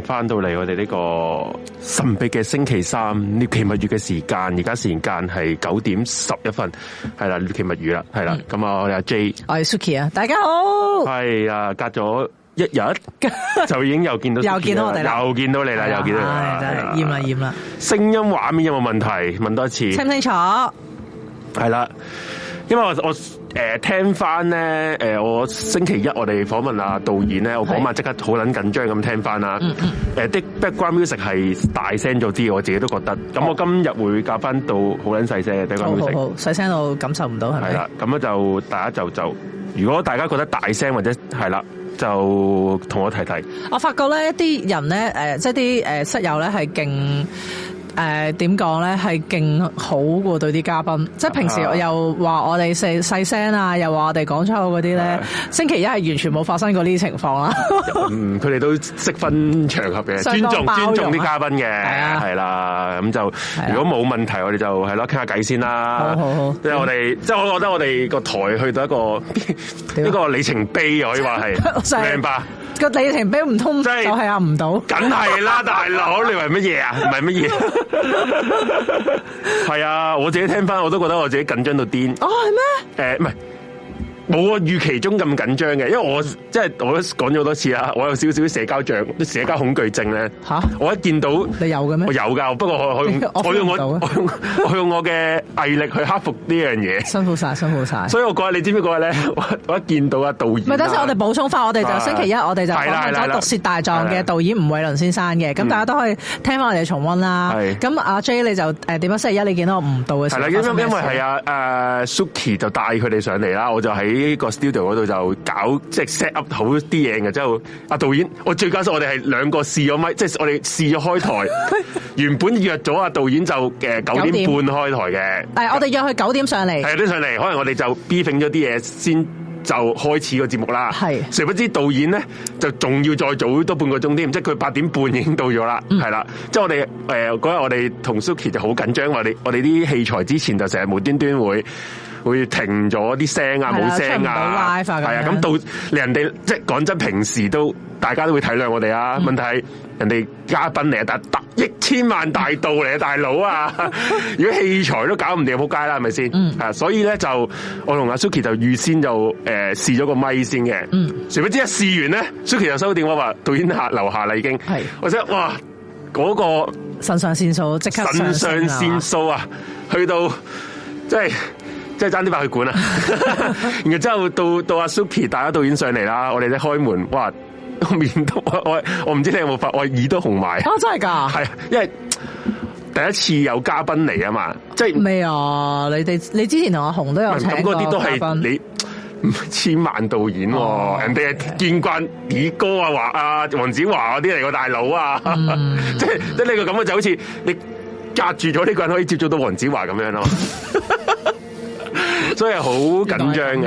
翻到嚟，我哋呢個神秘嘅星期三獵奇物語嘅時間，而家時間係九點十一分，係啦，獵奇物語啦，係啦，咁、嗯、啊我哋阿 J，a y 我係 Suki 啊，大家好，係啊，隔咗一日就已經又見到， 又見到我哋啦，又見到你啦、啊，又見到你啦，真係厭啦厭啦，聲音畫面有冇問題？問多一次清唔清楚？係啦，因為我我。誒聽翻咧，誒我星期一我哋訪問阿導演咧，我講話即刻好撚緊張咁聽翻啦。誒啲 background music 係大聲咗啲，我自己都覺得。咁我今日會加翻到、哦、好撚細聲 background music，好，細聲到感受唔到係咪？係啦，咁樣就大家就就，如果大家覺得大聲或者係啦，就同我提提。我發覺咧，一啲人咧，誒即係啲誒室友咧係勁。誒、呃，點講咧？係勁好過對啲嘉賓，即係平時又話我哋細細聲啊，又話我哋講粗口嗰啲咧。星期一係完全冇發生過呢啲情況啦。嗯，佢哋都識分場合嘅，嗯，尊重尊，尊重啲嘉賓嘅係啦。咁，啊、就如果冇問題，我哋就係咯傾下偈先啦。好，即係我哋，嗯，即係我覺得我哋個台去到一個呢個里程碑可以話係，明 白個地程俾唔通，就是，就係啊唔到，梗係啦， 大佬，你為乜嘢啊？唔係乜嘢？係 啊，我自己聽翻，我都覺得我自己緊張到癲。哦、呃，係咩？誒，唔係。冇啊，預期中咁緊張嘅，因為我即係我講咗好多次啦，我有少少社交障、啲社交恐懼症咧。嚇！我一見到你有嘅咩？我有㗎，不過我我用， 我，不不我用我我用， 我用我嘅毅力去克服呢樣嘢。辛苦晒，辛苦晒。所以我嗰日你知唔知嗰日咧？我一見到啊導演咪等先，我哋補充翻，我哋就星期一，啊、我哋就翻去咗《毒舌大狀》嘅導演吳偉倫先生嘅，咁大家都可以聽翻我哋重温啦。咁阿 J 你就誒點啊？星期一你見到我唔到嘅時候。係啦，因為因為係阿 Suki 就帶佢哋上嚟啦，我就喺。呢、這個 studio 嗰度就搞即係、就是、set up 好啲嘢嘅，之後阿、啊、導演，我最加索，我哋係兩個試咗咪，即係我哋試咗開台。 原本約咗阿、啊、導演就九點、呃、半開台嘅，誒，我哋約佢九點上嚟，係啲上嚟，可能我哋就 beeping 咗啲嘢，先就開始個節目啦。係，誰不知導演咧就仲要再早多半個鐘添，即係佢八點半已經到咗啦，係、嗯、啦，即係我哋誒嗰日我哋同 Suki 就好緊張，我哋我哋啲器材之前就成日無端端會，會停咗啲聲啊，冇聲啊，係啊，係啊，咁到人哋即係講真，平時都大家都會體諒我哋啊、嗯。問題係人哋嘉賓嚟啊，但係億千萬大盜嚟啊，大佬啊， 如果器材都搞唔掂，撲街啦，係咪先？嗯，啊，所以咧就我同阿 Suki 就預先就誒試咗個咪先嘅。嗯，誰不知一試完咧，Suki 就收到電話話導演樓下啦，下已經係或者哇嗰、嗰個腎上腺素即刻腎上腺素，啊，上素啊，啊，去到即係。就是即係爭啲白去管啊 然後之後到到阿 Suki，帶咗導演上嚟啦，我哋咧開門，哇，個面都我我我唔知你有冇發，我耳都紅埋。啊，真係噶，係因為第一次有嘉賓嚟啊嘛，即係未啊？你哋，你之前同阿紅都有請過咁嗰啲都係你千萬導演、啊啊，人哋係見慣爾哥啊，話啊黃子華嗰啲嚟個大佬啊，啊啊嗯、即係即係你個感覺就好似你隔住咗呢個人可以接觸到黃子華咁樣咯。 所以好緊張嘅，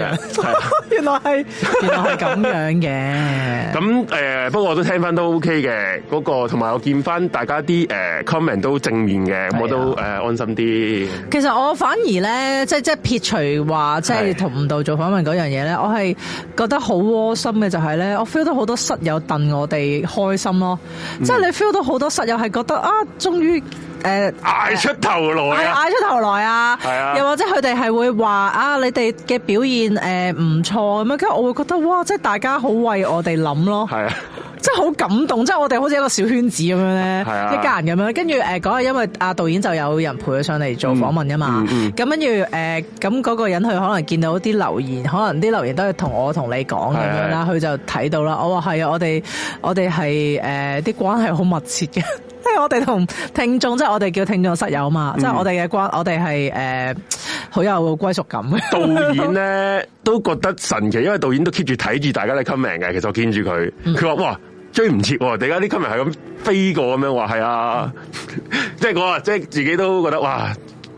原來係原來係咁樣嘅。咁 誒、呃，不過我都聽翻都 OK 嘅嗰個，同埋我見翻大家啲 comment、呃、都正面嘅，我都、呃、安心啲。其實我反而咧，即係即係撇除話即係同唔到做訪問嗰樣嘢咧，我係覺得好窩心嘅就係咧，我 feel 到好多室友戥我哋開心咯。即、嗯、係你 feel 到好多室友係覺得啊，終於～誒、呃，嗌出頭來，嗌出頭來啊！係啊！啊又或者佢哋係會話啊，你哋嘅表現誒唔錯咁樣，跟住我會覺得哇，即係大家好為我哋諗咯，係啊，真係好感動，即係我哋好似一個小圈子咁樣咧，係啊，一家人咁樣。跟住誒，嗰日因為阿導演就有人陪佢上嚟做訪問噶嘛，咁跟住誒，咁、嗯、嗰、嗯呃嗰個人佢可能見到啲留言，可能啲留言都係同我同你講咁樣啦，佢、啊、就睇到啦。我話係啊，我哋我哋係誒啲關係好密切嘅。即係我哋同聽眾，即係我哋叫聽眾室友嘛，即、嗯、係、就是、我哋嘅關，我哋係誒好有歸屬感嘅，導演咧 都覺得神奇，因為導演都 keep 住睇住大家啲 comment 嘅，其實我見住佢，佢、嗯、話哇追唔切，點解啲 comment 係咁飛過咁樣，話係啊，即、嗯、係 我啊，即、就、係、是、自己都覺得哇，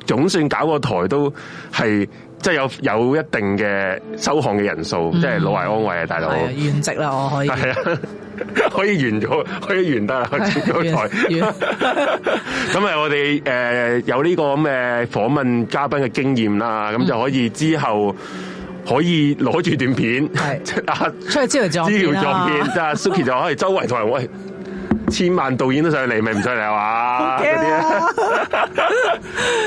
總算搞個台都係。即係有有一定嘅收看嘅人數，即係老懷安慰啊，大佬。完、嗯、職啦，我可以。係啊，可以完咗，可以完得啦，呢台。咁誒， 我哋誒、呃、有呢個咁嘅訪問嘉賓嘅經驗啦，咁、嗯、就可以之後可以攞住段片，阿 出去招條作片，阿、啊、Suki 就可以周圍同人喂。千萬導演都上嚟，咪唔上嚟啊，嘛啲啊！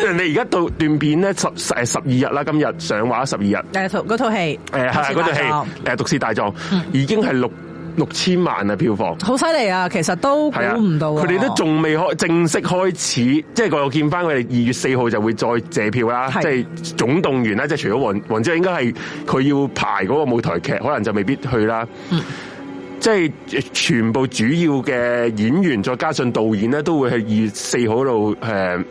人哋而家到段片咧十十二日啦，今日上畫十二日，套嗰套戲，嗰套戲，毒舌大狀》大狀，嗯、已經係六六千萬啊票房，好犀利啊！其實都估唔到、啊，佢哋都仲未開正式開始，即係我見翻佢哋二月四號就會再借票啦。即係總動員啦，即係除咗黃，黃之應該係佢要排嗰個舞台劇，可能就未必去啦。嗯即係全部主要嘅演員，再加上導演咧，都會係二月四號度，誒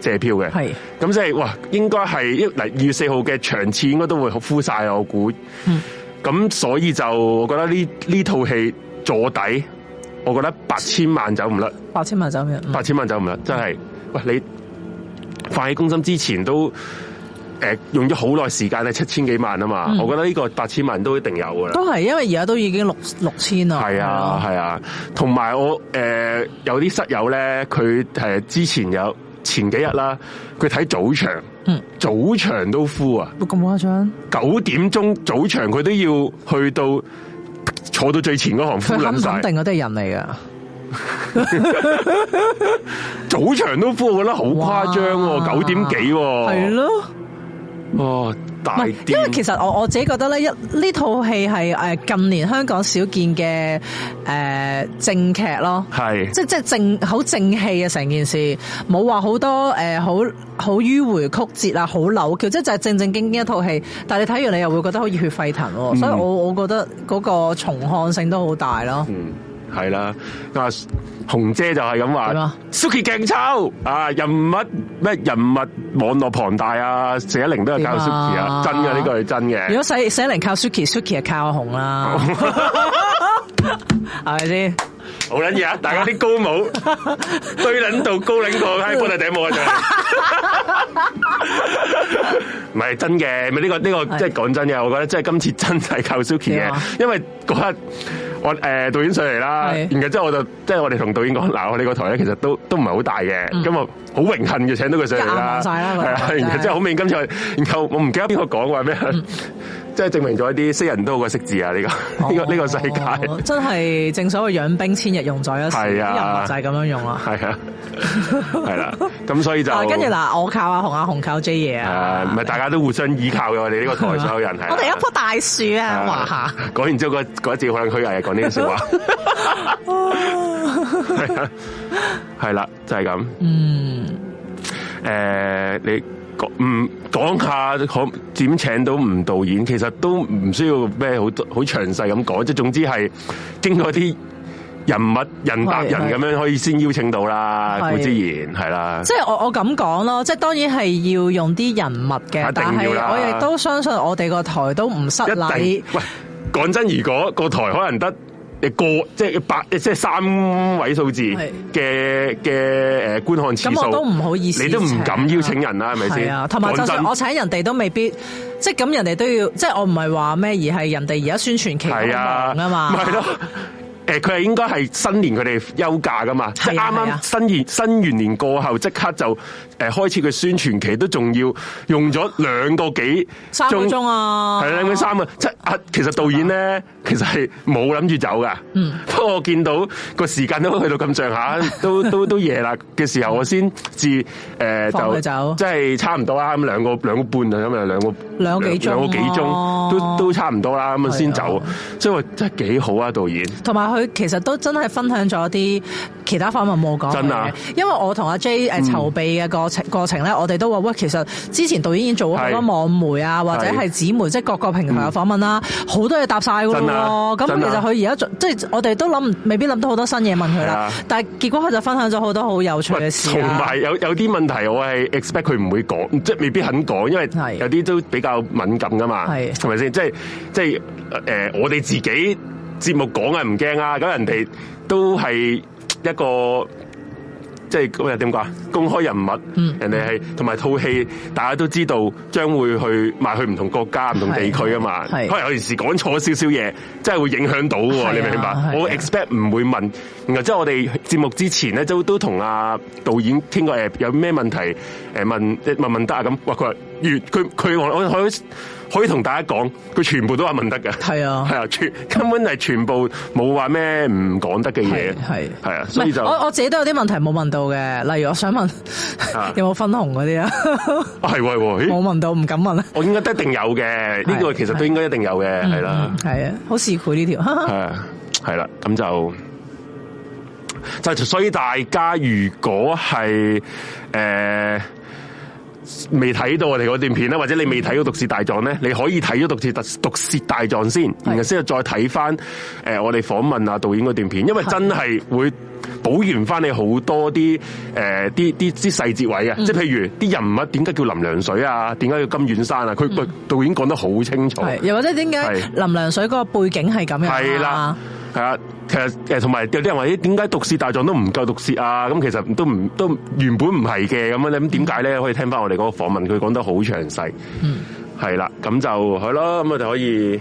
借票嘅。係咁即係，哇！應該係一嗱二月四號嘅場次，應該都會好 full 晒。我估，咁、嗯、所以就我覺得呢呢套戲坐底，我覺得八千萬走唔甩。八千萬走唔甩，嗯，八千萬走唔甩，真、就、係、是。喂，你發起公心之前都。誒，用咗好耐時間咧，七千幾萬啊嘛，我覺得呢個八千萬都一定有噶啦。都係，因為而家都已經六六千啦。係啊，係啊。同埋我誒、呃，有啲室友咧，佢誒之前有前幾日啦，佢睇早場，嗯、早場都呼啊，咁誇張！九點鐘早場，佢都要去到坐到最前嗰行呼兩晒，肯定嗰啲係人嚟噶。 早場都呼，我覺得好誇張，九點幾係咯。哦，唔係，因為其實我我自己覺得咧，一呢套戲係誒近年香港少見嘅誒、呃、正劇咯，係，即係即係正好正氣啊！成件事冇話好多誒好好迂回曲折啊，好扭橋即係就係正正經經一套戲。但係你睇完你又會覺得好熱血沸騰，嗯、所以我我覺得嗰個重看性都好大咯、嗯。係啦，阿紅姐就係咁話，Suki 勁抽啊！人物咩人物網絡龐大啊，寫靈都係靠 Suki 啊，真嘅呢個係真嘅。如果寫靈靠 Suki，Suki 係靠紅啦，係咪先？好捻嘢啊！大家啲高帽堆捻到高領過 iPhone 嘅頂帽唔係真嘅，咪呢個呢個即係講真嘅，我覺得即係今次真係靠 Suki 嘅，因為。嗰刻我誒導演上嚟啦，然後之後我就即係我哋同導演講，嗱我呢個台咧其實都都唔係好大嘅，咁、嗯、我好榮幸嘅請到佢上嚟啦，晒啦，係啊，然後即係好面今次，然後我唔記得邊個講話咩，即係證明咗一啲識人都好過識字啊，呢個呢個呢個世界真係正所謂養兵千日用在一時，係啊，就係咁樣用啦，係啊，係啦，咁所以就，跟住，嗱我靠阿洪阿洪靠 J 嘢啊，唔係大家都互相依靠嘅，我哋呢個台所有人係，我哋一棵大樹啊，啊，哇吓，講完之後個。嗰一招可能佢日日講呢個笑話，係 啦， 就係、是、咁。嗯，誒、uh，你講唔講下可點請到吳導演？其實都唔需要咩好多好詳細咁講，即總之係經過啲人物、人達人，咁樣可以先邀請到啦。顧之言係啦，即係、就是、我我咁講咯，即係當然係要用啲人物嘅，但係我亦都相信我哋個台都唔失禮。講真，如果個台可能得誒個即係百即係三位數字嘅嘅誒觀看次數，咁我都唔好意思。你都唔敢邀請人啦，係咪先？係啊，同埋就算我請人哋都未必，即係咁人哋都要，即係我唔係話咩，而係人哋而家宣傳期唔同啊嘛。 誒，佢係應該係新年佢哋休假噶嘛？係啊，啱啱新年新元年過後，即刻、啊、就誒開始佢宣傳期都仲要用咗兩個幾三個鐘啊！係兩、啊、個三個，即啊！其實導演咧、啊，其實係冇諗住走噶、啊。嗯，不過我見到個時間都去到咁上下，都都都夜啦嘅時候， 我先至誒就走即係差唔多啦。咁兩個兩個半兩個兩個啊，咁啊兩個兩個幾兩個幾鐘都都差唔多啦。咁啊先走，所以話真係幾好啊，導演。同埋。佢其實都真係分享咗啲其他訪問冇講嘅嘢，因為我同阿 J 誒籌備嘅過程，嗯、過程咧，我哋都話喂，其實之前導演已經做咗好多網媒啊，或者係紙媒，即係各個平台嘅訪問啦，好多嘢答晒喎。咁其實佢而家即係我哋都諗未必諗到好多新嘢問佢啦。但係結果佢就分享咗好多好有趣嘅事。同埋有有啲問題，我係 expect 佢唔會講，即係未必肯講，因為有啲都比較敏感噶嘛。係係咪先？即係即係誒，我哋自己。節目講啊，唔驚啊，咁人哋都係一個即係點講啊？公開人物，嗯、人哋係同埋套戲，大家都知道將會去賣去唔同國家、唔同地區啊嘛。可能有時講錯少少嘢，真係會影響到嘅，你明唔明白嗎？我 expect 唔會問，然後即係我哋節目之前咧都都同阿導演傾過誒，有咩問題誒問問問得啊咁。哇，佢話完佢佢我我佢。我可以同大家講，佢全部都係問得嘅，係啊，係啊，全根本係全部冇話咩唔講得嘅嘢，係係啊，所以就我我自己都有啲問題冇問到嘅。例如我想問、啊、 有冇分紅嗰啲 啊，係喂，冇 問到唔敢問啊，哎、 我應該都一定有嘅，呢、呢個其實都應該一定有嘅，係啦，係啊，好試佢呢條，係係啦，咁 就就所以大家如果係誒。呃未睇到我哋嗰段片咧，或者你未睇到《毒舌大狀》咧，你可以睇咗《毒舌毒毒舌大狀》先，然後先去再睇翻誒，我哋訪問啊導演嗰段片，因為真係會補完翻你好多啲誒，啲啲啲細節位啊。即、嗯、係譬如啲人物點解叫林良水啊，點解叫金遠山啊，佢個、嗯、導演講得好清楚是，又或者點解林良水嗰個背景係咁樣，係啦。係啊，其實誒，同埋有啲人話咦，點解毒舌大狀都唔夠毒舌啊？咁其實都唔都原本唔係嘅咁樣咧。點解咧？可以聽翻我哋嗰個訪問，佢講得好詳細。嗯是，係啦，咁就係咯，咁我哋可以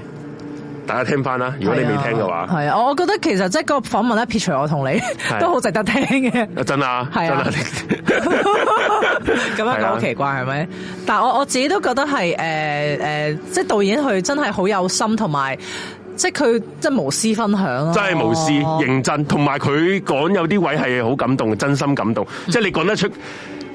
大家聽翻啦。如果你未聽嘅話，係啊，我覺得其實即係個訪問咧，撇除我同你都好值得聽嘅。真啊，係啊，咁 樣講好奇怪係咪？但係我我自己都覺得係誒誒，即係導演佢真係好有心同埋。即係佢，即係無私分享咯、啊。真係無私、認真，同埋佢講有啲位係好感動，真心感動。嗯、即係你講得出，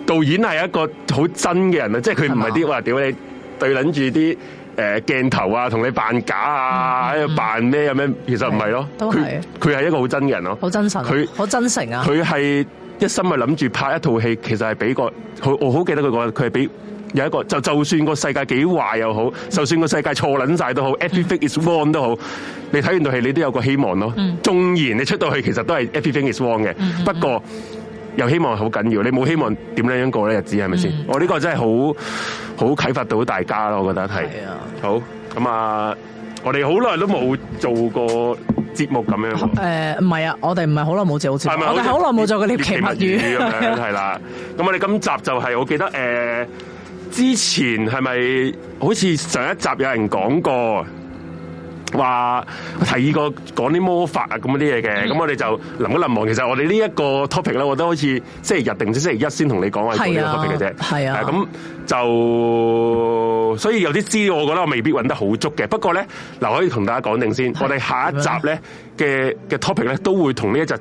導演係一個好真嘅人，、呃啊啊嗯啊、人啊！即係佢唔係啲話屌你，對諗住啲誒鏡頭啊，同你扮假啊，喺度扮咩咁樣？其實唔係咯，佢佢係一個好真嘅人咯，好真誠，佢好真誠啊！佢係一心係諗住拍一套戲，其實係俾個佢，我好記得佢講，佢係俾。有一個就就算個世界幾壞又好，就算個世界，、嗯、世界錯撚晒都好、嗯、，everything is wrong 都好。嗯、你睇完套戲，你都有個希望咯。縱、嗯、然你出到去，其實都係 everything is wrong 嘅。嗯嗯不過又希有希望好緊要，你冇希望點樣樣過呢日子係咪先？嗯、我呢個真係好好啟發到大家咯，我覺得係。啊、好咁啊！我哋好耐都冇做過節目咁樣。誒唔係啊，我哋唔係好耐冇做好似，我哋好耐冇做過啲奇物語咁係啦。咁啊，你 今集就係、是、我記得誒。呃之前係咪好似上一集有人講過，話提議過講啲魔法啊咁啲嘢嘅？咁 我哋就臨嗰臨忙，其實我哋呢一個 topic 咧，我都好似星期日定係星期一先同你講話做呢個 topic 嘅啫。係啊，咁、啊、就所以有啲資料，我覺得我未必揾得好足嘅。不過咧，嗱可以同大家講定先，啊、我哋下一集咧嘅嘅 topic 咧都會同呢一集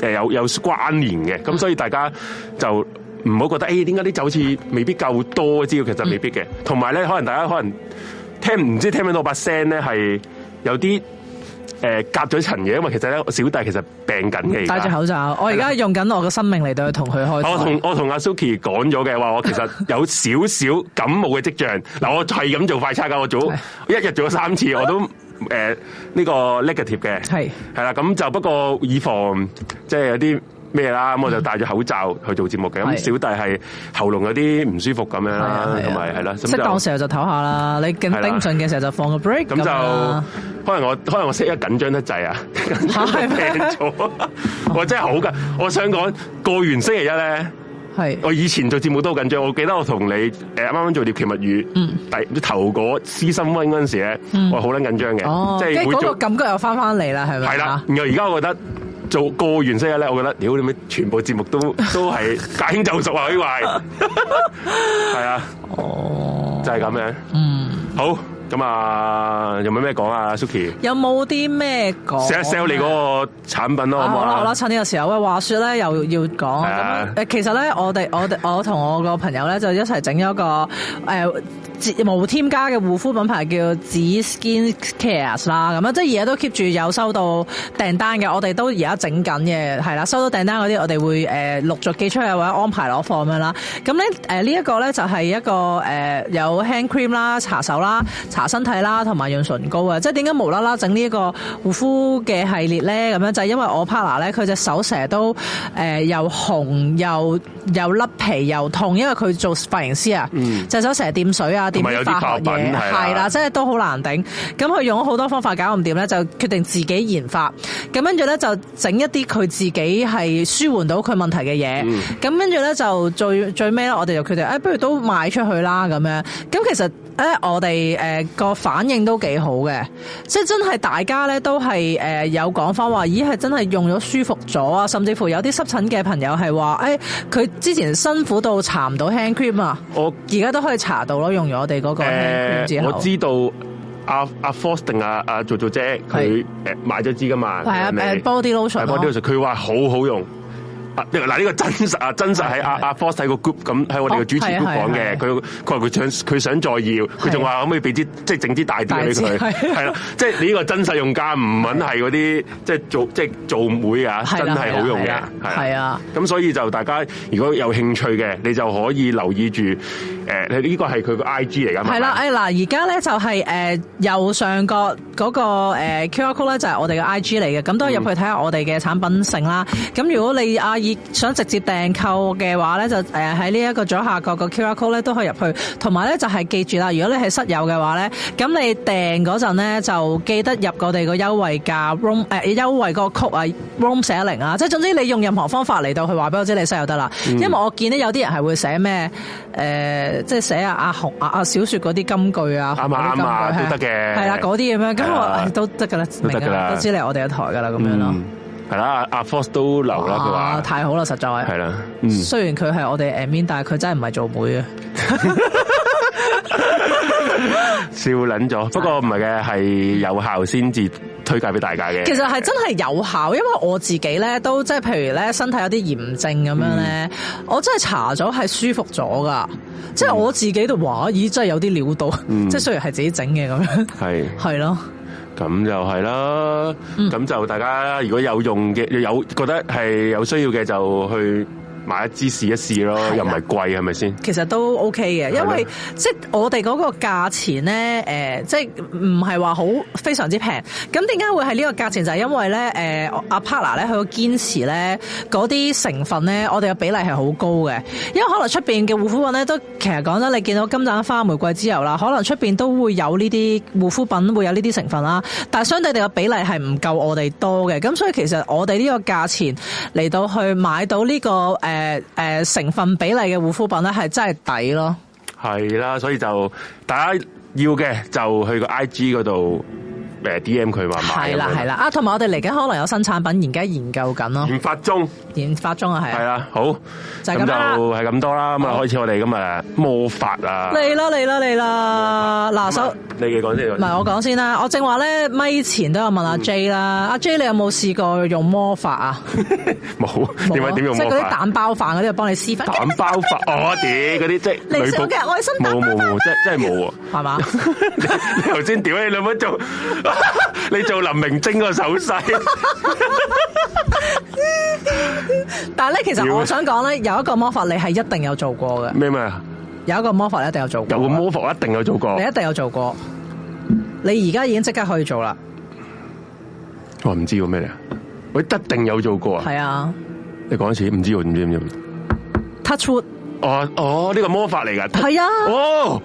有有關聯嘅。咁所以大家就。 唔好覺得，誒點解啲酒次似未必夠多？知其實未必嘅。同埋咧，可能大家可能聽唔知聽唔聽到把聲咧，係有啲誒、呃、隔咗層嘅。因為其實咧，小弟其實病緊嘅。戴住口罩，我而家用緊我個生命嚟到去同佢開。我同我同阿 Suki 講咗嘅話，我其實有少少感冒嘅跡象。嗱， 我係咁做快測噶，我做 我早一日做咗三次，我都誒呢、呃這個 negative 嘅。係係啦，咁就不過以防即係有啲。咩啦？咁我就戴咗口罩去做節目嘅。咁小弟係喉嚨有啲唔舒服咁樣啦，同埋係啦。適當時候就唞下啦。你勁頂唔順嘅時候就放個 break 咁就可能我可能我星期一緊張得滯啊。病咗。我、oh. 我真係好緊，我想講過完星期一咧。係。我以前做節目都好緊張。我記得我同你誒啱啱做《獵奇物語》。第、mm. 頭嗰撕心瘟嗰陣時咧，mm. 我好撚緊張嘅。Oh, 即係嗰、那個感覺又翻返嚟啦，係咪？係啦。然後而家我覺得。做過完之後呢，我覺得屌你咩，全部節目都都係駕輕就熟啊！呢位係，係啊，哦、oh.，就係咁樣，嗯、mm.，好。咁啊，有冇咩講啊，Suki？有冇啲咩講？sell sell 你嗰個產品咯，啊，好啦好啦，趁呢個時候喂，話說咧又要講，誒、啊，其實咧我哋我哋我同我個朋友咧就一齊整咗個誒、呃、無添加嘅護膚品牌叫 Just Skin Care 啦，咁啊，即係而家都 keep 住有收到訂單嘅，我哋都而家整緊嘅，係啦，收到訂單嗰啲我哋會誒陸續寄出去或者安排攞貨咁樣啦。咁咧誒呢一個咧就係一個誒有 hand cream 啦，搽手啦。查身體啦，同埋潤唇膏啊，即係點解無啦啦整呢一個護膚嘅系列咧？咁樣就係、是、因為我 partner 咧，佢隻手成日都誒又紅又又甩皮又痛，因為佢做髮型師啊，隻、嗯、手成日掂水啊，掂啲化學嘢，係啦，即係都好難頂。咁佢用咗好多方法搞唔掂咧，就決定自己研發。咁跟住咧就整一啲佢自己係舒緩到佢問題嘅嘢。咁跟住咧就最最尾咧，我哋就決定誒、哎，不如都賣出去啦咁樣。咁其實誒、哎，我哋誒。呃個反應都幾好嘅，即係真係大家咧都係誒有講翻話，咦係真係用咗舒服咗啊！甚至乎有啲濕疹嘅朋友係話，誒佢之前辛苦到搽唔到 hand cream 啊！我而家都可以搽到咯，用咗我哋嗰個之後、呃、我知道阿阿 Forsting 阿 Jojo 姐佢誒買咗支噶嘛？係啊，誒、啊、，body lotion，body lotion，佢話好好用。嗱、啊，呢、這個真實啊，真實係阿阿 f o r t e 個 group 咁，喺我哋嘅主持 group 講、哦、嘅。佢佢話佢想佢想再要，佢仲話可唔可以俾啲即係整啲大啲俾佢？係啦，即係呢個真實用家唔搵係嗰啲即係做即係做媒啊，真係好用嘅。係啊，咁所以就大家如果有興趣嘅，你就可以留意住誒，呢、呃這個係佢個 I G 嚟㗎。係啦，誒嗱，而家咧就係右上角嗰個 QR code 咧，就係我哋嘅 I G 嚟嘅。咁都入去睇下我哋嘅產品性啦。咁、嗯、如果你阿想直接訂購嘅話咧，就誒喺呢一個左下角個 QR code 咧都可以入去，同埋咧就係記住啦。如果你係室友嘅話咧，咁你訂嗰陣咧就記得入我哋個優惠價 room 誒、呃、優惠個 code 啊，room 寫零啊，即係總之你用任何方法嚟到去話俾我知你室友得啦。嗯、因為我見咧有啲人係會寫咩誒，即、呃、係寫啊阿、阿紅啊啊小説嗰啲金句啊，啱啱都得嘅，係啦嗰啲咁樣，咁我都得噶啦，明得都知你我哋一台噶啦咁樣咯。係啦，阿 Force 都留啦，佢話太好啦，實在係。係啦，嗯、雖然佢係我哋誒 mean 但係佢真係唔係做妹嘅，笑捻咗。不過唔係嘅，係有效先至推介俾大家嘅。其實係真係有效，因為我自己咧都即係，譬如咧身體有啲炎症咁樣咧，嗯、我真係搽咗係舒服咗噶。即、嗯、係我自己都話，咦，真係有啲料到，即、嗯、係雖然係自己整嘅咁樣，係係咯。咁就係啦，咁就大家如果有用嘅，有覺得係有需要嘅就去。買一支試一試咯，又唔係貴，係咪先？其實都 OK 嘅，因為即係我哋嗰個價錢咧、呃，即係唔係話好非常之平。咁點解會係呢個價錢？就係、是、因為咧，誒、呃，阿帕拿咧，佢個堅持咧嗰啲成分咧，我哋嘅比例係好高嘅。因為可能出面嘅護膚品咧，都其實講得你見到金盞花、玫瑰之油啦，可能出面都會有呢啲護膚品會有呢啲成分啦。但相對地嘅比例係唔夠我哋多嘅。咁所以其實我哋呢個價錢嚟到去買到呢、這個、呃誒、呃、誒、呃、成分比例嘅護膚品咧，係真係抵咯，係啦，所以就大家要嘅就去個 IG 嗰度。誒，D M 佢話買係啦係啦，啊，同埋我哋嚟緊可能有新產品，而家研究緊咯。研發中，研發中啊係。係啦，好就係咁啦，係咁多啦，咁啊，開始我哋咁啊魔法，魔法啊，嚟啦嚟啦嚟啦，嗱首你哋講先，唔係我講先啦，我正話咧，咪前都有問阿 J 啦，阿、啊、J 你有冇試過用魔法啊？冇點解？點用魔法？即係嗰啲蛋包飯嗰啲，幫你示範。蛋包飯我點嗰啲即係？你講嘅愛心蛋冇，即真真係冇啊？係 嘛？ 你頭先屌你兩蚊做？ 你做林明晶個手勢 ， 但係咧，其實我想講咧，有一個魔法你係一定有做過嘅。咩咩？有一個魔法你一定有做過，有個魔法一定有做過，你一定有做過。你而家已經即刻可以做啦。我、哦、唔知喎咩嚟啊？我一定有做過啊。係啊。你講一次，唔知喎，唔知唔知。Touch wood、哦。哦哦，呢個魔法嚟㗎。係啊。哦。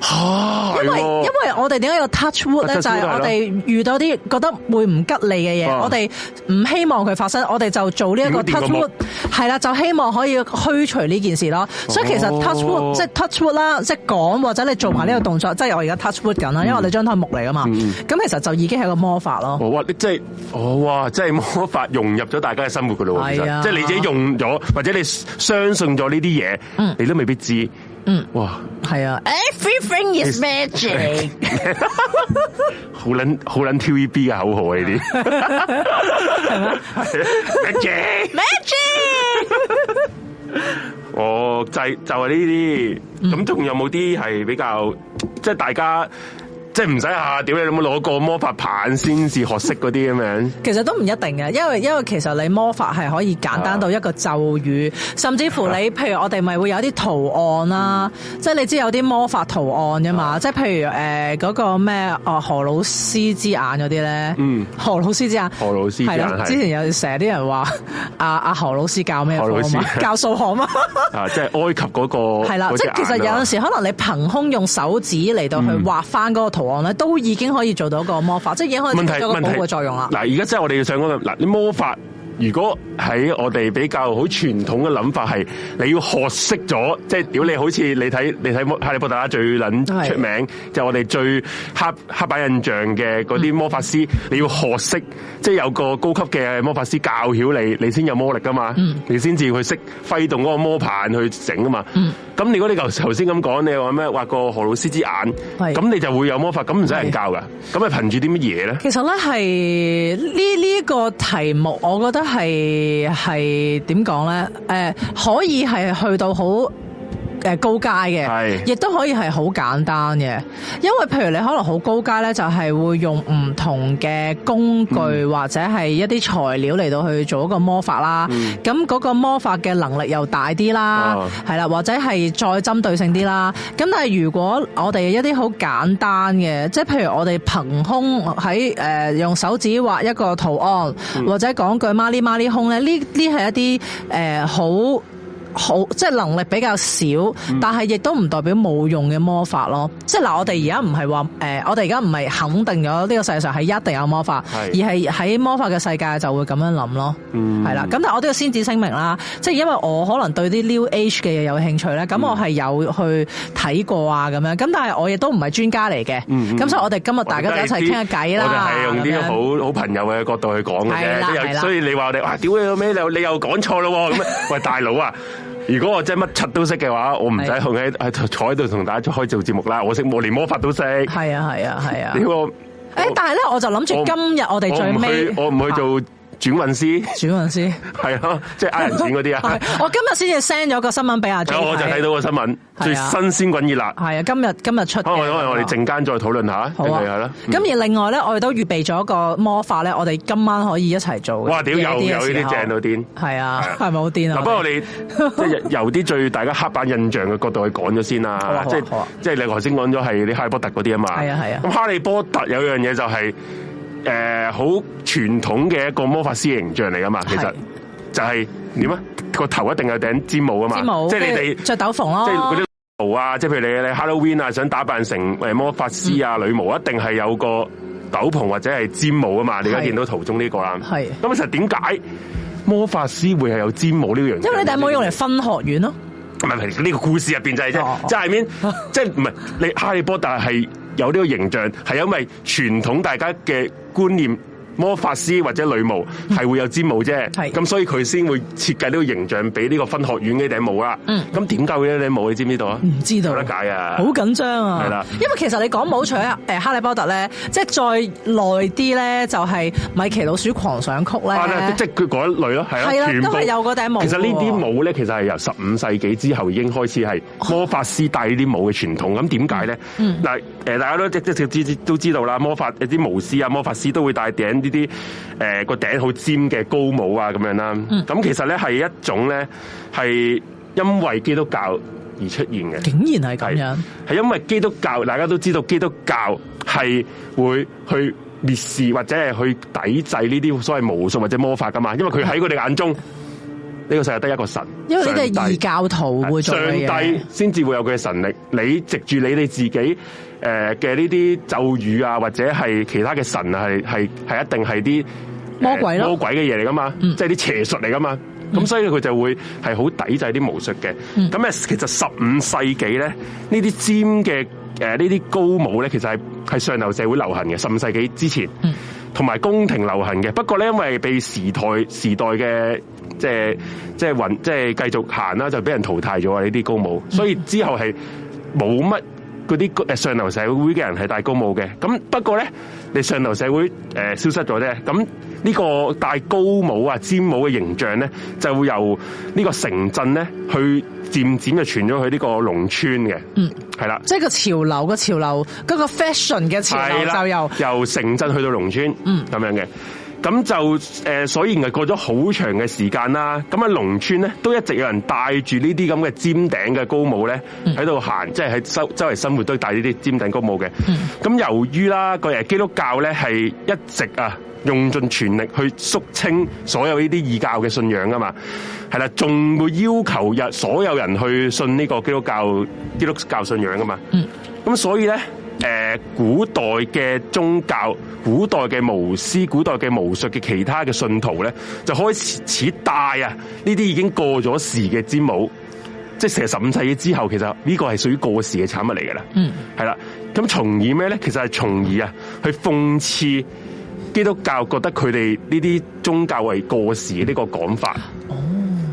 吓、哦，因為因為我哋點解要 touch wood 咧？就係、是、我哋遇到啲覺得會唔吉利嘅嘢，啊、我哋唔希望佢發生，我哋就做呢一個 touch wood，係啦，就希望可以驅除呢件事咯。哦、所以其實 touch wood 即係 touch wood 啦，即係講或者你做埋呢個動作，嗯、即係我而家 touch wood 緊啦，因為我哋張檯木嚟噶嘛。咁、嗯、其實就已經係一個魔法咯。哇，即係，哇，即係魔法融入咗大家嘅生活度。即係、啊、你自己用咗或者你相信咗呢啲嘢，你都未必知。嗯嗯，哇，係啊，Everything is magic，好捻好捻 TVB 嘅口號啊，好好呢啲，magic，magic，哦，就就係呢啲，咁仲有冇啲係比較，即係大家。即係唔使下，屌你有冇攞個魔法棒先至學識嗰啲咁樣？ 其實都唔一定嘅，因為因為其實你魔法係可以簡單到一個咒語，啊、甚至乎你，啊、譬如我哋咪會有啲圖案啦、啊，嗯、即係你知有啲魔法圖案嘅、啊、嘛，啊、即係譬如誒嗰、呃那個咩啊何老師之眼嗰啲咧，嗯，何老師之眼，何老師之眼之前有成日啲人話啊阿何老師教咩教數學嗎？ 啊，即係埃及嗰、那個係啦、那個，即係其實有陣時可能你憑空用手指嚟，到去畫翻嗰個圖。嗯嗯咧都已經可以做到一個魔法，即係已經可以起到保護嘅作用啦。嗱，而家即係我哋要上嗰個，嗱，啲魔法。如果喺我哋比較好傳統嘅諗法係，你要學識咗，即係屌你好似你睇你睇哈利波特啊，最撚出名就係我哋最黑黑板印象嘅嗰啲魔法師、嗯、你要學識，即係有個高級嘅魔法師教曉你，你先有魔力噶嘛，嗯、你先至去識揮動嗰個魔棒去整啊嘛。咁、嗯、如果你頭頭先咁講，你話咩畫個荷魯斯之眼，咁你就會有魔法，咁唔使人教噶，咁係憑住啲乜嘢咧？其實咧係呢呢個題目，我覺得。係係點講咧？誒，uh, 可以係去到好。誒高階嘅，亦都可以係好簡單嘅，因為譬如你可能好高階呢，就係會用唔同嘅工具或者係一啲材料嚟到去做一個魔法啦。咁、嗯、嗰個魔法嘅能力又大啲啦，係、哦、啦，或者係再針對性啲啦。咁但係如果我哋一啲好簡單嘅，即係譬如我哋憑空喺誒、呃、用手指畫一個圖案，嗯、或者講句媽咪媽咪空咧，呢呢係一啲誒好。好，即係能力比較少，但係亦都唔代表冇用嘅魔法咯。嗯、即係嗱、呃，我哋而家唔係話誒，我哋而家唔係肯定咗呢個世界上係一定有魔法，是而係喺魔法嘅世界就會咁樣諗咯。係、嗯、啦，咁但係我都要先至聲明啦，即係因為我可能對啲 new age 嘅嘢有興趣咧，咁、嗯、我係有去睇過啊，咁樣。咁但係我亦都唔係專家嚟嘅。咁所以我哋今日大家就一齊傾下偈啦。我哋係用啲好好朋友嘅角度去講嘅啫。所以你話我哋哇，屌你個咩？你又你又講錯咯？咁喂，大佬啊！ 如果我真乜柒都識嘅話，我唔使同你喺坐喺度同大家做開做節目啦。我識魔，連魔法都識。係啊係啊係啊。呢個誒，但係咧，我就諗住今日我哋最尾，我唔去，去做。轉運師，轉運師係啊，即係嗌人轉嗰啲啊！我今日先至 send 咗個新聞俾阿，就我就睇到個新聞，最新鮮滾熱辣。係啊，今日今日出。好啊，我哋陣間再討論下，就嚟下啦。咁而另外咧，我哋都預備咗個魔法咧，我哋今晚可以一齊做。哇！屌，有有啲正到癲，係啊，係咪好癲啊？嗱、啊，不過我哋即係由啲最大家刻板印象嘅角度去講咗先啦。即係即係你頭先講咗係《你哈利波特》嗰啲啊嘛。係啊係啊。咁、啊《哈利波特有、就是》有樣嘢就係。誒、呃，好傳統嘅一個魔法師形象嚟噶嘛？其實就係點啊？個頭一定有頂尖、尖帽啊嘛！帽即係你哋着斗篷咯，即係嗰啲毛啊！即係、啊、譬如你你 Halloween 啊，想打扮成誒魔法師啊、嗯、女巫，一定係有個斗篷或者係尖帽啊嘛！嗯、你而家見到圖中呢個啦，係咁其實點解魔法師會係有尖帽呢個樣？因為你頂帽係要用嚟分學院咯、啊，唔係呢個故事入邊就係、是、啫，即係 m 即係唔係你哈利波特係。有呢個形象係因為傳統大家嘅觀念，魔法師或者女巫係會有尖帽啫，咁、嗯、所以佢先會設計呢個形象俾呢個分學院嘅頂帽啦。咁點解會有呢頂帽你知唔知道啊？唔知道，唔得解啊？好緊張啊！係啦，因為其實你講嘅帽，除咗哈利波特咧，即係再耐啲咧，就係米奇老鼠狂想曲咧，即係佢嗰一類咯，係啦，都係有嗰頂帽。其實呢啲帽咧，其實係由十五世紀之後已經開始係魔法師戴呢啲帽嘅傳統。咁點解咧？嗱。嗯誒、呃，大家都即即知都知道啦，魔法有啲巫師啊，魔法師都會戴頂呢啲誒個頂好尖嘅高帽啊，咁樣啦。咁、嗯、其實咧係一種咧係因為基督教而出現嘅。竟然係咁樣，係因為基督教，大家都知道基督教係會去蔑視或者係去抵制呢啲所謂巫術或者魔法㗎嘛，因為佢喺佢哋眼中。嗯嗯呢、這個世界得一個神，因為你哋異教徒會做嘢，上帝先至會有佢嘅神力。你籍住你哋自己誒嘅呢啲咒語啊，或者係其他嘅神啊，係係係一定係啲魔鬼魔鬼嘅嘢嚟噶嘛，嗯、即係啲邪術嚟噶嘛。咁、嗯、所以佢就會係好抵制啲巫術嘅。咁、嗯、誒、呃，其實十五世紀咧，呢啲尖嘅誒呢啲高帽咧，其實係係上流社會流行嘅，十五世紀之前，同、嗯、埋宮廷流行嘅。不過咧，因為被時代時代嘅。即係即係運即係繼續行啦，就俾人淘汰咗啊！呢啲高帽，所以之後係冇乜嗰啲上流社會嘅人係戴高帽嘅。咁不過咧，你上流社會誒、呃、消失咗啫。咁呢個戴高帽啊、尖帽嘅形象咧，就會由呢個城鎮咧去漸漸就傳咗去呢個農村嘅。嗯，係啦。即係個潮流，個潮流嗰、嗰個 fashion 嘅潮流就由由城鎮去到農村。嗯，咁樣嘅。咁就誒、呃，所以唔係過咗好長嘅時間啦。咁喺農村咧，都一直有人戴住呢啲咁嘅尖頂嘅高帽咧，喺、嗯、度行，即係喺周周圍生活都戴呢啲尖頂高帽嘅。咁、嗯、由於啦，個誒基督教咧係一直啊用盡全力去肅清所有呢啲異教嘅信仰㗎嘛，係啦，仲會要求所有人去信呢個基督教、基督教信仰㗎嘛。咁、嗯、所以咧。誒，古代嘅宗教、古代嘅巫師、古代嘅巫術嘅其他嘅信徒咧，就開始帶啊！呢啲已經過咗時嘅詹姆，即係成日十五世紀之後，其實呢個係屬於過時嘅產物嚟噶啦。嗯，係啦。咁從而咩咧？其實係從而啊，去諷刺基督教覺得佢哋呢啲宗教係過時呢個講法。哦，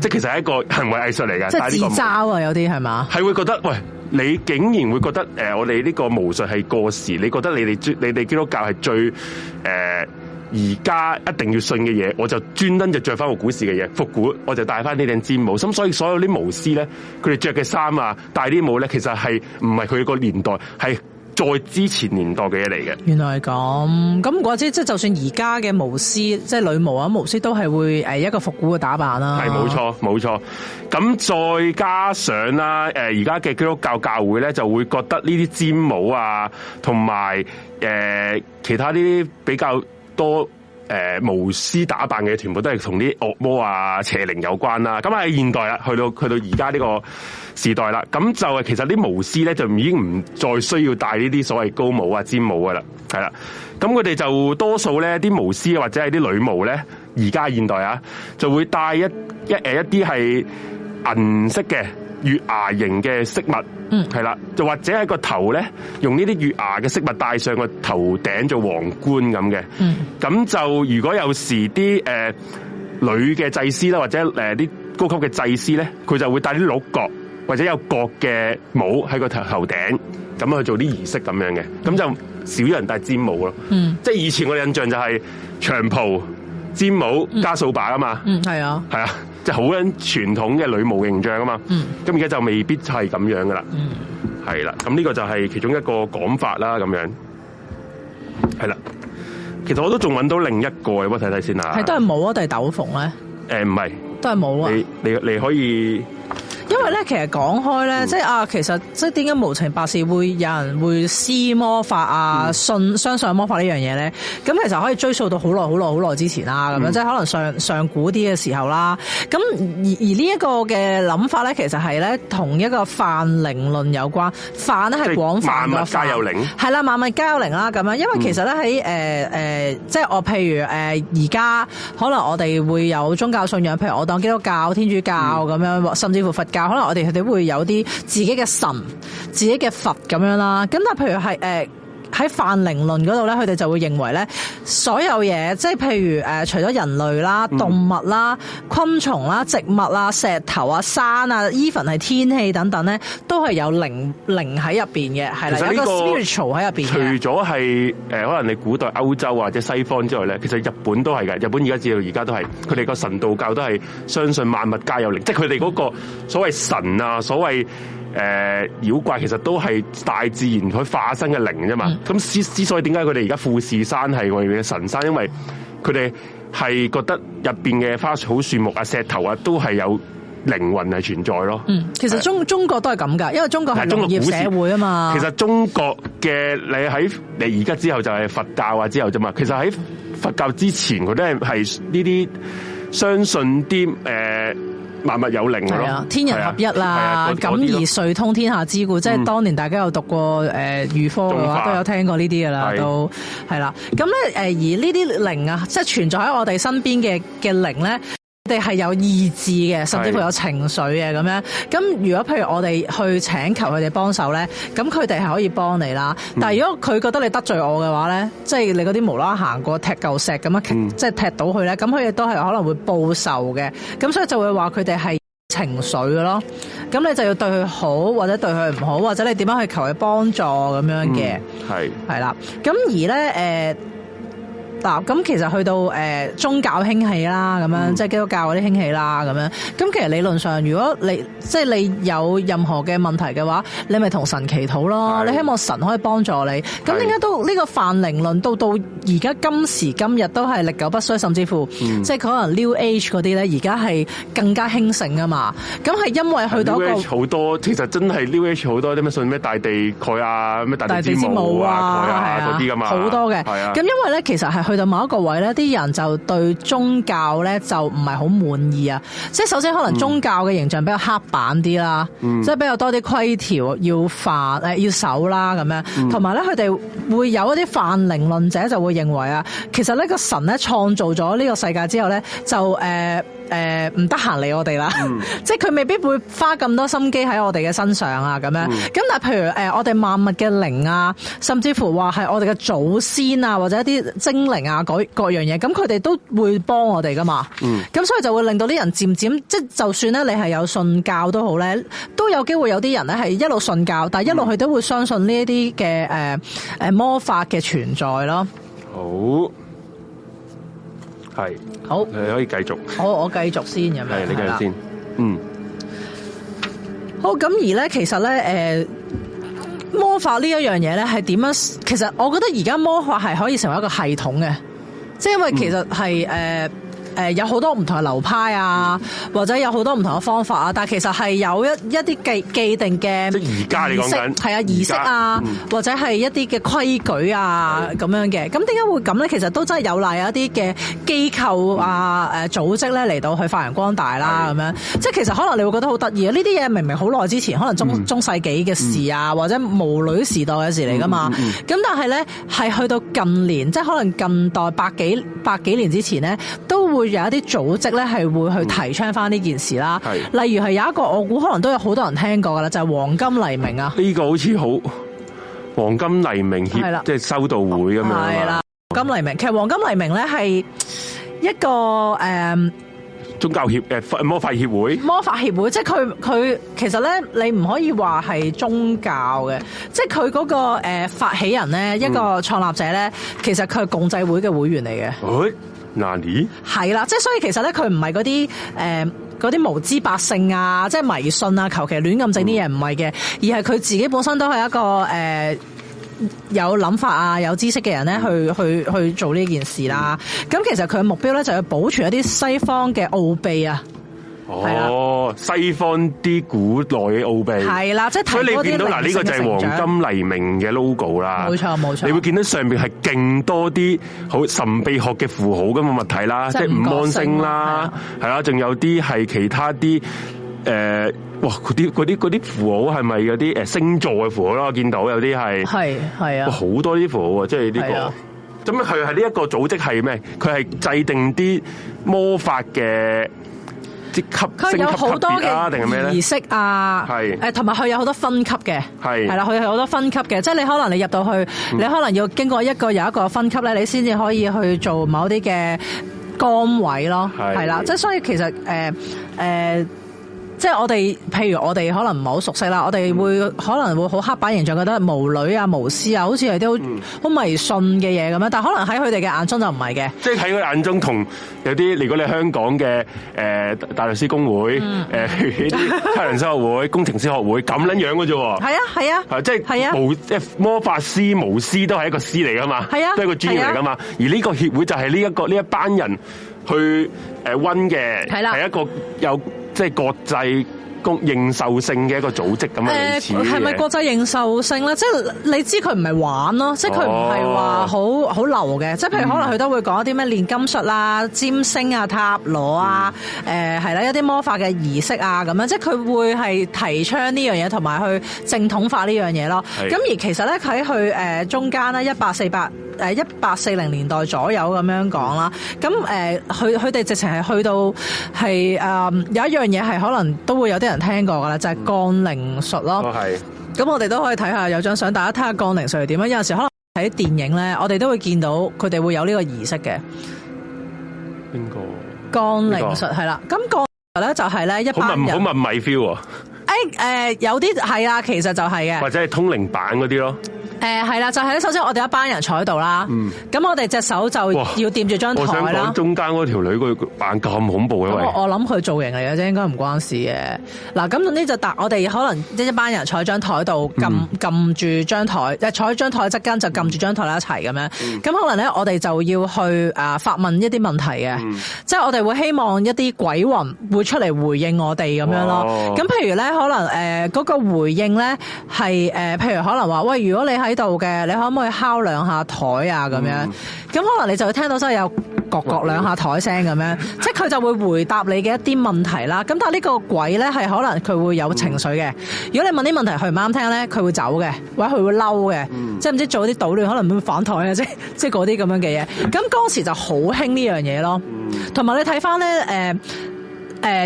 即係其實係一個行為藝術嚟噶。即係自嘲啊，有啲係嘛？係會覺得喂。你竟然會覺得誒、呃，我哋呢個巫術係過時？你覺得你哋你哋基督教係最誒，而家一定要信嘅嘢，我就專登就着翻個古時嘅嘢復古，我就戴翻呢頂尖帽。咁所以所有啲巫師咧，佢哋着嘅衫啊，戴啲帽咧，其實係唔係佢個年代係。是再之前年代嘅嘢嚟嘅，原來係咁。咁或者即係就算而家嘅巫師，即係女巫啊巫師，都係會誒一個復古嘅打扮啦、啊。係冇錯冇錯。咁再加上啦，誒而家嘅基督教教會咧，就會覺得呢啲尖帽啊，同埋誒其他呢啲比較多。誒、呃、巫師打扮嘅全部都係同啲惡魔啊、邪靈有關啦。咁喺現代啊，去到去到而家呢個時代啦，咁就係其實啲巫師咧就已經唔再需要戴呢啲所謂高帽啊、尖帽㗎啦，係啦。咁佢哋就多數咧啲巫師或者係啲女巫咧，而家現代啊，就會戴一一一啲係銀色嘅月牙形嘅飾物。嗯，係啦，就或者喺個頭咧，用呢啲月牙嘅飾物戴上個頭頂做皇冠咁嘅。嗯，咁就如果有時啲誒、呃、女嘅祭司啦，或者誒啲高級嘅祭司咧，佢就會戴啲鹿角或者有角嘅帽喺個頭頭頂，咁去做啲儀式咁樣嘅。咁、嗯、就少咗人戴尖帽咯。嗯，即係以前我印象就係長袍尖帽，嗯、加掃把啊嘛。嗯，係啊，係啊。就好緊傳統嘅女巫形象啊嘛，咁而家就未必係咁樣噶啦，係、嗯、啦，咁呢個就係其中一個講法啦，咁樣係啦，其實我都仲揾到另一個，唔該睇睇先啊，係都係帽啊定係斗篷咧？誒、欸，唔係，都係帽啊，你你你可以。因為咧，其實講開咧，即、嗯、啊，其實即係點解無情白事會有人會施魔法啊？嗯、信相信魔法呢樣嘢咧，咁其實可以追溯到好耐、好耐、好耐之前啦、啊。咁、嗯、樣即可能上上古啲嘅時候啦、啊。咁而而呢一個嘅諗法咧，其實係咧，同一個泛靈論有關。泛咧係廣泛。泛、萬物皆有靈。係啦，萬物皆有靈啦。咁樣，因為其實咧喺誒即我譬如誒而家可能我哋、呃、會有宗教信仰，譬如我當基督教、天主教咁樣、嗯，甚至乎佛教。可能我哋佢哋會有啲自己嘅神、自己嘅佛咁樣啦，咁但譬如係誒。呃喺泛靈論嗰度咧，佢哋就會認為咧，所有嘢即係譬如誒，除咗人類啦、動物啦、昆蟲啦、植物啦、石頭啊、山啊，even 係天氣等等咧，都係有靈靈喺入面嘅，係啦，有個 spiritual 喺入面嘅。除咗係可能你古代歐洲或者西方之外咧，其實日本都係嘅。日本而家至到而家都係，佢哋個神道教都係相信萬物皆有靈，即係佢哋嗰個所謂神啊，所謂。誒、嗯，妖怪其實都係大自然佢化身嘅靈啫嘛。咁、嗯、之之所以點解佢哋而家富士山係嘅神山，因為佢哋係覺得入邊嘅花草樹木啊、石頭啊，都係有靈魂係存在咯。嗯，其實中中國都係咁噶，因為中國係農業社會啊嘛。其實中國嘅你喺你而家之後就係佛教啊之後啫嘛。其實喺佛教之前，佢都係係呢啲相信啲誒。呃萬物有靈，天人合一啦，感而遂通天下之故，嗯、即係當年大家有讀過誒預科嘅話，都有聽過呢啲嘅啦，都係啦。咁咧誒，而呢啲靈啊，即係存在喺我哋身邊嘅嘅靈咧。佢哋係有意志嘅，甚至乎有情緒嘅咁樣。咁如果譬如我哋去請求佢哋幫手咧，咁佢哋係可以幫你啦。嗯、但係如果佢覺得你得罪我嘅話咧，即係你嗰啲無啦啦行過踢嚿石咁樣，即係踢到佢咧，咁佢亦都係可能會報仇嘅。咁所以就會話佢哋係情緒嘅咯。咁你就要對佢好，或者對佢唔好，或者你點樣去求佢幫助咁樣嘅。係係啦。咁而咧誒。呃嗱，咁其實去到誒宗教興起啦，咁樣即係基督教嗰啲興起啦，咁樣，咁其實理論上，如果你即係你有任何嘅問題嘅話，你咪同神祈禱咯，你希望神可以幫助你。咁點解都呢個泛靈論到到而家今時今日都係歷久不衰，甚至乎即係可能 New Age 嗰啲咧，而家係更加興盛啊嘛。咁係因為去到一個好多，其實真係 New Age 好多啲咩信咩大地蓋啊，咩大地之母啊，嗰啲㗎嘛，好多嘅。咁因為咧，其實係。去到某一個位咧，啲人就對宗教咧就唔係好滿意啊！即係首先可能宗教嘅形象比較刻板啲啦，嗯、即係比較多啲規條要犯誒、呃、要守啦咁樣，同埋咧佢哋會有一啲泛靈論者就會認為啊，其實呢個神咧創造咗呢個世界之後咧就誒。呃誒唔得閒理我哋啦，嗯、即係佢未必會花咁多心機喺我哋嘅身上啊，咁樣。咁但係譬如誒，我哋萬物嘅靈啊，甚至乎話係我哋嘅祖先啊，或者一啲精靈啊，各樣嘢，咁佢哋都會幫我哋噶嘛。咁、嗯、所以就會令到啲人漸漸，即係就算咧，你係有信教都好咧，都有機會有啲人咧係一路信教，但係一路佢都會相信呢一啲嘅誒誒魔法嘅存在咯。嗯、好。係好，你可以繼續。好，我繼續先，咁樣啦。係你繼續先。嗯，好。咁而咧，其實咧，誒、呃，魔法呢一樣嘢咧，係點樣？其實我覺得而家魔法係可以成為一個系統嘅，即係因為其實係誒。嗯呃誒有好多唔同嘅流派啊，或者有好多唔同嘅方法啊，但係其實係有一一啲既既定嘅即係而家儀式，係啊儀式啊，式啊嗯、或者係一啲嘅規矩啊咁樣嘅。咁點解會咁咧？其實都真係有賴，有一啲嘅機構啊、誒、嗯、組織咧嚟到去發揚光大啦、啊，咁樣。即係其實可能你會覺得好得意啊！呢啲嘢明明好耐之前，可能中、嗯、中世紀嘅事啊，嗯、或者巫女時代嘅事嚟噶嘛。咁、嗯嗯嗯、但係咧，係去到近年，即係可能近代百幾百幾年之前咧，都會。有一啲組織咧，係會去提倡返呢件事啦、嗯。例如係有一個，我估可能都有好多人聽過噶啦，就係、是、黃金黎明啊。呢、這個好似好黃金黎明協，即係修道會咁樣啊。黃金黎明其實黃金黎明咧係一個、嗯、宗教協誒魔法協會。魔法協會即係佢佢其實咧，你唔可以話係宗教嘅，即係佢嗰個發發起人咧、嗯，一個創立者咧，其實佢係共濟會嘅會員嚟嘅。欸係啦，即係所以其實咧，佢唔係嗰啲誒啲無知百姓啊，即係迷信啊，求其亂咁整啲嘢，唔係嘅，而係佢自己本身都係一個誒有諗法啊，有知識嘅人咧，去去去做呢件事啦。咁其實佢嘅目標咧，就係要保存一啲西方嘅奧秘啊。哦，西方啲古代嘅奧秘係啦，即係睇到嗱呢、啊呢個就係黃金黎明嘅 logo 啦。冇錯冇錯，你會見到上面係勁多啲好神秘學嘅符號咁嘅物體啦，即係五芒星啦，係啦，仲有啲係其他啲誒、呃、哇嗰啲嗰啲啲符號係咪有啲星座嘅符號啦？我見到有啲係係係啊，好多啲符號即係呢個。咁佢係呢一個組織係咩？佢係制定啲魔法嘅。級佢有好多嘅啊？定係咩咧？儀式啊，係誒，同埋佢有好多分級嘅，係係啦，佢有好多分級嘅，即係你可能你入到去，你可能要經過一個又一個分級咧，你先至可以去做某啲嘅崗位咯，係啦，即係所以其實誒誒。呃呃即係我哋，譬如我哋可能唔係好熟悉啦，我哋會、嗯、可能會好刻板形象，覺得巫女啊、巫師啊，好似係啲好迷信嘅嘢咁樣。但可能喺佢哋嘅眼中就唔係嘅。即係喺佢眼中同有啲，如果你香港嘅、呃、大律師公會誒啲，修、嗯呃、學會、 工程師學會咁撚樣嘅啫喎。係啊，係啊，啊。即係巫即係魔法師、巫師都係一個師嚟㗎嘛。係啊，都係一個專業嚟㗎嘛。而呢個協會就係呢、這個、一個呢一班人去、呃、溫溫嘅，係、啊、一個有。即係國際。共認受性嘅一個組織咁樣嘅，係、呃、咪國際認受性咧？ 即係你知佢唔係玩咯、哦，即係佢唔係話好好流嘅。即、哦、係譬如可能佢都會講一啲咩煉金術啦、占星啊、塔羅啊，誒係啦，一啲魔法嘅儀式啊咁樣。即係佢會係提倡呢樣嘢，同埋去正統化呢樣嘢咯。咁而其實咧，喺佢誒中間啦，一八四八誒一八四零年代左右咁樣講啦。咁、嗯、誒，佢佢哋直情係去到係誒、呃、有一樣嘢係可能都會有啲。人聽過噶啦，就係、是、降靈術咯。咁、嗯哦、我哋都可以睇下，有張相，大家睇下降靈術係點樣。有陣時候可能睇電影咧，我哋都會見到佢哋會有呢個儀式嘅。邊個降靈術係啦？咁降咧就係咧一班人好問，問米 feel 誒、哦、誒、哎呃，有啲係啊，其實就係、是、嘅，或者係通靈版嗰啲咯。誒係啦，就係咧。首先我哋一班人坐喺度啦，咁、嗯、我哋隻手就要掂住張台啦。我想講中間嗰條女佢扮咁恐怖嘅位。我我諗佢造型嚟嘅啫，應該唔關事嘅。嗱，咁總之就我哋可能一班人坐喺張台度，撳撳住張台，即、嗯、係坐喺張台側跟就撳住張台一齊咁樣。咁、嗯、可能咧，我哋就要去誒、啊、發問一啲問題嘅，即、嗯、係、就是、我哋會希望一啲鬼魂會出嚟回應我哋咁樣咯。咁譬如咧，可能誒嗰、呃，那個回應咧係誒，譬如可能話喂，如果你係喺度嘅，你可唔可以敲兩下台啊？咁樣，咁可能你就會聽到真係有咯咯兩下台聲咁樣，即係佢就會回答你嘅一啲問題啦。咁但係呢個鬼咧，係可能佢會有情緒嘅。嗯、如果你問啲問題佢唔啱聽咧，佢會走嘅，或者佢會嬲嘅，嗯、即係唔知做啲搗亂，可能會反台啊，即係即係嗰啲咁樣嘅嘢。咁當時就好興呢樣嘢咯，同埋你睇翻咧，誒、呃、誒、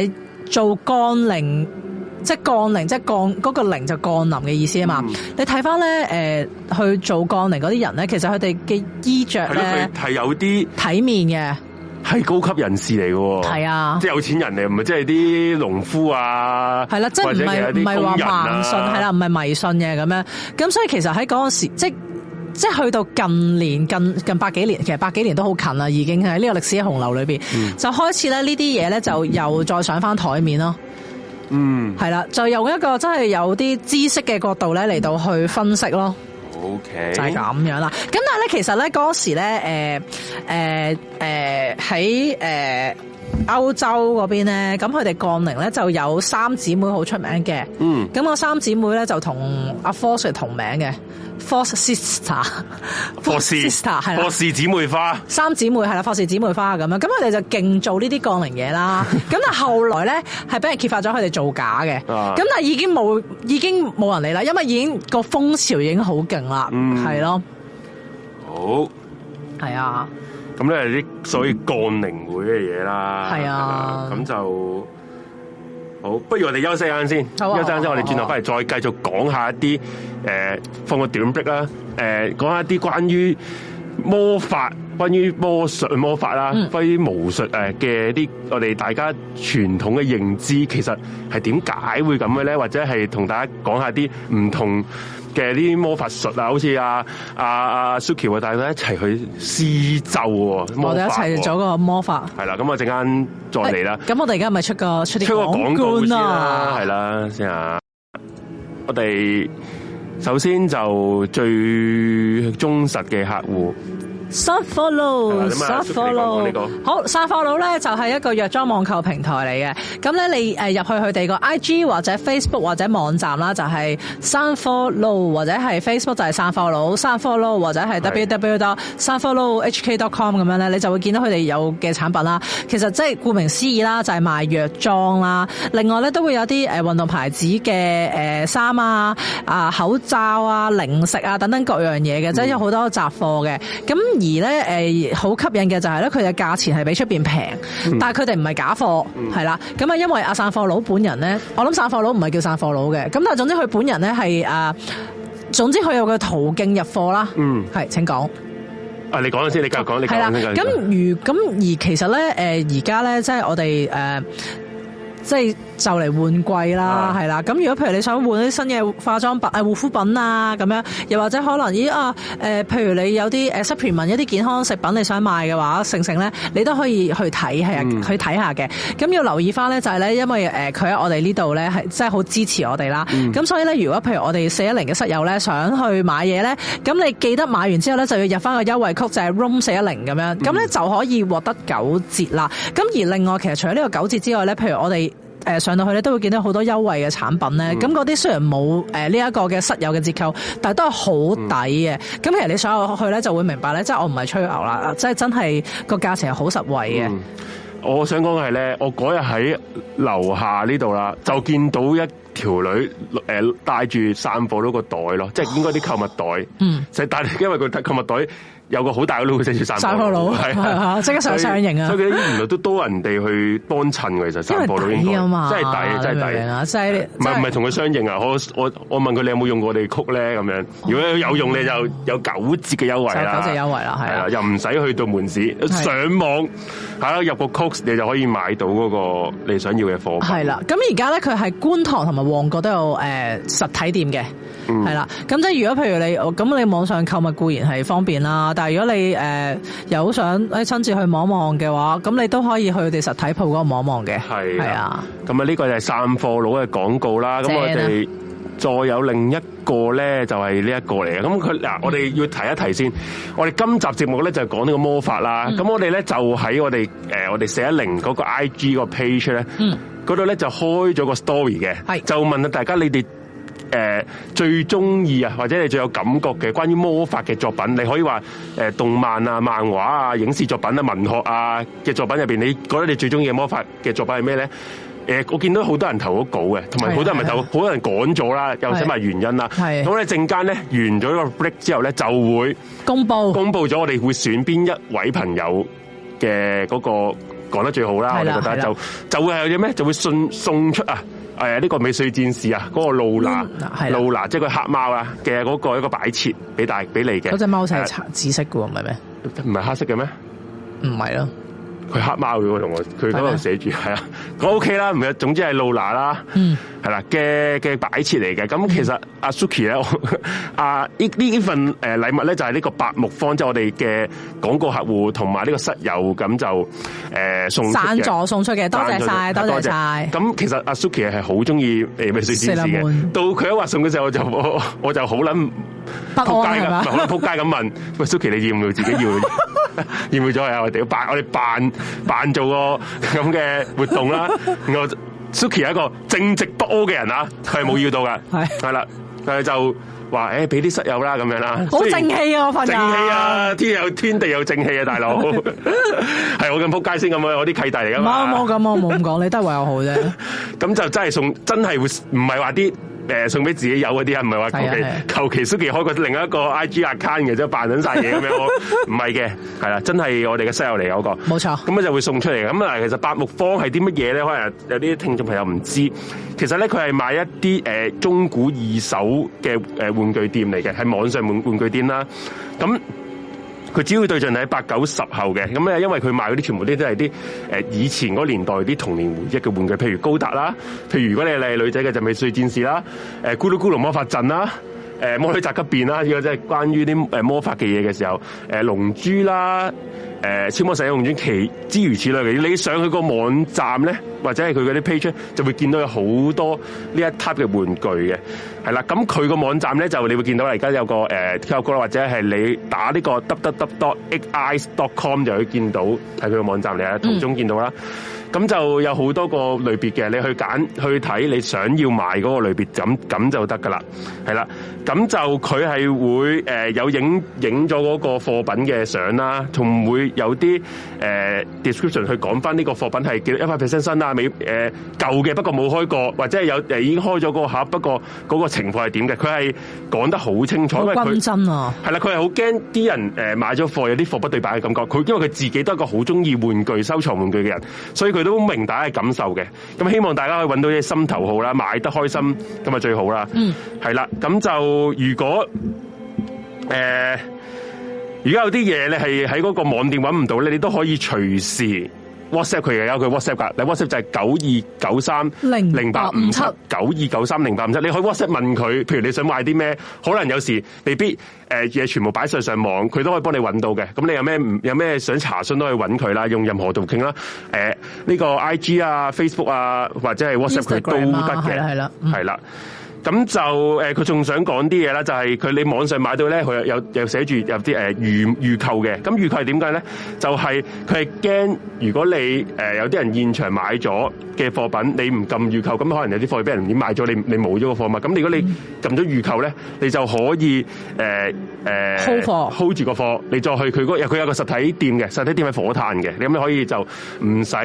呃、做乾鈴。即係降靈，即係降嗰、那個靈就降臨嘅意思啊嘛，嗯！你睇翻咧，誒、呃，去做降靈嗰啲人咧，其實佢哋嘅衣着咧係有啲體面嘅，係高級人士嚟喎。係啊，即係有錢人嚟，唔係即係啲農夫啊，係啦，即係唔係唔係話盲信，係啦，唔係迷信嘅咁樣。咁所以其實喺嗰個時，即即係去到近年近近百幾年，其實百幾年都好近啦，已經喺呢個歷史洪流裏邊、嗯，就開始咧呢啲嘢咧就又再上翻台面咯。嗯，係 啦，就用一個真係有啲知識嘅角度咧嚟到去分析咯。Okay，就係咁樣啦。咁但係咧，其實咧嗰時咧，誒誒誒喺誒歐洲嗰邊咧，咁佢哋降靈咧就有三姊妹好出名嘅。嗯，咁 個三姊妹咧就同阿科 sir 同名嘅。Fox sisters，Fox sisters 係 Fox sisters 姊妹花，三姊妹係啦，Fox sisters 姊妹花咁樣，咁我哋就勁做呢啲降靈嘢啦。咁 但係後來咧，係俾人揭發咗佢哋造假嘅。咁 但係已經冇，已經冇人嚟啦，因為已經個風潮已經好勁啦，係、嗯、咯。好，係啊。咁咧係啲所以降靈會嘅嘢啦，係、嗯、啊。咁就。好，不如我哋休息一下先、啊。休息一下先、啊，我哋轉頭翻嚟再繼續講下一啲誒，放個短壁啦。誒、啊，講、呃、下一啲關於魔法，關於魔術魔法啦，嗯、關於巫術誒嘅一啲，我哋大家傳統嘅認知，其實係點解會咁嘅咧？或者係同大家講下啲唔同。嘅呢啲魔法術啊，好似阿阿阿 Suki 啊，大家一齊去施咒喎，魔法。我哋一齊做個魔法。係啦，咁我陣間再嚟啦。咁我哋而家係咪出個出啲、啊、廣告官啦，係啦先啊。我哋首先就最忠實嘅客戶。Sunfollow，Sunfollow，Sunfollow、這個、好，Sunfollow 咧就係一個藥妝網購平台嚟嘅。咁咧你誒入去佢哋個 I G 或者 Facebook 或者網站啦，就係 Sunfollow 或者係 Facebook 就係 Sunfollow，Sunfollow Sunfollow 或者係 www.sunfollowhk.com 咁樣咧，你就會見到佢哋有嘅產品啦。其實即係顧名思義啦，就係、是、賣藥妝啦。另外咧都會有啲誒運動牌子嘅誒衫啊、啊口罩啊、零食啊等等各樣嘢嘅，即係有好多雜貨嘅。咁而咧，誒好吸引嘅就係咧，佢嘅價錢係比出邊平，但係佢哋唔係假貨，係、嗯、啦。咁啊，因為阿散貨佬本人咧，我諗散貨佬唔係叫散貨佬嘅。咁但係總之佢本人咧係誒，總之佢有個途徑入貨啦。嗯，係，請講。啊，你講先，你繼續講，你講。係啦，咁如咁而其實咧，誒而家咧，即係我哋誒。即係就嚟換季啦，係、啊、啦。咁如果譬如你想換啲新嘅化妝品、護、啊、護膚品啊，咁樣，又或者可能咦啊、呃、譬如你有啲誒、呃、失傳文一啲健康食品，你想買嘅話，成成咧，你都可以去睇，係、嗯、啊，去睇下嘅。咁要留意翻咧，就係、是、咧，因為誒佢喺我哋呢度咧，係真係好支持我哋啦。咁、嗯、所以咧，如果譬如我哋四一零嘅室友咧，想去買嘢咧，咁你記得買完之後咧，就要入翻個優惠 code，就係 Room 四一零咁樣，咁、嗯、咧就可以獲得九折啦。咁而另外，其實除咗呢個九折之外咧，譬如我哋。誒上到去咧都會見到好多優惠嘅產品咧，咁嗰啲雖然冇誒呢一個嘅室友嘅折扣，但都係好抵嘅。咁、嗯、其實你上有去咧就會明白咧，即係我唔係吹牛啦，即、嗯、係真係個價錢係好實惠嘅、嗯。我想講嘅係咧，我嗰日喺樓下呢度啦，就見到一條女誒帶住散步嗰個袋咯，即、就、係、是、應該啲購物袋，嗯，就係因為佢帶購物袋。有個好大嘅腦，即係出三，曬佬腦係即刻想相應啊所！所以啲原來都多人哋去幫襯嘅，其實三個佬應該真係抵，真係抵啊！唔係唔係同佢相應啊！我我我問佢你有冇用過我哋 code 咧咁樣？如果有用你、哦、就有九折嘅優惠、就是、九折優惠啦，係、啊啊、又唔使去到門市，啊、上網係啦、啊，入個 code 你就可以買到嗰個你想要嘅貨品。係啦、啊，咁而家咧佢係觀塘同埋旺角都有、呃、實體店嘅，係、嗯、啦。咁、啊、即係如果譬如你咁，你網上購物固然係方便啦，如果你誒有、呃、想誒親自去望望嘅話，咁你都可以去佢哋實體鋪嗰度望望嘅。係係啊，咁啊呢個就係散貨佬嘅廣告啦。咁我哋再、就是、有另一個咧，就係呢一個嚟嘅。咁佢嗱，我哋要提一提先、嗯，我哋今集節目咧就是、講呢個魔法啦。咁、嗯、我哋咧就喺我哋誒我哋四一零嗰個 IG 個 page 咧，嗰度咧就開咗個 story 嘅，係就問大家你哋。誒，最中意啊，或者你最有感覺嘅關於魔法嘅作品，你可以話，誒，動漫啊、漫畫啊、影視作品啊、文學啊嘅作品入邊。你覺得你最中意嘅魔法嘅作品係咩咧？誒，我見到好多人投好稿嘅，同埋好多人投好多人講咗啦，又寫埋原因啦。好咁咧，陣間咧完咗呢個 break 之後咧，就會公佈公佈咗我哋會選邊一位朋友嘅嗰個講得最好啦。我哋覺得就就會係有啲咩？就會送送出啊！係、哎、啊，呢、這個美術戰士啊，嗰、那個露娜、嗯，露娜即係個黑貓啊嘅嗰個一個擺設俾大俾你嘅。嗰隻貓仔係紫色嘅喎，唔係咩？唔係黑色嘅咩？唔係咯。佢黑貓嘅喎，同我佢嗰度寫住，係啊，我 OK 啦，唔係，總之係露娜啦，嗯，係啦嘅嘅擺設嚟嘅。咁其實阿 Suki 咧，阿呢呢份誒禮物咧就係呢個白木方，即係我哋嘅廣告客戶同埋呢個室友咁就誒送。贊助送出嘅，多謝曬，多謝曬。咁其實阿 Suki 係好中意誒美式電視嘅。到佢一話送嘅時候，我就我我就好撚撲街噶，好撚撲街咁問喂，Suki，你要唔要自己要？要唔要咗啊？我哋扮我哋扮。扮做個咁嘅活動啦， 然後 Suki 係一個正直不阿嘅人是沒有、 欸、 啊，佢係冇要到噶，係係啦，佢就話誒俾啲室友啦咁樣啦，好正氣啊我份正氣啊， 天有天地有正氣啊大佬，係我咁仆街先咁樣，大 我啲契弟嚟噶嘛，冇冇咁我冇咁講， 你都係為我好啫，咁 就真係會真係會唔係話啲。誒，送俾自己有嗰啲啊，唔係話求其求其 Suki 開過另一個 IG account 嘅，即係扮緊晒嘢咁樣，唔係嘅，係啦， 真係我哋嘅 sale 嚟嗰個，冇錯，咁啊就會送出嚟。咁啊，其實八木方係啲乜嘢咧？可能有啲聽眾朋友唔知，其實咧佢係買一啲誒中古二手嘅誒玩具店嚟嘅，喺網上玩玩具店啦，咁。佢主要對象係八九十後嘅，咁因為佢賣嗰啲全部啲都係啲以前嗰年代啲童年回憶嘅玩具，譬如高達啦，譬如如果你係女仔嘅就美少女戰士啦，咕嚕咕嚕魔法陣啦。誒魔女宅急便啦，呢個即係關於啲誒魔法嘅嘢嘅時候，誒龍珠啦，誒超魔世勇傳，奇諸如此類嘅，你上佢個網站咧，或者係佢嗰啲 page，就會見到有好多呢一 type 嘅玩具嘅，係啦，咁佢個網站咧就你會見到，而家有個誒 TikTok 啦，或者係你打呢個 www.ice.com 就可以見，見到，係佢個網站你喺途中見到啦。咁就有好多個類別嘅，你去揀去睇你想要買個類別，咁咁就得噶啦，係啦。咁就佢係會誒有影影咗個貨品嘅相啦，仲會有啲誒、呃、description 去講翻呢個貨品係叫一塊 percent 新啊，美誒舊嘅不過冇開過，或者係有誒已經開咗個盒，不過個情況係點嘅？佢係講得好清楚，因為好均真啊！係啦，佢係好驚啲人誒買咗貨有啲貨不對版嘅感覺，佢因為佢自己都係一個好中意玩具收藏玩具嘅人，所以佢。都明白大家嘅感受嘅，咁希望大家可以揾到啲心頭好啦，買得開心咁啊最好啦。嗯，係啦，咁就如果誒，而、呃、家有啲嘢你係喺嗰個網店揾唔到咧，你都可以隨時。WhatsApp 佢又有佢 WhatsApp 噶，你 WhatsApp 就係九二九三零零八五七九二九三零八五七，你可以 WhatsApp 問佢，譬如你想買啲咩，可能有時未必誒嘢、呃、全部擺曬上網，佢都可以幫你揾到嘅。咁你有咩有咩想查詢都可以揾佢啦，用任何途徑啦，誒、呃、呢、個 IG 啊、Facebook 啊或者係 WhatsApp 佢、啊、都得嘅，係啦係啦。咁就誒，佢、呃、仲想講啲嘢啦，就係、是、佢你網上買到咧，佢有有寫住有啲誒預預購嘅。咁預購係點解咧？就係佢係驚，如果你誒、呃、有啲人現場買咗嘅貨品，你唔撳預購，咁可能有啲貨俾人已經買咗，你你冇咗個貨物。咁如果你撳咗預購咧，你就可以誒誒、呃呃、hold 住個貨，你再去佢嗰，又佢有個實體店嘅，實體店係火炭嘅，你咁樣可以就唔使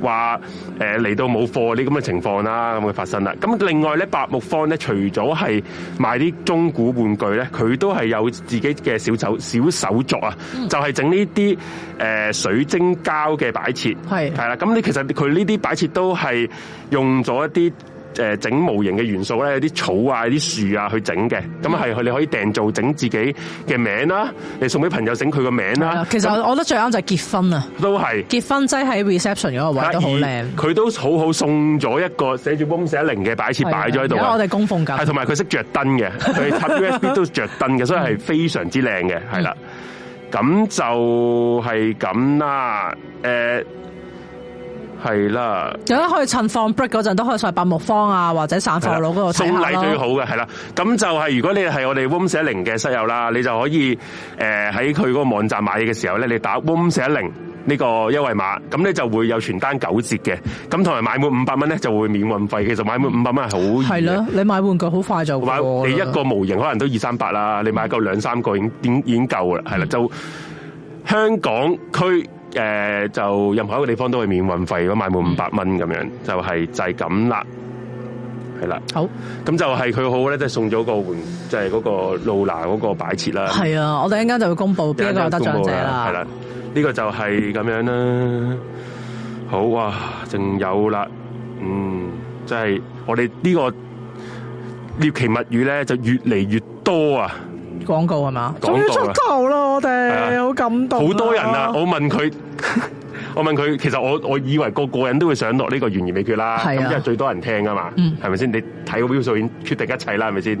話誒嚟到冇貨呢？咁嘅情況啦，咁會發生啦。咁另外咧，白木方咧。除咗係賣啲中古玩具咧，佢都係有自己嘅小手小手作啊，就係整呢啲誒水晶膠嘅擺設，係係啦。咁你其實佢呢啲擺設都係用咗一啲。誒、呃，整模型嘅元素咧，有啲草啊，有啲樹啊，去整嘅。咁係佢，你可以訂做整自己嘅名啦，你送俾朋友整佢個名啦。其實我，我覺得最啱就係結婚啊。都係結婚，仔喺 reception 嗰個位都好靚。佢都好好送咗一個寫住翁寫零嘅擺設擺咗喺度為我哋供奉緊。係同埋佢識着燈嘅，佢 插 USB 都着燈嘅，所以係非常之靚嘅。係、嗯、啦，咁就係咁啦，誒。係啦，有得可以趁放 break 嗰陣，都可以上百木坊啊，或者散貨佬嗰度睇下咯。送禮最好嘅係啦，咁就係如果你係我哋 w a m 舍零嘅室友啦，你就可以誒喺佢嗰個網站買嘢嘅時候咧，你打 w a m 舍零呢個優惠碼，咁咧就會有全單九折嘅。咁同埋買滿五百蚊咧就會免運費。其實買滿五百蚊係好，係啦，你買玩具好快就買。你一個模型可能都二三百啦，你買夠兩三個點已經夠啦，係啦，就、嗯、香港區。誒、呃，就任何一個地方都係免運費，如果買滿五百蚊咁樣，就係、是、就係咁啦，係啦。好，咁就係佢好咧，即係送咗、嗰個換，即係嗰個露娜嗰個擺設啦。係啊，我哋一陣間就會公布邊一個有得獎者啦。係啦，呢、這個就係咁樣啦。好啊，仲有啦，嗯，即、就、係、是、我哋呢個獵奇物語咧，就越嚟越多啊！廣告係嘛，終於、啊、出頭啦！我哋、啊、好感動、啊，好多人啊！我問佢， 我問佢，其實我我以為個個人都會想落呢個懸疑未決啦，咁因為最多人聽噶嘛，係咪先？你睇個票數已經決定一切啦，係咪先？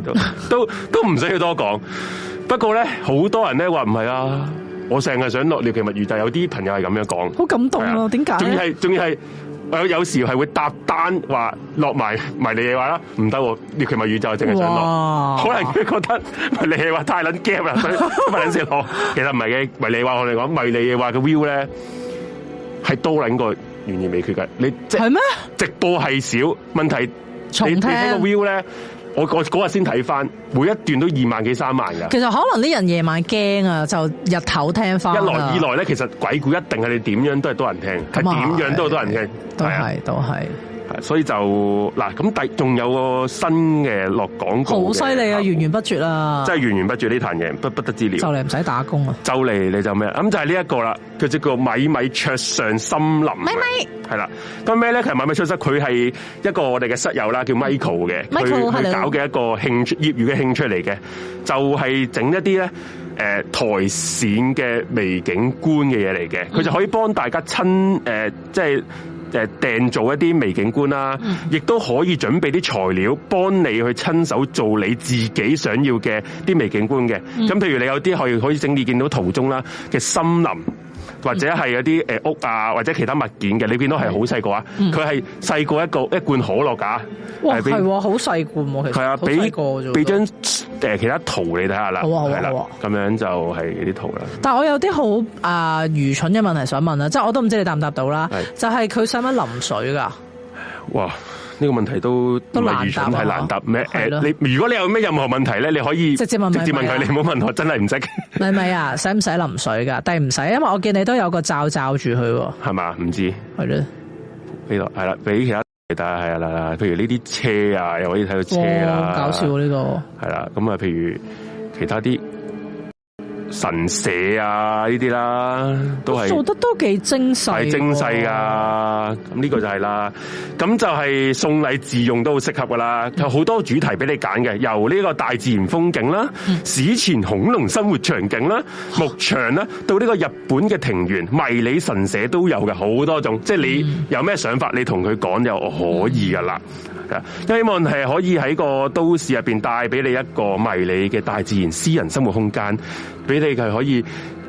都都唔使要多講。不過咧，好多人咧話唔係啊，我成日想落聊奇物語，就有啲朋友係咁樣講，好感動啊！點解、啊？仲要係仲要係。有時時係會搭單，話落埋迷你嘢話啦。唔得，你佢咪宇宙淨係上落，可能佢覺得迷你嘢話太卵 gap 啦，太卵先落， 其實唔係嘅，迷你話我哋講，迷你嘢話嘅 view 咧係多卵個懸意未決嘅，你直係咩？即係少問題，你睇呢個 view 咧？我我嗰日先睇返，每一段都二萬幾三萬㗎。其實可能啲人夜晚驚啊，就日頭聽返。一來二來咧，其實鬼故一定係你點樣都係多人聽，係點樣都係多人聽，都係都係。所以就嗱咁第仲有個新嘅落廣告，好犀利啊！源源不絕啊！即、啊、係源源不絕呢壇嘢，不得了不得之了。就嚟唔使打工啊！就嚟你就咩？咁就係呢一個啦。佢就叫米米桌上森林，米米係啦。咁咩咧？其實米米出身，佢係一個我哋嘅室友啦，叫 Michael 嘅、嗯。Michael 係佢搞嘅一個興趣業餘嘅興趣嚟嘅，就係、是、整一啲咧誒苔蘚嘅微景觀嘅嘢嚟嘅。佢就可以幫大家親誒、呃，即係。誒訂做一啲微景觀啦，亦、嗯、都可以準備啲材料幫你去親手做你自己想要嘅啲微景觀嘅。咁、嗯、譬如你有啲可以可以整理見到途中啦嘅森林。或者係有啲誒屋啊，或者其他物件嘅，你見到係好細個啊？佢係細過一個一罐可樂㗎，係，係喎，好細罐喎，其實。係啊，畀畀張誒其他圖你睇下啦。好啊，好啊，咁、啊啊、樣就係啲圖啦。但係我有啲好啊愚蠢嘅問題想問啊，即係我都唔知道你答唔答到啦。就係佢使乜淋水㗎？哇！呢、這個問題都唔係都難答，係難答咩、呃？你如果你有咩任何問題咧，你可以直接問直接問佢、啊，你冇問我，真係唔識。咪咪啊，使唔使淋水噶？但係唔使，因為我見你都有個罩罩住佢。係咪？唔知係咯？呢個係啦，俾其他大家係啦啦，譬如呢啲車啊，又可以睇到車啊，搞笑呢個。係啦，咁啊，譬如其他啲。神社啊，呢啲啦都係做得都幾精細，係精細啊，咁、嗯、呢個就係啦。咁就係送禮自用都好適合噶啦。嗯、有好多主題俾你揀嘅，由呢個大自然風景啦、嗯、史前恐龍生活場景啦、嗯、牧場啦，到呢個日本嘅庭園、迷你神社都有嘅，好多種。即係你有咩想法，你同佢講就可以噶啦。嗯嗯，希望係可以喺個都市入邊帶俾你一個迷你嘅大自然私人生活空間。俾你係可以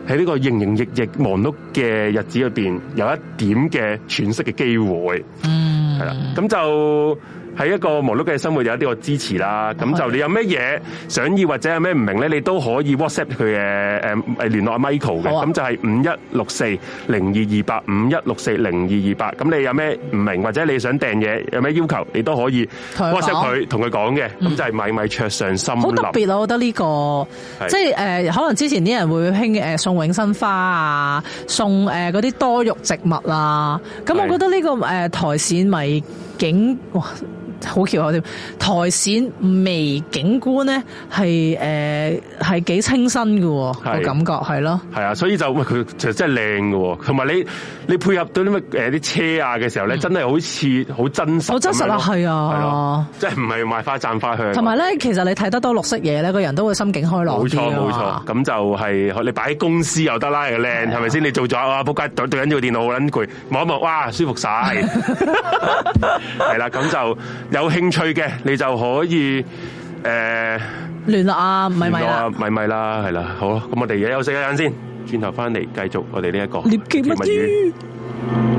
喺呢個營營役役忙碌嘅日子裏邊，有一點嘅喘息嘅機會，係、嗯、啦，咁就。喺一個忙碌嘅生活，有一啲嘅支持啦。咁就你有咩嘢想意，或者有咩唔明咧，你都可以 WhatsApp 佢嘅誒誒聯絡 Michael 嘅、啊。咁就係五一六四零二二八五一六四零二二八。咁你有咩唔明或者你想訂嘢有咩要求，你都可以 WhatsApp 佢同佢講嘅。咁、嗯、就係米米桌上森林。好特別、啊，我覺得呢、這個即係誒、呃，可能之前啲人會興、呃、送永生花啊，送嗰啲、呃、多肉植物啊。咁我覺得呢、這個誒、呃、台線咪景哇～好巧妙添！苔蘚微景觀呢係誒係幾清新㗎喎、哦，個感覺，係囉。係啊，所以就佢其實真係靚㗎喎。同埋你你配合到啲乜誒啲車啊嘅時候、嗯、花花呢，真係好似好真實，好真實啊，係啊，真係唔係賣花讚花香。同埋呢，其實你睇得多綠色嘢呢，個人都會心境開朗啲啊。冇錯，冇錯，咁就係、是、你擺喺公司又得啦，又靚，係咪先？你做咗啊仆街，對對緊個電腦好撚攰，望一望哇舒服曬，係 啦， 咁就。有興趣嘅，你就可以誒聯絡啊，唔係咪啊，唔係咪啦，係啦，好啦，咁我哋而家休息一陣先，轉頭翻嚟繼續我哋呢一個獵奇物語。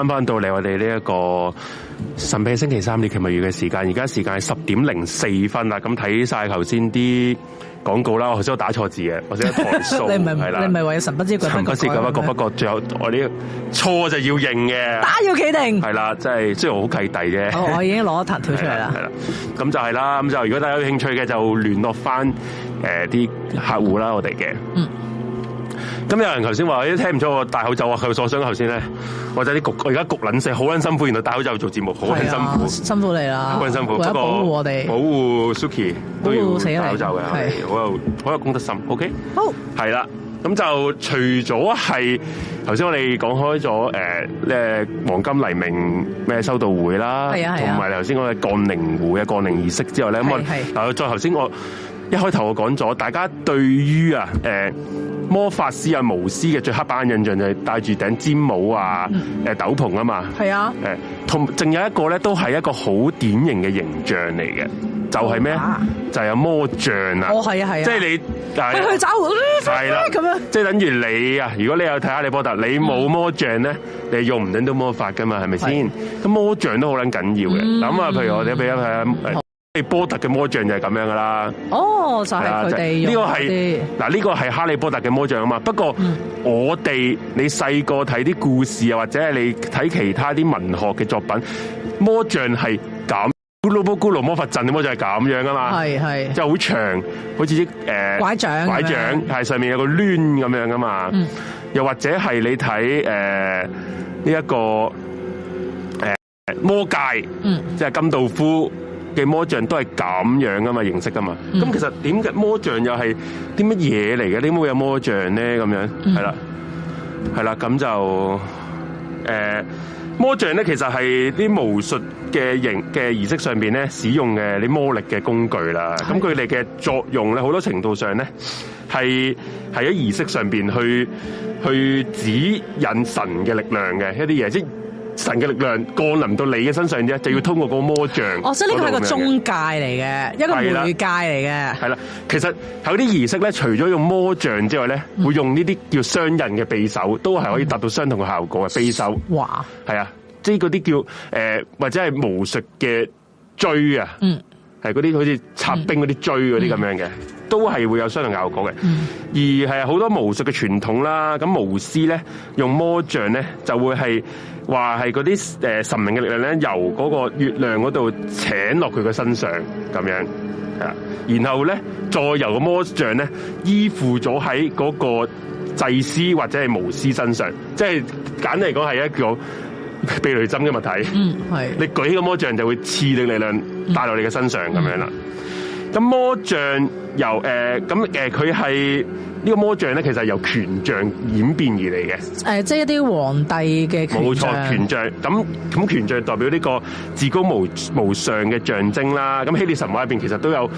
翻翻到嚟我哋呢一個神秘星期三呢期物月嘅時間，而家時間係十點零四分啦。咁睇晒頭先啲廣告啦，我頭先我打錯字嘅，或者錯數係啦。你唔係話神不知覺，神不知覺，不覺，我唔咁樣講，不過最後我呢錯就要認嘅，打要企定係啦。即係雖然好契弟啫，我、哦、我已經攞一塌退出嚟啦。係 啦，咁就係、是、啦。咁就如果大家有興趣嘅，就聯絡翻誒啲客戶啦。我哋嘅，嗯。咁有人頭先話，我聽唔出我戴口罩啊，佢受傷頭先咧。或者啲焗，我而家焗撚死，好撚辛苦。原來戴口罩做節目，好辛苦，辛苦你啦。好辛苦，不過保護 Suki，我哋，保護 Suki 都要戴口罩嘅，係好有好有公德心。OK，好，係啦。咁就除咗係頭先我哋講開咗誒，誒、呃、黃金黎明咩修道會啦，係啊，同埋頭先講嘅降靈會嘅降靈儀式之外咧，咁啊，嗱、啊啊，再頭先我一開頭我講咗，大家對於啊，誒、呃。魔法師啊，巫師嘅最刻板印象就係戴住頂尖帽啊， 斗篷啊嘛。係啊。同，仲有一個咧，都係一個好典型嘅形象嚟嘅，就係、是、咩 就係阿魔杖 是你 啊。哦， 係啊，係啊。即係你，係去找，係啦，咁樣。即係等於你啊，如果你有睇哈利波特，你冇魔杖咧， 你用唔到魔法㗎嘛，係咪先？咁 魔杖都好撚緊要嘅。咁 啊，譬如我哋俾一下。誒。 哦就是嗯、哈利波特嘅魔杖就係咁樣噶啦，哦，就係佢哋呢個係嗱，呢個係哈利波特嘅魔杖啊嘛。不過我哋你細個睇啲故事啊，或者係你睇其他啲文學嘅作品，魔杖係咁咕嚕咕嚕魔法陣嘅魔杖係咁樣噶嘛，係係即係好長，好似啲誒拐杖拐杖，係上面有個攣咁樣噶嘛，嗯、又或者係你睇誒呢一個誒、呃、魔界，即係金道夫。嗯嘅魔杖都係咁樣噶嘛，形式噶嘛。咁其實點解魔杖又係啲乜嘢嚟嘅？點解會有魔杖咧？咁樣係啦，係啦。咁就誒，魔杖咧，其實係啲巫術嘅形嘅儀式上邊咧，使用嘅啲魔力嘅工具啦。咁佢哋嘅作用咧，好多程度上咧，係係喺儀式上邊去去指引神嘅力量嘅一啲嘢即。神嘅力量降臨到你嘅身上啫，就要通過嗰個魔杖、嗯。哦，所以呢個係個中介嚟嘅，一個媒介嚟嘅。係啦，其實喺啲儀式咧，除咗用魔杖之外咧、嗯，會用呢啲叫雙刃嘅匕首，都係可以達到相同嘅效果嘅、嗯。匕首。哇！係啊，即係嗰啲叫誒、呃、或者係巫術嘅錐啊，嗯，係嗰啲好似插冰嗰啲錐嗰啲咁樣嘅，都係會有相同嘅效果嘅、嗯。而係好多巫術嘅傳統啦，咁巫師咧用魔杖咧就會係。話係嗰啲誒神明嘅力量咧，由嗰個月亮嗰度請落佢嘅身上咁樣，然後咧再由個魔像咧依附咗喺嗰個祭司或者係巫師身上，即係簡嚟講係一個避雷針嘅物體。嗯，係。你舉起個魔像就會刺你力量帶到你嘅身上咁、嗯、樣啦。咁魔像由誒咁誒佢係。呃呢、這個魔杖咧，其實係由權杖演變而嚟嘅。誒，即係一啲皇帝嘅權杖。冇錯，權杖。咁咁，權杖代表呢個至高無無上嘅象徵啦。咁希臘神話入邊其實都有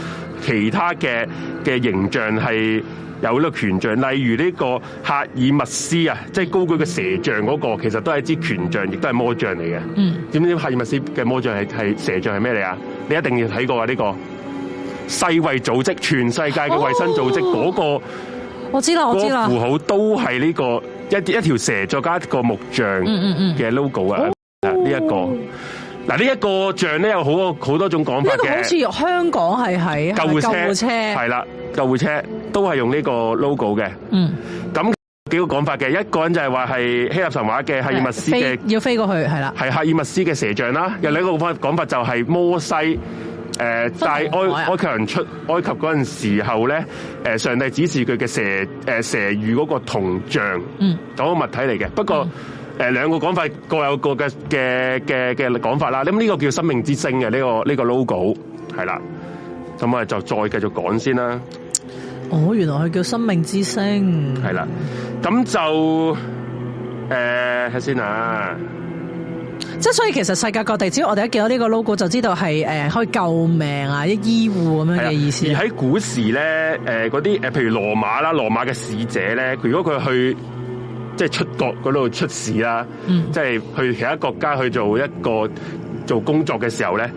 其他嘅嘅形象係有呢個權杖，例如呢個赫爾密斯啊，即、就、係、是、高舉嘅蛇像嗰、那個，其實都係一支權杖，亦都係魔杖嚟嘅。嗯。點知赫爾密斯嘅魔杖係係蛇像係咩嚟啊？你一定要睇過啊！呢個世衛組織、全世界嘅衞生組織嗰個、哦。我知啦，我知啦。符號都係呢、這個一一條蛇，再加一個木像嘅 logo、嗯嗯嗯、啊！呢、這、一個嗱，呢、啊、一、這個像咧有好多好多種講法嘅。這個、好似香港係喺救護車。係啦，救護車都係用呢個 logo 嘅。嗯。咁幾個講法嘅，一個人就係話係希臘神話嘅赫爾密斯嘅，要飛過去係啦，係赫爾密斯嘅蛇像啦。有另一個講法就係摩西。誒，但係埃埃及人出埃及嗰陣時候咧，誒，上帝指示佢嘅蛇，誒蛇魚嗰個銅像，嗯，嗰個物體嚟嘅。不過，誒兩個講法各有各嘅嘅嘅嘅講法啦。咁、這、呢個叫生命之星嘅呢個呢個 logo 係啦。咁啊，我哋就再繼續講先啦。哦，原來佢叫生命之星。係、呃、啦，咁就誒，係先啊。即係所以，其實世界各地，只要我哋一見到呢個 logo，就知道係誒、呃，可以救命啊，一醫護咁樣嘅意思。而喺古時咧，誒嗰啲誒，譬如羅馬啦，羅馬嘅使者咧，如果佢去即係出國嗰度出事啦，即、嗯、係、就是、去其他國家去做一個做工作嘅時候咧，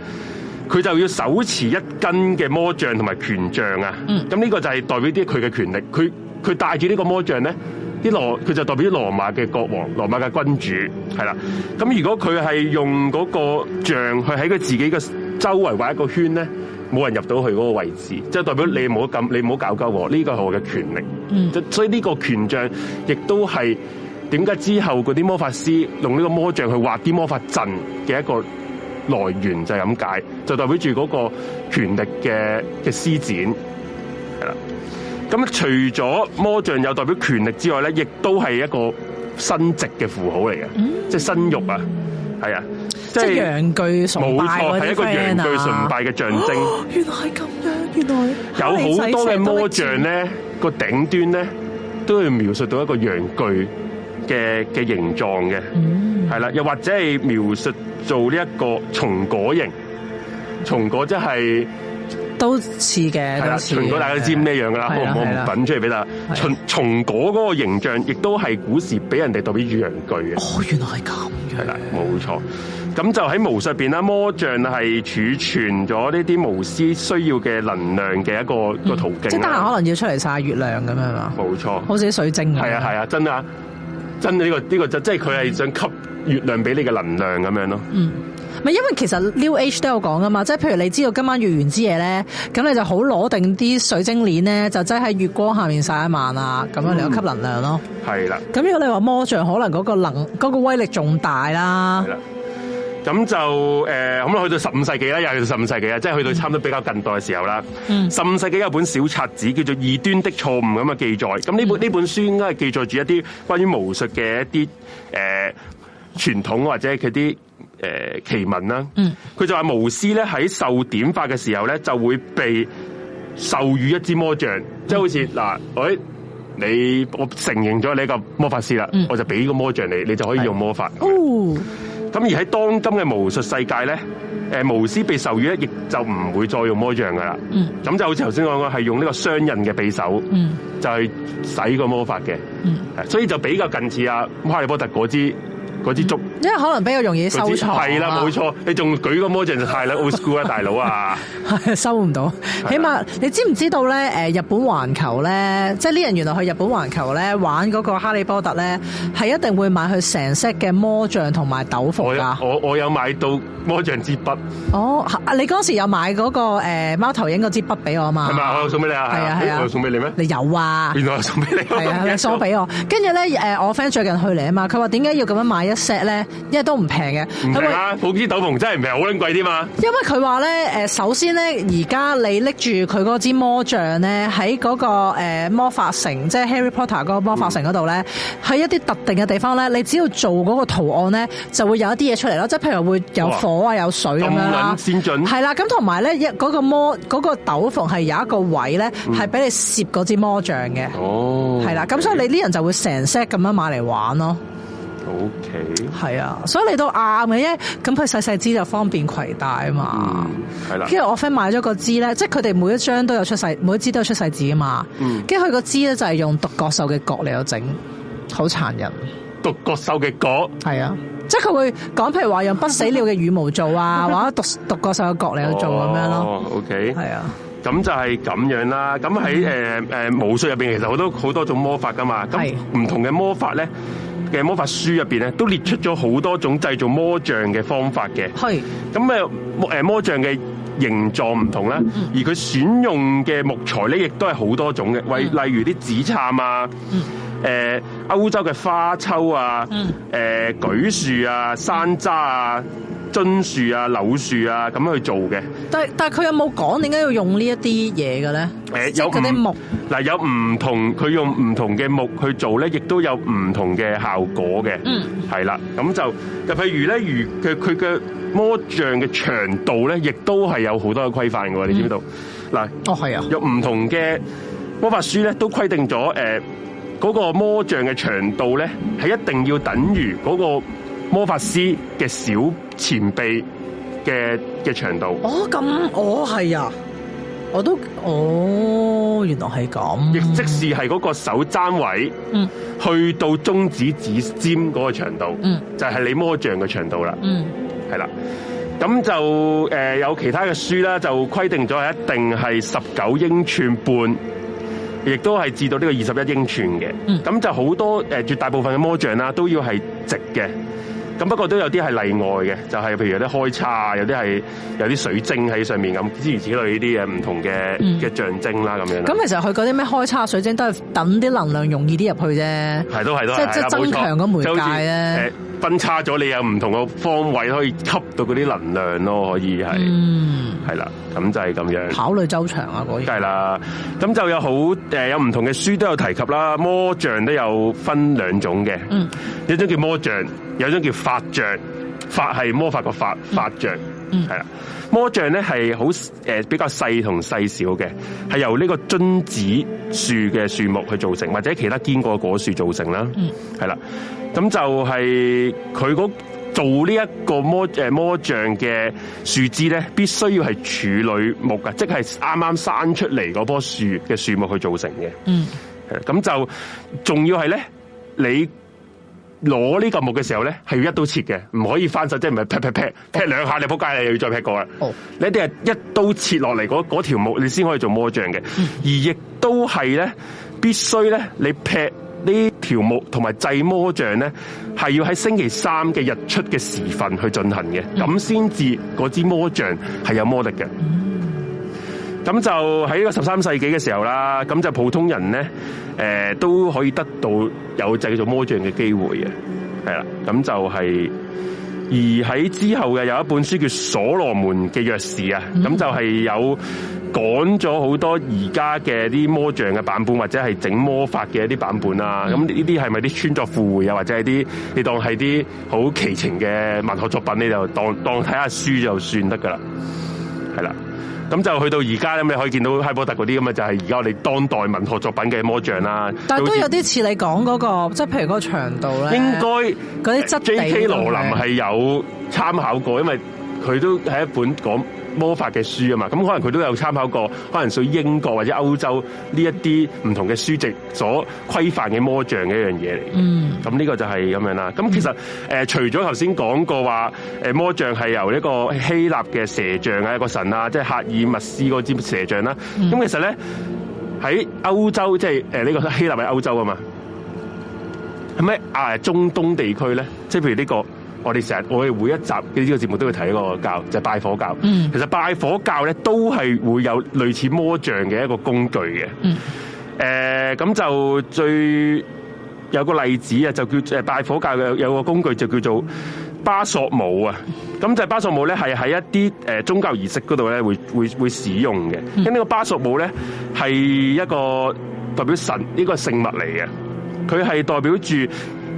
佢就要手持一根嘅魔杖同埋權杖啊。咁、嗯、呢個就係代表啲佢嘅權力。佢佢帶住呢個魔杖咧。啲羅佢就代表羅馬嘅國王、羅馬嘅君主，係啦。咁如果佢係用嗰個杖去喺佢自己嘅周圍畫一個圈咧，冇人入到去嗰個位置，即係代表你唔好咁，你唔好搞鳩我，呢個係我嘅權力。嗯，所以呢個權杖亦都係點解之後嗰啲魔法師用呢個魔杖去畫啲魔法陣嘅一個來源，就係咁解，就代表住嗰個權力嘅嘅施展。咁除咗魔杖有代表權力之外咧，亦都係一個生殖嘅符號嚟嘅、嗯，即係生育啊，係、嗯、啊，即係陽具，冇錯，係、啊、一個陽具崇拜嘅象徵。哦、原來係咁樣，原來有好多嘅魔杖咧，個頂端咧都係描述到一個陽具嘅嘅形狀嘅，係、嗯、啦、啊，又或者係描述做呢一個松果形，松果即係。都似嘅，係果大家都知咩樣噶啦？我我唔揾出嚟俾大家松果嗰個形象，亦都係古時俾人哋代表陽具嘅。哦，原來係咁嘅。係啦，冇錯。咁就喺巫術邊啦，魔像係儲存咗呢啲巫師需要嘅能量嘅一個、嗯、一個途徑。即係得閒可能要出嚟晒月亮咁樣啊？冇錯，好似水晶。係啊係啊，真啊真！呢、呢個呢、呢個就即係佢係想吸月亮俾你嘅能量咁樣咯。嗯。因為其實 New Age 都有講噶嘛，即係譬如你知道今晚月圓之夜咧，咁你就好攞定啲水晶鏈咧，就擠喺月光下面曬一晚啊，咁樣有吸能量咯。係、嗯、啦。咁如果你話魔像可能嗰個能嗰、那個、威力仲大啦。咁就誒，咁、呃、去到十五世紀啦，又去到十五世紀啊、嗯，即係去到差唔多比較近代嘅時候啦。十、嗯、五世紀有一本小冊子叫做《異端的錯誤》咁嘅記載，咁呢本呢、嗯、本書應該係記載住一啲關於巫術嘅一啲誒、呃、傳統或者佢啲。誒、呃，奇聞啦，佢、嗯、就話巫師咧喺受點法嘅時候咧，就會被授予一支魔杖、嗯，即係好似嗱，喂、哎，你我承認咗你個個魔法師啦、嗯，我就俾個魔杖你，你就可以用魔法。咁、嗯、而喺當今嘅巫術世界咧，誒，巫師被授予咧，亦就唔會再用魔杖噶啦。咁、嗯、就好似頭先講嘅係用呢個雙刃嘅匕首，嗯、就係使個魔法嘅、嗯，所以就比較近似阿、啊、哈利波特嗰支。嗰支竹，因為可能比較容易收藏。係、嗯、啦，冇錯，你仲舉個魔杖太啦 Old School 啊， 大佬啊，收唔到。起碼你知唔知道咧？誒，日本環球咧，即係呢人原來去日本環球咧玩嗰個哈利波特咧，係一定會買佢成色嘅魔杖同埋斗篷㗎。我我，我有買到魔杖支筆。哦，你嗰時有買嗰個貓貓頭鷹嗰支筆俾我啊嘛？係咪？我有送俾你啊？係啊係啊，我送俾你咩？你有啊？原來係送俾你。係啊，你送俾我。跟住咧，誒，我 friend 最近去嚟啊嘛，佢話點解要咁樣買一？set 咧、啊，因為都唔平嘅。唔平啊！寶芝斗篷真係唔平，好撚貴啲嘛。因為佢話咧，誒，首先咧，而家你拎住佢嗰支魔杖咧，喺嗰、嗰個、欸、魔法城，即、就、係、係、Harry Potter 嗰個魔法城嗰度咧，喺、嗯、一啲特定嘅地方咧，你只要做嗰個圖案咧，就會有一啲嘢出嚟咯。即係譬如會有火啊，有水咁樣先進。係啦，咁同埋咧，一嗰、嗰個魔嗰個斗篷係有一個位咧，係、嗯、俾你攝嗰支魔杖嘅。哦對。係啦，咁所以你啲人就會成 set 咁樣買嚟玩咯。O K，係啊，所以你都啱嘅，因為咁佢細細支就方便携帶啊嘛。係、嗯、啦，因為我 friend 買咗個支咧，即係佢哋每一張都有出世，每一支都有出世紙啊嘛。嗯，跟住佢個支咧就係用獨角獸嘅角嚟到整，好殘忍。獨角獸嘅角係啊，即係佢會講，譬如話用不死鳥嘅羽毛做啊， 或者獨獨角獸嘅角嚟到做咁、哦、樣咯。O K，係啊，咁就係咁樣啦。咁喺誒誒武術入邊，呃呃、面其實好多好多種魔法噶嘛。咁唔同嘅魔法咧。嘅魔法書入邊咧，都列出咗好多種製造魔杖嘅方法嘅。係。咁誒魔誒魔杖嘅形狀唔同啦， 而佢選用嘅木材咧，亦都係好多種嘅。為 例如啲紫杉啊，誒、 呃、歐洲嘅花楸啊，誒櫸、 呃、樹啊、山楂啊。樽樹啊、柳樹啊咁樣去做嘅，但但係佢有冇講點解要用呢一啲嘢嘅咧？誒，有嗰啲木嗱，有唔同佢用唔同嘅木去做咧，亦都有唔同嘅效果嘅。嗯，係啦，咁就就譬如咧，如佢佢嘅魔杖嘅長度咧，亦都係有好多嘅規範嘅。你知唔知道？嗱，哦係啊，有唔同嘅魔法書咧，都規定咗誒，嗰個魔杖嘅長度咧，係一定要等於嗰個。魔法師嘅小前臂嘅嘅長度哦，咁我係啊，我都哦，原來係咁。亦即是係嗰個手踭位，嗯，去到中指指尖嗰個長度，嗯，就係、是、你魔杖嘅長度啦，嗯，係啦。咁就誒、呃、有其他嘅書啦，就規定咗係一定係十九英寸半，亦都係至到呢個二十一英寸嘅。咁、嗯、就好多誒絕、呃、大部分嘅魔杖啦，都要係直嘅。咁不過都有啲係例外嘅，就係、是、譬如有啲開叉，有啲係有啲水晶喺上面咁，諸如此類呢啲嘢唔同嘅嘅象徵啦、嗯、咁樣，咁其實佢嗰啲咩開叉水晶都係等啲能量容易啲入去啫，係都係都係即係即係增強個媒介咧。分叉咗，你有唔同嘅方位可以吸到嗰啲能量咯，可以係，係、嗯、啦，咁就係咁樣考慮周詳啊，可以。梗係啦，咁就有好誒、呃，有唔同嘅書都有提及啦，魔杖都有分兩種嘅、嗯，一種叫魔杖，有一種叫法杖，法係魔法個法法杖，係、嗯、啦、嗯，魔杖咧係好誒比較細同細小嘅，係由呢個榛子樹嘅樹木去造成，或者其他堅果嘅果樹造成啦，係、嗯、啦。咁就係佢嗰，做呢一個魔誒，魔杖嘅樹枝咧，必須要係處女木噶即係啱啱生出嚟嗰棵樹嘅樹木去造成嘅。嗯，咁就仲要係咧，你攞呢個木嘅時候咧，係要一刀切嘅，唔可以翻手，即係唔係劈、劈、劈、劈兩下你仆街，你又要再劈過啦。哦，你一定係一刀切落嚟嗰條條木，你先可以做魔杖嘅，嗯，而亦都係咧，必須咧，你劈。呢條木同埋製魔杖咧，係要喺星期三嘅日出嘅時份去進行嘅，咁先至嗰支魔杖係有魔力嘅。咁就喺呢個十三世紀嘅時候啦，咁就普通人咧，誒、呃、都可以得到有製造魔杖嘅機會嘅，係啦。咁就係、是、而喺之後嘅有一本書叫《所羅門嘅鑰匙》啊，咁就係有。講咗好多而家嘅啲魔像嘅版本，或者係整魔法嘅一啲版本啊！咁呢啲係咪啲穿鑿附會啊？或者係啲你當係啲好奇情嘅文學作品，你就當當睇下書就算得㗎啦，係啦。咁就去到而家咁，你可以見到《哈利波特》嗰啲咁啊，就係而家我哋當代文學作品嘅魔像啦。但係都有啲似你講嗰、嗰個，即係譬如嗰個長度啦。應該嗰啲質地。J.K. 羅琳係有參考過、嗯，因為佢都係一本講魔法嘅書啊嘛，咁可能佢都有參考過，可能屬於英國或者歐洲呢一啲唔同嘅書籍所規範嘅魔像嘅一樣嘢嚟嘅。咁、mm. 呢個就係咁樣啦。咁其實、mm. 呃、除咗頭先講過話魔像係由一個希臘嘅蛇像啊，一個神啊，即係赫爾密斯嗰支蛇像啦。咁、mm. 其實咧喺歐洲，即係呢、呃呢個希臘係歐洲啊嘛，係咪啊？中東地區咧，即係譬如呢、呢個。我哋成日，我哋每一集嘅呢、這個節目都會睇一個教，就係、是、拜火教、嗯。其實拜火教咧，都係會有類似魔像嘅一個工具嘅。咁、嗯呃、就最有個例子啊，就叫拜火教有有個工具就叫做巴索姆啊。咁就係巴索姆咧，係喺一啲、呃、宗教儀式嗰度咧，會會會使用嘅。咁、嗯、呢個巴索姆咧，係一個代表神呢個聖物嚟嘅，佢係代表住。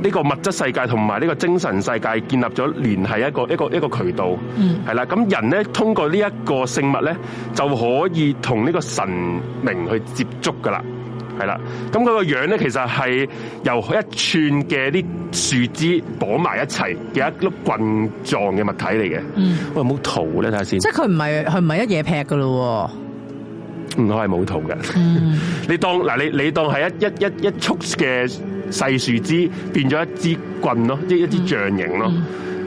呢個物質世界同埋呢個精神世界建立咗聯繫一個一個一個,一個渠道，係、嗯、啦。咁人咧通過呢一個聖物咧，就可以同呢個神明去接觸噶啦，係啦。咁佢個樣咧其實係由佢一串嘅啲樹枝綁埋一齊嘅一粒棍狀嘅物體嚟嘅。嗯，喂冇圖咧，睇下先。即係佢唔係佢唔係一嘢劈噶咯。唔，我係冇圖嘅。你當嗱，你你當係一一一一束嘅細樹枝變咗一枝棍咯、嗯，一一支象形咯，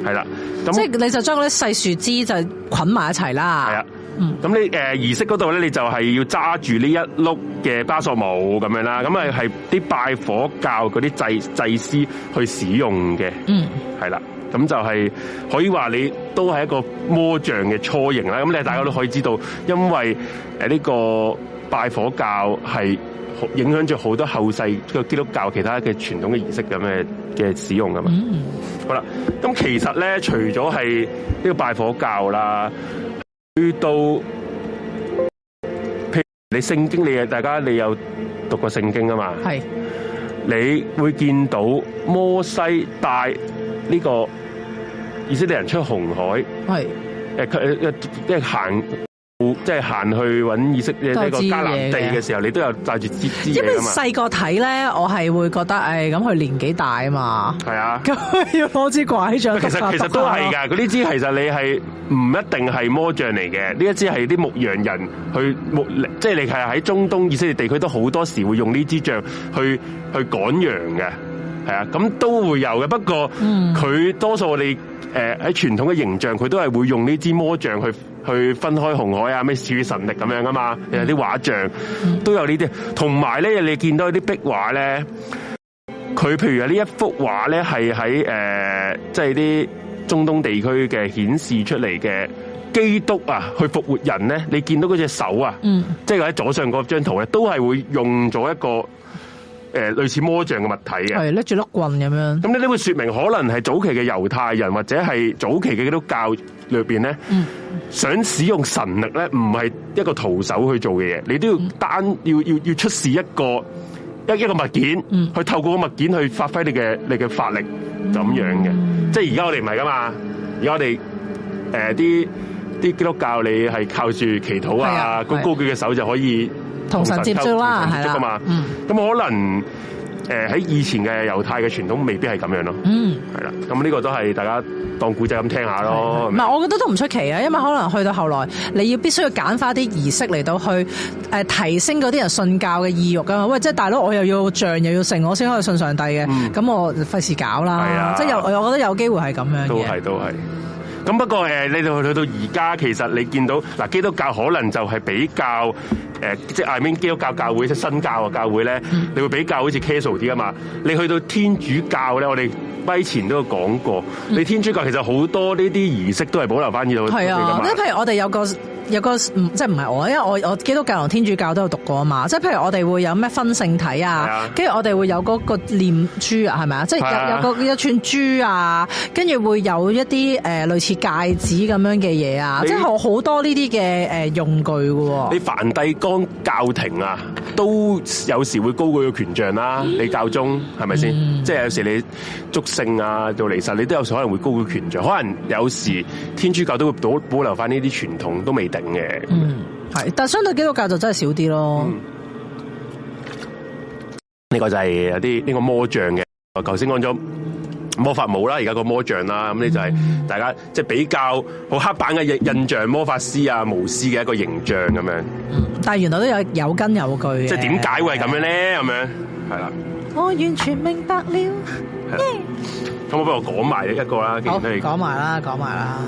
係、嗯、啦。咁即係你就將嗰啲細樹枝就捆埋一齊啦。係啊，咁、嗯、你誒、呃、儀式嗰度咧，你就係要揸住呢一碌嘅巴索帽咁樣啦。咁啊係啲拜火教嗰啲祭祭司去使用嘅。嗯，係啦。咁就係、是、可以話你都係一個魔杖嘅雛形啦。咁你大家都可以知道，嗯、因為。誒，呢個拜火教係影響着好多後世個基督教其他嘅傳統嘅儀式咁嘅嘅使用噶嘛？Mm. 好啦，咁、嗯、其實咧，除咗係呢個拜火教啦，去到譬如你聖經，你大家你有讀過聖經啊嘛？係你會見到摩西帶呢、這個以色列人出紅海，係誒佢誒即係行。呃呃呃呃呃即係行去搵以色列迦南地嘅時候，你都有帶住支支嘢㗎嘛。因為細個睇咧，我係會覺得，誒、哎，咁佢年紀大啊嘛。係啊，咁 要攞支拐杖。其實其實都係噶，佢呢支其實你係唔一定係魔杖嚟嘅。呢一支係啲牧羊人去牧，即係你係喺中東以色列地區都好多時會用呢支杖去去趕羊嘅。係啊，咁都會有嘅。不過，佢多數我哋誒喺傳統嘅形象，佢都係會用呢支魔杖去。去分開紅海啊，咩諸神力咁樣噶嘛？有啲畫像都有，有呢啲，同埋咧你見到啲壁畫咧，佢譬如啊呢一幅畫咧係喺誒，即係啲中東地區嘅顯示出嚟嘅基督啊，去復活人咧，你見到嗰隻手啊，嗯、即係喺左上嗰張圖咧，都係會用咗一個。誒，類似魔杖嘅物體嘅，係拎住碌棍咁樣。咁咧，呢會說明可能係早期嘅猶太人或者係早期嘅基督教裏邊咧，想使用神力咧，唔係一個徒手去做嘅嘢，你都要單要要要出示一個一一個物件，去透過個物件去發揮你嘅你嘅法力咁樣嘅。即係而家我哋唔係噶嘛？而家我哋誒啲啲基督教你係靠住祈禱啊，高高舉嘅手就可以同神接觸啦，係啦，咁、嗯、可能誒喺、呃、以前嘅猶太嘅傳統未必係咁樣咯。嗯，係啦，咁呢個都係大家當古仔咁聽下咯。唔係，我覺得都唔出奇啊，因為可能去到後來，你要必須要揀返啲儀式嚟到去誒、呃、提升嗰啲人信教嘅意欲啊。喂，即係大佬，我又要像又要成，我先可以信上帝嘅。咁、嗯、我費事搞啦，即係又我覺得有機會係咁樣都係都係。咁不過誒、呃，你哋去到而家，其實你見到嗱、呃，基督教可能就係比較。誒即係 I mean 基督教教會即係新教嘅教會咧，你會比較好似 casual 啲啊嘛。你去到天主教咧，我哋彊前都有講過。你天主教其實好多呢啲儀式都係保留翻呢度係啊，即係譬如我哋有個有個即係唔係我，因為我我基督教同天主教都有讀過啊嘛。即係譬如我哋會有咩分聖體啊，跟住我哋會有嗰個念珠啊，係咪啊？即係有、啊、有一個有一串珠啊，跟住會有一啲、呃、類似戒指咁樣嘅嘢啊，即係好好多呢啲嘅呃、用具嘅喎。你梵蒂岡。當教廷啊，都有時會高過佢個權杖啦。你教宗係咪先？即係有時你祝聖啊，到彌撒，你都有時可能會高過佢權杖。可能有時天主教都會保保留翻呢啲傳統，都未定嘅。嗯，係，但相對基督教就真係少啲咯。呢、嗯，這個就係有啲呢、這個魔杖嘅。我頭先講咗。魔法帽啦，而家個魔像啦，咁、嗯、你就係大家即係、就是、比較好刻板嘅印印象，魔法師啊，巫師嘅一個形象咁樣。但係原來都有有根有據嘅。即係點解會係咁樣咧？咁樣係啦。我完全明白了。咁、yeah. 我不如講埋一個啦。好，講埋啦，講埋啦。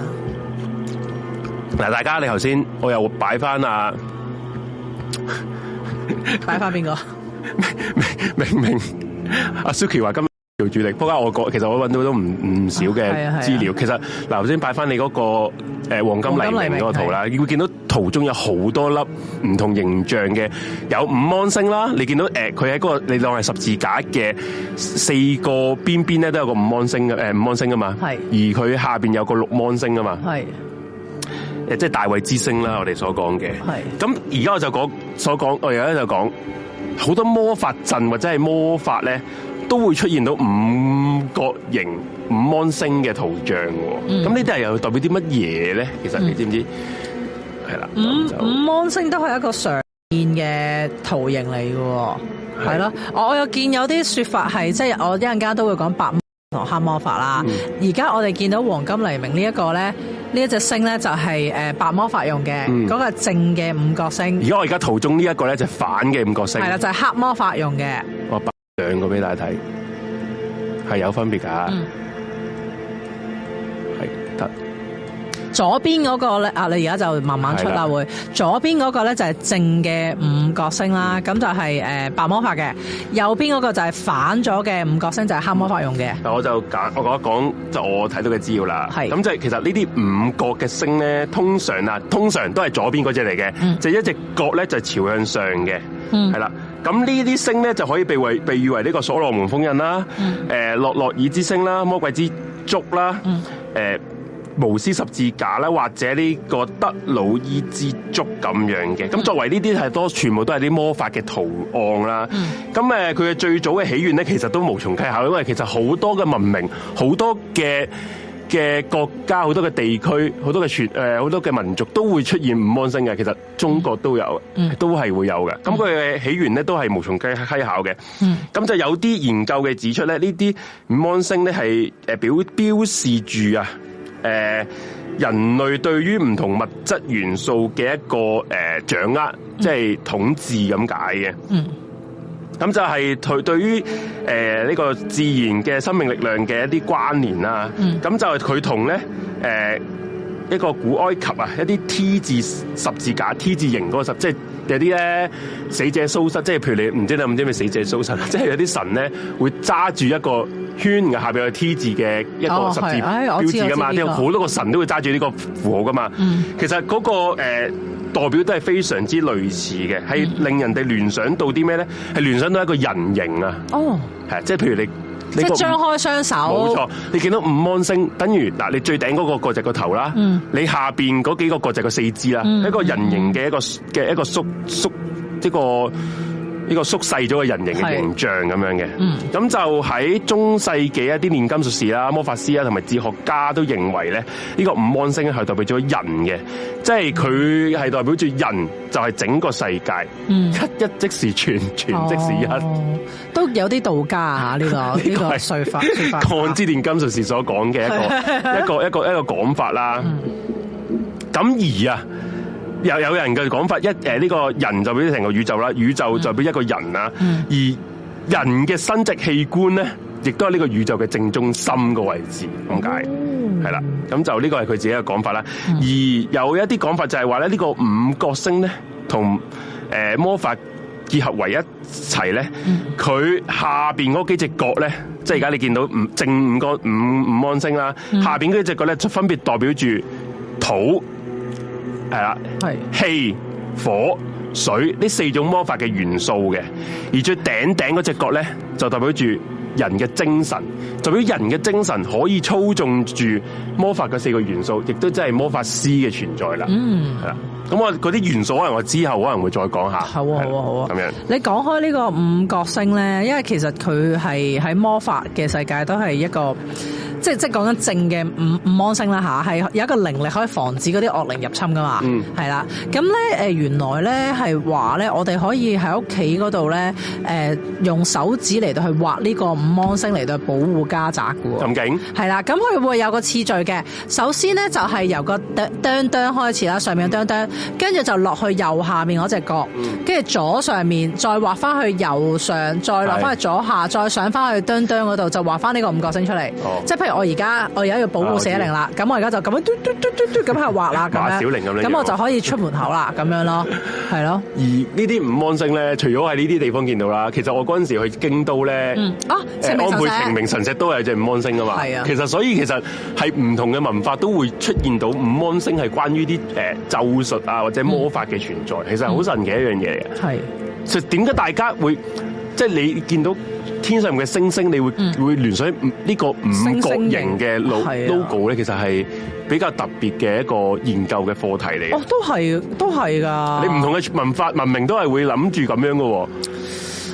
嗱，大家你頭先我又擺翻啊擺翻邊個明明明阿、啊、Suki 話今。主力，不過我覺，其實我揾到都唔唔少嘅資料。其實嗱，頭先擺翻你嗰個誒黃金黎明嗰個圖啦，你會見到圖中有好多粒唔同形象嘅，有五芒星啦。你見到誒，佢喺嗰個你當係十字架嘅四個邊邊咧，都有個五芒星嘅誒、呃、五芒星噶嘛。係，而佢下邊有個六芒星噶嘛。係，誒即係大衛之星啦，我哋所講嘅。係，咁而家我就講所講，我而家就講好多魔法陣或者係魔法咧。都會出現到五角形五芒星嘅圖像喎，咁呢啲係又代表啲乜嘢咧？其實你知唔知？係啦，五五芒星都係一個常見嘅圖形嚟嘅，係咯。我有見有啲説法係，即係我一陣間都會講白魔法同黑魔法啦。而家我哋見到黃金黎明呢一個咧，呢一隻星咧就係誒白魔法用嘅嗰個正嘅五角星。而家我而家圖中呢一個咧就係反嘅五角星，係啦，就係黑魔法用嘅。哦，白兩個俾大家睇，係有分別㗎。嗯左邊嗰、那個咧，啊，你而家就慢慢出啦，會左邊嗰個咧就係正嘅五角星啦，咁、嗯、就係誒白魔法嘅；右邊嗰個就係反咗嘅五角星，就係、是、黑魔法用嘅。我就講，我講一講，就我睇到嘅資料啦。係。咁即係其實呢啲五角嘅星咧，通常啊，通常都係左邊嗰隻嚟嘅，嗯、就一隻角咧就朝向上嘅，係、嗯、啦。咁呢啲星咧就可以被為被譽為呢個所羅門封印啦，誒、嗯、洛洛，洛爾之星啦，魔鬼之足啦，誒、嗯呃。巫師十字架咧，或者呢個德魯伊之足咁樣嘅，咁作為呢啲係多，全部都係啲魔法嘅圖案啦。咁誒，佢、呃、嘅最早嘅起源咧，其實都無從稽考，因為其實好多嘅文明、好多嘅嘅國家、好多嘅地區、好多嘅全誒好、呃、多嘅民族都會出現五芒星嘅。其實中國都有，都係會有嘅。咁佢嘅起源咧都係無從稽稽考嘅。咁就有啲研究嘅指出咧，這些呢啲五芒星咧係誒表標示住啊。誒，人類對於唔同物質元素嘅一個誒掌握，嗯、即係統治咁解嘅。嗯，咁就係佢對於誒呢個自然嘅生命力量嘅一啲關聯啦。嗯，咁就係佢同咧誒一個古埃及啊，一啲 T 字十字架 T 字形個十，即係。有啲咧，死者蘇生，即係譬如你唔知道你唔知咩死者蘇生，即係有啲神咧會揸住一個圈嘅，下邊有 T 字嘅，一個十字，哦、的標誌噶嘛，即係好多個神都會揸住呢個符號噶嘛，嗯。其實嗰、嗰個、呃、代表都係非常之類似嘅，係令人哋聯想到啲咩咧？係聯想到一個人形啊。哦，係，即係譬如你。即係張開雙手，冇錯。你見到五芒星，等於你最頂嗰、那個個隻、那個頭啦，嗯、你下面嗰幾個、那個隻個四肢啦、嗯嗯，一個人形嘅一個嘅一個縮縮即個。呢、這個縮細咗嘅人形嘅形象咁樣嘅，咁、嗯、就喺中世紀一啲煉金術士啦、魔法師啊同埋哲學家都認為咧，呢、這個五芒星係代表咗人嘅，即係佢係代表住人就係整個世界，嗯，一一即是全全即是一，哦、都有啲道家吓、啊、呢、這個呢個說法，抗之煉金術士所講嘅一個一個一個一個講法啦。咁、嗯、而啊。有有人嘅講法，一誒呢、呃呢個人就變成個宇宙啦，宇宙就成一個人啦、嗯、而人嘅生殖器官咧，亦都係呢個宇宙嘅正中心嘅位置咁解，係、嗯、啦。咁就呢個係佢自己嘅講法啦。而有一啲講法就係話咧，呢、呢個五角星咧，同誒、呃、魔法結合為一齊咧，佢、嗯、下面嗰幾隻角咧，即係而家你見到五正五角、五五芒星啦，嗯、下面嗰幾隻角咧，分別代表住土。係啦，氣、火、水呢四種魔法嘅元素嘅，而最頂頂嗰隻角咧，就代表住人嘅精神，代表人嘅精神可以操縱住魔法嘅四個元素，亦都真係魔法師嘅存在啦。嗯，係啦，咁我嗰啲元素可能我之後可能會再講下。好啊，好啊，好啊，咁樣。你講開呢個五角星咧，因為其實佢係喺魔法嘅世界都係一個。即係即係講緊正嘅五五芒星啦下，係有一個靈力可以防止嗰啲惡靈入侵噶嘛，嗯，係啦。咁咧誒原來咧係話咧，我哋可以喺屋企嗰度咧誒用手指嚟到去畫呢個五芒星嚟到保護家宅喎。咁勁係啦，咁佢會有個次序嘅。首先咧就係由個當當開始啦，上面當當，跟住就落去右下面嗰隻角，跟住左上面再畫翻去右上，再落翻去左下，再上翻去當當嗰度就畫翻呢個五角星出嚟。哦，即係譬如。我而家我而家要保護靈、啊、馬 小玲啦，咁我而家就咁樣嘟嘟嘟嘟嘟咁係畫啦，咁樣咁我就可以出門口啦，咁 樣咯，係咯。而這呢啲五芒星咧，除咗喺呢啲地方見到啦，其實我嗰陣時去京都咧，嗯啊、呃，安倍晴明神社都係隻五芒星噶嘛。係啊，其實所以其實係唔同嘅文化都會出現到五芒星，係關於啲誒咒術啊或者魔法嘅存在，嗯、其實好神奇一樣嘢嘅。係、嗯，即係點解大家會即係、就是、你見到？天上嘅星星，你會會聯想呢個五角形嘅 logo 咧，其實係比較特別嘅一個研究嘅課題嚟。哦，都係，都係噶是的你唔同嘅文化文明都係會諗住咁樣嘅，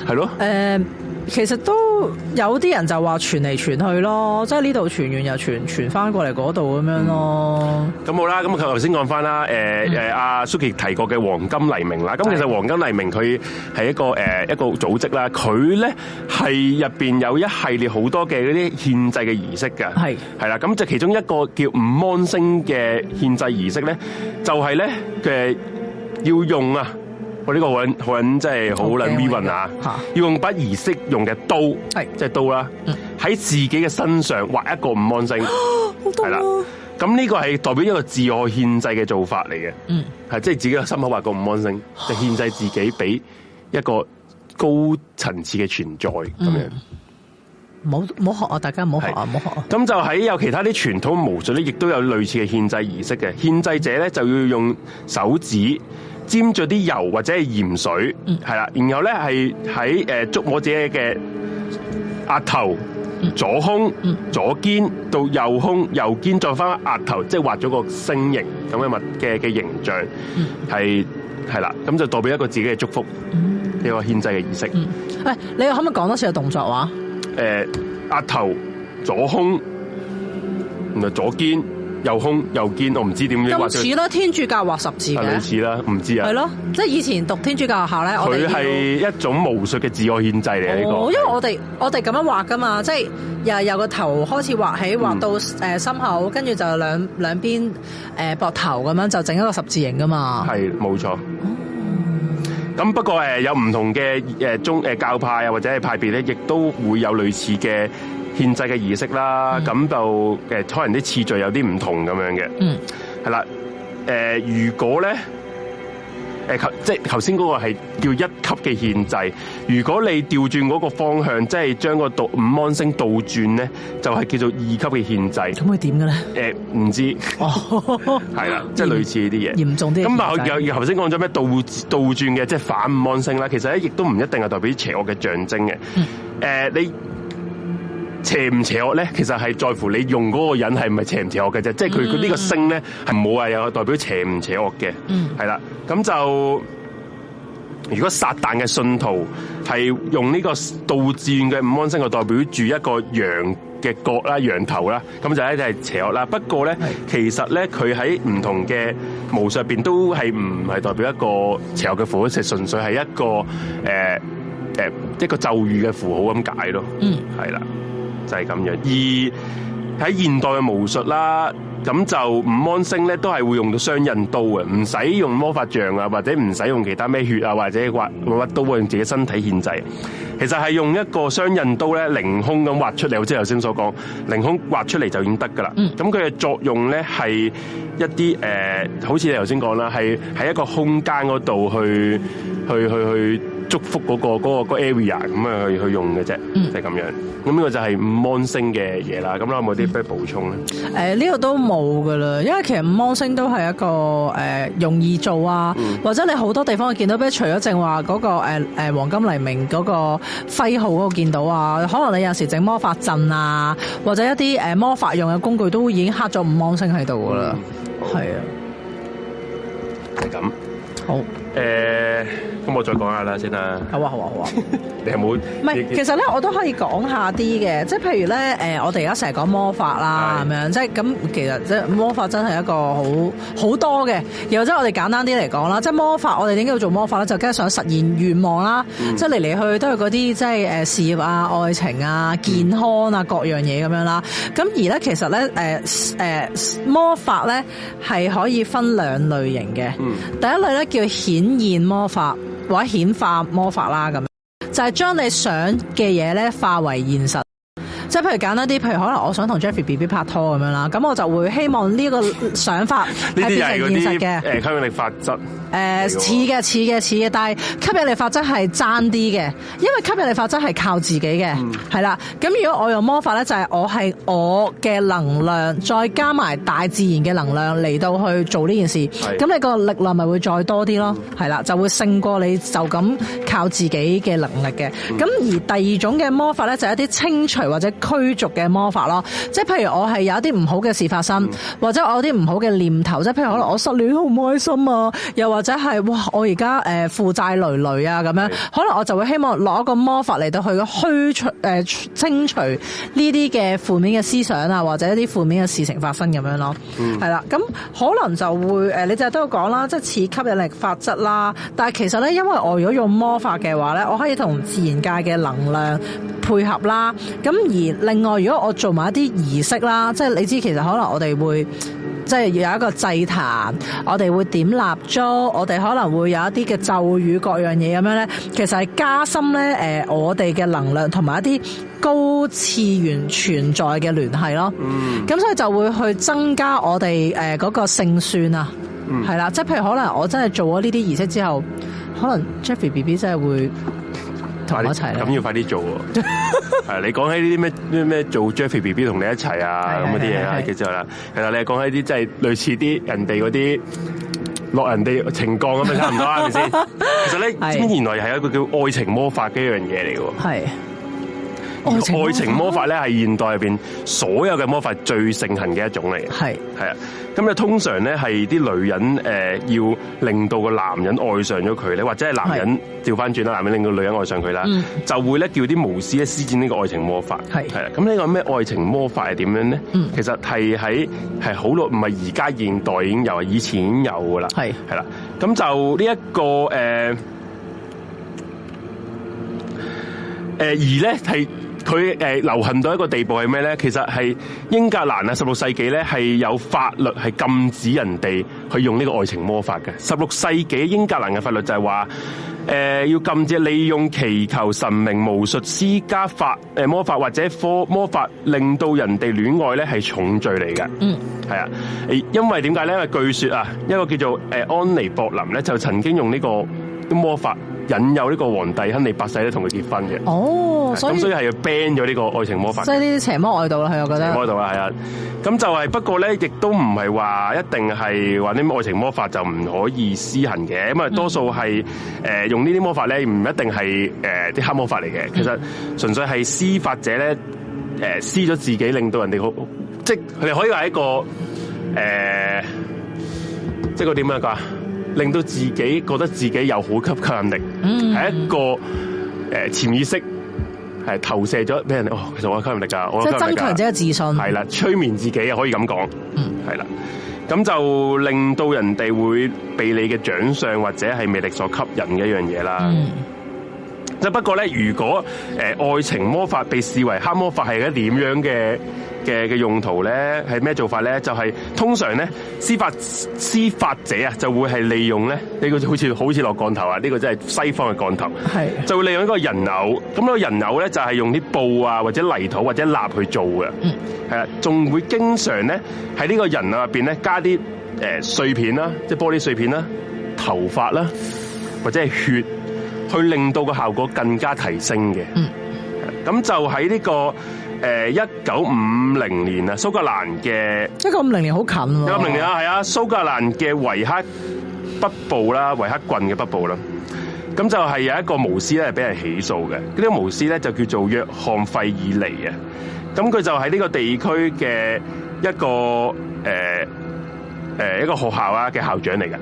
係咯。誒。嗯其實都有啲人就話傳嚟傳去咯，即係呢度傳完又傳，傳翻過嚟嗰度咁樣咯、啊。咁、嗯、好啦，咁頭先講翻啦，誒、呃、誒，阿、嗯啊、Suki 提過嘅黃金黎明啦。咁其實黃金黎明佢係一個誒、呃、一個組織啦，佢咧係入邊有一系列好多嘅嗰啲獻祭嘅儀式嘅，係係啦。咁就其中一個叫五芒星嘅獻祭儀式咧，就係咧嘅要用啊。我、這、呢個搵搵真係好捻 mean 啊！要用把儀式用嘅刀，係即係刀啦。喺、嗯、自己嘅身上畫一個五芒星，係、嗯、啦。咁呢、啊、個係代表一個自我獻祭嘅做法嚟嘅。嗯，係即係自己嘅心口畫個五芒星，就獻、是、祭自己俾一個高層次嘅存在咁、嗯、樣。冇冇學啊！大家冇學啊！冇學、啊。咁就喺有其他啲傳統巫術咧，亦都有類似嘅獻祭儀式嘅。獻祭者咧就要用手指。沾咗啲油或者係鹽水，係、嗯、啦，然後咧係喺誒，捉我自己嘅額頭、左胸、嗯嗯、左肩到右胸、右肩，再翻額頭，即係畫咗個星形咁樣物嘅嘅形象，係係啦，咁就代表一個自己嘅祝福，嗯、一個獻祭嘅儀式。喂、嗯，你有可唔可以講多次動作話？誒、呃，額頭、左胸、左肩。又空又尖，我唔知點樣畫似咯，天主教畫十字嘅。係類似啦，唔知啊。係咯，即係以前讀天主教學校咧，佢哋係一種巫術嘅自我限制嚟，哦、呢、呢個。哦，因為我哋我哋咁樣畫噶嘛，即係由由個頭開始畫起，畫到誒心口，跟、嗯、住就兩兩邊誒膊頭咁樣，就整一個十字形噶嘛。係，冇錯。哦。咁不過誒，有唔同嘅誒宗誒教派啊，或者係派別咧，亦都會有類似嘅。限制嘅儀式啦，咁、嗯、就誒可能啲次序有啲唔同咁樣嘅。嗯，係啦。誒、呃，如果咧誒、呃、即係頭先嗰個係叫一級嘅限制，如果你調轉嗰個方向，即係將個倒五芒星倒轉咧，就係、是、叫做二級嘅限制。咁會點嘅咧？誒、呃，唔知。哦，係啦，即係類似啲嘢。嚴重啲。咁但係佢又頭先講咗咩倒倒轉嘅，即、就、係、是、反五芒星啦。其實咧，亦都唔一定係代表邪惡嘅象徵嘅。嗯。呃、你。邪唔邪惡咧，其實係在乎你用嗰個人係唔係邪唔邪惡嘅啫。嗯、即係佢佢呢個星咧，係冇話有代表邪唔邪惡嘅。嗯，係啦。咁就如果撒旦嘅信徒係用呢個倒轉嘅五芒星，就代表住一個羊嘅角啦、羊頭啦。咁就一定係邪惡啦。不過咧，其實咧佢喺唔同嘅模上邊都係唔係代表一個邪惡嘅符號，係純粹係一個誒誒、呃呃、一個咒語嘅符號咁解咯。嗯，係啦。就係、是、咁樣，而喺現代嘅巫術啦，咁就五芒星咧都係會用到雙刃刀嘅，唔使用，用魔法杖啊，或者唔使用，用其他咩血啊，或者挖挖刀，用自己身體獻祭。其實係用一個雙刃刀咧，凌空咁挖出嚟，好似頭先所講，凌空挖出嚟就已經得噶啦。咁佢嘅作用咧係一啲誒、呃，好似你頭先講啦，係喺一個空間嗰度去去去去。去去去祝福嗰、那個嗰、那個 area 咁啊去去用嘅啫，嗯、就係咁樣。咁呢個就係五芒星嘅嘢啦。咁啦，有冇啲咩補充咧？誒、呃，呢個都冇噶啦，因為其實五芒星都係一個誒、呃、容易做啊，嗯、或者你好多地方見到，比如除咗正話嗰個誒誒、呃、黃金黎明嗰個徽號嗰個見到啊，可能你有時整魔法陣啊，或者一啲誒、呃、魔法用嘅工具都已經刻咗五芒星喺度噶啦，係、嗯、啊是這樣、呃，係咁好誒。咁我再講下啦先啦，好啊好啊好啊，你係冇？唔 係，其實咧我都可以講下啲嘅，即係譬如咧，誒、呃，我哋而家成日講魔法啦，咁樣，即係咁，其實即係魔法真係一個好好多嘅。又或者我哋簡單啲嚟講啦，即係魔法，我哋點解要做魔法咧？就梗係想實現願望啦，嗯、即係嚟嚟去去都係嗰啲，即係誒事業啊、愛情啊、健康啊、嗯、各樣嘢咁樣啦。咁而咧，其實咧，誒、呃、誒、呃，魔法咧係可以分兩類型嘅、嗯。第一類咧叫顯現魔法。或者顯化魔法啦，咁就係、是、將你想嘅嘢咧，化為現實。即係譬如簡單啲，譬如可能我想同 Jeffy BB 拍拖咁樣啦，咁我就會希望呢個想法係變成現實嘅。誒，吸引力法則。誒、呃，似嘅似嘅似嘅，但係吸引力法則係爭啲嘅，因為吸引力法則係靠自己嘅，係、嗯、啦。咁如果我用魔法咧，就係、是、我係我嘅能量，再加埋大自然嘅能量嚟到去做呢件事，咁你個力量咪會再多啲咯，係、嗯、啦，就會勝過你就咁靠自己嘅能力嘅。咁、嗯、而第二種嘅魔法咧，就係、是、一啲清除或者。驅逐嘅魔法咯，即係譬如我係有一啲唔好嘅事發生、嗯，或者我有啲唔好嘅念頭，即係譬如可能我失戀好唔開心啊，又或者係哇我而家誒負債纍纍啊咁樣，可能我就會希望攞個魔法嚟到去驅除誒清除呢啲嘅負面嘅思想啊，或者一啲負面嘅事情發生咁樣咯，係、嗯、啦，咁、嗯嗯、可能就會誒，你都就都講啦，即係似吸引力法則啦，但係其實咧，因為我如果用魔法嘅話咧，我可以同自然界嘅能量配合啦，咁而另外，如果我做埋一啲儀式啦，即係你知，其實可能我哋會即係有一個祭壇，我哋會點蠟燭，我哋可能會有一啲嘅咒語，各樣嘢咁樣咧，其實係加深咧誒我哋嘅能量同埋一啲高次元存在嘅聯繫咯。嗯，咁所以就會去增加我哋誒嗰個勝算啊。嗯，係啦，即係譬如可能我真係做咗呢啲儀式之後，可能 Jeffrey BB 真係會。咁要快啲做喎。 你講起呢啲咩咩咩做 Jeffy B B 同你一齊啊咁嗰啲嘢啊。其實啦，係啦，你講起啲即係類似啲人哋嗰啲落人哋情降咁啊，差唔多啦，係咪先？其實咧，原來係一個叫愛情魔法嘅一樣嘢嚟喎。愛情魔法咧，係現代入邊所有嘅魔法最盛行嘅一種嚟嘅。係係啊，咁咧，通常咧係啲女人誒、呃、要令到個男人愛上咗佢咧，或者係男人調翻轉啦，男人令到女人愛上佢啦，嗯、就會咧叫啲巫師咧施展呢個愛情魔法，係係啦，咁呢個咩愛情魔法係點樣咧？嗯、其實係喺係好耐，唔係而家現代已經有，以前已經有噶啦。係係啦，咁就、呢個呃呃、而呢一個誒誒而咧係。係佢、呃、流行到一個地步係咩咧？其實係英格蘭啊，十六世紀咧係有法律係禁止人哋去用呢個愛情魔法嘅。十六世紀英格蘭嘅法律就係話、呃、要禁止利用祈求神明私家、巫、呃、術、施加法魔法或者科魔法，或者魔法令到人哋戀愛咧係重罪嚟嘅。嗯，係啊，因為點解咧？因為據説啊，一個叫做、呃、安妮博林咧，就曾經用呢個魔法。引誘呢個皇帝亨利八世都同佢結婚嘅哦，咁所以係要 ban 咗呢個愛情魔法。所以呢啲邪魔外道啦，係我覺得。邪魔外道啦，係啊。咁就係、是、不過咧，亦都唔係話一定係話啲咩愛情魔法就唔可以施行嘅。咁啊，多數係誒用呢啲魔法咧，唔一定係誒啲黑魔法嚟嘅。其實純粹係施法者咧，誒施咗自己，令到人哋好，即係佢哋可以話一個誒、呃，即係個點樣噶？令到自己覺得自己又好吸吸引力，係、嗯、一個誒潛意識係投射咗俾人哦，其實我有吸引力噶，即係增強者嘅自信，係啦，催眠自己可以咁講，嗯，係啦，咁就令到人哋會被你嘅長相或者係魅力所吸引嘅一樣嘢啦。嗯。不過咧，如果誒、呃、愛情魔法被視為黑魔法是怎樣的，係一點樣嘅嘅嘅用途咧？係咩做法咧？就係、是、通常咧，施法施法者啊，就會係利用咧呢好像好像、這個好似好似落降頭啊，呢個真係西方嘅降頭的，就會利用一個人偶。咁個人偶咧就係、是、用啲布啊，或者泥土或者蠟去做嘅。嗯，係啊，仲會經常咧喺呢在這個人偶入面咧加啲誒碎片啦，即係玻璃碎片啦、頭髮啦、啊、或者係血。去令到個效果更加提升嘅。嗯，咁就喺呢個誒一九五零年啊，蘇格蘭嘅一九五零年好近咯。一九五零年啊，係啊，蘇格蘭嘅維克北部啦，維克郡嘅北部啦。咁就係有一個巫師咧，俾人起訴嘅。呢個巫師咧就叫做約翰費爾尼啊。咁佢就喺呢個地區嘅一個誒誒一個學校啊嘅校長嚟嘅。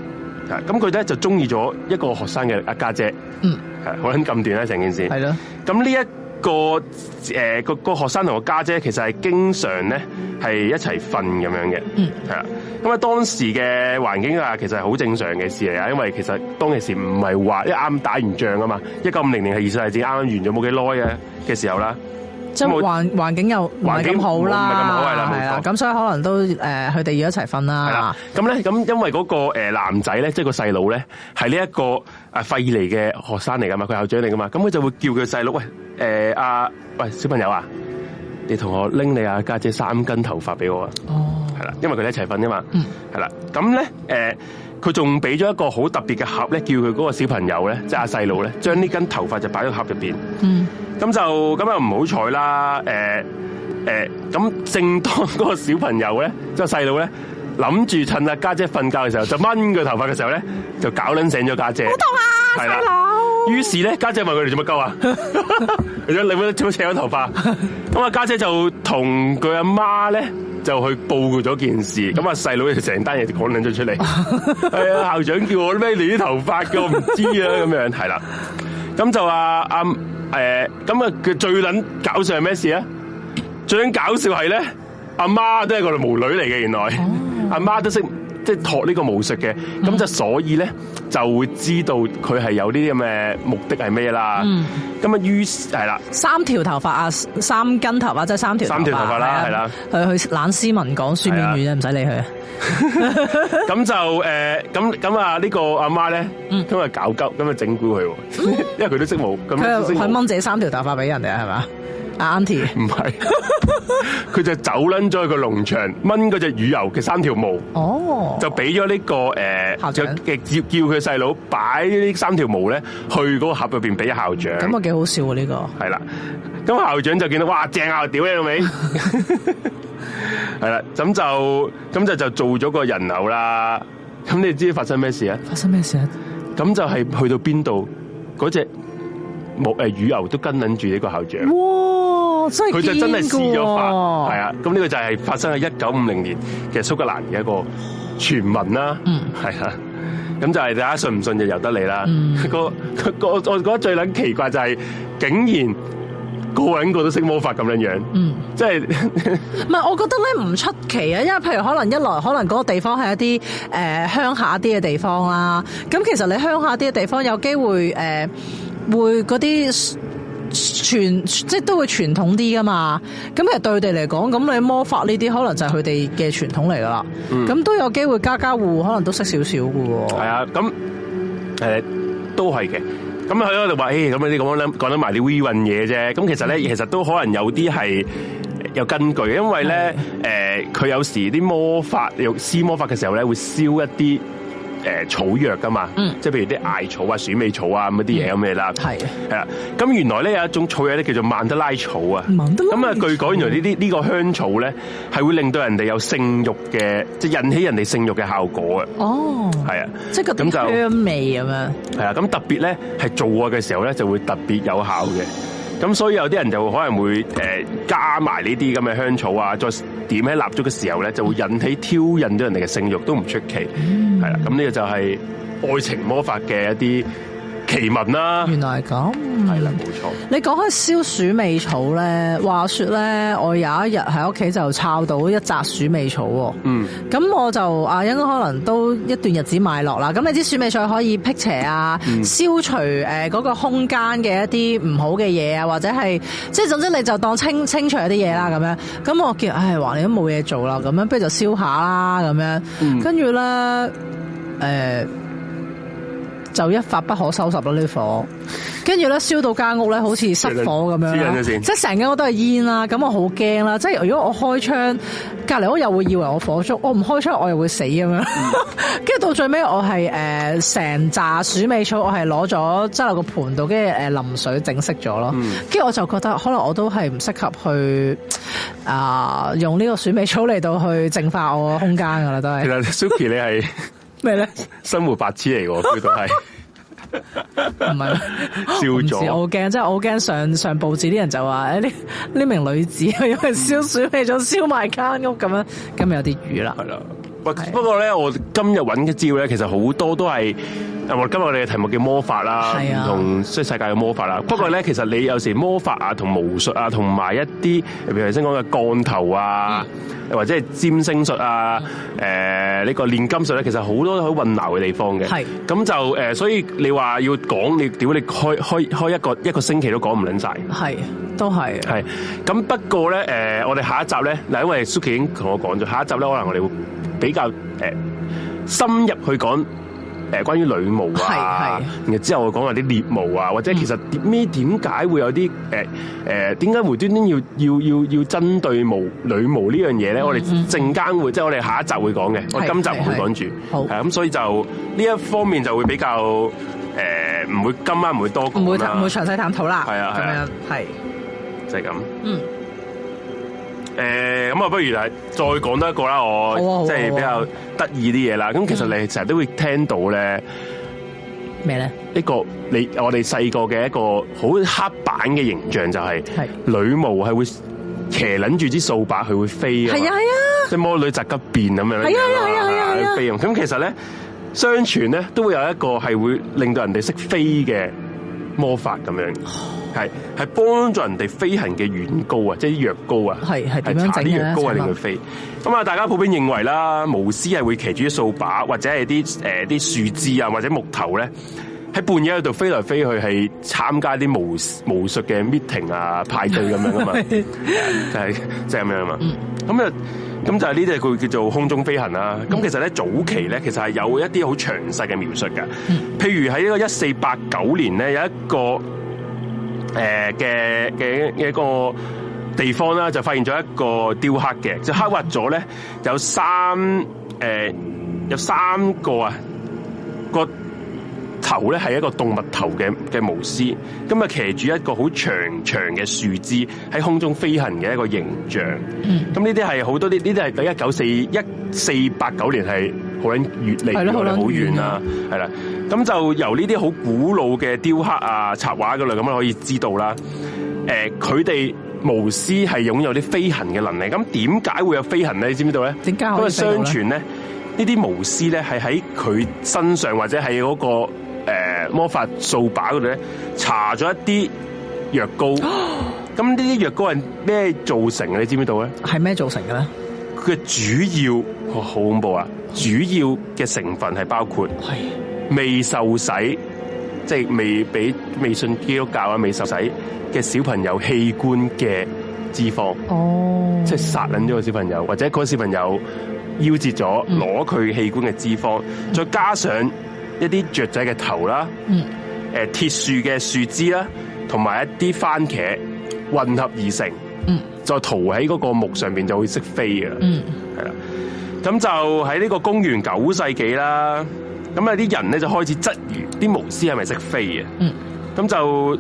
咁佢咧就中意咗一個學生嘅阿家姐，嗯，係好捻咁短啦成件事，係咯。咁呢一個誒個、呃嗰個學生同我家姐其實係經常咧係一齊瞓咁樣嘅，嗯，啦。咁、嗯、啊當時嘅環境啊，其實係好正常嘅事嚟啊，因為其實當其時唔係話因為啱打完仗啊嘛，一九五零年係二次大戰啱啱完咗冇幾耐嘅嘅時候啦。即係環環境又環境好啦，係啦，咁所以可能都誒，佢哋要一齊瞓啦。咁咧，咁因為嗰個誒男仔咧，即係個細佬咧，係呢一個阿費尼嘅學生嚟噶嘛，佢校長嚟噶嘛，咁佢就會叫佢細佬喂誒阿喂小朋友啊，你同我拎你阿家姐三根頭髮俾我啊，哦，係啦，因為佢哋一齊瞓噶嘛，嗯，係啦，咁咧誒。佢仲俾咗一個好特別嘅盒咧，叫佢嗰個小朋友咧，即係阿細路咧，將呢根頭髮就擺喺盒入邊。嗯，咁就咁又唔好彩啦。誒誒，咁、呃呃、正當嗰個小朋友咧，即係細路咧，諗住趁阿家姐瞓覺嘅時候，就掹佢頭髮嘅時候咧，就搞卵醒咗家姐。好痛啊！細佬！於是咧，家姐問佢哋做乜鳩啊？ 你你做乜扯緊頭髮？咁啊，家姐就同佢阿媽咧。就去報告咗件事，咁啊細佬就成單嘢講捻咗出嚟，係 啊、哎、校長叫我咩你啲頭髮，我唔知啊咁 樣，係啦，咁就話阿誒，咁啊佢最捻搞笑係咩事啊？最捻搞笑係咧，阿媽都係個巫女嚟嘅，原來阿媽都識。 啊即係托呢個模式嘅，咁就所以咧就會知道佢係有呢啲咁嘅目的係咩啦。咁、嗯、啊，於係啦，三條頭髮啊，三根頭髮即係、就是、三條，三條頭髮啦，係啦，去去懶斯文講書面語啫，唔使理佢。咁 就誒，咁咁啊，個媽媽呢個阿媽咧，因為搞急，咁啊整蠱佢，因為佢都識舞，佢佢掹自己三條頭髮俾人哋係嘛。阿 aunty 唔係，佢就走撚咗去個農場，掹嗰隻魚油嘅三條毛，哦，就俾咗呢個誒、呃、校長，直接叫佢細佬擺呢三條毛咧去嗰個盒入邊俾校長。咁啊，幾好笑喎，呢、這個。係啦，咁校長就見到哇，正啊，屌你老味。係啦，咁 就咁就就做咗個人流啦。咁你知發生咩事,事啊？發生咩事啊？咁就係去到邊度嗰隻。木誒乳牛都跟緊住呢個校長。哇！真係，佢就真係試咗法，係啊。咁呢個就係發生喺一九五零年嘅蘇格蘭嘅一個傳聞啦。嗯，係啊。咁就係大家信唔信就由得你啦。嗯。個個我我覺得最撚奇怪就係，竟然個個人個都識魔法咁樣樣。嗯。即、就、係、是。唔 係，我覺得咧唔出奇啊，因為譬如可能一來可能嗰個地方係一啲誒、呃、鄉下啲嘅地方啦。咁其實你鄉下啲嘅地方有機會誒。呃會嗰啲傳即係都會傳統啲噶嘛？咁其實對佢哋嚟講，咁你魔法呢啲可能就係佢哋嘅傳統嚟噶啦。咁、嗯、都有機會家家戶戶可能都識少少噶喎。係啊，咁、呃、誒都係嘅。咁佢喺度話誒咁呢啲咁樣講緊埋啲 we run 嘢啫。咁其實咧，嗯、其實都可能有啲係有根據，因為咧誒佢有時啲魔法用施魔法嘅時候咧會燒一啲。誒草藥噶嘛，即、嗯、係譬如啲艾草啊、鼠尾草啊咁啲嘢咁嘢啦。係啊，咁、嗯、原來咧有一種草藥咧叫做曼德拉草啊。曼德拉咁啊，據講原來呢啲呢個香草咧係會令到人哋有性欲嘅，即係引起人哋性欲嘅效果啊。哦，係啊，即係咁就香味咁樣。係啊，咁特別咧係做愛嘅時候咧就會特別有效嘅。咁所以有啲人就可能會誒、呃、加埋呢啲咁嘅香草啊，再點喺蠟燭嘅時候咧，就會引起挑引咗人哋嘅性慾，都唔出奇。係、嗯、啦，咁呢個就係愛情魔法嘅一啲。奇聞啦、啊，原來係咁，係啦，冇錯。你講開燒鼠尾草咧，話說咧，我有一日喺屋企就抄到一紮鼠尾草，嗯，咁我就啊，應該可能都一段日子買落啦。咁你知鼠尾草可以辟邪啊，消、嗯、除誒嗰個空間嘅一啲唔好嘅嘢啊，或者係即係總之你就當清清除一啲嘢啦咁樣。咁我叫唉話你都冇嘢做啦，咁樣不如就燒下啦咁樣，跟住咧誒，就一發不可收拾啦！呢火，跟住咧燒到間屋咧，好似失火咁樣，即係成間屋都係煙啦。咁我好驚啦，即係如果我開窗，隔籬屋又會以為我火燭，我唔開窗我又會死咁樣。跟、嗯、住 到最尾，呃、我係誒成紮鼠尾草，我係攞咗即落個盆度，跟住誒淋水整濕咗咯。跟、嗯、住我就覺得可能我都係唔適合去啊、呃、用呢個鼠尾草嚟到去淨化我空間噶啦，都係。其實 Suki 你係。 咩咧？生活白痴嚟㗎，佢 都係唔係？笑咗我驚，即係我驚上上報紙啲人就話，呢、哎、呢名女子因為燒損，咩咗燒埋間屋，咁樣今日有啲雨啦。係啦，不過咧，我今日揾嘅招呢，咧，其實好多都係。啊！今日我哋嘅題目叫魔法啦，啊、同即係世界嘅魔法啦。不過咧，其實你有時魔法啊，同巫術啊，同埋一啲，譬如頭先講嘅降頭啊，嗯、或者係占星術啊，誒、嗯、呢、呃呢個煉金術咧，其實好多好混淆嘅地方嘅。咁、啊、就誒、呃，所以你話要講，你屌你開開開一個一個星期都講唔撚晒，係，都係、啊。咁不過咧，誒、呃、我哋下一集咧，嗱因為 Suki 已經同我講咗，下一集咧可能我哋會比較誒、呃、深入去講。誒、呃，關於女巫啊，然後之後我講下啲獵巫啊，或者其實咩點解會有啲，誒誒，點解無端端要要要要針對巫女巫呢樣嘢咧？我哋陣間會，嗯、即係我哋下一集會講嘅，我今集唔會講住，係咁，所以就呢一方面就會比較誒、唔、呃、會今晚唔會多講，唔會唔會詳細探討啦，係啊係啊，係、啊、就係、是、咁，嗯。誒，咁啊，不如嚟再講多一個啦，我即係比較得意啲嘢啦。咁其實你成日都會聽到咧咩咧？一個你我哋細個嘅一個好黑板嘅形象就係女巫係會騎捻住支掃把，佢會飛啊！係啊係啊，即係魔女宅急便咁樣樣啊！飛啊！咁其實咧相傳咧都會有一個係會令到人哋識飛嘅魔法咁樣。係係幫助人哋飛行嘅軟膏啊，即係啲藥膏啊，係係點樣整咧？啲藥膏啊，令佢飛。咁啊，大家普遍認為啦，巫師係會騎住啲掃把或者係啲誒啲樹枝啊或者木頭咧，喺半夜喺度飛來飛去，係參加啲巫巫術嘅 meeting 啊派對咁樣噶嘛，就係即係咁樣嘛。咁 啊，咁就係呢啲叫叫做空中飛行啦。咁 其實咧早期咧，其實係有一啲好詳細嘅描述嘅， 譬如喺呢個一四八九年咧，有一個。誒嘅嘅一個地方啦，就發現咗一個雕刻嘅，就刻畫咗咧有三誒、呃、有三個啊，個頭咧係一個動物頭嘅嘅巫師，咁啊騎住一個好長長嘅樹枝喺空中飛行嘅一個形象。嗯，咁呢啲係好多啲呢啲係第一九四一四八九年係。好遠，越嚟越嚟好遠啊。係啦，咁就由呢啲好古老嘅雕刻啊、插畫嗰類咁啊，可以知道啦。誒、呃，佢哋巫師係擁有啲飛行嘅能力，咁點解會有飛行咧？你知唔知道咧？點解？因為相傳咧，呢啲巫師咧係喺佢身上或者喺嗰、嗰個、呃、魔法掃把嗰度咧，搽咗一啲藥膏。咁呢啲藥膏係咩造成嘅？你知唔知道咧？係咩造成嘅咧？佢嘅主要，好恐怖啊！主要嘅成分係包括未受洗，即係未俾未信基督教啊，未受洗嘅小朋友器官嘅脂肪，哦、oh.，即係殺捻咗個小朋友，或者嗰個小朋友夭折咗，攞佢器官嘅脂肪，再加上一啲雀仔嘅頭啦，嗯、oh.，誒，鐵樹嘅樹枝啦，同埋一啲番茄混合而成。嗯，就塗喺嗰個木上面就會識飛嘅。嗯，係啦。咁就喺呢個公元九世紀啦，咁啊啲人咧就開始質疑啲巫師係咪識飛嘅。嗯，咁就誒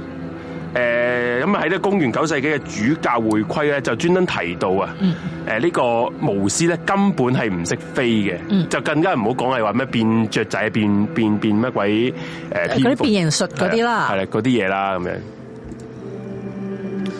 咁啊喺呢個公元九世紀嘅主教會規咧就專登提到啊。嗯。誒、呃、呢、呢個巫師咧根本係唔識飛嘅。嗯。就更加唔好講係話咩變雀仔變變變乜鬼誒！嗰啲變、呃、變形術嗰啲啦。係啦，嗰啲嘢啦咁樣。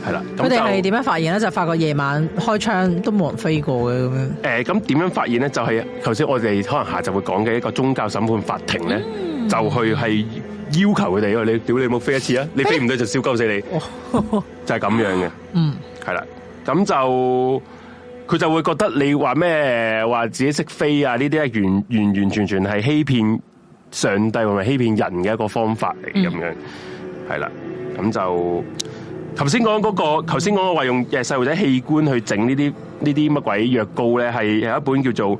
係啦，佢哋係點樣發現咧？就是，發覺夜晚開窗都冇人飛過嘅咁樣。誒、呃，咁點樣發現咧？就係頭先我哋可能下集會講嘅一個宗教審判法庭咧，嗯，就去係要求佢哋，你屌你冇飛一次啊，你飛唔到就燒鳩死你，就係、是，咁樣嘅。嗯，係啦，咁就佢就會覺得你話咩話自己識飛啊？呢啲係完完完全全係欺騙上帝，同埋欺騙人嘅一個方法嚟，咁樣係啦，咁就。頭先講嗰個，頭先講嗰個話用誒細路仔器官去整呢啲呢啲乜鬼藥膏咧，係有一本叫做《誒、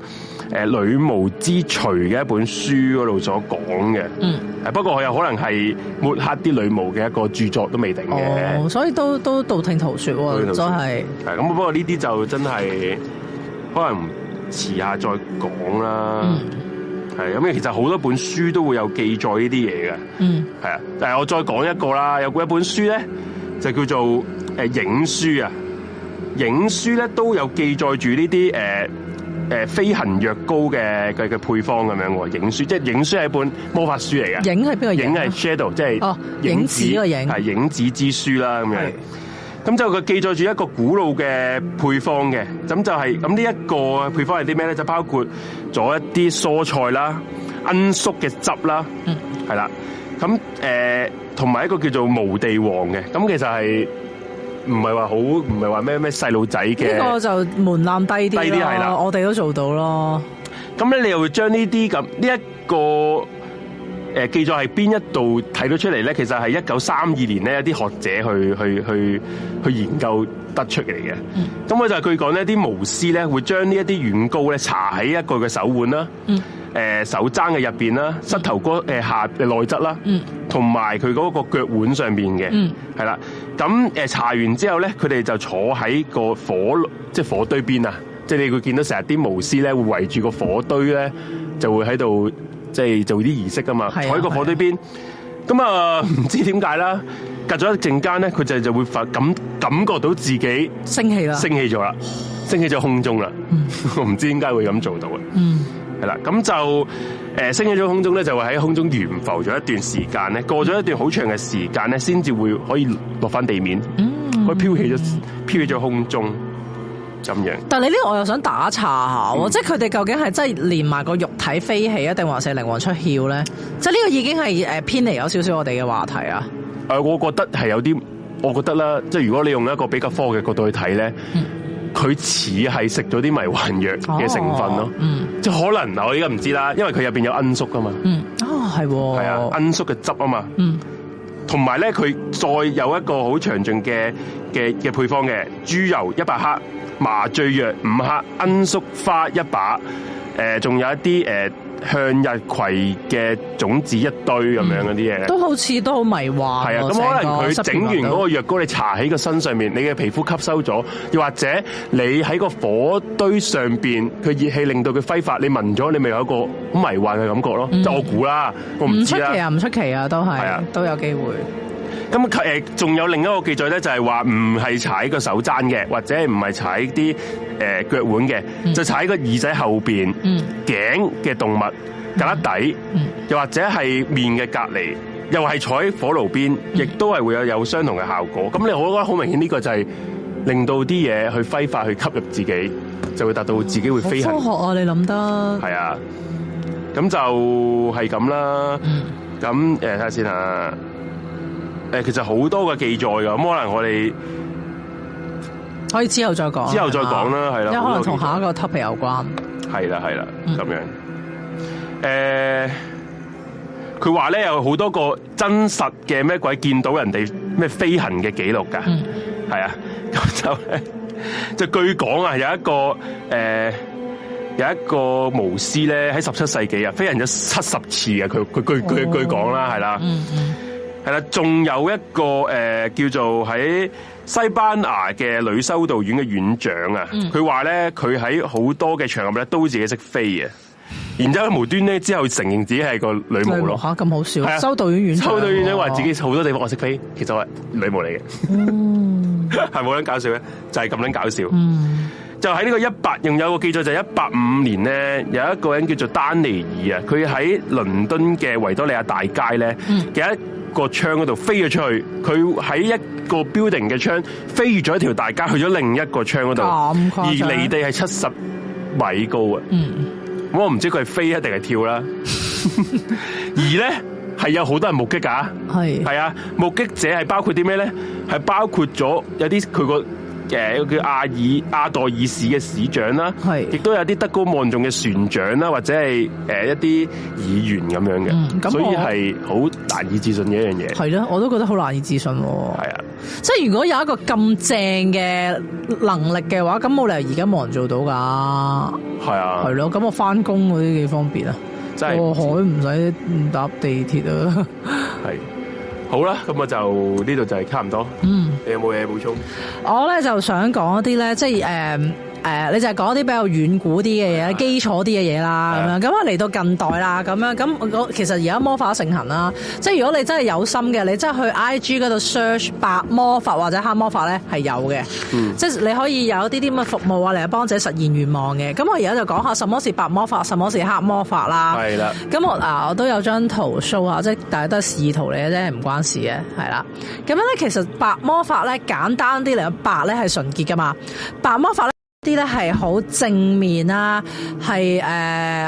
呃、女巫之錘》嘅一本書嗰度所講嘅。嗯。誒，不過佢有可能係抹黑啲女巫嘅一個著作都未定嘅、哦。所以都都道聽途說，說，真、就、係、是。係咁，不過呢啲就真係可能遲下再講啦。嗯。係啊，其實好多本書都會有記載呢啲嘢嘅。嗯。係啊，但係我再講一個啦，有一本書咧。就叫做、呃、影書啊，影書咧都有記載住呢啲誒誒飛行藥膏嘅嘅嘅配方咁樣喎、啊。影書即係影書係一本魔法書嚟嘅。影係邊個影、啊、影係 Shadow，即係哦影子個、哦、影，影，影。係影子之書啦咁樣。咁就佢記載住一個古老嘅配方嘅。咁就係咁呢一個配方係啲咩咧？就包括咗一啲蔬菜啦、罌粟嘅汁啦。係、嗯、啦。咁誒。同埋一個叫做無地王嘅，咁其實係唔係話好，唔係話咩咩細路仔嘅，呢個就門檻低啲，低啲係啦，我哋都做到咯。咁咧，你又會將呢啲咁呢一個？誒記載係邊一度睇到出嚟咧？其實係一九三二年咧，一啲學者去去去去研究得出嚟嘅。咁、嗯、我就係佢講呢啲巫師咧會將軟呢一啲軟膏咧搽喺一個嘅手腕啦、嗯，手踭嘅入面啦，膝頭哥誒下嘅內側啦，同埋佢嗰個腳腕上面嘅，係、嗯、啦。咁查搽完之後咧，佢哋就坐喺個火即係火堆邊啊！即、就、係、是、你會見到成日啲巫師咧會圍住個火堆咧，就會喺度。即、就、係、是、做啲儀式噶嘛，坐喺、啊、個火堆邊，咁啊唔、呃、知點解啦，隔咗一陣間咧，佢就就會感感覺到自己升起啦，升起咗啦，升起咗空中啦，我、嗯、唔 知點解會咁做到嘅，係、嗯、啦，咁就誒、呃、升起咗空中咧，就會喺空中懸浮咗一段時間咧，過咗一段好長嘅時間咧，先、嗯、至會可以落翻地面，佢飄起咗飄、嗯、起咗空中。樣但你呢？我又想打查下喎，嗯、即係佢哋究竟係真係連埋個肉體飛起，定還是靈魂出竅咧？即係呢個已經係誒、呃、偏離有少少我哋嘅話題啊！誒、呃，我覺得係有啲，我覺得啦，即係如果你用一個比較科學嘅角度去睇咧，佢似係食咗啲迷幻藥嘅成分咯。哦嗯、即係可能我依家唔知啦，因為佢入邊有罌粟噶嘛。嗯，啊、哦、係，係、哦、啊，罌粟嘅汁啊嘛。嗯呢，同埋咧，佢再有一個好詳盡嘅嘅嘅配方嘅豬油一百克。麻醉藥五克，罌粟花一把，誒、呃，仲有一啲誒、呃、向日葵嘅種子一堆咁樣嗰啲嘢，都好似都好迷幻。係啊，咁可能佢整完嗰個藥膏，你搽喺個身上，上面，你嘅皮膚吸收咗，又或者你喺個火堆上邊，佢熱氣令到佢揮發，你聞咗，你咪有一個好迷幻嘅感覺咯。就我估啦，我唔知啦。唔出奇啊，唔出奇啊，都係、啊，都有機會。咁誒，仲有另一個記載咧，就係話唔係踩個手踭嘅，或者唔係踩啲誒腳腕嘅、嗯，就踩個耳仔後邊、頸、嗯、嘅動物隔底、嗯，又或者係面嘅隔籬，又係坐喺火爐邊，嗯、亦都係會有有相同嘅效果。咁、嗯、你我覺得好明顯，呢個就係令到啲嘢去揮發去吸入自己，就會達到自己會飛行。科學啊，你諗得？係啊，咁就係咁啦。咁誒，睇下先啊。欸看看誒，其實好多嘅記載噶，咁可能我哋可以之後再講，之後再講啦，係即係可能同下一個 topic 有關，係啦係啦，咁、嗯、樣。誒、呃，佢話咧有好多個真實嘅咩鬼見到人哋咩飛行嘅記錄噶，係、嗯、啊，咁就咧就，就據講啊，有一個誒、呃、有一個巫師咧喺十七世紀啊，飛行咗七十次啊，佢佢、哦、據講啦，係啦。係啦，仲有一個誒、呃，叫做喺西班牙嘅女修道院嘅院長啊，佢話咧佢喺好多嘅場合咧都自己識飛嘅，然之後無端咧之後承認自己係個女巫咯吓咁好笑的修道院院長話、啊、自己好多地方我識飛，其實我係女巫嚟嘅，係冇咁搞笑嘅，就係咁樣搞笑。嗯、就喺呢個 100, 一八，用有個記載就係一八五年咧，有一個人叫做丹尼爾啊，佢喺倫敦嘅維多利亞大街咧、嗯，其實。個窗嗰度飛咗出去，佢喺一個 building 嘅窗飛越咗一條大街去咗另一個窗嗰度，而離地係七十米高啊！我、嗯、唔知佢係飛一定係跳啦， 而咧係有好多人目擊㗎，係係啊，目擊者係包括啲咩咧？係包括咗有啲佢個。誒、嗯，叫叫阿爾阿黛爾市嘅市長啦，係，亦都有啲德高望重嘅船長啦，或者係誒一啲議員咁樣嘅，所以係好難以置信嘅一樣嘢。係咯，我都覺得好難以置信。係啊，即係如果有一個咁正嘅能力嘅話，咁我哋而家冇人做到噶。係啊，係咯，咁我翻工嗰啲幾方便啊，即係過、那個、海唔使搭地鐵啊。係。 好啦，咁我就呢度就係差唔多。嗯，你有冇嘢補充？我呢就想講一啲呢，即係誒。嗯誒、呃，你就係講啲比較遠古啲嘅嘢，基礎啲嘅嘢啦，咁樣咁啊嚟到近代啦，咁樣咁，我其實而家魔法盛行啦，即係如果你真係有心嘅，你真係去 I G 嗰度 search 白魔法或者黑魔法咧，係有嘅、嗯，即係你可以有啲啲咁嘅服務啊嚟幫自己實現願望嘅。咁我而家就講下什麼是白魔法，什麼是黑魔法啦。係啦，咁我啊，我都有張圖 show 即係大家都試係示意圖嚟嘅啫，唔關事嘅，係啦。咁樣咧，其實白魔法咧簡單啲嚟，白咧係純潔噶嘛，白魔法咧。啲咧係好正面啊，係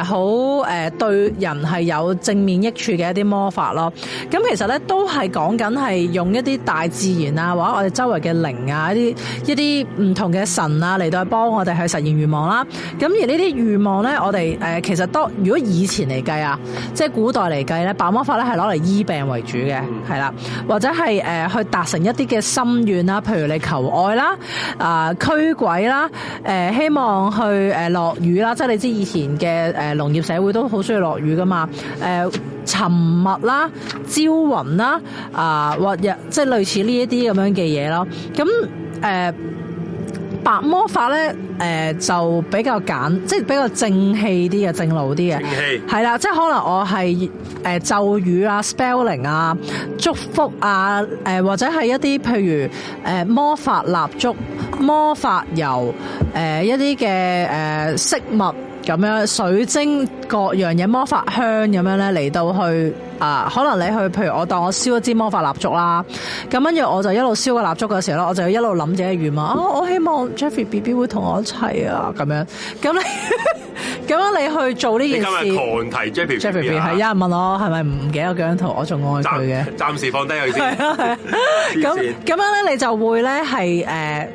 好、呃呃、對人係有正面益處嘅一啲魔法咯。咁其實咧都係講緊係用一啲大自然啊，或者我哋周圍嘅靈啊，一啲一啲唔同嘅神啊嚟到幫我哋去實現願望啦。咁而呢啲願望咧，我哋、呃、其實當如果以前嚟計啊，即係古代嚟計咧，白魔法咧係攞嚟醫病為主嘅，係啦，或者係、呃、去達成一啲嘅心願啦，譬如你求愛啦，啊、呃、驅鬼啦。呃誒希望去誒落雨啦，即係你知以前嘅誒農業社會都好需要落雨㗎嘛，誒沉默啦、朝雲啦啊或者即係類似呢一啲咁樣嘅嘢咯，咁誒。呃白魔法咧，誒就比較簡，即係比較正氣啲嘅，正路啲嘅。係啦，即係可能我係誒咒語啊、spelling 啊、祝福啊，誒或者係一啲譬如誒魔法蠟燭、魔法油，誒一啲嘅誒飾物。咁樣水晶各樣嘢、魔法香咁樣咧，嚟到去啊，可能你去，譬如我當我燒一支魔法蠟燭啦，咁跟住我就一路燒個蠟燭嘅時候咧，我就一路諗自己嘅願望啊，我希望 Jeffy B B 會同我一齊啊，咁樣，咁你咁樣你去做呢件事？你今日狂提、Jeffrey、Jeffy B B 係，有人問我係咪唔記得個姜濤，我仲愛佢嘅，暫時放低佢先。咁 咁、啊啊、樣咧， 樣你就會咧係誒。Uh,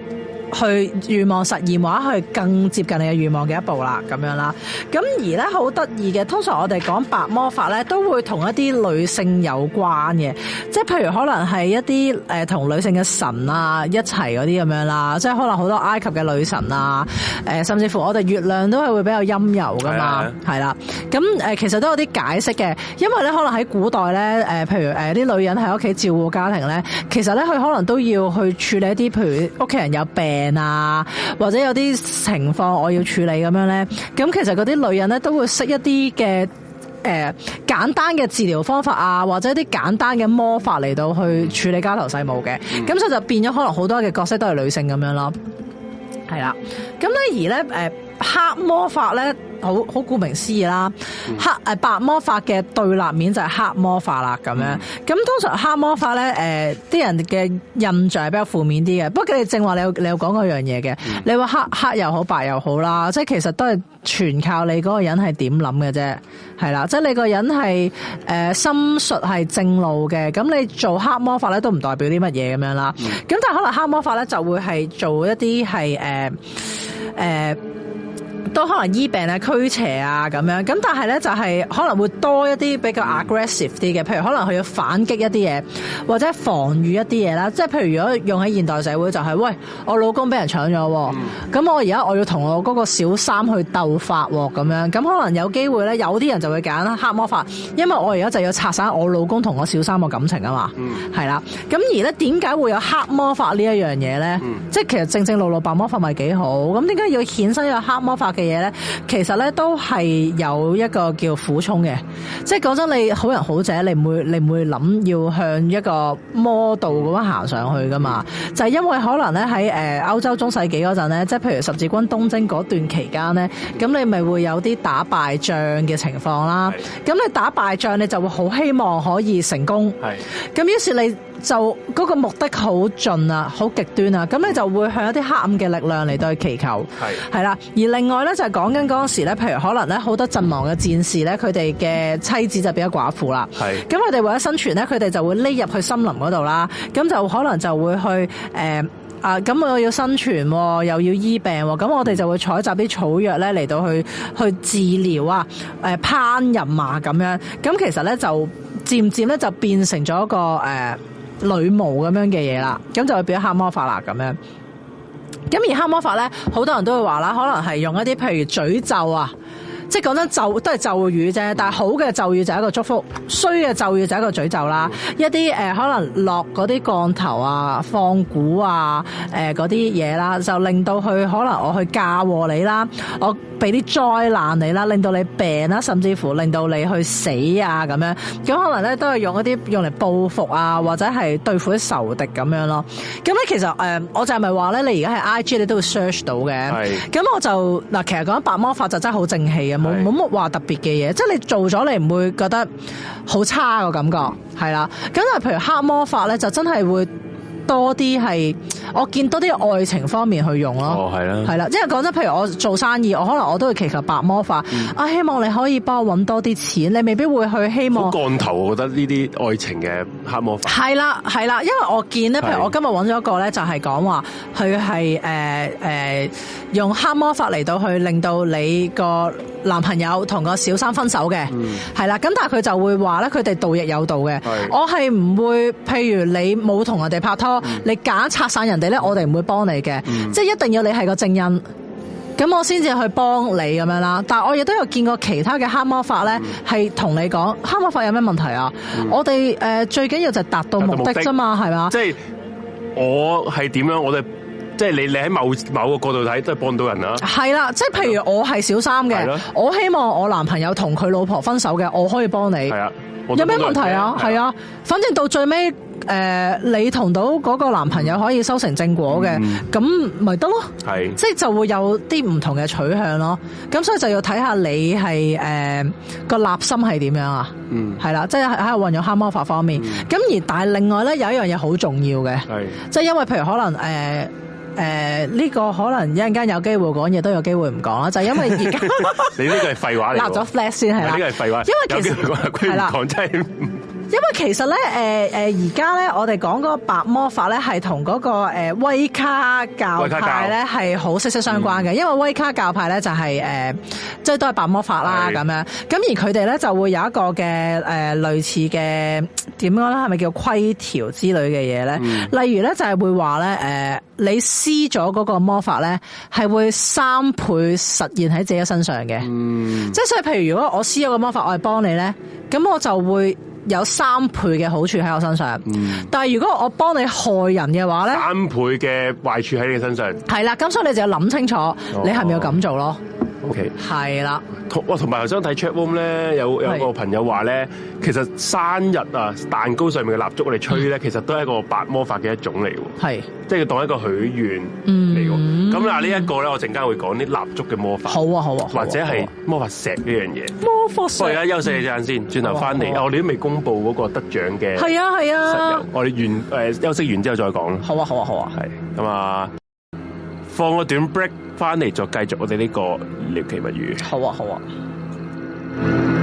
去願望實現或者去更接近你嘅願望嘅一步啦，咁樣啦。咁而咧好得意嘅，通常我哋講白魔法咧，都會同一啲女性有關嘅，即係譬如可能係一啲誒同女性嘅神啊一齊嗰啲咁樣啦，即係可能好多埃及嘅女神啊，誒、呃、甚至乎我哋月亮都係會比較陰柔噶嘛，係啦。咁誒、呃、其實都有啲解釋嘅，因為咧可能喺古代咧誒、呃、譬如誒啲、呃呃、女人喺屋企照顧家庭咧，其實咧佢可能都要去處理一啲譬如屋企人有病。病啊，或者有啲情況我要處理咁樣咧，咁其實嗰啲女人咧都會識一啲嘅誒簡單嘅治療方法啊，或者一啲簡單嘅魔法嚟到去處理家頭細務嘅，咁、嗯、所以就變咗可能好多嘅角色都係女性咁樣咯，係啦，咁咧而咧誒。呃黑魔法咧，好好顧名思義啦。嗯、黑白魔法嘅對立面就係黑魔法啦，咁、嗯、樣。咁通常黑魔法咧，誒、呃、啲人嘅印象係比較負面啲嘅。不過佢哋正話你，你有講嗰樣嘢嘅。你話黑黑又好，白又好啦，即係其實都係全靠你嗰個人係點諗嘅啫。係啦，即係你個人係誒、呃、心術係正路嘅，咁你做黑魔法咧都唔代表啲乜嘢咁樣啦。咁、嗯、但係可能黑魔法咧就會係做一啲係誒都可能醫病啊、驅邪啊咁樣，咁但係咧就係、是、可能會多一啲比較 aggressive 啲嘅，譬如可能佢要反擊一啲嘢，或者防禦一啲嘢啦。即係譬如如果用喺現代社會就係、是、喂我老公俾人搶咗，咁、嗯、我而家我要同我嗰個小三去鬥法喎咁樣，咁可能有機會咧有啲人就會揀黑魔法，因為我而家就要拆散我老公同我小三嘅感情啊嘛。係、嗯、啦，咁而咧點解會有黑魔法呢一樣嘢咧？即係其實正正路路白魔法咪幾好，咁點解要衍生有黑魔法嘅？嘢咧，其實咧都係有一個叫苦衷嘅，即係講真，你好人好者，你唔會你唔會諗要向一個魔道 d 咁樣行上去噶嘛，就係因為可能咧喺誒歐洲中世紀嗰陣咧，即係譬如十字軍東征嗰段期間咧，咁你咪會有啲打敗仗嘅情況啦，咁你打敗仗你就會好希望可以成功，咁於是你。就嗰、那個目的好盡啊，好極端啊，咁咧就會向一啲黑暗嘅力量嚟到去祈求，係啦。而另外咧就係、是、講緊嗰陣時咧，譬如可能咧好多陣亡嘅戰士咧，佢哋嘅妻子就變咗寡婦啦。係咁，佢哋為咗生存咧，佢哋就會匿入去森林嗰度啦。咁就可能就會去誒、呃、啊！咁我要生存喎，又要醫病喎。咁我哋就會採集啲草藥咧嚟到去去治療啊，呃、烹飪咁樣。咁其實咧就漸漸咧就變成咗一個誒。呃女巫咁樣嘅嘢啦，咁就會變黑魔法啦咁樣。咁而黑魔法咧，好多人都會話啦，可能係用一啲譬如詛咒啊。即係講緊咒都係咒語啫，但係好嘅咒語就係一個祝福，衰嘅咒語就係一個詛咒啦。一啲誒、呃、可能落嗰啲降頭啊、放蠱啊、誒嗰啲嘢啦，就令到佢可能我去嫁禍你啦，我俾啲災難你啦，令到你病啦，甚至乎令到你去死啊咁樣。咁可能咧都係用一啲用嚟報復啊，或者係對付啲仇敵咁樣咯。咁咧其實誒、呃，我就係咪話咧，你而家係 I G 你都會 search 到嘅。係。咁我就嗱，其實講白魔法就真係好正氣咁。冇冇乜話特別嘅嘢，即係你做咗你唔會覺得好差嘅感覺係啦。咁啊，譬如黑魔法咧，就真係會多啲係我見多啲愛情方面去用咯。哦，係啦，係啦，即係講真，譬如我做生意，我可能我都會祈求白魔法、嗯、啊，希望你可以幫我搵多啲錢，你未必會去希望，好降頭，我覺得呢啲愛情嘅黑魔法係啦係啦，因為我見咧，譬如我今日搵咗一個咧，就係講話佢係誒誒用黑魔法嚟到去令到你個。男朋友同個小三分手嘅，係、嗯、啦，咁但係佢就會話咧，佢哋道亦有道嘅盜亦有道，我係唔會。譬如你冇同人哋拍拖，嗯、你揀拆散人哋咧，我哋唔會幫你嘅、嗯，即係一定要你係個正印，咁我先至去幫你咁樣啦。但我亦都有見過其他嘅黑魔法咧，係、嗯、同你講黑魔法有咩問題啊？嗯、我哋、呃、最緊要就係達到目的啫嘛，係嘛？即係我係點樣？我哋。即係你你喺某某個角度睇都係幫到人啦。係啦，即係譬如我係小三嘅，我希望我男朋友同佢老婆分手嘅，我可以幫你。係啊，有咩問題啊？係啊，反正到最尾誒、呃，你同到嗰個男朋友可以修成正果嘅，咁咪得咯。係，即係就會有啲唔同嘅取向咯。咁所以就要睇下你係誒個立心係點樣啊？嗯，係啦，即係喺運用黑魔法方面。咁、嗯、而但係另外咧，有一樣嘢好重要嘅，係即係因為譬如可能誒。呃誒、呃、呢、這個可能一陣間有機會講嘢，都有機會唔講啦，就是、因為而家 你呢個係廢話嚟， 立咗 flag 先係啦，呢個係廢話因為其實，有機會講係鬼講真。 因為其實咧，誒誒，而家咧，我哋講嗰個白魔法咧，係同嗰個誒威卡教派咧係好息息相關嘅。因為威卡教派咧就係、是、誒，即、就、係、是、都係白魔法啦咁樣。咁而佢哋咧就會有一個嘅誒類似嘅點樣咧，係咪叫規條之類嘅嘢咧？例如咧就係會話咧，誒，你施咗嗰個魔法咧，係會三倍實現喺自己身上嘅。嗯，即係所以，譬如如果我施咗個魔法，我係幫你咧，咁我就會。有三倍嘅好處喺我身上，嗯、但係如果我幫你害人嘅話咧，三倍嘅壞處喺你身上。係啦，咁所以你就要諗清楚你，你係咪要咁做咯？O K，係啦，同哇，同埋頭想睇 Check Room 咧，有有個朋友話咧，其實生日啊，蛋糕上面嘅蠟燭我哋吹咧，其實都係一個白魔法嘅一種嚟，係即係要當一個許願嚟。咁、嗯、嗱，這個、呢一個咧，我陣間會講啲蠟燭嘅魔法，好啊，好啊，好，啊，好，啊，好，啊好啊，或者係魔法石呢，樣嘢。魔法石，我哋休息一陣先，轉頭翻嚟，我哋、啊啊啊、都未公布嗰個得獎嘅，係啊係啊，我哋完誒、呃、休息完之後再講咯，好啊好啊好啊，係咁啊。好啊放個短 break，翻嚟再繼續我哋呢個獵奇物語。好啊，好啊。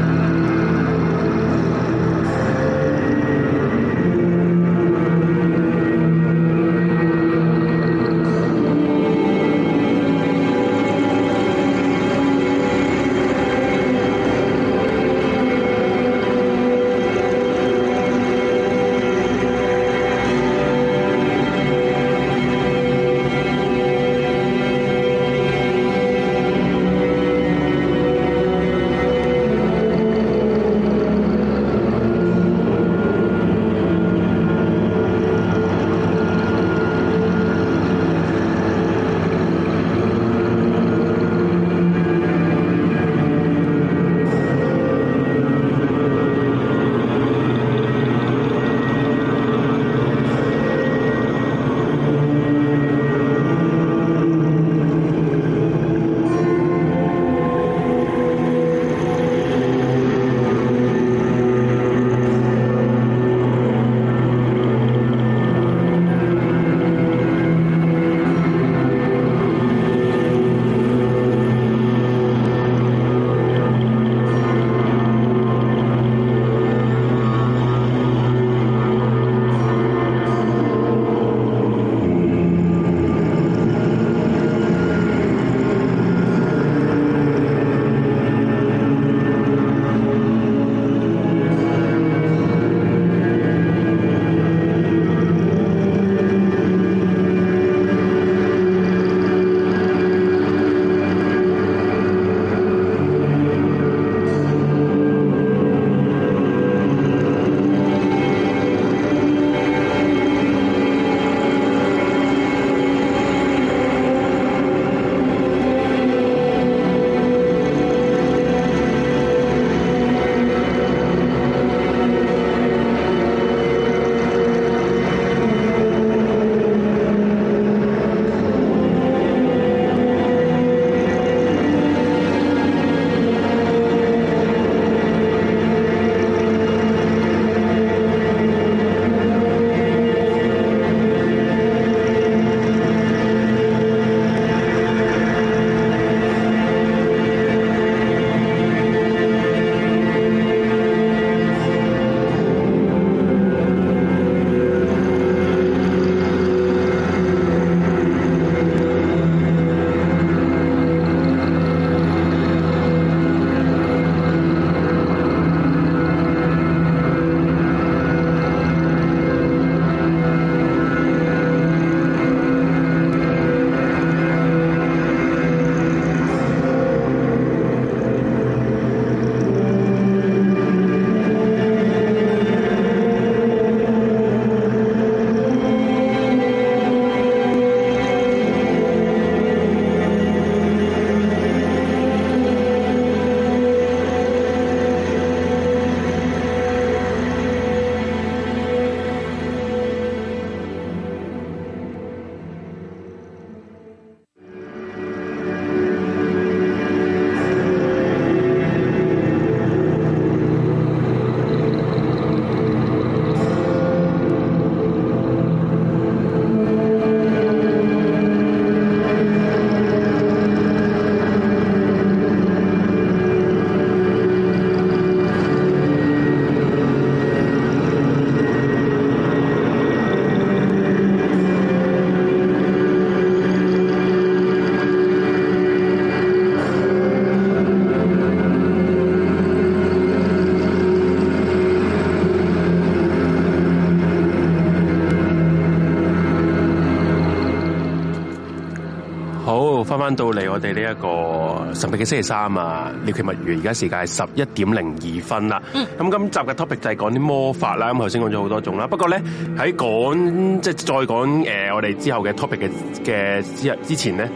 到嚟我哋呢一個神秘嘅星期三啊！廖卻物語而家時間係十一點零二分啦。咁、嗯、今集嘅 topic 就係講啲魔法啦。咁頭先講咗好多種啦。不過咧喺講即係再講誒、呃，我哋之後嘅 topic 嘅嘅之之前咧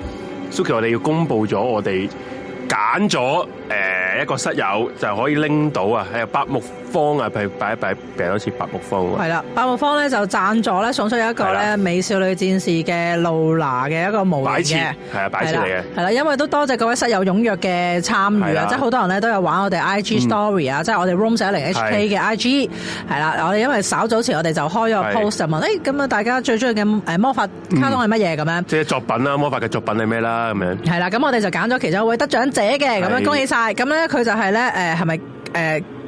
，Suki 我哋要公布咗我哋揀咗誒一個室友就可以拎到啊！喺八木方啊，譬如擺一擺。病好似白木方喎。係啦，白木方咧就贊助咧送出一個咧美少女戰士嘅露娜嘅一個模型嘅。係啊，擺設嚟嘅。係啦，因為都多謝各位室友踴躍嘅參與啊，即係好多人咧都有玩我哋 I G Story 啊、嗯，即係我哋 Room 四一 HK 嘅 I G。係啦，我哋因為稍早前我哋就開咗個 post 就問，誒、欸，咁啊大家最中意嘅誒魔法卡通係乜嘢咁樣？即係作品啦，魔法嘅作品係咩啦咁樣？係啦，咁我哋就揀咗其中一位得獎者嘅，咁樣恭喜晒。咁咧佢就係、是、咧，誒係咪誒？呃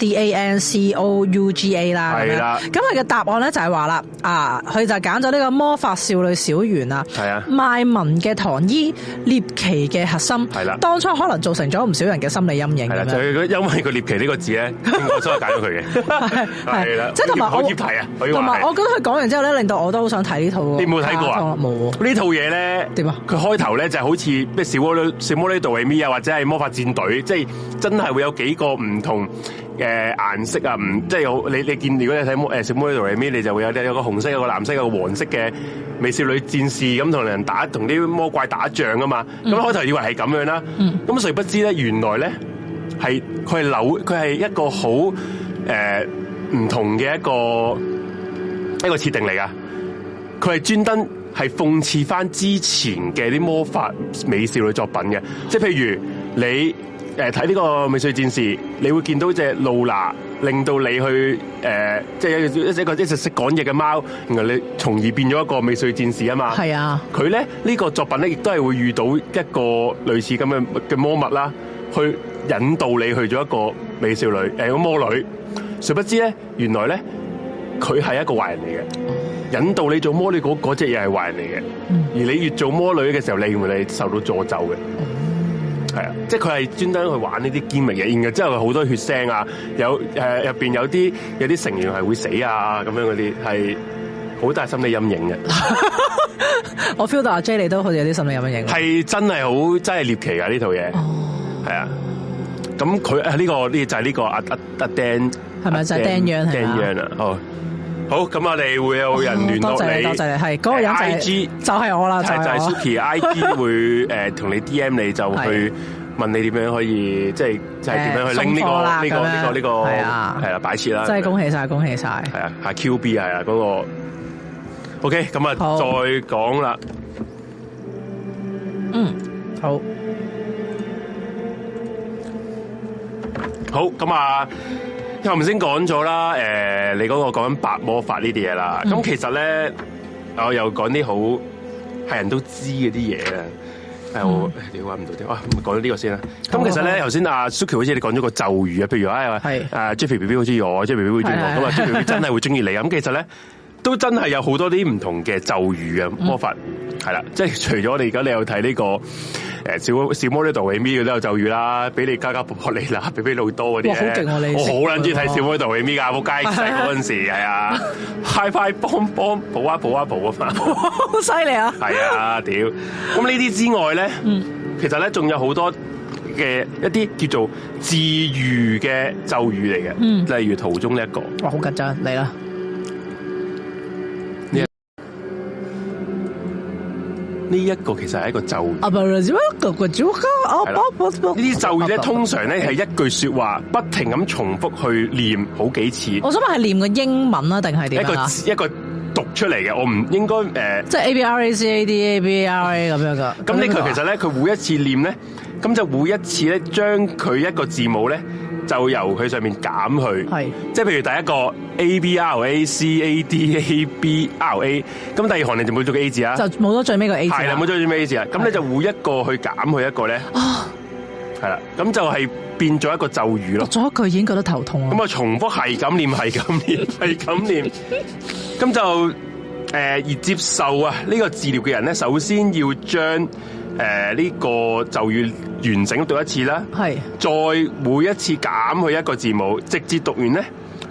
D A N C O U G A 啦，咁啦咁佢嘅答案咧就係話啦，啊，佢就揀咗呢個魔法少女小圓啊，賣文嘅唐衣、獵奇嘅核心，係啦，當初可能造成咗唔少人嘅心理陰影，係啦，就係、因為佢獵奇呢個字咧，當初係揀咗佢嘅，係啦，即係同埋，同 埋、就係、我覺得佢講完之後咧，令到我都好想睇呢套，你冇睇過啊？冇呢套嘢咧點啊？佢、啊啊啊、開頭咧就係好似咩小魔女小魔女 Do Me 啊，或者係魔法戰隊，即係真係會有幾個唔同嘅顏色啊，唔即係有你你，見如果你睇魔，誒，小魔女 DoReMi，你就會有有個紅色、有個藍色、有個黃色嘅美少女戰士，咁同人打、同啲魔怪打仗啊嘛。咁開頭以為係咁樣啦，咁、嗯啊、誰不知咧，原來咧係佢係扭，佢係一個好，誒唔同嘅一個一個設定嚟噶。佢係專登係諷刺翻之前嘅啲魔法美少女作品嘅，即係譬如你。誒，睇呢個美少女戰士，你會見到隻露娜，令到你去誒，即係一隻一個識講嘢嘅貓，然後你從而變咗一個美少女戰士啊嘛。係啊，佢咧呢個作品咧亦都係會遇到一個類似咁嘅嘅魔物啦，去引導你去咗一個美少女誒，個魔女。殊不知咧，原來咧佢係一個壞人嚟嘅，引導你做魔女嗰嗰隻嘢係壞人嚟嘅。而你越做魔女嘅時候，你會嚟受到詛咒嘅。嗯係啊，即係佢係專登去玩呢啲堅命嘢，然之後好多血腥啊，有誒入邊有啲有啲成員係會死啊，咁樣嗰啲係好大心理陰影嘅。 我 feel 到阿 J 你都好似有啲心理陰影。係，真係好，真係獵奇啊呢套嘢。哦，係啊。咁佢誒呢個呢就係呢個阿阿 Dan 係咪就係 Dan Yen 啊？好，咁我哋會有人聯絡你，多謝你，多謝你，係、嗰個人就 I G 就係我啦，就係、係就係就係就係、Suki I G 會誒同 你 D M 你就去問你點樣可以即係即係點樣去拎呢個呢個呢個呢個係啊係啦擺設啦，真係恭喜晒，恭喜晒，係啊係 Q B 啊嗰個，OK，咁啊再講啦，嗯好好，咁啊。你頭先講咗啦，誒、呃，你嗰個講緊白魔法呢啲嘢啦，咁、嗯、其實咧，我又講啲好係人都知嗰啲嘢啊，係、嗯哎、我點玩唔到啲。啊，唔係講咗呢個先啦。咁、嗯、其實咧，頭先阿 Suki 好似你講咗個咒語比、哎、啊，譬如啊係，阿 Judy B B 好似我 Judy B B 中意我噶嘛，Judy 真係會中意你咁， 其實咧都真係有好多啲唔同嘅咒語啊魔法係啦、嗯，即係除咗你而家你有睇呢、這個。小小魔力道咪咪都有咒語啦，俾你加加破破利啦，俾俾好多嗰啲咧。我好捻中意睇小魔力道咪噶，冇街仔嗰陣時係啊，high h i 幫幫補啊補啊補啊，好犀利啊！係啊，屌！咁呢啲之外咧、嗯，其實咧仲有好多嘅一啲叫做治愈嘅咒語嚟嘅、嗯嗯，例如圖中呢一個。哇，好緊張，嚟啦！呢一個其實係一個咒語，呢啲咒語咧通常咧係一句説話，不停咁重複去念好幾次。我想問係念個英文啊，定係點啊？一個一個讀出嚟嘅，我唔應該誒，即係 A B R A C A D A B R A 咁樣噶。咁呢個其實咧，佢每一次念咧，咁就每一次咧，將佢一個字母咧。就由佢上面減去，即係譬如第一個 A B R A C A D A B R A，咁第二行你就冇咗個 A 字啊，就冇咗最尾個 A 字啦，冇咗最尾 A 字啊，咁你就換一個去減去一個咧，係、啊、啦，咁就係變咗一個咒語咯，咗一句已經覺得頭痛啊，咁啊重複係咁念，係咁念，係咁念，咁 就誒，呃、而接受啊呢、這個治療嘅人咧，首先要將。誒、呃，呢、這個咒語完整讀一次啦，係再每一次減去一個字母，直接讀完咧。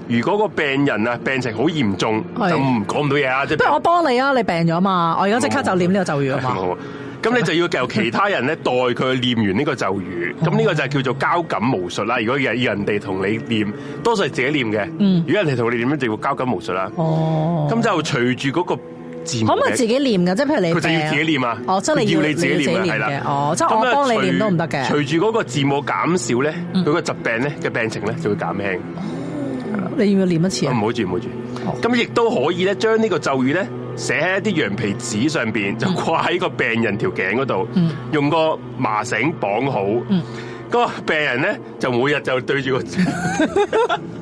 如果個病人啊病情好嚴重，就講唔到嘢啊，不如我幫你啊，你病咗嘛，我而家即刻就念呢個咒語啊嘛。咁你就要由其他人咧代佢念完呢個咒語，咁呢個就係叫做交感巫術啦。如果人要人哋同你念，多數係自己念嘅。嗯，如果人哋同你念，咧、嗯，就要交感巫術啦。哦、嗯，咁就隨住嗰個。嗯嗯嗯嗯嗯嗯可唔可以自己念噶？即係譬如你，佢就要自己念啊！哦，真係要，要你自己念啊。係啦。哦，即係我幫你念都唔得嘅。隨住嗰個字母減少咧，嗯、佢個疾病咧嘅病情咧就會減輕。你要唔要念一次啊？哦，唔好住，唔好住。咁亦都可以咧，將呢個咒語咧寫喺一啲羊皮紙上邊，就掛喺個病人條頸嗰度，用個麻繩綁好。嗯。個病人咧就每日就對住個。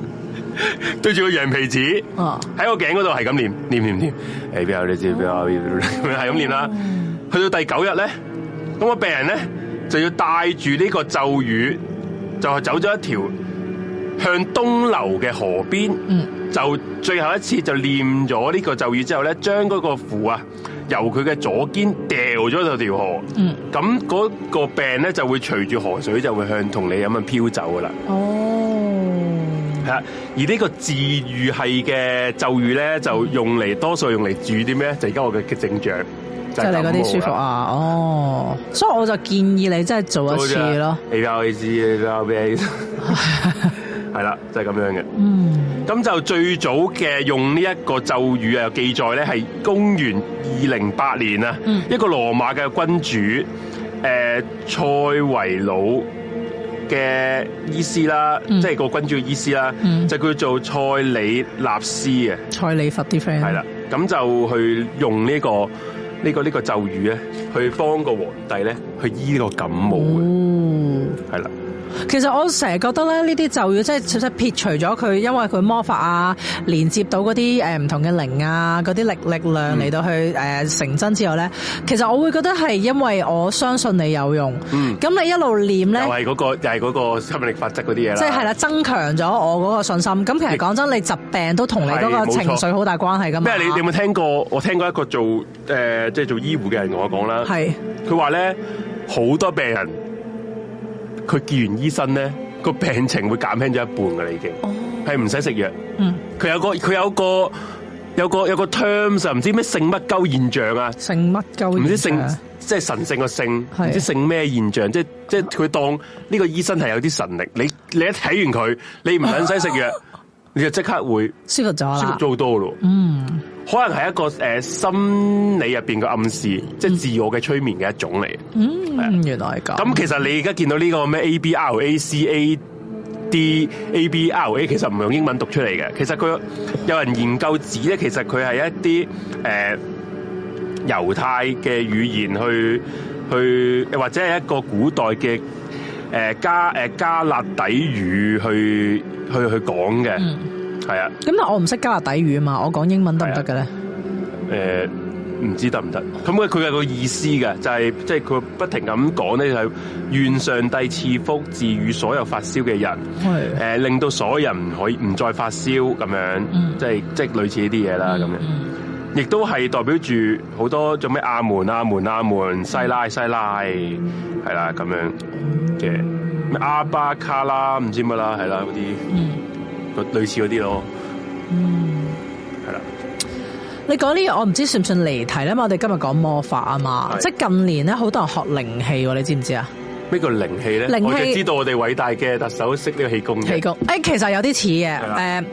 對住個羊皮紙，喺、oh. 個頸嗰度係咁念念念念，A B 係咁念啦。去、hey, 唸 到第九日咧，咁個病人咧就要帶住呢個咒語，就係走咗一條向東流嘅河邊。Mm. 就最後一次就念咗呢個咒語之後咧，將嗰個符啊由佢嘅左肩掉咗到條河。嗯，咁嗰個病咧就會隨住河水就會向同你咁樣飄走噶啦。哦、oh. 而呢個治愈系嘅咒語咧，就用嚟多數用嚟治啲咩？就而、是、家我嘅嘅症狀，就係咁即係嗰啲舒服啊，哦，所以我就建議你真係做一次咯。A R A Z R B A，係啦，就係、是、咁樣嘅。嗯，咁就最早嘅用呢一個咒語啊記載咧，係公元二零八年啊、嗯，一個羅馬嘅君主誒塞維魯。呃蔡維魯嘅醫師啦、嗯，即係個君主嘅醫師啦、嗯，就叫做塞里納斯嘅，塞里佛啲 friend，係啦，咁就去用呢個呢個呢個咒語咧，去幫個皇帝咧去醫呢個感冒嘅，哦，係啦。其實我成日覺得咧，呢啲就要即係其實撇除咗佢，因為佢魔法啊，連接到嗰啲誒唔同嘅靈啊，嗰啲力力量嚟到去誒成真之後咧，嗯、其實我會覺得係因為我相信你有用，咁、嗯、你一路念咧，又係嗰、嗰個又係嗰個吸引力法則嗰啲嘢啦，即係係啦，增強咗我嗰個信心。咁其實講真，你疾病都同你嗰個情緒好大關係噶嘛。咩？你你有冇聽過、啊？我聽過一個做誒即係做醫護嘅人同我講啦，係佢話咧好多病人。佢見完醫生咧，個病情會減輕咗一半噶啦，已經係唔使食藥。嗯，佢有個佢有個有個有個 terms 就唔知咩性乜鳩現象啊，性乜鳩現象唔知性即係神聖個性，唔知性咩現象，即即佢當呢個醫生係有啲神力。你你一睇完佢，你唔卵使食藥，你就即刻會舒服咗啦，舒服咗好多咯。嗯。可能係一個誒、呃、心理入邊嘅暗示，嗯、即係自我嘅催眠嘅一種嚟。嗯，係原來係咁。咁其實你而家見到呢個咩 A B R A C A D A B R A，其實唔用英文讀出嚟嘅。其實佢有人研究指咧，其實佢係一啲誒、呃、猶太嘅語言去去，或者係一個古代嘅誒、呃、加誒、呃、加勒底語去去去講嘅。嗯。係啊，咁但我唔識加拿大語啊嘛，我講英文得唔得嘅咧？呃、唔知得唔得？咁佢佢個意思嘅就係、係，即係佢不停咁講咧，就係、願上帝賜福，治癒所有發燒嘅人、啊呃，令到所有人唔可以唔再發燒咁樣，嗯、即係即係類似呢啲嘢啦咁樣，亦都係代表住好多做咩阿門阿門阿門西拉西拉，係啦咁樣嘅咩、yeah. 阿巴卡啦唔知乜啦，係啦嗰啲。類似嗰啲咯，嗯，係啦。你講呢樣我唔知算唔算離題啦嘛。我哋今日講魔法啊嘛，是即係近年咧好多人學靈氣，你知唔知啊？咩叫靈氣咧？靈氣知道我哋偉大嘅特首識呢個氣功嘅氣功。誒、欸，其實有啲似嘅，誒。呃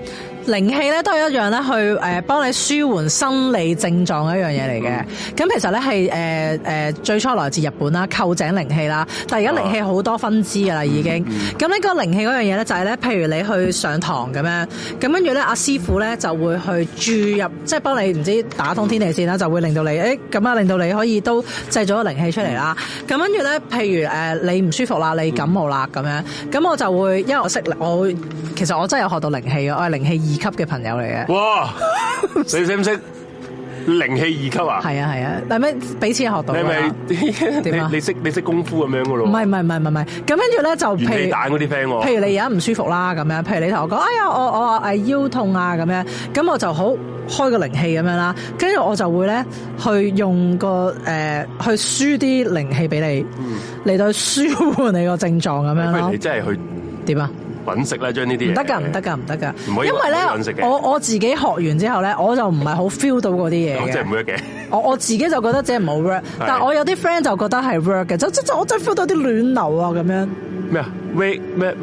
靈氣咧都係一樣咧，去誒幫你舒緩生理症狀嘅一樣嘢嚟嘅。咁其實咧係誒誒最初來自日本啦，扣井靈氣啦。但而家靈氣好多分支噶啦，已經。咁呢個靈氣嗰樣嘢咧，就係、是、咧，譬如你去上堂咁樣，咁跟住咧，阿師傅咧就會去注入，即係幫你唔知打通天地線啦，就會令到你誒咁啊，欸、樣令到你可以都製咗靈氣出嚟啦。咁跟住咧，譬如誒、呃、你唔舒服啦，你感冒啦咁樣，咁我就會因為我識我其實我真係有學到靈氣嘅，我係靈氣二二級嘅朋友嚟嘅，哇！你識唔識靈氣二級 啊？係啊係啊，係咪俾錢學到你咪點啊？你識你識功夫咁樣噶咯？唔係唔係唔係唔係，咁跟住咧就譬如彈嗰啲，譬如你而家唔舒服啦，咁，哎樣，樣，呃嗯、樣，譬如你同我講，哎呀，我我誒腰痛啊，咁樣，咁我就好開個靈氣咁樣啦，跟住我就會咧去用個誒去輸啲靈氣俾你，嚟到舒緩你個症狀咁樣。你真係去點啊？揾食咧，將呢啲唔得噶，唔得噶，唔得噶，因為咧，我我自己學完之後咧，我就唔係好 feel 到嗰啲嘢。即係唔 work 嘅。我我自己就覺得即係唔好 work， 但我有啲 friend 就覺得係 work 嘅，就就就我真係 feel 到啲暖流啊咁樣。咩啊？Rei 咩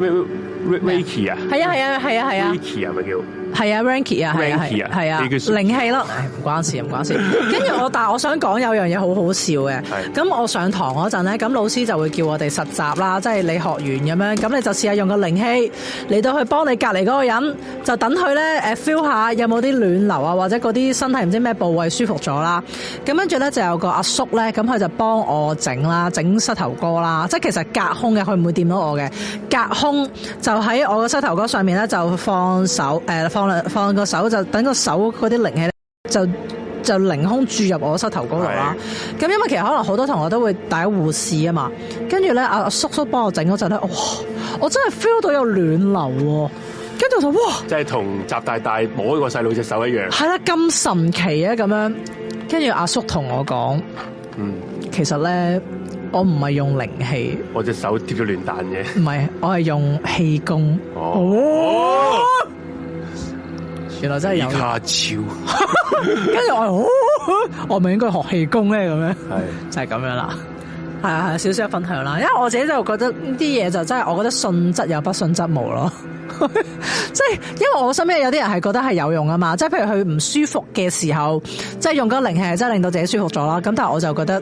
Reiki 啊？係啊係啊係啊係啊。Reiki 係咪叫？係啊，Ranky 啊，係啊係啊，係啊，靈氣咯，唔關事，唔關事。跟 住我，但係我想講有樣嘢好好笑嘅。咁 我上堂嗰陣咧，咁老師就會叫我哋實習啦，即係你學完咁樣，咁你就試下用個靈氣嚟到去幫你隔離嗰個人，就等佢咧誒 feel 下有冇啲暖流啊，或者嗰啲身體唔知咩部位舒服咗啦。咁跟住咧就有個阿叔咧，咁佢就幫我整啦，整膝頭哥啦，即係其實隔空嘅，佢唔會掂到我嘅，隔空就喺我個膝頭哥上面咧就放手誒、呃放放個手就等個手嗰啲靈氣就就凌空注入我膝頭嗰度啦。咁因為其實可能好多同學都會戴護士啊嘛，跟住咧阿叔叔幫我整嗰陣咧，哇！我真係 feel 到有暖流，啊，跟住就哇！真係同習大大摸個細路隻手一樣。係啦，咁神奇啊！咁樣，叔叔跟住阿叔同我講，嗯，其實咧我唔係用靈氣，我隻手貼咗亂彈嘅。唔係，我係用氣功。哦。哦哦原來真係有卡超 然後，跟住我我咪應該學氣功咧咁 樣，係就係咁樣啦，係啊係啊，少少分享啦，因為我自己就覺得呢啲嘢，就真係，我覺得信則有不信則無咯，即 係、就是、因為我身邊有啲人係覺得係有用噶嘛，即、就、係、是、譬如佢唔舒服嘅時候，即、就、係、是、用咗靈氣，真係令到自己舒服咗啦，咁但係我就覺得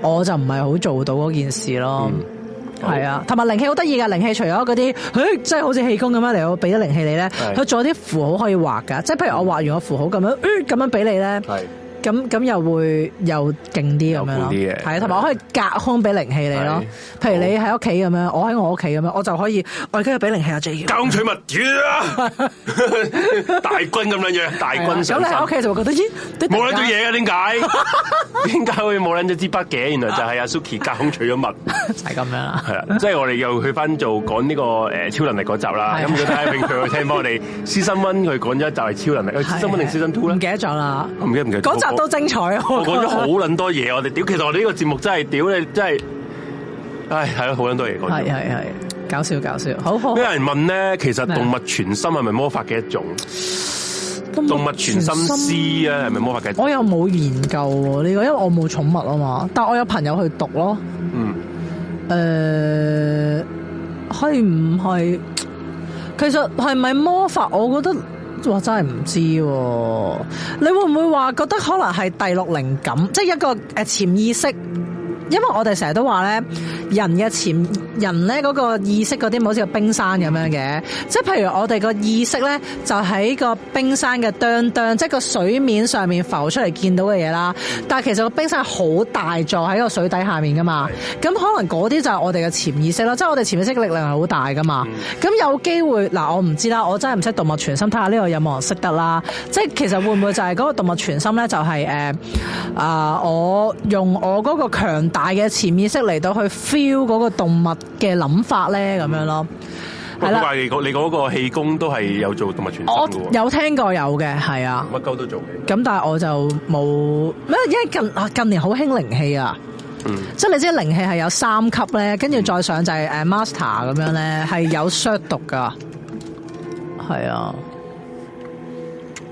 我就唔係好做到嗰件事咯。嗯係啊，同埋靈氣好得意噶，靈氣除咗嗰啲，誒、欸，即係好似氣功咁樣，嚟我俾咗靈氣你咧，佢仲有啲符號可以畫噶，即係譬如我畫完個符號咁樣，呃，咁樣俾你咧。咁咁又會又勁啲咁樣咯，係啊，同埋我可以隔空俾靈氣你咯。譬如你喺屋企咁樣，我喺我屋企咁樣，我就可以我而家要俾靈氣阿 J，隔空取物主啊，大軍咁樣樣，大軍。咁你喺屋企就會覺得咦，冇撚咗嘢啊？點解？點解會冇撚咗支筆嘅？原來就係阿 Suki 隔空取咗物，就係咁樣啦。係啊，即係我哋又去翻做講呢個誒超能力嗰集啦。咁佢戴永強去聽幫我哋師生 One 佢講咗一集係超能力，師生 One 定師生 Two 咧？唔記得咗啦，我唔記得唔記得。講集。我都精彩哦！講咗好捻多嘢，我哋屌， 們其實我哋呢個節目真係屌，你真係，唉，係咯，好捻多嘢講。係係係，搞笑搞笑，好好。有人問咧，其實動物傳心係咪魔法嘅一,一種？動物傳心師啊，係咪魔法嘅一種？我又冇研究喎，呢、這個因為我冇寵物啊嘛，但我有朋友去讀咯。嗯、呃。誒，可以唔係？其實係咪魔法？我覺得。我真係唔知喎，你會唔會話覺得可能係第六靈感，即係一個誒潛意識。因為我哋成日都話咧，人嘅潛人咧嗰個意識嗰啲，冇好似個冰山咁樣嘅。即係譬如我哋個意識咧，就喺個冰山嘅當當，即係個水面上面浮出嚟見到嘅嘢啦。但係其實個冰山好大座喺個水底下面噶嘛。咁可能嗰啲就係我哋嘅潛意識咯。即係我哋潛意識嘅力量係好大噶嘛。咁有機會嗱，我唔知啦。我真係唔識動物傳心，睇下呢個有冇人識得啦。即係其實會唔會就係、是、嗰、嗰個動物傳心咧、就是？就係誒啊！我用我個強大。大嘅潛意識嚟到去 feel 嗰個動物嘅諗法呢，咁樣咯。係啦，你你嗰個氣功都係有做動物傳心嘅喎。我有聽過有嘅，係啊，乜鳩都做嘅。咁但係我就冇咩，因為近，近年好興靈氣啊。嗯，即係你知靈氣係有三級呢，跟住再上就係 Master 咁樣呢，係有削讀㗎，係啊。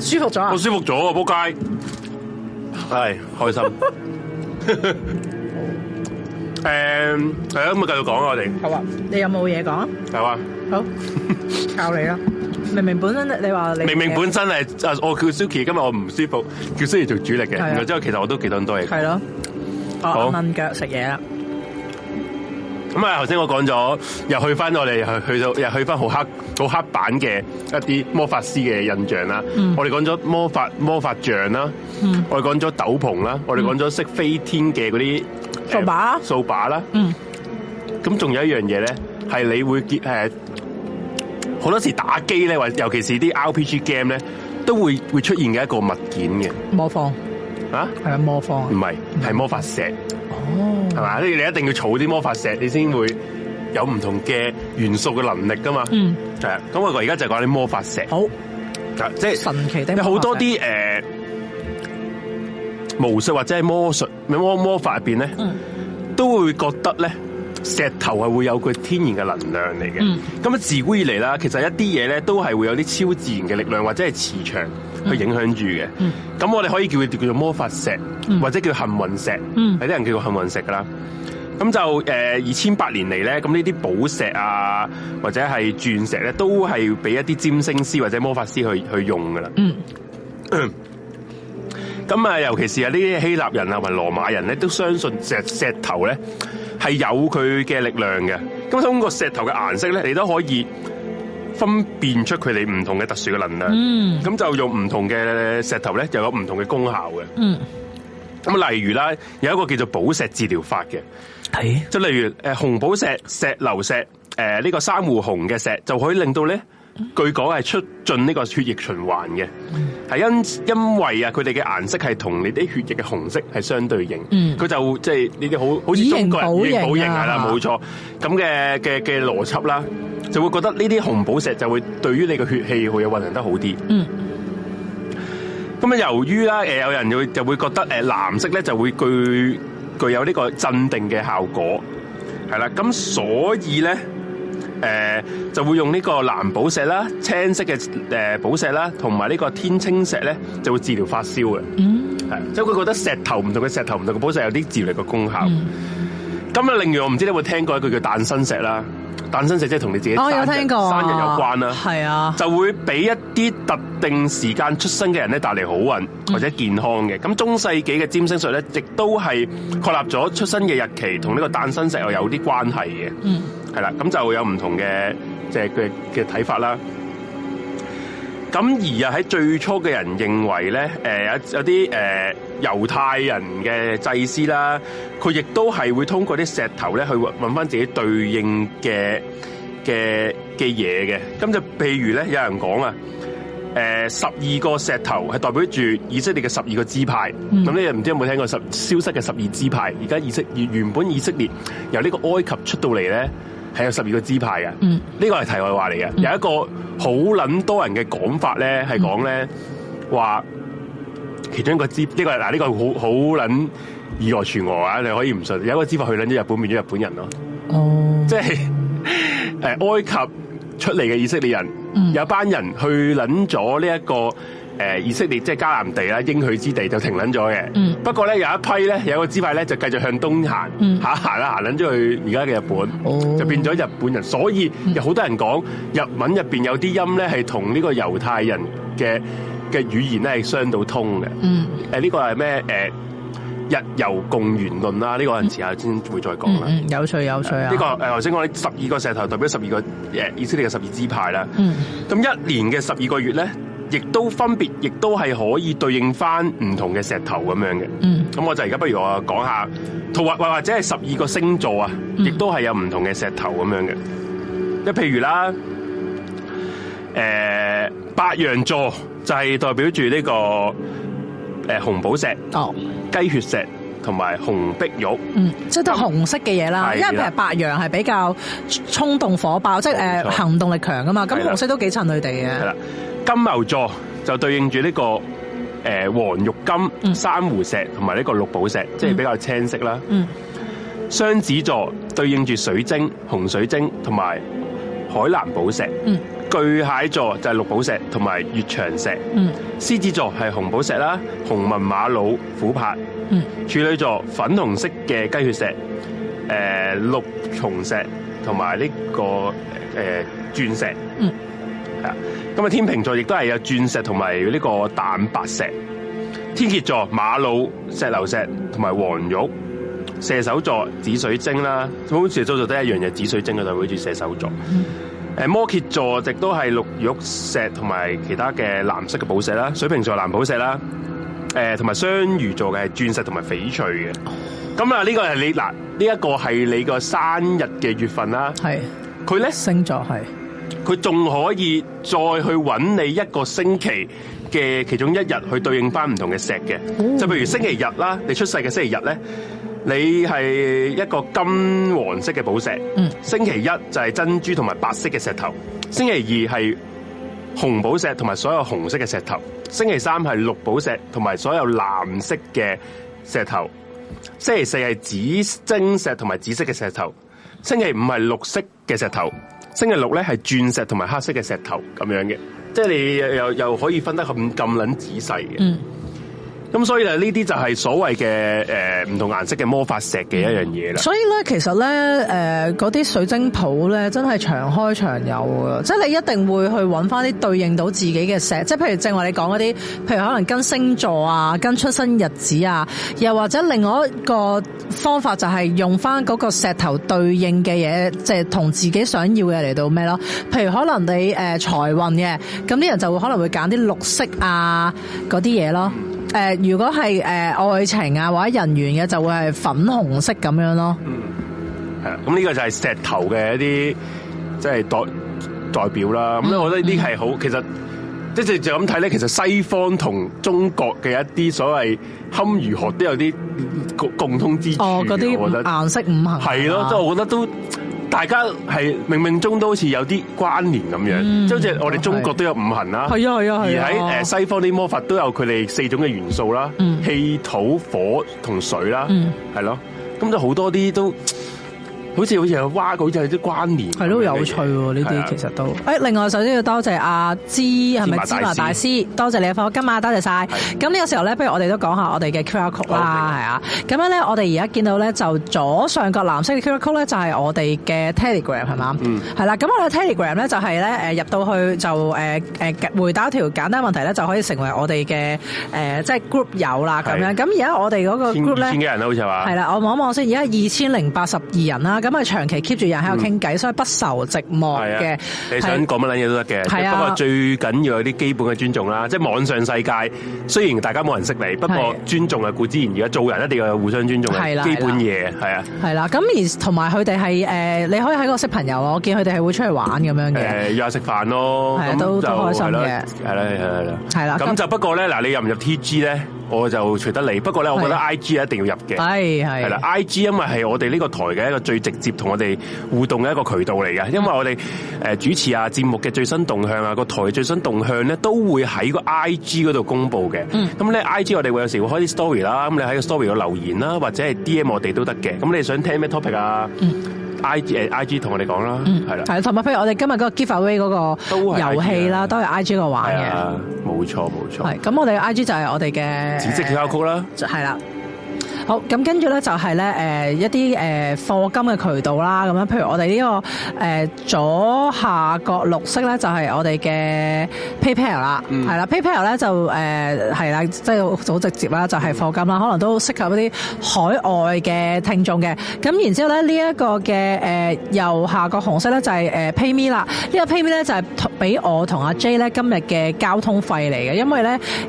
舒服咗啊！我舒服咗啊，仆街，係開心。誒，係啊，咁啊繼續講啊，我哋。好啊，你有冇嘢講？係啊，好靠你啦。明明本身你你話你明明本身係誒，我叫 Suki，今日我唔舒服，叫 Suki 做主力嘅。係啊。然之後其實我都幾多嘢。係咯。好，問腳食嘢啦。咁啊，頭先我講咗，又去翻我哋去去到，又去翻好黑好黑板嘅一啲魔法師嘅印象啦、嗯嗯。我哋講咗魔法魔法杖啦，我哋講咗斗篷啦，我哋講咗識飛天嘅嗰啲掃把掃把啦。嗯、呃，咁仲、嗯、有一樣嘢咧，係你會誒，好多時打機咧，或者尤其是啲 RPG game 咧，都會會出現嘅一個物件嘅魔方啊，係啊，魔方唔係，係魔法石。係嘛？所以你一定要儲啲魔法石，你先會有唔同嘅元素嘅能力㗎嘛。嗯，係啊。咁我而家就講啲魔法石。好，即係、就是、神奇的。有好多啲誒、呃，巫術，或者係魔術、魔魔法入邊咧，都會覺得咧，石頭係會有佢天然嘅能量嚟嘅。咁、嗯、啊自古以來啦，其實一啲嘢咧都係會有啲超自然嘅力量或者係磁場去影響住嘅，咁、嗯、我哋可以叫佢叫做魔法石，嗯、或者叫幸運石，有啲人叫做幸運石噶啦。咁就誒，二千八年嚟咧，咁呢啲寶石啊，或者係鑽石咧，都係俾一啲占星師或者魔法師去去用噶啦。咁、嗯、啊， 尤其是啊呢啲希臘人啊，同羅馬人咧，都相信石石頭咧係有佢嘅力量嘅。咁通過石頭嘅顏色咧，你都可以，分辨出佢哋唔同嘅特殊嘅能量，咁、嗯、就用唔同嘅石頭咧，就有唔同嘅功效嘅。咁、嗯、啊，例如啦，有一個叫做寶石治療法嘅，係即係例如誒、呃、紅寶石、石榴石、誒、呃、呢、這個珊瑚紅嘅石，就可以令到咧。據講係促進呢個血液循環嘅，係、嗯、因因為啊，佢哋嘅顏色係同你啲血液嘅紅色係相對應，佢、嗯、就即係呢啲好好似中國人以寶型係啦，冇錯咁嘅嘅嘅邏輯啦，就會覺得呢啲紅寶石就會對於你嘅血氣會有運行得好啲。咁、嗯、啊，由於啦，誒，有人就就會覺得誒，藍色咧就會具具有呢個鎮定嘅效果，係啦，咁所以咧。誒、呃，就會用呢個藍寶石啦、青色嘅誒寶石啦，同埋呢個天青石咧，就會治療發燒嘅。嗯，係，即係佢覺得石頭唔同嘅石頭唔同嘅寶石有啲治療力嘅功效。今、嗯、日另外我唔知道你有冇聽過一句叫誕生石啦。誕生石即係同你自己生日，哦，有聽過生日有關啦，啊，係啊，就會俾一啲特定時間出生嘅人咧帶嚟好運或者健康嘅。咁中世紀嘅占星術咧，亦都係確立咗出生嘅日期同呢個誕生石又有啲關係嘅。嗯，係啦，咁，嗯，就會有唔同嘅即係嘅嘅睇法啦。咁而啊喺最初嘅人認為咧，誒，呃，有有啲誒。呃猶太人嘅祭司啦，佢亦都係會通過啲石頭咧去揾翻自己對應嘅嘅嘅嘢嘅。咁就譬如咧，有人講啊，誒十二個石頭係代表住以色列嘅十二個支派。咁、嗯、你哋，唔知有冇聽過十，消失嘅十二支派？而家以色原原本以色列由呢個埃及出到嚟咧，係有十二個支派嘅。嗯，呢個係題外話嚟嘅、嗯。有一個好撚多人嘅講法咧，係講咧話。嗯其中一個支呢、這個嗱呢、這個好好撚以訛傳訛啊！你可以唔信，有一個支派去撚咗日本變咗日本人咯。哦、oh.，即係誒埃及出嚟嘅以色列人，mm. 有一班人去撚咗呢一個誒、呃、以色列即係迦南地啦，應許之地就停撚咗嘅。Mm. 不過咧有一批咧有一個支派咧就繼續向東行，行行啦行撚咗去而家嘅日本，oh. 就變咗日本人。所以有好多人講、mm. 日文入邊有啲音咧係同呢個猶太人嘅。嘅語言咧係相到通嘅。嗯。呢、呃呢個係咩、呃？日月共圓論啦。呢、呢個我時候先會再講啦、嗯嗯。有趣有趣啊。呢、呃呢個我先講，講十二個石頭代表十二個以、呃、意思嘅十二支派啦。嗯。咁一年嘅十二個月咧，亦都分別，亦都係可以對應翻唔同嘅石頭咁樣嘅。嗯。咁我就而家不如我講下，或或或者係十二個星座啊、嗯，亦都係有唔同嘅石頭咁樣嘅。即譬如啦，誒白羊座，就係、是，代表住呢、這個誒、呃、紅寶石、哦，雞血石同埋紅碧玉，嗯，即係都係紅色嘅嘢啦。因為譬如白羊係比較衝動、火爆，即係誒行動力強啊嘛。咁、嗯、紅色都幾襯佢哋嘅。係、嗯、啦，金牛座就對應住呢、這個誒、呃、黃玉金、珊瑚石同埋呢個綠寶石，嗯、即係比較青色啦。嗯，雙子座對應住水晶、紅水晶同埋海藍寶石。嗯。巨蟹座就係綠寶石同埋月長石，獅、嗯、子座係紅寶石啦，紅紋馬瑙琥珀、嗯，處女座粉紅色嘅雞血石，誒、呃、綠松石同埋呢個誒鑽、呃、石，啊、嗯，咁啊天秤座亦都係有鑽石同埋呢個蛋白石，天蠍座馬瑙石榴石同埋黃玉，射手座紫水晶啦，好似做做都係一樣嘢，紫水晶嘅代好似射手座。嗯誒，摩羯座亦都係綠玉石同埋其他嘅藍色嘅寶石啦，水瓶座藍寶石啦，誒，同埋雙魚座嘅係鑽石同埋翡翠嘅。咁啊，呢個係你嗱，呢一個係你個生日嘅月份啦。係。佢咧星座係，佢仲可以再去揾你一個星期嘅其中一日去對應翻唔同嘅石嘅、嗯，就譬如星期日啦，你出世嘅星期日咧。你係一個金黃色嘅寶石，嗯，星期一就係珍珠同埋白色嘅石頭，星期二係紅寶石同埋所有紅色嘅石頭，星期三係綠寶石同埋所有藍色嘅石頭，星期四係紫晶石同埋紫色嘅石頭，星期五係綠色嘅石頭，星期六咧係鑽石同埋黑色嘅石頭咁樣嘅，即係你又又可以分得咁咁捻仔細嘅。嗯咁所以咧，呢啲就係所謂嘅誒唔同顏色嘅魔法石嘅一樣嘢啦。所以咧，其實咧，誒嗰啲水晶鋪咧，真係長開長有嘅，即係你一定會去搵翻啲對應到自己嘅石，即係譬如正話你講嗰啲，譬如可能跟星座啊，跟出生日子啊，又或者另外一個方法就係用翻嗰個石頭對應嘅嘢，即係同自己想要嘅嘢嚟到咩咯？譬如可能你誒、呃、財運嘅，咁啲人就會可能會揀啲綠色啊嗰啲嘢咯。誒，如果係誒愛情啊或者人緣嘅，就會係粉紅色咁樣咯。嗯，係啊，咁呢個就係石頭嘅一啲即係代代表啦。咁我覺得呢啲係好，其實即係就咁睇，咧。其實西方同中國嘅一啲所謂堪輿學都有啲共共通之處。哦，嗰啲顏色五行係咯，即係我覺得都。大家係冥冥中都好似有啲關聯咁樣，即好似我哋中國都有五行啦，而喺誒西方啲魔法都有佢哋四種嘅元素啦，嗯、氣、土、火同水啦，係、嗯、咯，咁就好多啲都。好似好似有挖佢，好似有啲關聯。係咯，有趣喎！呢啲其實都。誒，另外首先要多謝阿芝，係咪？芝華大師，多謝你嘅分享，今晚多謝曬。咁呢個時候咧，不如我哋都講下我哋嘅 QR code 啦，係啊。咁樣咧，我哋而家見到咧，就左上角藍色嘅 QR code 咧，就係我哋嘅 Telegram 係嘛？嗯。係啦，咁我哋嘅 Telegram 咧就係咧，誒入到去就誒誒回答一條簡單問題咧，就可以成為我哋嘅誒即係 group 友啦。咁樣咁而家我哋嗰個 group 咧，二千幾人啦，好似係嘛？係啦，我望一望先，而家二千零八十二人啦。咁啊，長期 keep 住人喺度傾偈，所以不愁寂寞嘅。你想講乜撚嘢都得嘅，不過最緊要有啲基本嘅尊重啦。即係網上世界，雖然大家冇人識你，不過尊重啊固之然，而家做人一定要互相尊重嘅基本嘢，係啊。係啦，咁而同埋佢哋係誒，你可以喺嗰度識朋友啊。我見佢哋係會出去玩咁樣嘅。誒約下食飯咯，都都開心嘅。係啦，係啦，係啦、啊。咁就不過咧，嗱，你入唔入 T G 咧？我就隨得你。不過咧，我覺得 I G 一定要入嘅。係、hey，係。係啦，I G 因為係我哋呢個台嘅一個最直接同我哋互動嘅一個渠道嚟嘅，因為我哋誒主持啊節目嘅最新動向啊個台最新動向咧都會喺個 I G 嗰度公布嘅。咁咧 I G 我哋會有時會開啲 story 啦，咁你喺個 story 度留言啦，或者係 D M 我哋都得嘅。咁你想聽咩 topic 啊？I G 同我哋講啦，係、嗯、啦，係同埋譬如我哋今日嗰、嗰個 giveaway 嗰、嗯嗯嗰個遊戲啦，都係 I G 個玩嘅，冇錯冇錯。係咁，我哋嘅 I G 就係我哋嘅辭職交曲啦，係啦。好咁，跟住咧就係咧誒一啲誒課金嘅渠道啦，咁樣譬如我哋呢個誒左下角綠色咧、mm.，就係我哋嘅 PayPal 啦，係啦，PayPal 咧就誒係啦，即係好直接啦，就係課金啦，可能都適合一啲海外嘅聽眾嘅。咁然之後咧，呢一個嘅誒右下角紅色咧就係誒 PayMe 啦，呢個 PayMe 咧就係俾我同阿 J 咧今日嘅交通費嚟嘅，因為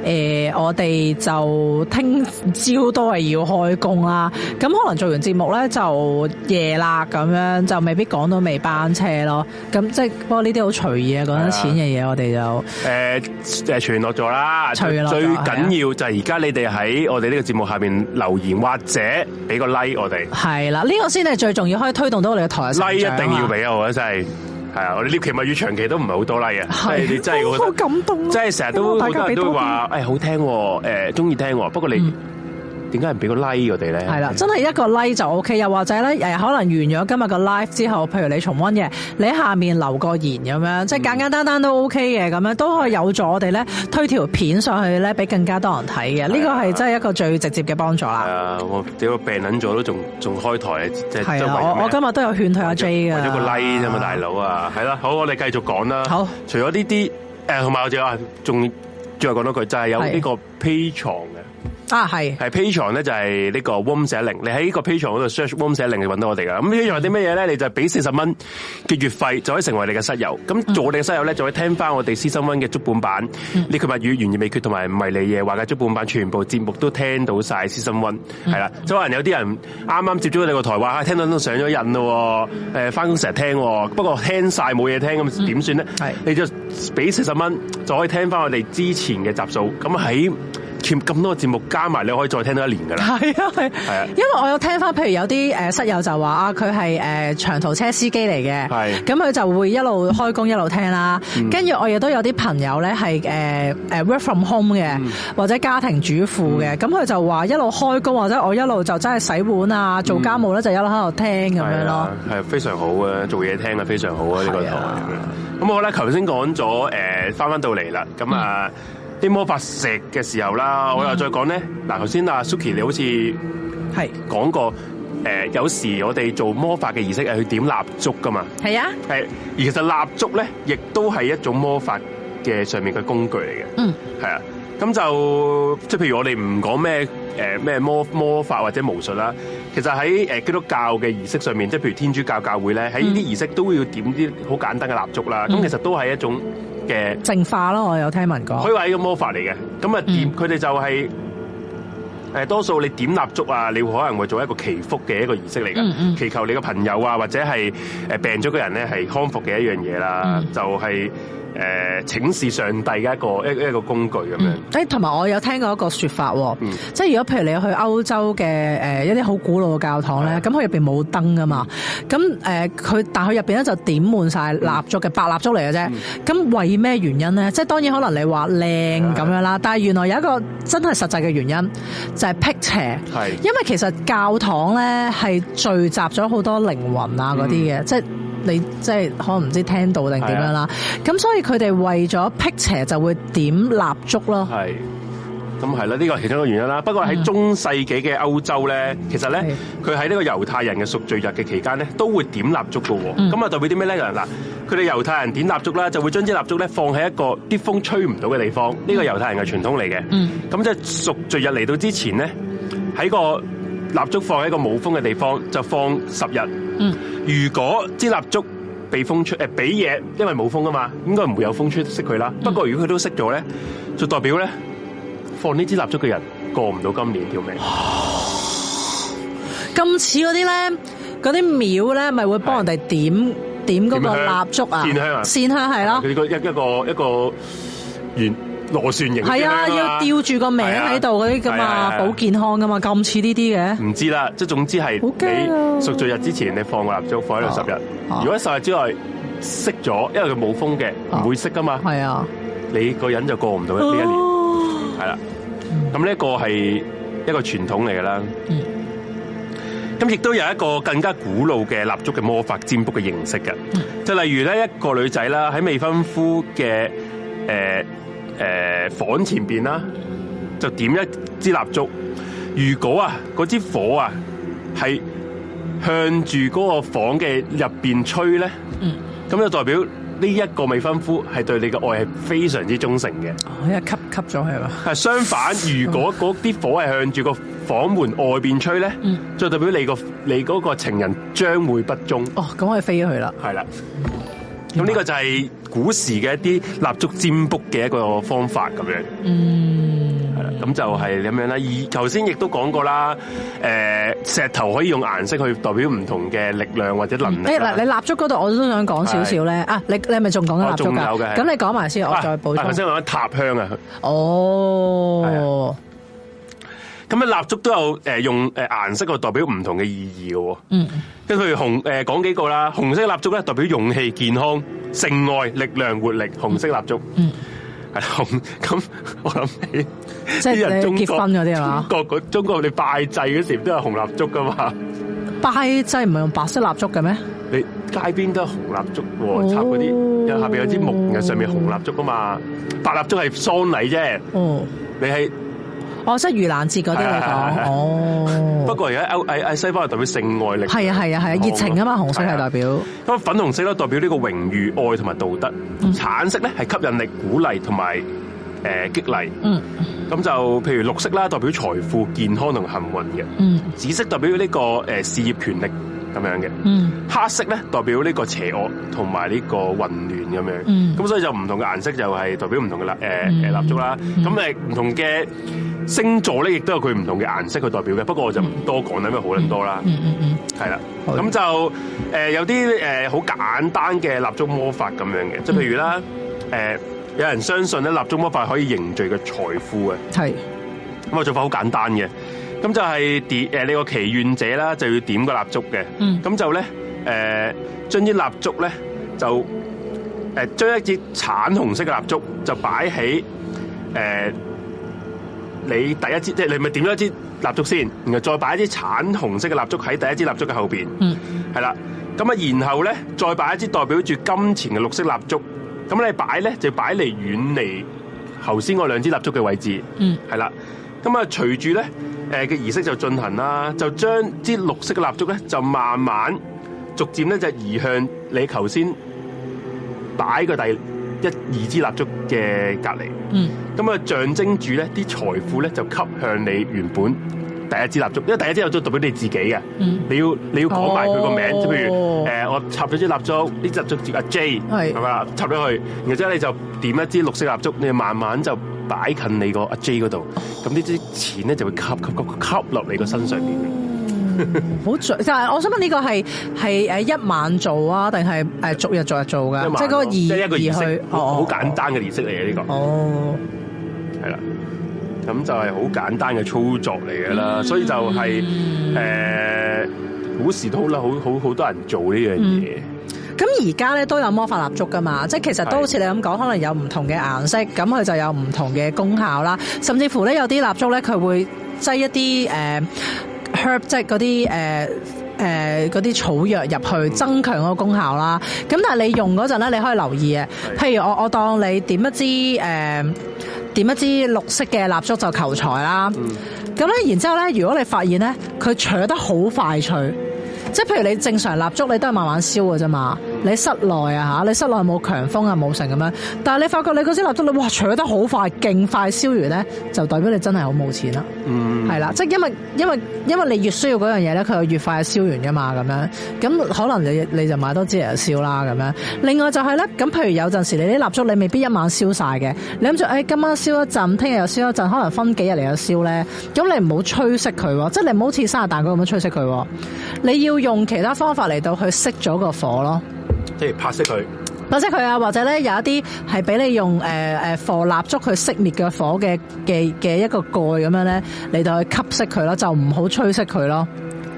咧誒我哋就聽朝都係要開。開工啦，咁可能做完節目咧就夜啦，咁樣就未必講到尾班車咯。咁即係，不過呢啲好隨意啊，講緊錢嘅嘢我哋就誒誒全落咗啦。最緊要就係而家你哋喺我哋呢個節目下面留言或者俾個 like 我哋係啦，呢、這個先係最重要，可以推動到我哋嘅台。like 一定要俾啊、就是！我真係係啊，我哋呢期蜜語長期都唔係好多 like 嘅，即係你真係好感動，即係成日都，都大家都話誒好聽，誒中意聽。不過你。嗯點解人俾個 like 我哋咧？係啦，真係一個 like 就 O K，又或者咧，誒，可能完咗今日個 live 之後，譬如你重溫嘅，你喺下面留個言咁樣，即係簡簡單單都 O K 嘅，咁樣都可以有助我哋咧推條片上去咧，俾更加多人睇嘅。呢個係真係一個最直接嘅幫助啦。啊，我幾個病撚咗都仲仲開台，即係我，我今日都有勸退阿 J 嘅。為咗個 like 啫嘛，啊、大佬啊，係啦，好，我哋繼續講啦。好。除咗呢啲，誒，同埋我就話，仲最後講多句，就係有呢個 Patreon。啊，係，係 Patreon 咧就係、是、呢個 Warm 蛇靈，你喺呢個 Patreon 嗰度 search Warm 蛇靈，你搵到我哋噶。咁 Patreon 係啲咩嘢咧？你就俾四十蚊嘅月費，就可以成為你嘅室友。咁做我哋嘅室友咧，就可以聽翻我哋 Season One 嘅足本版《呢、嗯、句物語懸而未決》同埋《迷離夜》話嘅足本版全部節目都聽到晒 Season One，係、嗯、啦。即係可能有啲人啱啱接咗你個個台，話、啊，聽到都上咗癮咯。誒、呃，翻工成日聽、哦，不過聽晒冇嘢聽，咁點算咧？係、嗯，你就俾四十蚊，就可以聽翻我哋之前嘅集數。咁喺咁多節目加埋，你可以再聽到一年噶啦。係啊，係。因為我有聽翻，譬如有啲誒室友就話啊，佢係長途車司機嚟嘅。咁佢就會一路開工一路聽啦。跟、嗯、住我亦都有啲朋友咧係 work from home 嘅、嗯，或者家庭主婦嘅。咁、嗯、佢就話一路開工或者我一路就真係洗碗啊、嗯、做家務咧，就一路喺度聽咁樣咯。係非常好啊，做嘢聽啊，非常好啊呢個。咁我咧頭先講咗誒翻翻到嚟啦。咁啊。這個啲魔法石嘅時候啦，我又再講咧。嗱，頭先阿 Suki 你好似講過，誒有時我哋做魔法嘅儀式係去點蠟燭㗎嘛。係啊，係。而其實蠟燭咧，亦都係一種魔法嘅上面嘅工具嚟嘅。嗯，係啊。咁就即係譬如我哋唔講咩誒咩魔魔法或者巫術啦，其實喺誒基督教嘅儀式上面，即係譬如天主教教會咧，喺呢啲儀式都要點啲好簡單嘅蠟燭啦。咁、嗯、其實都係一種嘅淨化咯。我有聽聞過，佢話係一個魔法嚟嘅。咁啊點？佢、嗯、哋就係、是、誒，多數你點蠟燭啊，你可能會做一個祈福嘅一個儀式嚟嘅、嗯嗯。祈求你嘅朋友啊，或者係誒病咗嘅人咧，係康復嘅一樣嘢啦。就係、是。誒、呃，請示上帝嘅一個一一個工具咁樣。誒、嗯，同埋我有聽過一個說法，嗯、即係如果譬如你去歐洲嘅誒、呃、一啲好古老嘅教堂咧，咁佢入邊冇燈噶嘛，咁誒佢但係佢入邊咧就點滿晒蠟燭嘅白蠟燭嚟嘅啫。咁、嗯、為咩原因咧？即係當然可能你話靚咁樣啦、嗯，但係原來有一個真係實際嘅原因就係、是、辟邪，係、嗯、因為其實教堂咧係聚集咗好多靈魂啊嗰啲嘅，即係。你即係可能唔知聽到定點樣啦，咁所以佢哋為咗辟邪就會點蠟燭咯。係，咁係啦，呢個係其中一個原因啦。不過喺中世紀嘅歐洲咧、嗯，其實咧佢喺呢個猶太人嘅贖罪日嘅期間咧，都會點蠟燭㗎喎。咁、嗯、啊代表啲咩咧？嗱，佢哋猶太人點蠟燭咧，就會將啲蠟燭咧放喺一個啲風吹唔到嘅地方。呢、嗯這個猶太人嘅傳統嚟嘅。咁即係贖罪日嚟到之前咧，喺個。蠟燭放喺一個冇風嘅地方，就放十日。嗯，如果支蠟燭被風吹誒，俾、呃、嘢，因為冇風啊嘛，應該唔會有風吹熄佢啦。不過如果佢都熄咗咧，就代表咧，放呢支蠟燭嘅人過唔到今年條命。咁似嗰啲咧，嗰啲廟咧，咪會幫人哋點點嗰個蠟燭啊？線香啊，線香係咯。佢個一一個一個，一個原螺旋形係啊，要吊住個名喺度嗰啲噶嘛、啊啊啊啊啊，保健康噶嘛，咁似呢啲嘅。唔知啦，即係總之係你熟聚日之前，你放個蠟燭放喺度十日，啊。如果喺十日之內熄咗，因為佢冇風嘅，唔、啊、會熄噶嘛。係啊，你個人就過唔到呢一年係啦。咁呢一個係一個傳統嚟㗎啦。咁亦都有一個更加古老嘅蠟燭嘅魔法占卜嘅形式嘅，嗯，就例如咧一個女仔啦，喺未婚夫嘅誒。呃誒、呃，房前邊啦，就點一支蠟燭。如果啊，嗰支火啊係向住嗰個房嘅入邊吹咧，嗯，咁就代表呢一個未婚夫係對你嘅愛係非常之忠誠嘅。哦，因為吸吸咗係嘛？係相反，如果嗰啲火係向住個房門外邊吹咧，嗯，就代表你、嗰個你個情人將會不忠。哦，咁可以飛去啦。係啦。咁呢個就係古時嘅一啲蠟燭占卜嘅一個方法咁樣，嗯，係啦，咁就係咁樣啦。而頭先亦都講過啦，誒，石頭可以用顏色去代表唔同嘅力量或者能力。嗱，你蠟燭嗰度我都想講少少咧。啊，你你係咪仲講緊蠟燭？有嘅。咁你講埋先，我再補充。頭先、啊、講塔香啊。哦。咁啊，蠟燭都有誒，用誒顏色去代表唔同嘅意義嘅。嗯，跟住譬如紅誒，講幾個啦，紅色蠟燭咧代表勇氣、健康、性愛、力量、活力。紅色蠟燭，嗯，係啦紅。咁我諗起，即係你結婚嗰啲係嘛？國國中國我哋拜祭嗰時都係紅蠟燭噶嘛？拜祭唔係用白色蠟燭嘅咩？你街邊都係紅蠟燭喎，插嗰啲，又下邊有支木，又上面紅蠟燭噶嘛？白蠟燭係喪禮啫。哦，你係。哦，即係如難節嗰啲嚟講，哦。不過而家歐誒誒，西方係代表性愛力，係啊係啊係啊，熱、啊啊、情啊嘛，紅色係代表。啊、粉紅色咧代表呢個榮譽、愛同埋道德。嗯、橙色咧係吸引力、鼓勵同埋誒激勵。嗯。咁就譬如綠色啦，代表財富、健康同幸運嘅。嗯。紫色代表呢、這個誒、呃、事業、權力。咁樣嘅、嗯，黑色咧代表呢個邪惡同埋呢個混亂咁樣，咁、嗯、所以就唔同嘅顏色就係代表唔同嘅蠟誒誒蠟燭啦，咁誒唔同嘅星座咧亦都有佢唔同嘅顏色去代表嘅，不過我就唔多講啦，因為好撚多啦，係、嗯、啦，咁、嗯嗯嗯、就誒、呃、有啲誒好簡單嘅蠟燭魔法咁樣嘅，即係譬如啦，誒、嗯呃、有人相信咧蠟燭魔法可以凝聚嘅財富嘅，係咁啊做法好簡單嘅。咁就係點你個祈願者啦，就要點個蠟燭嘅。咁、嗯、就咧誒、呃，將啲蠟燭咧就、呃、將一支橙紅色嘅蠟燭就擺喺誒、呃、你第一支，即係你咪點咗一支蠟燭先，然後再擺一支橙紅色嘅蠟燭喺第一支蠟燭嘅後面。嗯，係啦。咁啊，然後咧再擺一支代表住金錢嘅綠色蠟燭。咁你擺咧就擺嚟遠離頭先嗰兩支蠟燭嘅位置。嗯，係啦。咁啊，隨住咧。誒，嘅儀式就進行啦，就將支綠色嘅蠟燭咧，就慢慢逐漸咧就移向你頭先擺個第一二支蠟燭嘅隔籬。嗯，咁啊，象徵住咧啲財富咧就吸向你原本第一支蠟燭，因為第一支蠟燭讀俾你自己嘅、嗯，你要你要講埋佢個名，即、哦、譬如誒，我插咗支蠟燭，呢支蠟燭叫阿 J，係咪啊？插咗去，然後之後你就點一支綠色蠟燭，你就慢慢就擺近你個阿 J 嗰度，咁呢啲錢咧就會吸吸吸落你個身上面、哦。 好就係，我想問呢個係係誒一晚做啊，定係誒逐日逐日做㗎？即係嗰個儀、就係、儀式，好、哦哦、簡單嘅儀式嚟嘅呢個。哦，係啦。咁就係好簡單嘅操作嚟嘅啦，所以就係、是、誒，古、mm. 呃、時都好啦，好好好多人做、嗯、呢樣嘢。咁而家咧都有魔法蠟燭噶嘛，嗯、即係其實都好似你咁講，可能有唔同嘅顏色，咁佢就有唔同嘅功效啦。甚至乎咧有啲蠟燭咧，佢會擠一啲誒 herb，即係嗰啲誒誒嗰啲草藥入去，增強嗰個功效啦。咁、嗯、但係你用嗰陣咧，你可以留意啊。譬如我我當你點一支誒，點一支綠色嘅蠟燭就求財啦，咁、嗯、咧然之後咧，如果你發現咧，佢取得好快脆，即係譬如你正常蠟燭你都係慢慢燒㗎啫嘛。你室內啊吓，你室內冇強風啊冇成咁樣，但係你發覺你嗰支蠟燭你哇，除得好快，勁快燒完咧，就代表你真係好冇錢啦。嗯，係啦，即係因為因為因為你越需要嗰樣嘢咧，佢就越快燒完噶嘛，咁樣，咁可能你你就買多支嚟燒啦咁樣。另外就係咧，咁譬如有陣時你啲蠟燭你未必一晚燒晒嘅，你諗住誒今晚燒一陣，聽日又燒一陣，可能分幾日嚟到燒咧，咁你唔好吹熄佢，即係你唔好似生日蛋糕咁樣吹熄佢，你要用其他方法嚟到去熄咗個火咯。即係拍熄佢，拍熄佢啊！或者咧有一啲係俾你用誒誒火蠟燭去熄滅嘅火嘅嘅嘅一個蓋咁樣咧，你就去吸熄佢咯，就唔好吹熄佢咯。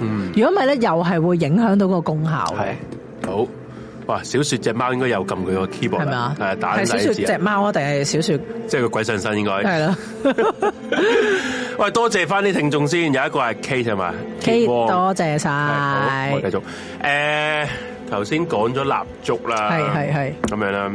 嗯，如果唔係咧，又係會影響到個功效。係好哇！小說隻貓應該有撳佢個 keyboard 係咪啊？係打小說隻貓啊，定係小說 即係個鬼上身應該係啦。喂， 多謝翻啲聽眾先，有一個係 Kate 係嘛 Kate 多謝晒、嗯。我繼續誒。欸頭先講咗蠟燭啦，係係係，咁樣啦。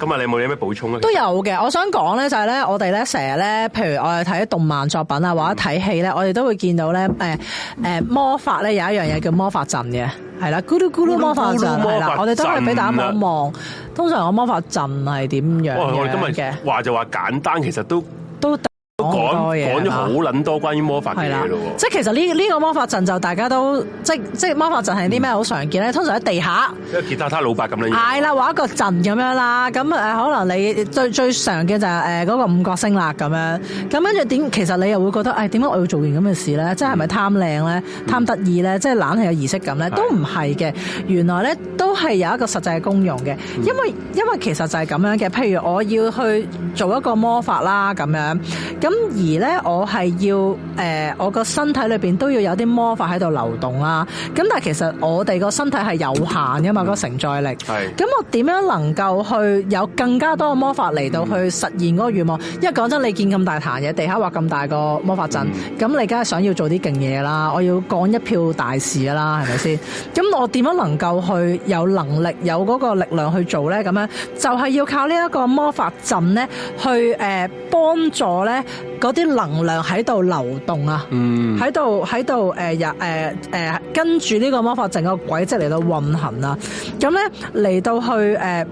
今日你有冇啲咩補充啊？都有嘅，我想講咧就係咧，我哋咧成日咧，譬如我哋睇動漫作品啊，或者睇戲咧，我哋都會見到咧，誒誒魔法咧有一樣嘢叫魔法陣嘅，係啦，咕嚕咕嚕魔法陣啦，我哋都會俾大家望一望。通常個魔法陣係點樣嘅？今日話就話簡單，其實都都。講講咗好捻多，多關於魔法嘅嘢，即係其實呢呢、這個魔法陣就大家都即即係魔法陣係啲咩好常見咧？嗯、通常喺地下，即係他，他老伯咁樣係啦，畫一個陣咁樣啦，咁誒可能你最最常見就係誒嗰個五角星啦咁樣。咁跟住點？其實你又會覺得誒點解我要做完咁嘅事咧？即係係咪貪靚咧？貪、嗯、得意咧？即係懶係有儀式感咧？是都唔係嘅，原來咧都係有一個實際嘅功用嘅，因為、嗯、因為其實就係咁樣嘅。譬如我要去做一個魔法啦，咁樣咁。咁而咧、呃，我係要誒，我個身體裏面都要有啲魔法喺度流動啦。咁但係其實我哋個身體係有限噶嘛， 個承載力。咁 我點樣能夠去有更加多嘅魔法嚟到去實現嗰個願望？因為講真，你見咁大壇嘢，地下畫咁大個魔法陣，咁 你梗係想要做啲勁嘢啦，我要幹一票大事啦，係咪先？咁 我點樣能夠去有能力有嗰個力量去做咧？咁樣就係要靠呢一個魔法陣咧，去、呃、幫助咧。嗰啲能量喺度流動啊，喺度喺度誒，誒誒、呃呃呃、跟住呢個魔法陣個軌跡嚟到運行啦，咁咧嚟到去誒，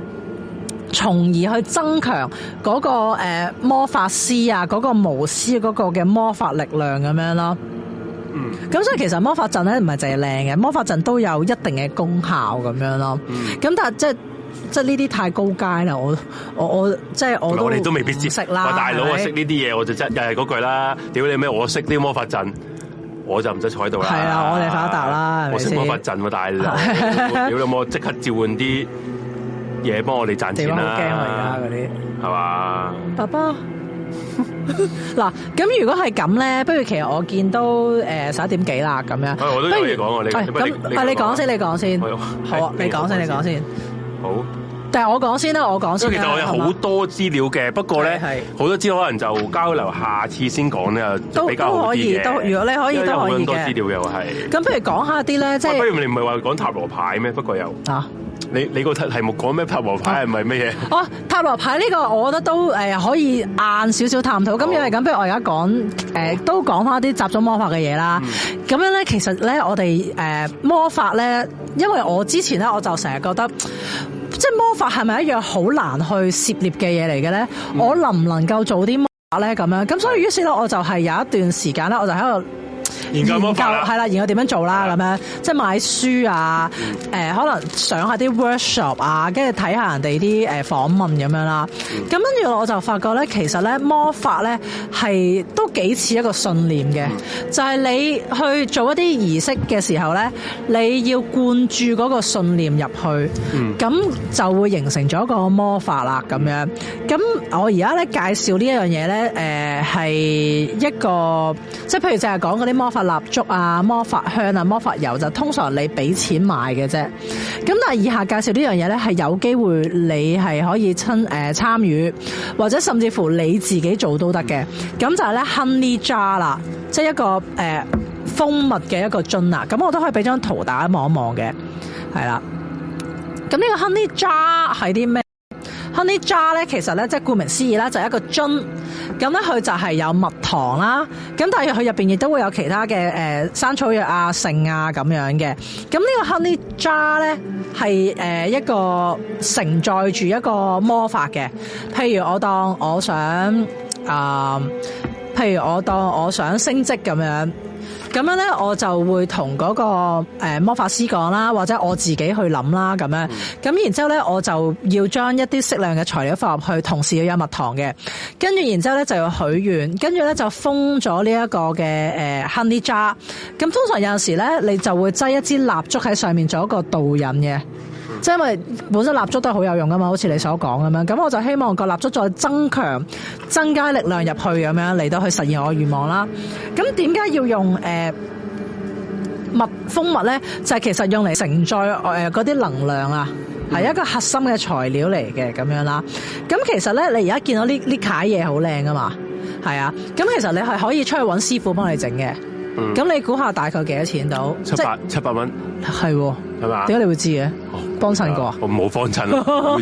從、呃、而去增強嗰、那個誒、呃、魔法師啊，嗰、那個巫師嗰個嘅魔法力量咁樣咯。嗯，咁所以其實魔法陣咧唔係淨係靚嘅，魔法陣都有一定嘅功效咁樣咯。咁、嗯、但係即係。即係呢啲太高階啦！我我我即係我我哋都未必知我識啦。大佬啊，識呢啲嘢我就真又係嗰句啦。屌你咩我識啲魔法陣，我就唔使坐喺度啦。係啦，我哋發達啦。我識魔法陣，但係屌你有冇即刻召喚啲嘢幫我哋賺錢啦。好驚我而家嗰啲係嘛？爸爸嗱，咁 如果係咁咧，不如其實我見都誒十一點幾啦咁樣，我都有嘢講。不如講我你咁啊？你講先、哎，你講先說說。好啊，你講先說說，你講先，說說你先說說。好，但係我講先啦，我講先啦，咁其實我有好多資料嘅，不過咧，好多資料可能就交流下次先講咧，都比較好啲嘅。都，如果你可以有多都可以嘅。咁不如講下啲咧，即係不如你唔係話講塔羅牌咩？不過又啊。你你個題目講咩，啊啊？塔羅牌係咪乜嘢？哦，塔羅牌呢個我覺得都誒可以晏少少探討。咁、哦、因為咁，不如我而家講誒，都講翻啲集中魔法嘅嘢啦。咁樣咧，其實咧，我哋誒魔法咧，因為我之前咧，我就成日覺得，即、就、係、是、魔法係咪一樣好難去涉獵嘅嘢嚟嘅咧？我能唔能夠做啲魔法咧？咁樣咁，所以於是咧，我就係有一段時間咧，我就喺度。研究魔法係啦，研究點樣做啦咁樣，即係買書啊，誒、呃、可能上下啲 workshop 啊，跟住睇下人哋啲誒訪問咁樣啦。咁跟住我就發覺咧，其實咧魔法咧係都幾似一個信念嘅，嗯、就係你去做一啲儀式嘅時候咧，你要灌注嗰個信念入去，咁、嗯、就會形成咗個魔法啦咁樣咁、嗯、我而家咧介紹呢一樣嘢咧，誒係一個即係譬如淨係講啲魔法。蠟燭啊，魔法香啊，魔法油就通常你俾錢買嘅啫。咁但係以下介紹呢樣嘢咧，係有機會你係可以親誒參與，或者甚至乎你自己做都得嘅。咁就係咧，honey jar 啦，即係一個誒、呃、蜂蜜嘅一個樽啊，咁我都可以俾張圖大家望一望嘅，係啦。咁呢個 honey jar 係啲咩？Honey jar 咧，其實咧即係顧名思義啦，就係一個樽。咁咧，佢就係有蜜糖啦。咁但係佢入面亦都會有其他嘅誒生草藥啊、性啊咁樣嘅。咁呢個 honey jar 咧係誒一個承載住一個魔法嘅。譬如我當我想啊、呃，譬如我當我想升職咁樣。咁樣咧，我就會同嗰個魔法師講啦，或者我自己去諗啦，咁樣。咁然之後咧，我就要將一啲適量嘅材料放入去，同時要有蜜糖嘅。跟住然之後咧，就要許願，跟住咧就封咗呢一個嘅誒、呃、honey jar。咁通常有時咧，你就會擠一支蠟燭喺上面做一個導引嘅。即係因為本身蠟燭都係好有用噶嘛，好似你所講咁樣，咁我就希望個蠟燭再增強、增加力量入去咁樣嚟到去實現我嘅願望啦。咁點解要用誒、呃、蜜蜂蜜咧？就係、是、其實用嚟承載誒嗰啲能量啊，係一個核心嘅材料嚟嘅咁樣啦。咁其實咧，你而家見到呢呢塊嘢好靚噶嘛，係啊。咁其實你係可以出去揾師傅幫你整嘅。咁、嗯、你估下大概幾多錢到？七百、就是、七百蚊係係嘛？點解你會知嘅？哦幫襯過啊？我冇幫襯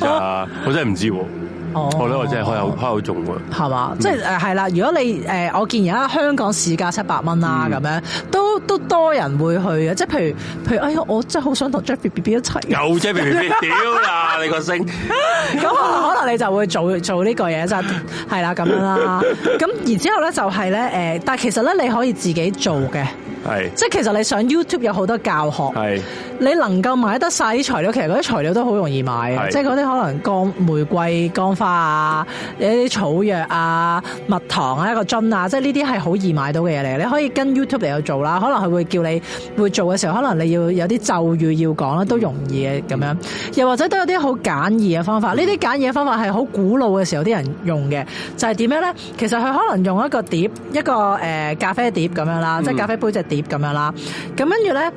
啊，我真係唔知。哦，我咧我真係開開好重喎，係、嗯、嘛？即係誒，係啦。如果你誒、呃，我見而家香港市價七百蚊啦，咁、嗯、樣都都多人會去嘅。即係譬如譬如，哎呀，我真係好想同 Jeffy B B 一齊。有 Jeffy B B？屌啦，你個聲。咁可能 你就會做做呢個嘢，就係啦咁樣啦。咁 然之後咧就係咧誒，但係其實咧你可以自己做嘅。係，即係其實你上 YouTube 有好多教學，你能夠買得晒啲材料，其實啲材料都好容易買，即係啲可能乾玫瑰、乾花啊，有一啲草藥啊、蜜糖啊、一個樽啊，即係呢啲係好易買到嘅嘢嚟。你可以跟 YouTube 嚟去做啦，可能佢會叫你會做嘅時候，可能你要有啲咒語要講啦，都容易嘅咁樣。又或者都有啲好簡易嘅方法，呢、嗯、啲簡易嘅方法係好古老嘅時候啲人用嘅，就係、是、點樣咧？其實佢可能用一個碟，一個誒咖啡碟咁樣啦、嗯，即係咖啡杯隻碟。碟咁樣啦，咁跟住咧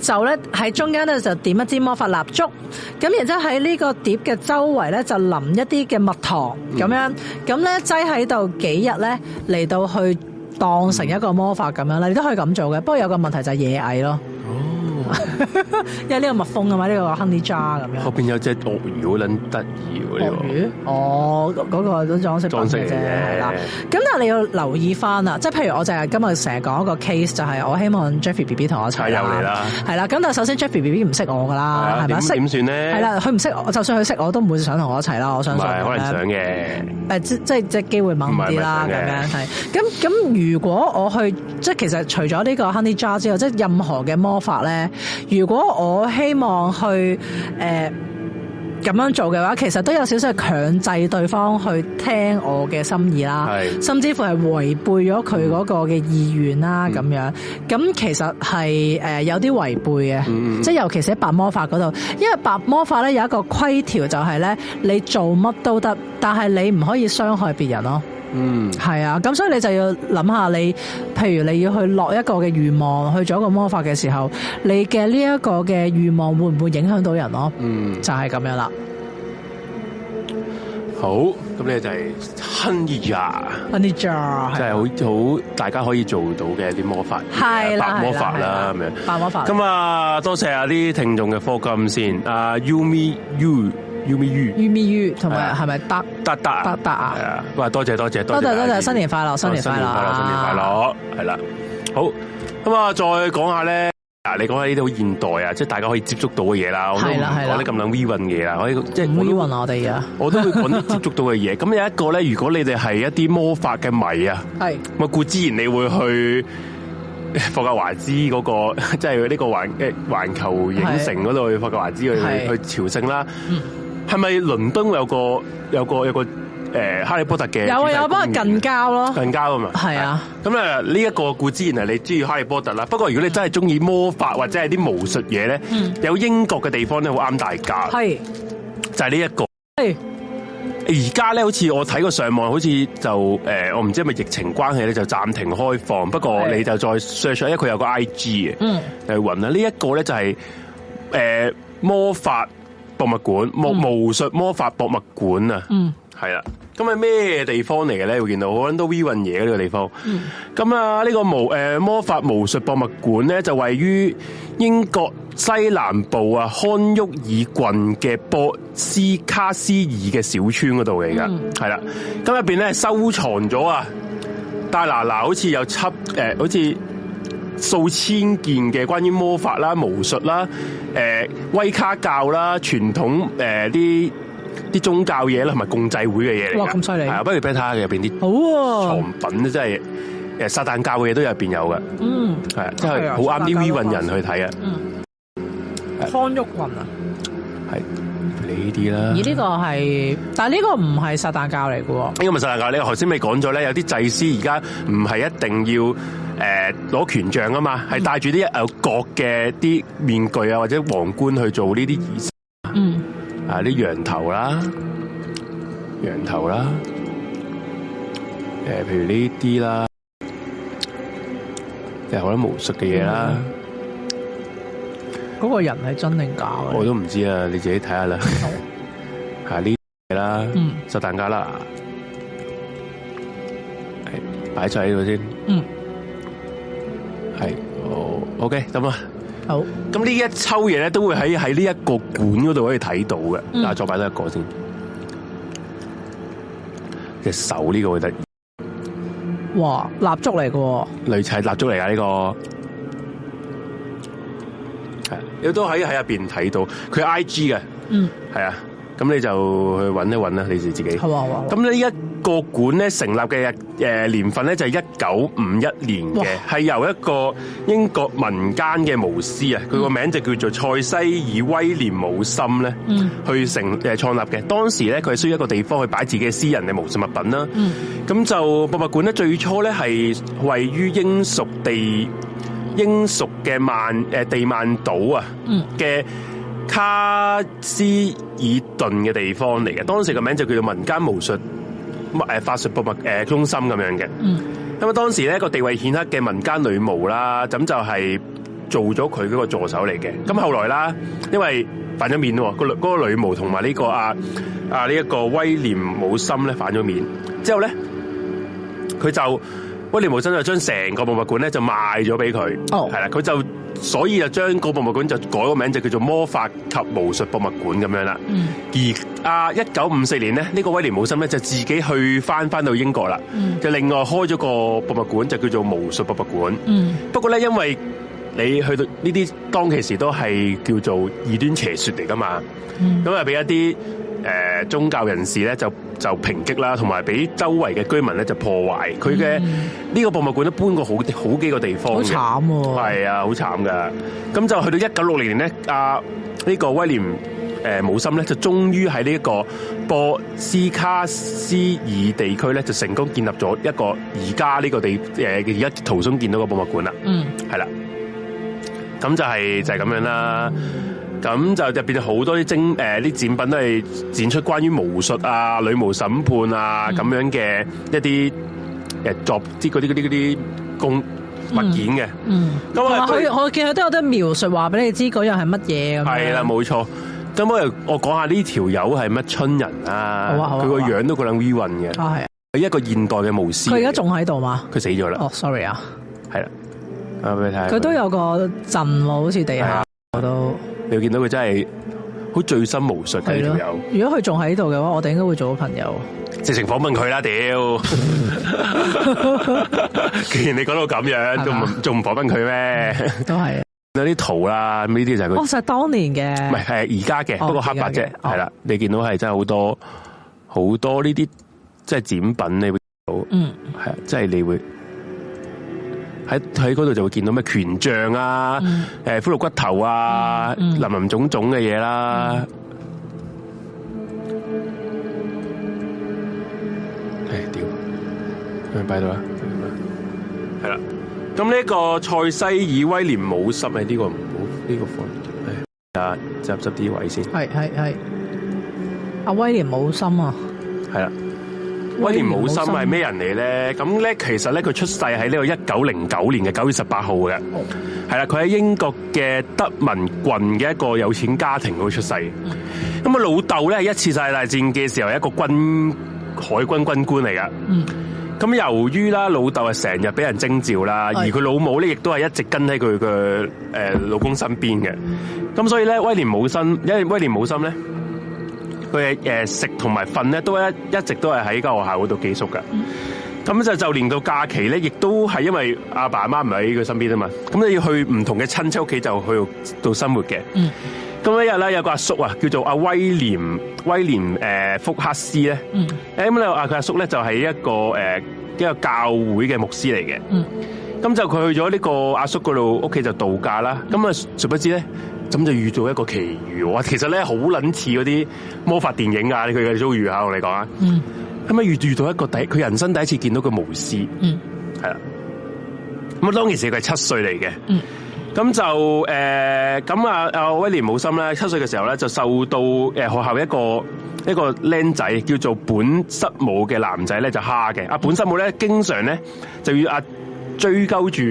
就咧喺中間咧就點一支魔法蠟燭，咁然之後喺呢個碟嘅周圍咧就淋一啲嘅蜜糖，咁樣咁咧擠喺度幾日咧嚟，到去當成一個魔法咁樣啦，嗯、你都可以咁做嘅，不過有個問題就係野蟻咯。 因為呢個蜜蜂啊嘛，呢、這個 honey jar 咁樣。後邊有隻鱷魚好捻得意喎，鱷魚哦，嗰、那個都裝飾裝飾啫。係啦，咁但係你要留意翻啦，即係譬如我就係今日成日講一個 case，就係、是、我希望 Jeffy B B 同我一齊啦。係啦，係啦，咁但係首先 Jeffy B B 唔識我噶啦，係咪？識點算咧？係啦，佢唔識我，就算佢識我，我都唔會想同我一齊啦。我相信。可能想嘅。誒，即係即係機會猛啲啦，咁樣係。咁咁，如果我去，即係其實除咗呢個 honey jar 之外，即係任何嘅魔法咧。如果我希望去誒咁、呃、樣做嘅話，其實都有少少強制對方去聽我嘅心意啦，甚至乎係違背咗佢嗰個嘅意願啦咁樣。咁其實係誒有啲違背嘅，即、嗯、係、嗯、尤其是喺白魔法嗰度，因為白魔法咧有一個規條就係咧，你做乜都得，但係你唔可以傷害別人咯。嗯，係啊，咁所以你就要諗下你，譬如你要去落一個嘅願望，去做一個魔法嘅時候，你嘅呢一個嘅願望會唔會影響到人咯？嗯，就係、是、咁樣啦。好，咁你就係 Anija，Anija 即係好好大家可以做到嘅一啲魔法，係啦魔法啦咁樣，白魔法。咁啊,啊,啊,啊,啊,啊,啊，多謝啊啲聽眾嘅課金先，啊 Yumi Yu。U 咪 U，U 咪 U，同埋係咪得？得得得得啊！多謝多謝，多謝多謝，新年快樂，新年快樂、oh, 新年快樂，係啦、啊啊啊啊，好咁啊！再講下咧，嗱，你講下呢啲好現代啊，即係大家可以接觸到嘅嘢啦。係啦係啦，講啲咁撚 We 運嘢啊，可以即係 We 運我哋啊！我都會講啲接觸到嘅嘢。咁 有一個咧，如果你哋係一啲魔法嘅迷啊，係咁啊，顧之然你會去霍格華茲嗰、嗰個，即係呢個環環球影城嗰度霍格華茲去去朝聖啦， 係咪倫敦有個有個有個誒、欸、哈利波特嘅有啊有，不過近郊咯，近郊啊嘛，係啊，啊。咁啊呢一個故之然係你中意哈利波特啦。不過如果你真係中意魔法或者係啲巫術嘢咧，嗯、有英國嘅地方咧，好啱大家。係、嗯、就係呢一個。係而家咧，好似我睇個上網，好似就誒、呃，我唔知係咪疫情關係咧，就暫停開放。不過你就再 search 因為佢有個 IG 嘅、嗯，嗯、這個就是，誒云啊，呢一個咧就係誒魔法。博物館魔、嗯、魔術魔法博物館啊，係、嗯、啦，咁係咩地方嚟嘅咧？會見到好多 V 運嘢呢個地方，咁啊呢個魔誒、呃、魔法魔術博物館咧就位於英國西南部啊康沃爾郡嘅博斯卡斯爾嘅小村嗰度嚟噶，係、嗯、啦，咁入邊咧收藏咗啊，戴拿嗱嗱好似有七誒、呃、好似。數千件嘅關於魔法啦、巫術啦、誒、呃、威卡教啦、傳統誒啲啲宗教嘢啦，同埋共濟會嘅嘢哇，咁犀利！不如俾睇下入邊啲藏品咧、啊，真係誒撒旦教嘅嘢都入邊有嘅。嗯，係即係好啱啲 V 運人去睇啊。康裕雲啊，係呢啲啦。而呢個係，但係呢個唔係撒旦教嚟嘅喎。呢、嗯啊、個咪撒、這個、撒旦教？你頭先咪講咗咧？有啲祭師而家唔係一定要。誒、呃，攞權杖啊嘛，係戴住啲有角嘅啲面具啊，或者皇冠去做呢啲儀式，啊，嗯，啊啲羊頭啦，羊頭啦，誒、呃，譬如呢啲啦，即係好多巫術嘅嘢啦，嗰、嗯嗰個人係真定假啊我都唔知啊，你自己睇下啦，吓呢啲嘢啦，就、嗯、蛋家啦，擺晒喺呢度先，嗯。係，哦，OK，得啊，好，咁呢一抽嘢咧都會喺喺呢一個館嗰度可以睇到嘅。嗱、嗯，再擺多一個先，隻手呢個會得，哇，蠟燭嚟嘅，類似係蠟燭嚟噶呢個，係，你都可以喺入邊睇到，佢 I G 嘅，嗯，係啊。咁你就去揾一揾啦，你自己。咁呢一個館咧成立嘅年份咧就係一九五一年嘅，係由一個英國民間嘅巫師啊，佢、嗯、個名就叫做塞西爾威廉姆森咧，去成創立嘅。當時咧佢係需要一個地方去擺自己嘅私人嘅巫術物品啦。咁、嗯、就博物館咧最初咧係位於英屬地英屬嘅曼地曼島啊嘅。嗯卡斯爾頓嘅地方嚟嘅，當時個名就叫做民間巫術，誒法術博物誒中心咁樣嘅。咁、嗯、啊，當時咧個地位顯赫嘅民間女巫啦，咁就係做咗佢嗰個助手嚟嘅。咁後來啦，因為反咗面咯，個、那、嗰個女巫同埋呢個啊啊呢一、呢個威廉姆森咧反咗面，之後咧佢就。威廉姆森就將成個博物館咧就賣咗俾佢。係、oh. 啦，佢就所以就將個博物館就改個名就叫做魔法及巫術博物館咁樣啦。Mm. 而啊，一九五四年咧，呢、這個威廉姆森咧就自己去翻翻到英國啦，mm. 就另外開咗個博物館就叫做巫術博物館。Mm. 不過咧，因為你去到呢啲當其時都係叫做異端邪說嚟噶嘛，咁啊俾一啲。誒、呃，宗教人士咧就就抨擊啦，同埋俾周圍嘅居民咧就破壞佢嘅呢個博物館都搬過好好幾個地方。好慘喎！係啊，好慘㗎。咁就去到一九六零年咧，啊呢、這個威廉誒冇心咧就終於喺呢一個波斯卡斯爾地區咧就成功建立咗一個而家呢個地誒而家圖中見到個博物館啦。嗯，係啦、就是。咁就係就係咁樣啦。嗯嗯咁就入邊好多啲精誒啲展品都係展出關於巫術啊、女巫審判啊咁樣嘅一啲誒作啲嗰啲嗰啲啲工物件嘅，咁佢我見佢都有得描述話俾你知嗰樣係乜嘢咁。係啦，冇錯。咁我我講下呢條友係乜春人啊，佢個、啊啊啊、樣都個兩 v n 嘅，係佢、啊啊、一個現代嘅巫師。佢而家仲喺度嘛？佢死咗啦。哦、oh,，sorry 啊，係啦，我俾你睇。佢都有個陣，好似地下。我都會你見到佢真係好醉心無術嘅朋友。如果佢仲喺度嘅話，我哋應該會做好朋友。直情訪問佢啦，屌！ 既然你講到咁樣，仲仲唔訪問佢咩，嗯？都係有啲圖啦，呢啲就係佢。我、哦、確實當年嘅，唔係係而家嘅，不過黑白啫，係啦，哦。你見到係真係好多好多呢啲即係展品，你會到，嗯，係即係你會。喺喺嗰度就會見到咩權杖啊，誒骷髏骨頭啊，林、嗯、林、嗯、種種嘅嘢啦。誒、嗯、屌，佢擺到啦，係啦。咁呢個塞西爾威廉姆森係呢個唔好呢個款係啊，執執啲位先。係係係，阿威廉姆森啊，係啦。威廉姆森係咩人嚟咧？咁咧，其實咧，佢出世喺呢個一九零九年嘅九月十八號嘅，係啦，佢喺英國嘅德文郡嘅一個有錢家庭度出世。咁啊，老豆咧係一次世界大戰嘅時候係一個軍海軍軍官嚟噶、嗯。咁由於啦，老豆係成日俾人徵召啦，而佢老母咧亦都係一直跟喺佢嘅誒老公身邊嘅。咁所以咧，威廉姆森，因為威廉姆森咧。佢、呃、食同埋瞓咧，都一一直都係喺間學校嗰度寄宿㗎。咁、嗯、就就連到假期咧，亦都係因為阿爸阿媽唔喺佢身邊啊嘛。咁就要去唔同嘅親戚屋企就去度生活嘅。咁一日咧，有個阿叔啊，叫做阿威廉威廉、呃、福克斯咧。咁咧阿佢阿叔咧就係、是、一個誒、呃、一個教會嘅牧師嚟嘅。咁、嗯、就佢去咗呢個阿叔嗰度屋企就度假啦。咁、嗯、啊，殊不知咧？咁就遇到一個奇遇喎。其實咧好撚似嗰啲魔法電影㗎，佢嘅遭遇啊，同你講啊，咁啊遇遇到一個第佢人生第一次見到個巫師，係、嗯、啦。咁當其時佢係七歲嚟嘅，咁、嗯、就誒咁、呃、啊啊威廉母心咧，七歲嘅時候咧就受到誒學校一個一個僆仔叫做本失母嘅男仔咧就蝦嘅，啊本失母咧經常咧就要、啊。追究住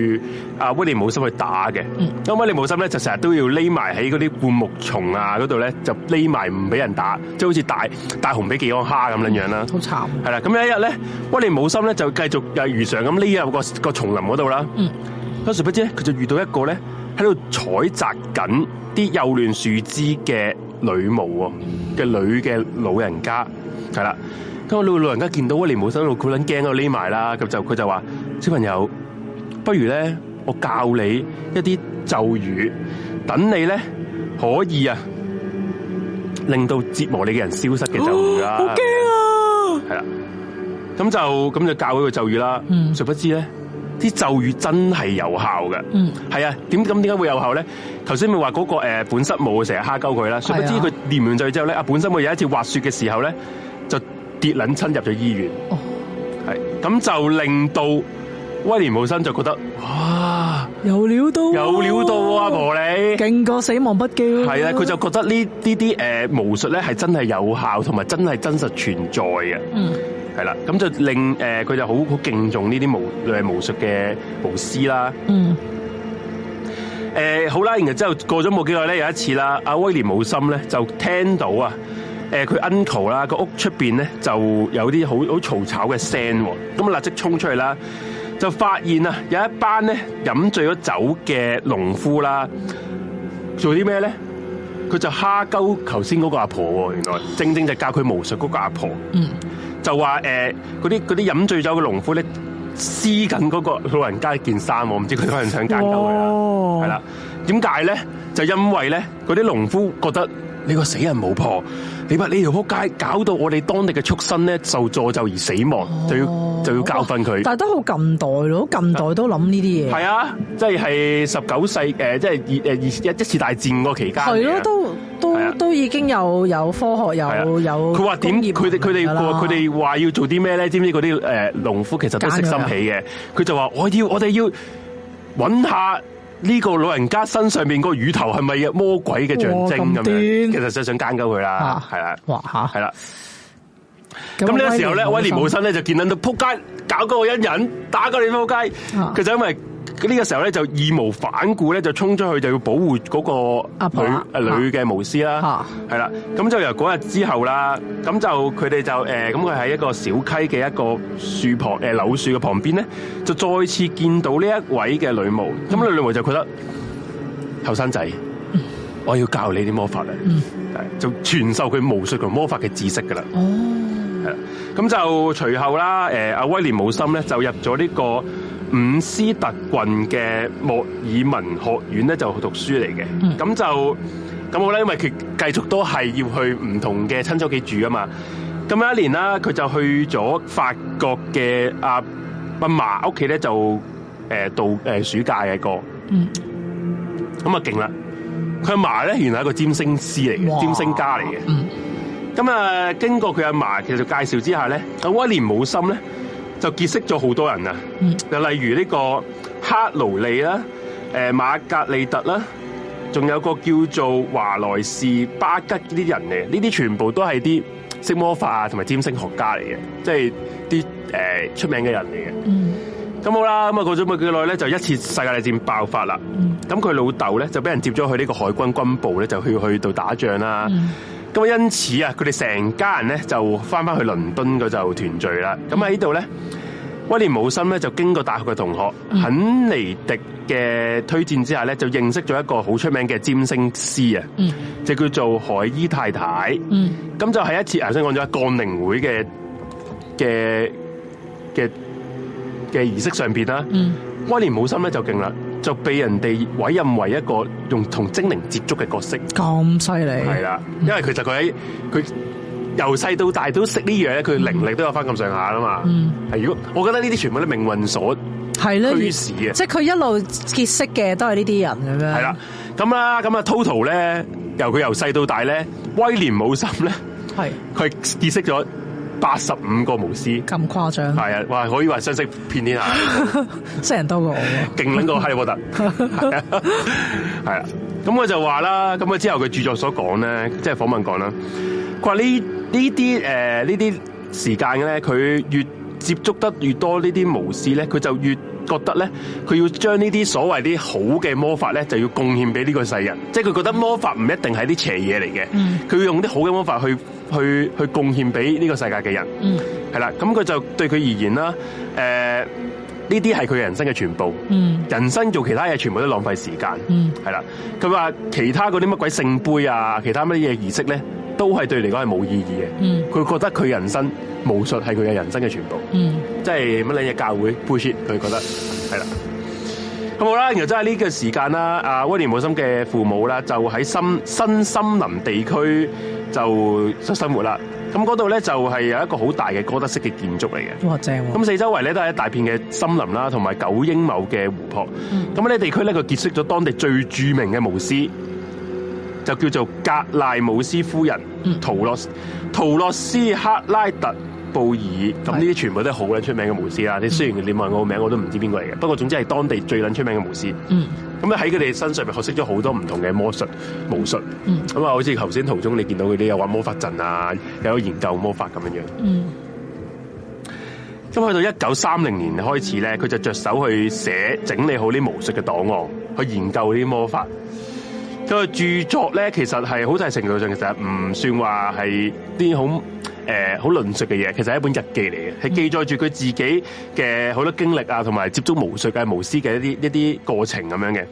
阿、啊、威廉姆森去打嘅，咁、嗯、威廉姆森咧就成日都要匿埋喺嗰啲灌木叢啊嗰度咧，就匿埋唔俾人打，即係好似大大熊俾幾安蝦咁樣樣啦、嗯。好慘、啊！係啦，咁有一日咧，威廉姆森咧就繼續，又、啊、如常咁匿入個、那個叢林嗰度啦。嗯，誰不知佢就遇到一個咧喺度採摘緊啲幼嫩樹枝嘅女巫喎，嘅、嗯、女嘅老人家係啦。咁個老老人家見到威廉姆森喺度佢捻驚，啊匿埋啦，咁就佢就話小朋友。不如咧，我教你一啲咒語，等你咧可以啊，令到折磨你嘅人消失嘅咒語啦。哦、好驚啊！係啦，咁就咁就教佢個咒語啦。嗯，誰不知咧，啲咒語真係有效嘅。嗯，係啊，點咁點解會有效咧？頭先咪話嗰個誒、呃，本室冇成日蝦鳩佢啦。係，誰不知佢念完咒之後咧，啊，本身會有一次滑雪嘅時候咧，就跌撚親入咗醫院。哦，係，咁就令到。威廉姆森就覺得，哇，有料到，有料到！啊婆，你勁過死亡筆記咯。係啊，佢就覺得呢呢啲誒巫術咧係真係有效，同埋真係真實存在嘅。嗯，係啦，咁就令誒佢，呃、就好好敬重呢啲無誒巫術嘅巫師啦。嗯誒、呃、好啦，然後之後過咗冇幾耐咧，有一次啦，阿威廉姆森咧就聽到啊誒佢 uncle 啦個屋出邊咧就有啲好好嘈吵嘅聲，咁啊立即衝出去啦。就發現啊，有一班咧飲醉咗酒嘅農夫啦，做啲咩咧？佢就蝦鳩頭先嗰個阿婆喎、喔，原來正正就教佢巫術嗰個阿婆，嗯、就話誒嗰啲嗰啲飲醉酒嘅農夫咧撕緊嗰個老人家嘅件衫，我唔知佢可能想解救佢啦，係、哦、啦。點解咧？就因為咧，嗰啲農夫覺得呢個死人巫婆。你話呢條扑街搞到我哋當地嘅畜生咧受助就而死亡，就、哦、要就要教訓佢。但係都好近代咯，近代都諗呢啲嘢。係啊、就是，即係係十九世誒，即係二誒二一一次大戰嗰期間。係咯，都都都已經有有科學有有。佢話點？佢哋佢哋佢哋話要做啲咩咧？知唔知嗰啲誒農夫其實都食心起嘅？佢就話我要我哋要搵下。呢、這個老人家身上面個乳頭係咪魔鬼嘅象徵咁樣？其實就想奸鳩佢啦，係、啊、啦，哇吓，係、啊、啦。咁呢個時候咧，威廉姆森咧就見到扑街搞，搞個一人打過你扑街，佢、啊、就因為。呢、這個時候咧就義無反顧咧就衝出去就要保護嗰個阿婆，婆女嘅巫師啦，係、啊、啦，咁就由嗰日之後啦，咁就佢哋就誒，咁佢喺一個小溪嘅一個樹旁誒、呃、柳樹嘅旁邊咧，就再次見到呢一位嘅女巫，咁、嗯、女巫就覺得後生仔，我要教你啲魔法啦、嗯、就傳授佢巫術同魔法嘅知識噶啦，哦，係啦，咁就隨後啦，誒、呃，阿威廉姆森咧就入咗呢、這個。伍斯特郡嘅莫爾文學院咧、就是嗯、就，就去讀書嚟嘅，咁就咁我咧因為佢繼續都係要去唔同嘅親戚屋企住啊嘛，咁有一年啦，佢就去咗法國嘅阿阿嫲屋企咧就誒、呃、度誒、呃、暑假嘅、嗯、一個的，咁、嗯、啊勁啦！佢阿嫲咧原來係個占星師嚟嘅，占星家嚟嘅，咁啊經過佢阿嫲其實介紹之下咧，阿威廉冇心咧。就結識咗好多人啊、嗯！例如呢個克勞利啦、誒、呃、馬格利特啦，仲有個叫做華萊士巴吉呢啲人嚟嘅，呢啲全部都係啲識魔法啊同埋占星學家嚟嘅，即係啲誒出名嘅人嚟嘅。咁、嗯、好啦，咁啊過咗冇幾耐咧，就一次世界大戰爆發啦。咁佢老豆咧就俾人接咗去呢個海軍軍部咧，就去去到打仗啦。嗯咁啊，因此啊，佢哋成家人咧就返返去倫敦嗰就團聚啦。咁、嗯、喺呢度咧，威廉姆森咧就經過大學嘅同學肯、嗯、尼迪嘅推薦之下咧，就認識咗一個好出名嘅占星師啊。嗯，就叫做海伊太太。嗯，咁就喺一次頭先講咗一降靈會嘅嘅嘅嘅儀式上邊啦。嗯。威廉姆森咧就勁啦，就被人哋委任為一個用同精靈接觸嘅角色。咁犀利？係啦，嗯、因為其實佢喺佢由細到大都識呢樣，佢、嗯、靈力都有翻咁上下噶嘛。係、嗯、如果我覺得呢啲全部都命運所驅使，啊，即係佢一路結識嘅都係呢啲人咁樣。係啦，咁啦，咁啊，Total 咧，由佢由細到大咧，威廉姆森咧，係佢結識咗。八十五個巫師咁誇張，係啊！哇，可以話相識遍天下，識 人多過我，勁撚過哈利波特，係 啊，咁、啊啊、我就話啦，咁啊之後佢著作所講咧，即、就、係、是、訪問講啦，佢話呢呢啲誒呢啲時間咧，佢越接觸得越多呢啲巫師咧，佢就越覺得咧，佢要將呢啲所謂啲好嘅魔法咧，就要貢獻俾呢個世人，即係佢覺得魔法唔一定係啲邪嘢嚟嘅，佢、嗯、要用啲好嘅魔法去。去去貢獻俾呢個世界嘅人，係、嗯、啦，咁佢就對佢而言啦，誒、呃，呢啲係佢人生嘅全部、嗯，人生做其他嘢全部都浪費時間，係、嗯、啦，佢話其他嗰啲乜鬼聖杯啊，其他乜嘢儀式咧，都係對嚟講係冇意義嘅，佢、嗯、覺得佢人生巫術係佢嘅人生嘅全部，嗯、即係乜嘢教會 push 佢覺得係啦。咁好啦，然後真係呢個時間啦，阿威廉姆森嘅父母啦，就喺新新森林地區就，就生活啦。咁嗰度咧就係有一個好大嘅哥德式嘅建築嚟嘅，哇正！咁四周圍咧都係一大片嘅森林啦，同埋九英畝嘅湖泊。咁、嗯、呢地區咧，佢結識咗當地最著名嘅巫師，就叫做格賴姆斯夫人圖洛圖洛斯克拉特。布爾，咁呢啲全部都係好撚出名嘅巫師啦。你雖然，你問我個名，我都唔知邊個嚟嘅。不過總之係當地最撚出名嘅巫師。嗯。咁咧喺佢哋身上咪學識咗好多唔同嘅魔術、巫術。嗯。咁啊，好似頭先途中你見到嗰啲又玩魔法陣啊，又有研究魔法咁樣樣。嗯。咁去到一九三零年開始咧，佢就着手去寫整理好啲巫術嘅檔案，去研究啲魔法。佢、那個、著作咧，其實係好大程度上其實唔算話係啲好誒好論述嘅嘢，其實係一、呃、一本日記嚟嘅，係記載住佢自己嘅好多經歷啊，同埋接觸巫術嘅巫師嘅一啲一啲過程咁樣嘅。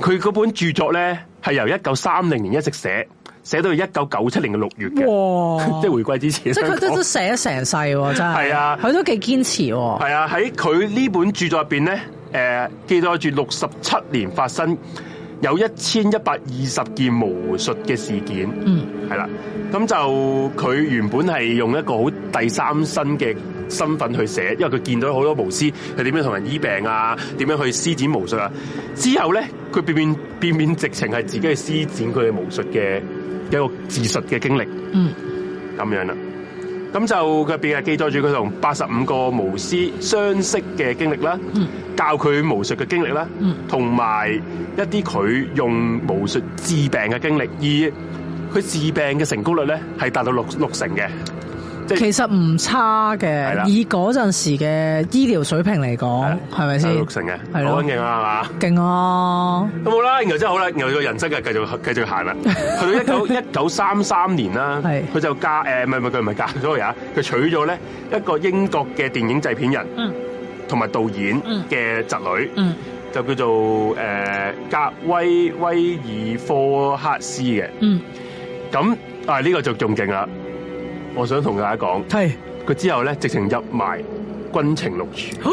佢嗰本著作咧係由一九三零年一直寫寫到一九九七年嘅六月嘅， 即係回歸之前。即係佢都都寫咗成世真係。係啊，佢都幾堅持。係啊，喺佢呢本著作入邊咧，誒、呃、記載住六十七年發生，有一千一百二十件巫術嘅事件，嗯，係啦，咁就佢原本係用一個好第三身嘅身份去寫，因為佢見到好多巫師佢點樣同人醫病啊，點樣去施展巫術啊，之後咧佢變變變變直情係自己去施展佢嘅巫術嘅一個自述嘅經歷，嗯，咁樣啦。咁就入便係記載住佢同八十五個巫師相識嘅經歷啦，教佢巫術嘅經歷啦，同埋一啲佢用巫術治病嘅經歷，而佢治病嘅成功率咧係達到六六成嘅。就是、其實唔差嘅，以嗰陣時嘅醫療水平嚟講，係咪先？六成嘅，係咯，咁勁啊嘛，勁啊！咁、啊、好啦，然後真係好啦，然後佢人生就繼續繼續行啦。去 到一九一九三三年啦，佢 就嫁誒，唔係唔係佢唔係嫁咗人，佢娶咗咧一個英國嘅電影製片人，嗯，同埋導演嘅侄女，嗯，就叫做誒格、呃、威威爾科克斯嘅，嗯，咁啊呢、這個就仲勁啦。我想同大家講，係佢之後咧，直情入埋軍情六處。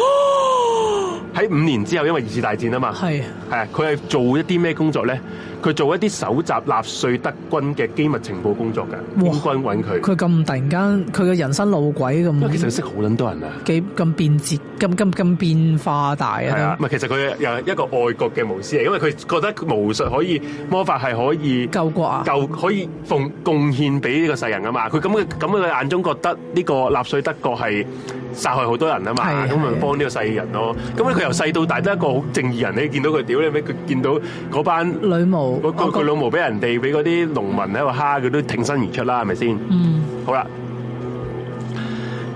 喺 五年之後，因為二次大戰啊嘛，係係啊，佢係做一啲咩工作咧？佢做一啲蒐集納粹德軍嘅機密情報工作㗎，軍揾佢。佢咁突然間，佢嘅人生路軌咁。因為其實佢識好撚多人啊。幾咁便捷，咁咁咁變化大啊！係啊，唔係其實佢又係一個愛國嘅巫師嚟，因為佢覺得巫術可以魔法係可以救國啊，救可以奉貢獻俾呢個世人啊嘛。佢咁嘅咁嘅眼中覺得呢個納粹德國係殺害好多人啊嘛，咁咪幫呢個世人咯。咁咧佢由細到大都一個好正義人，你見到佢屌你咩？佢見到嗰班女巫。嗰個佢老母俾人哋俾嗰啲農民喺度蝦，佢都挺身而出啦，係咪先？嗯，好啦，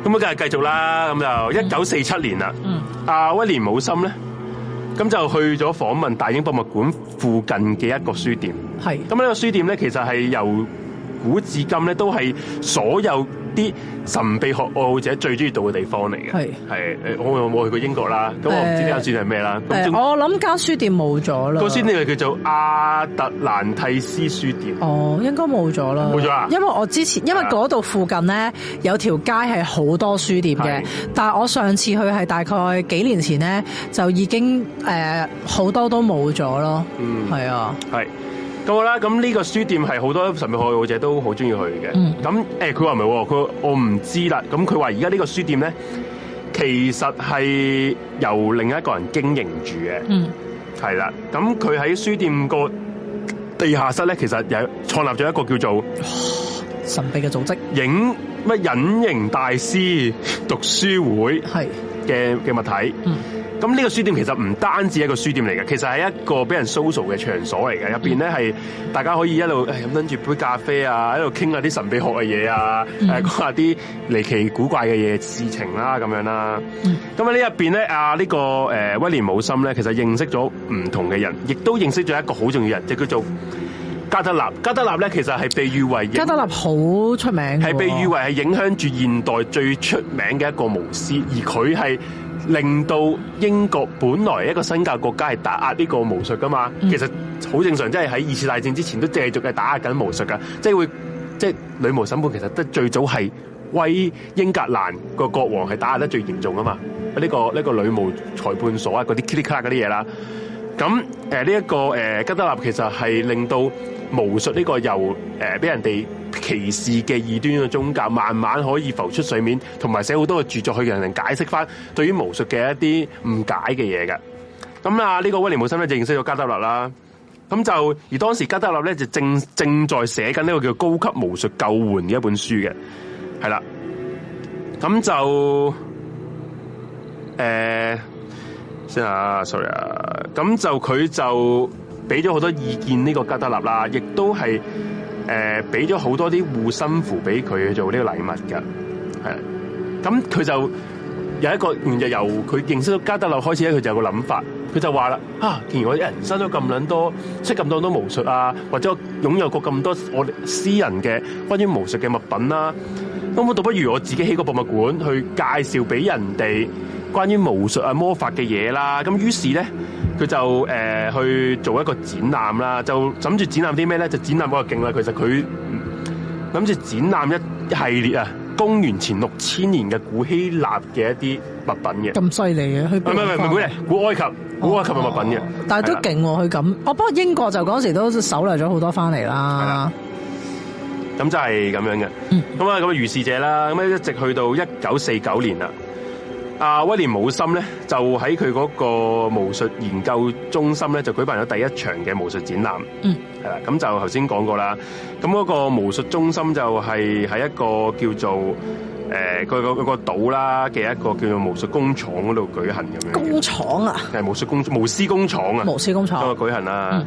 咁啊，梗係繼續啦。咁就一九四七年啦。嗯，阿威廉姆森咧，咁就去咗訪問大英博物館附近嘅一個書店。係，咁呢個書店咧，其實係由古至今咧，都係所有。啲神秘學愛好者最中意到嘅地方嚟嘅，係係，我有冇去過英國啦。咁我唔知呢間書店係咩啦。我諗間書店冇咗啦。嗰間書店係叫做阿特蘭蒂斯書店。哦，應該冇咗啦，冇咗啊？因為我之前，因為嗰度附近咧有條街係好多書店嘅，但係我上次去係大概幾年前咧就已經誒好多都冇咗咯。嗯，係啊，係。咁啦，咁呢個書店係好多神秘好愛好者都好中意去嘅。咁、嗯、誒，佢話唔係，佢、欸哦、我唔知啦。咁佢話而家呢個書店咧，其實係由另一個人經營住嘅。嗯，係啦。咁佢喺書店個地下室咧，其實有創立咗一個叫做神秘嘅組織，影乜隱形大師讀書會係嘅嘅物體。嗯咁呢個書店其實唔單止係一個書店嚟嘅，其實係一個俾人 social 嘅場所嚟嘅。入邊咧係大家可以一路飲緊住杯咖啡啊，一路傾下啲神秘學嘅嘢啊，嗯、講下啲離奇古怪嘅嘢事情啦、啊，咁樣啦。咁、嗯、喺呢入邊咧，阿、啊、呢、呢個、呃、威廉姆森咧，其實認識咗唔同嘅人，亦都認識咗一個好重要人，就叫做加德納。加德納咧其實係被譽為加德納好出名，係被譽為係影響住現代最出名嘅一個巫師，而佢係。令到英國本來一個新教國家係打壓呢個巫術㗎嘛、嗯，其實好正常，即係喺二次大戰之前都繼續係打壓緊巫術㗎，即、就、係、是、會即係、就是、女巫審判其實得最早係威英格蘭個國王係打壓得最嚴重啊嘛，呢、這個呢、這個女巫裁判所啊，嗰啲噼里啪啦嗰啲嘢啦，咁誒呢一個誒、呃、吉德納其實係令到巫術呢個由誒俾、呃、人哋。歧視嘅異端嘅宗教，慢慢可以浮出水面，同埋寫好多嘅著作去人哋解釋返對於巫術嘅一啲誤解嘅嘢嘅。咁啊，呢、這個威廉姆森咧就認識咗加德納啦。咁就而當時加德納咧就正正在寫緊呢個叫高級巫術救援嘅一本書嘅，係啦。咁就誒、欸，先啊，sorry 啊。咁就佢就俾咗好多意見呢個加德納啦，亦都係。誒、呃，俾咗好多啲護身符俾佢做呢個禮物噶，係，咁佢就有一個，由佢認識到加德勒開始咧，佢就有個諗法，佢就話啦，啊，既然我人生咗咁捻多，識咁多多魔術啊，或者我擁有過咁多我私人嘅關於魔術嘅物品啦，啊，咁我倒不如我自己起個博物館去介紹俾人哋關於魔術啊魔法嘅嘢啦，咁於是咧。佢就誒、呃、去做一個展覽啦，就諗住展覽啲咩咧？就展覽嗰個勁啦。其實佢諗住展覽一系列啊，公元前六千年嘅古希臘嘅一啲物品嘅。咁犀利嘅，佢唔係唔係唔係古埃及，古埃及嘅物品嘅。但係都勁佢咁，哦，啊、我不過英國就嗰時都搜羅咗好多返嚟啦。咁就係咁樣嘅。咁、嗯、啊，咁、嗯、啊，如是者啦，咁啊，一直去到一九四九年啦。阿、啊、威廉姆森咧就喺佢嗰個巫術研究中心咧就舉辦咗第一場嘅巫術展覽，嗯，係啦，咁、啊、就頭先講過啦。咁嗰個巫術中心就係喺一個叫做誒佢、呃、個個島啦嘅一個叫做巫術工廠，嗰度舉行咁、啊啊嗯、樣。工廠啊，係巫術工、巫師工廠啊，巫師工廠嗰度舉行啦。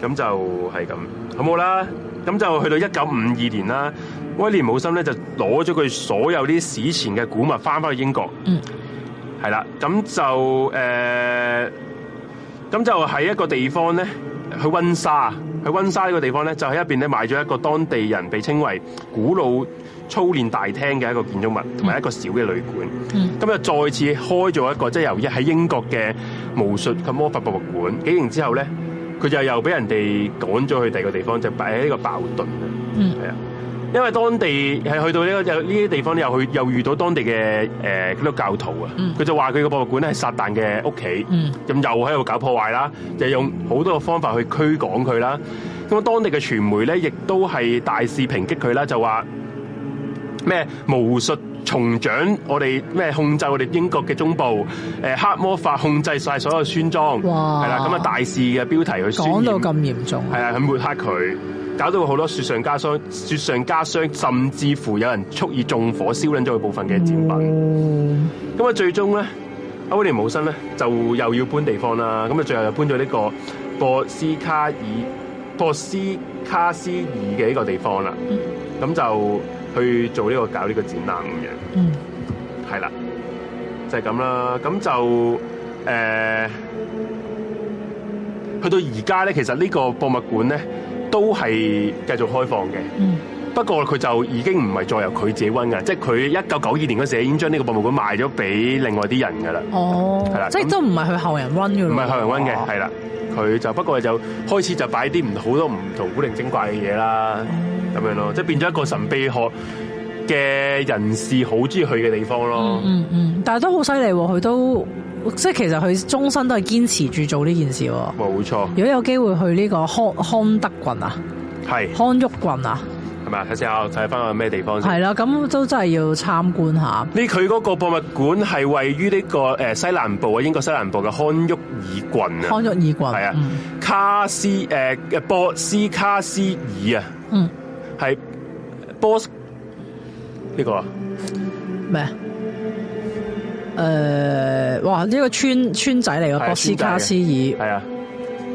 咁就係咁，好冇啦。咁就去到一九五二年啦。威廉姆森咧就攞咗佢所有啲史前嘅古物翻翻去英國，嗯，係啦，咁就誒，咁、呃、就喺一個地方咧，去溫莎，去溫莎呢個地方咧，就喺一邊咧買咗一個當地人被稱為古老操練大廳嘅一個建築物，同埋一個小嘅旅館。咁、嗯、就再次開咗一個，即、就、係、是、由喺英國嘅巫術及魔法博物館幾年之後咧，佢就又俾人哋趕咗去第二個地方，就擺喺呢個爆頓，嗯，係啊！因為當地係去到呢、這個有呢啲地方又去又遇到當地嘅誒基督教徒啊，佢、嗯、就話佢個博物館咧係撒旦嘅屋企，咁、嗯、又喺度搞破壞啦，就用好多個方法去驅趕佢啦。咁當地嘅傳媒咧，亦都係大肆抨擊佢啦，就話咩巫術重掌我哋咩控制我哋英國嘅中部，誒、呃、黑魔法控制晒所有村莊，哇、係啦咁啊大肆嘅標題去宣講到咁嚴重，係啊，佢抹黑佢。搞到好多雪上加霜，雪上加霜，甚至乎有人蓄意縱火燒撚咗佢部分嘅展品。咁、嗯、啊，最終咧，歐尼姆魯森咧就又要搬地方啦。咁啊，最後又搬咗呢個博斯卡爾、博斯卡斯爾嘅一個地方啦。咁、嗯、就去做呢、這個搞呢個展覽咁樣。嗯，係啦，就係咁啦。咁就誒，去、呃、到而家咧，其實呢個博物館咧。都係繼續開放嘅、嗯，不過佢就已經唔係再由佢自己 run 噶，即係佢一九九二年嗰時已經將呢個博物館賣咗俾另外啲人噶啦。哦，係啦，即係都唔係去後人 run 唔係後人 run 嘅，係、哦、啦，佢就不過佢就開始就擺啲唔好多唔同古靈精怪嘅嘢啦，咁、嗯、樣咯，即、就、係、是、變咗一個神秘學嘅人士好中意去嘅地方咯。嗯嗯,嗯，但係都好犀利喎，佢都。即係其實佢終身都係堅持住做呢件事。冇錯。如果有機會去呢個康康德郡啊，係康沃郡啊，係咪睇下睇翻個咩地方先？係啦、啊，咁都真係要參觀一下。呢佢嗰個博物館係位於呢、這個誒、呃、西南部啊，英國西南部嘅康沃爾郡啊。康沃爾郡係啊、嗯，卡斯誒嘅、呃、波斯卡斯爾啊，嗯，係波斯呢、這個啊咩？咩誒、呃，哇！呢個村村仔嚟嘅波斯卡斯爾，係啊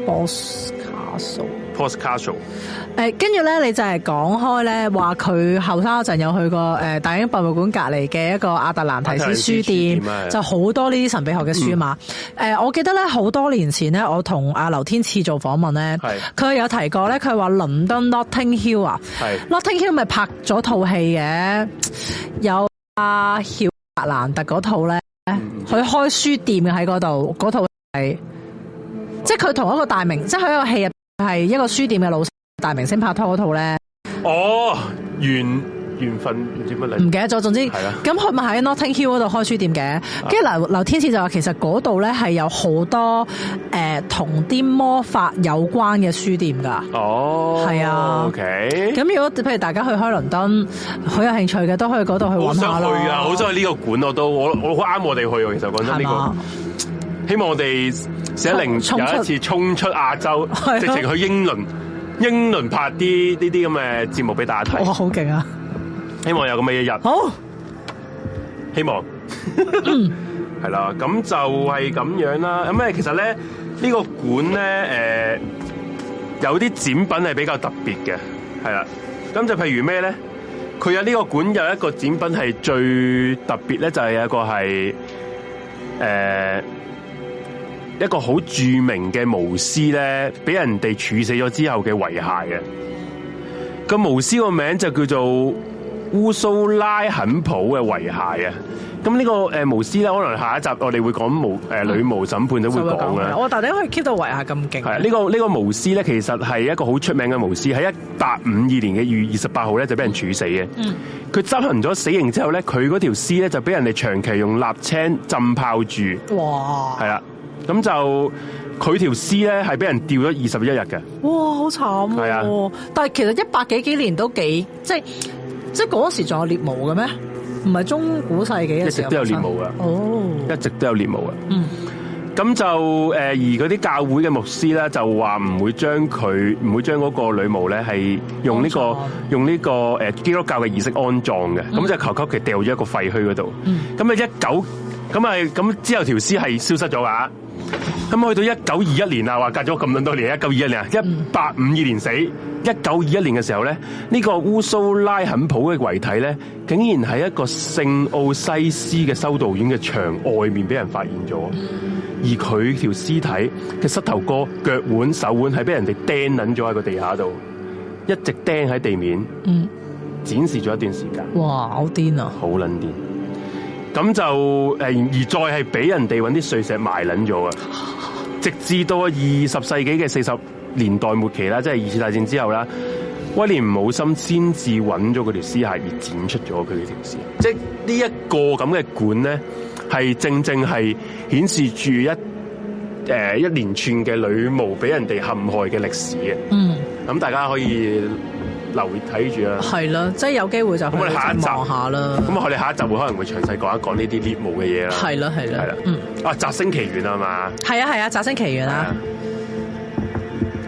，Boscastle，Boscastle。誒，跟住咧，你就係講開咧，話佢後生嗰陣有去過誒、呃、大英博物館隔籬嘅一個亞特蘭提斯書店，書店啊、就好多呢啲神秘學嘅書嘛。誒、嗯呃，我記得咧好多年前咧，我同阿劉天賜做訪問咧，佢有提過咧，佢話倫敦 Notting Hill 啊，Notting Hill 咪拍咗套戲嘅，有阿曉格蘭特嗰套咧。佢、嗯、開書店嘅喺嗰度，嗰套係即係佢同一個大明、嗯，即係佢一個戲入係一個書店嘅老大明星拍拖嗰套咧。哦，完。緣分唔知乜嚟，唔記得咗。總之，咁佢咪喺 Notting Hill 嗰度開書店嘅，呃。跟住劉劉天賜就話，其實嗰度咧係有好多誒同啲魔法有關嘅書店噶。哦，係啊。OK。咁如果譬如大家去開倫敦，好有興趣嘅，都可以嗰度去玩下。好想去啊！好想去呢個館，我都我我好啱我哋去。其實講真呢，呢個，希望我哋寫零有一次衝出亞洲，直情去英倫英倫拍啲呢啲咁嘅節目俾大家睇。哇！好勁啊！希望有咁嘅一日，好、哦、希望係啦。咁 就係咁樣啦。咁其實咧呢、呢個館咧誒，有啲展品係比較特別嘅，係啦。咁就譬如咩咧？佢有呢個館有一個展品係最特別咧，就係、是、有一個係誒、呃、一個好著名嘅巫師咧，俾人哋處死咗之後嘅遺骸嘅。個巫師個名就叫做。烏蘇拉肯普嘅遺骸啊，咁呢個誒巫師咧，可能下一集我哋會講巫誒女巫審判都會講嘅。我大抵可以 keep 到遺骸咁勁？係啊，呢個呢個巫師咧，其實係一個好出名嘅巫師，喺一八五二年嘅二月二十八號咧就俾人處死嘅。嗯，佢執行咗死刑之後咧，佢嗰條屍咧就俾人哋長期用瀝青浸泡住。哇！係啦，咁就佢條屍咧係俾人吊咗二十一日嘅。哇，好慘！係啊，但係其實一百幾幾年都幾即係。即係嗰時仲有獵巫嘅咩？唔係中古世紀嘅時候，一直都有獵巫噶。哦，一直都有獵巫噶。嗯，咁就誒、呃，而嗰啲教會嘅牧師咧，就話唔會將佢唔會將嗰個女巫咧，係用呢、這個用呢、這個誒、呃、基督教嘅儀式安葬嘅。咁、嗯、就求求其掉咗一個廢墟嗰度。咁、嗯、啊一九咁啊咁之後條屍係消失咗噶。咁去到一九二一年啊，話隔咗咁多年，一九二一年，一八五二年死，一九二一年嘅時候咧，呢、這個烏蘇拉肯普嘅遺體咧，竟然喺一個聖奧西斯嘅修道院嘅牆外面俾人發現咗、嗯，而佢條屍體嘅膝頭哥、腳腕、手腕係俾人哋釘捻咗喺個地下度，一直釘喺地面，嗯，展示咗一段時間，哇，好癲啊，好捻癲。咁就而再係俾人哋搵啲碎石埋撚咗啊！直至到二十世紀嘅四十年代末期啦，即係二次大戰之後啦，威廉唔冇心先至搵咗佢條屍骸，而展出咗佢嘅條屍，即係呢一個咁嘅館咧，係正正係顯示住一、呃、一連串嘅女巫俾人哋陷害嘅歷史嘅。嗯，咁大家可以。留意睇住啊，係啦，即係有機會就咁。我哋下一集講下啦，咁我哋下一集會可能會詳細講一講呢啲獵巫嘅嘢啦。係啦，係啦，係啦，嗯、啊，摘星奇緣啊嘛，係啊，係啊，摘星奇緣啊。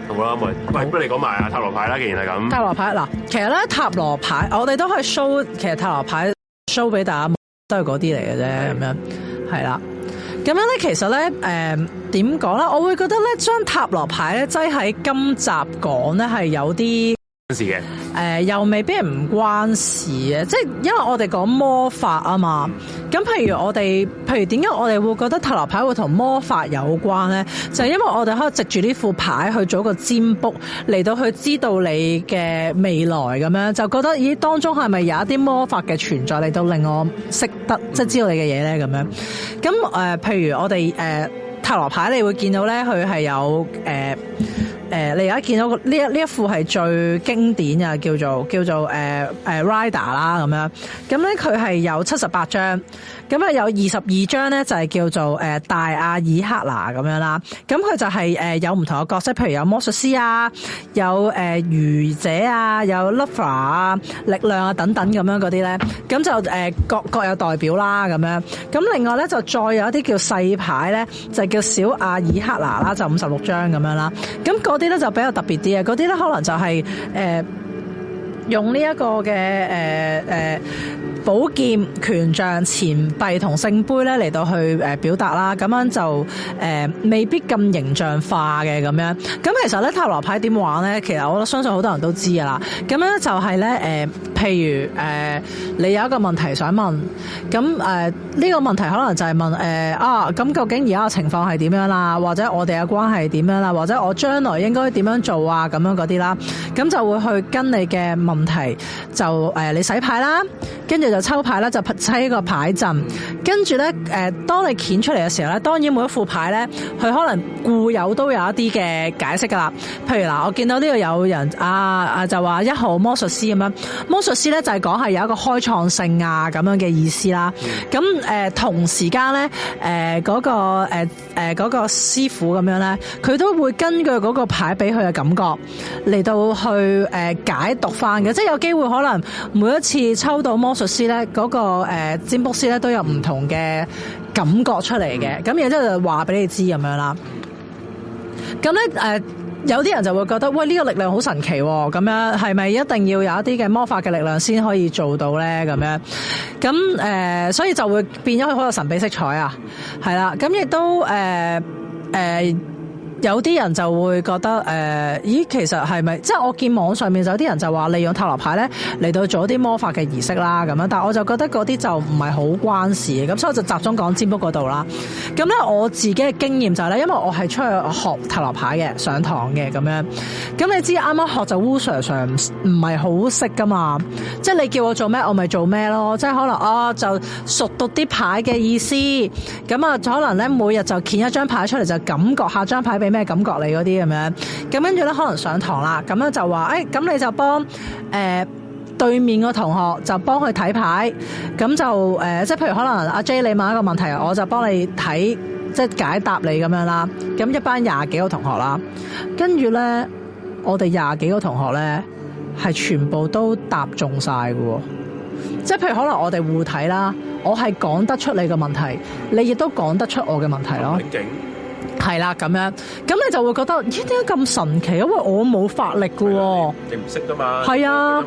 好啦，喂，係，不如你講埋啊塔羅牌啦。既然係咁，塔羅牌嗱，其實咧塔羅牌我哋都係 show，其實塔羅牌 show 俾大家都係嗰啲嚟嘅啫。咁樣係啦，咁樣咧其實咧，誒點講咧？我會覺得咧將塔羅牌咧，即係喺今集講咧係有啲。誒、呃，又未必係唔關事嘅，即係因為我哋講魔法啊嘛。咁譬如我哋，譬如點解我哋會覺得塔羅牌會同魔法有關呢？就係、是、因為我哋可以藉住呢副牌去做一個占卜，嚟到去知道你嘅未來咁樣，就覺得咦當中係咪有一啲魔法嘅存在嚟到令我識得即係知道你嘅嘢呢咁樣，咁誒、呃，譬如我哋誒塔羅牌，你會見到呢，佢係有誒。呃誒、呃，你而家見到呢一呢一副係最經典啊，叫做叫做誒、呃呃、Rider 啦咁樣。咁咧佢係有七十八張，咁啊有二十二張咧就係、是、叫做誒、呃、大阿爾克拿咁樣啦。咁佢就係、是、誒、呃、有唔同嘅角色，譬如有魔術師啊，有誒愚者啊，有 Lover 啊，力量啊等等咁樣嗰啲咧。咁就誒、呃、各各有代表啦咁樣。咁另外咧就再有一啲叫細牌咧，就叫小阿爾克拿啦，就五十六張咁樣啦。咁、那個嗰啲咧就比較特別啲啊！嗰啲咧可能就係、是、誒。呃用呢一個嘅誒誒寶劍權杖、錢幣同聖杯咧嚟到去誒表達啦，咁樣就誒、呃、未必咁形象化嘅咁樣。咁其實咧塔羅牌點玩咧？其實我相信好多人都知啊啦。咁樣就係咧誒譬如誒、呃、你有一個問題想問，咁誒呢個問題可能就係問誒、呃、啊，咁究竟而家嘅情況係點樣啦？或者我哋嘅關係係點樣啦？或者我將來應該點樣做啊？咁樣嗰啲啦，咁就會去跟你嘅問。問題就誒、呃、你洗牌啦，跟住就抽牌啦，就批個牌陣，跟住咧誒，當你掀出嚟嘅時候咧，當然每一副牌咧，佢可能固有都有一啲嘅解釋噶啦。譬如嗱，我見到呢度有人啊啊就話一號魔術師咁樣，魔術師咧就係講係有一個開創性啊咁樣嘅意思啦。咁誒、呃、同時間咧誒嗰個誒誒嗰個師傅咁樣咧，佢都會根據嗰個牌俾佢嘅感覺嚟到去誒、呃、解讀翻。即係有機會可能每一次抽到魔術師咧，嗰、那個誒、呃、占卜師咧都有唔同嘅感覺出嚟嘅，咁然後即係話俾你知咁樣啦。咁咧誒，有啲人就會覺得喂呢、這個力量好神奇，哦，咁樣係咪一定要有一啲嘅魔法嘅力量先可以做到咧？咁樣咁誒，所以就會變咗佢好有神秘色彩啊，係啦。咁亦都誒誒。呃呃有啲人就會覺得誒咦、呃，其實係咪？即係我見網上面就有啲人就話利用塔羅牌咧嚟到做啲魔法嘅儀式啦，咁樣，但係我就覺得嗰啲就唔係好關事嘅，咁所以我就集中講占卜嗰度啦。咁咧我自己嘅經驗就係、是、咧，因為我係出去學塔羅牌嘅，上堂嘅咁樣。咁你知啱啱學就烏 Sir Sir 唔係好識噶嘛，即係你叫我做咩我咪做咩咯，即係可能啊就熟讀啲牌嘅意思，咁啊可能咧每日就見一張牌出嚟就感覺下張牌。咩感覺你？你嗰啲咁樣，咁跟住咧，可能上堂啦，咁樣就話，誒、哎，咁你就幫誒、呃、對面個同學就幫佢睇牌，咁就誒、呃，即係譬如可能阿 J 你問一個問題，我就幫你睇，即係解答你咁樣啦。咁一班廿幾個同學啦，跟住咧，我哋廿幾個同學咧係全部都答中晒噶，即係譬如可能我哋互睇啦，我係講得出你嘅問題，你亦都講得出我嘅問題咯。係啦，咁樣咁你就會覺得「得咦，點解咁神奇？因為我冇法力噶喎！」你唔識噶嘛？係啊，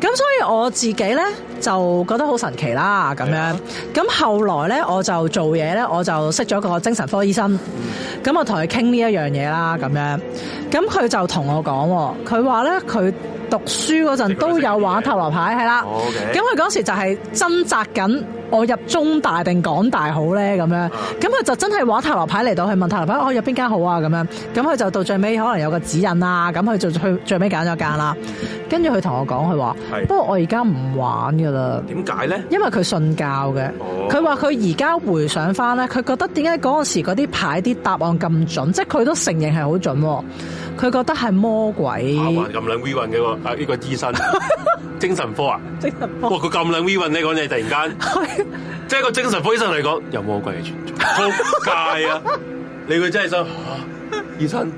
咁所以我自己咧就覺得好神奇啦，咁樣。咁後來咧，我就做嘢咧，我就識咗個精神科醫生，咁、嗯、我同佢傾呢一樣嘢啦，咁樣。咁佢就同我講，佢話咧佢。讀書嗰陣都有玩塔羅牌，係啦，咁佢嗰時就係掙扎緊，我入中大定港大好咧，咁樣，咁佢就真係玩塔羅牌嚟到去問塔羅牌，我、哦、入邊間好啊咁樣，咁佢就到最尾可能有個指引啦，咁佢就去最尾揀咗間啦，跟住佢同我講佢話，不過我而家唔玩噶啦，點解咧？因為佢信教嘅，佢話佢而家回想翻咧，佢覺得點解嗰時嗰啲牌啲答案咁準，即係佢都承認係好準。佢覺得係魔鬼。啊，咁撚 reun 嘅喎，啊呢個醫生，精神科啊，精神科。哇，佢咁撚 reun 咧，講嘢突然間，即係個精神科醫生嚟講，有魔鬼嘅存在，中 介啊，你佢真係想、啊，醫生，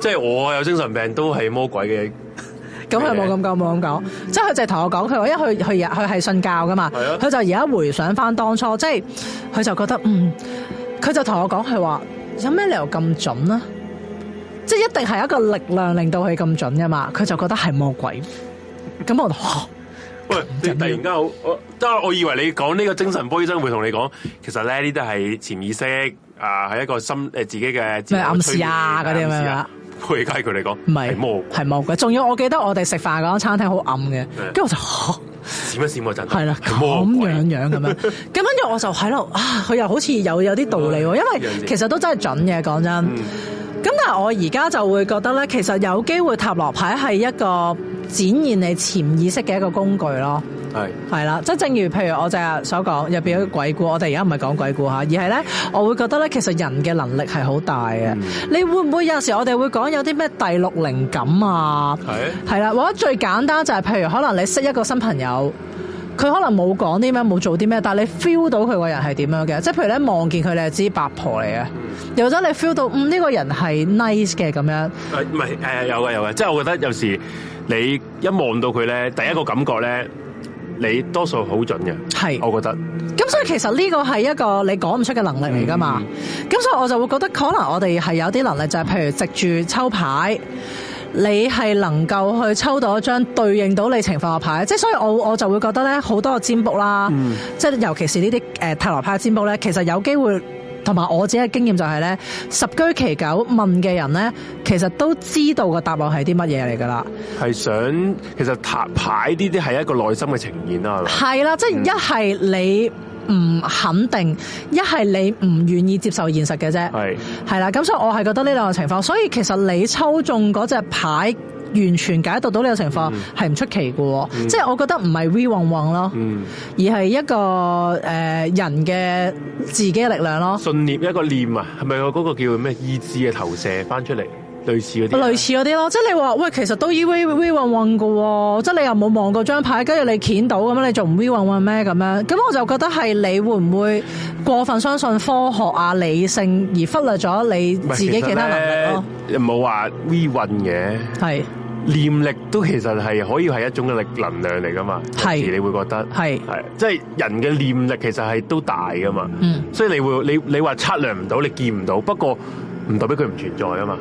即係我有精神病都係魔鬼嘅。咁佢冇咁講，冇咁講。即係佢就係同我講，佢話因為，佢佢佢係信教噶嘛，佢就而家回想翻當初，即係佢就覺得嗯，佢就同我講佢話，有咩理由咁準呢？即係一定係一個力量令到佢咁準噶嘛，佢就覺得係魔鬼。咁我就，呵喂，突然間我我以為你講呢個精神科醫生會同你講，其實咧呢啲係潛意識啊，係一個心誒自己嘅，咩暗示啊嗰啲咁樣啊？科學家佢嚟講，唔係，係魔，係魔鬼。仲要我記得我哋食飯嗰個餐廳好暗嘅，跟住我就，閃一閃嗰陣，係啦，咁樣樣咁樣，咁跟住我就喺度啊，佢又好似有有啲道理，嗯，因為其實都真係準嘅，講真的。嗯咁但係我而家就會覺得咧，其實有機會塔羅牌係一個展現你潛意識嘅一個工具咯。係係啦，即、係、正如譬如我就係所講入邊嗰鬼故，我哋而家唔係講鬼故下，而係咧我會覺得咧，其實人嘅能力係好大嘅。嗯、你會唔會有時我哋會講有啲咩第六靈感啊？係係啦，我覺得最簡單就係譬如可能你識一個新朋友。佢可能冇講啲咩，冇做啲咩，但係你 feel 到佢個人係點樣嘅？即係譬如咧望見佢你就知八婆嚟嘅。又或者你 feel 到，嗯，呢個人係 nice 嘅咁樣。啊、唔係、呃、有嘅有嘅，即係我覺得有時你一望到佢咧，第一個感覺咧，你多數好準嘅。係，我覺得。咁所以其實呢個係一個你講唔出嘅能力嚟噶嘛。咁、嗯、所以我就會覺得可能我哋係有啲能力就係譬如藉住抽牌。你係能夠去抽到一張對應到你情況嘅牌，即係所以我我就會覺得咧，好多個占卜啦，即、嗯、係尤其是呢啲誒塔羅牌占卜咧，其實有機會同埋我自己嘅經驗就係、是、咧，十居其九問嘅人咧，其實都知道個答案係啲乜嘢嚟㗎啦。係想其實塔牌呢啲係一個內心嘅呈現啦，係啦，即係一係你。唔肯定，一係你唔願意接受現實嘅啫，係啦，咁所以我係覺得呢兩個情況，所以其實你抽中嗰隻牌，完全解讀到呢個情況係唔出奇喎、嗯。即係我覺得唔係 V 旺旺」揾咯，嗯、而係一個誒、呃、人嘅自己嘅力量咯，信念一個念啊，係咪嗰個叫咩意志嘅投射翻出嚟？類似嗰啲、啊，類似嗰啲咯，即係你話喂，其實都依 we we 混混嘅喎，即係你又冇望過張牌，跟住你鉸到咁樣，你仲唔 we 混混咩咁樣？咁我就覺得係你會唔會過分相信科學啊理性而忽略咗你自己其他能力咯？又冇話 we 運嘅，係念力都其實係可以係一種嘅力能量嚟噶嘛，而你會覺得係係即係人嘅念力其實係都大噶嘛、嗯，所以你會你你話測量唔到，你見唔到，不過，唔代表佢唔存在啊嘛，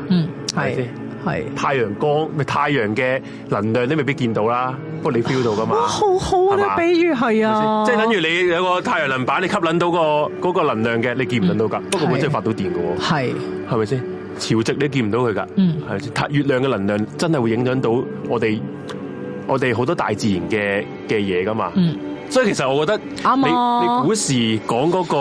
係咪先？係太陽光咪太陽嘅能量你未必見到啦，不過你 feel 到噶嘛，哇好好嘅比喻係啊，即係等於你有個太陽能板，你吸引到個個能量嘅，你見唔到噶、嗯，不過佢真係發到電噶，係，係咪先？潮汐你見唔到佢噶，嗯，係月月亮嘅能量真係會影響到我哋我哋好多大自然嘅嘅嘢噶嘛。嗯所以其實我覺得你，你你古時講、嗰個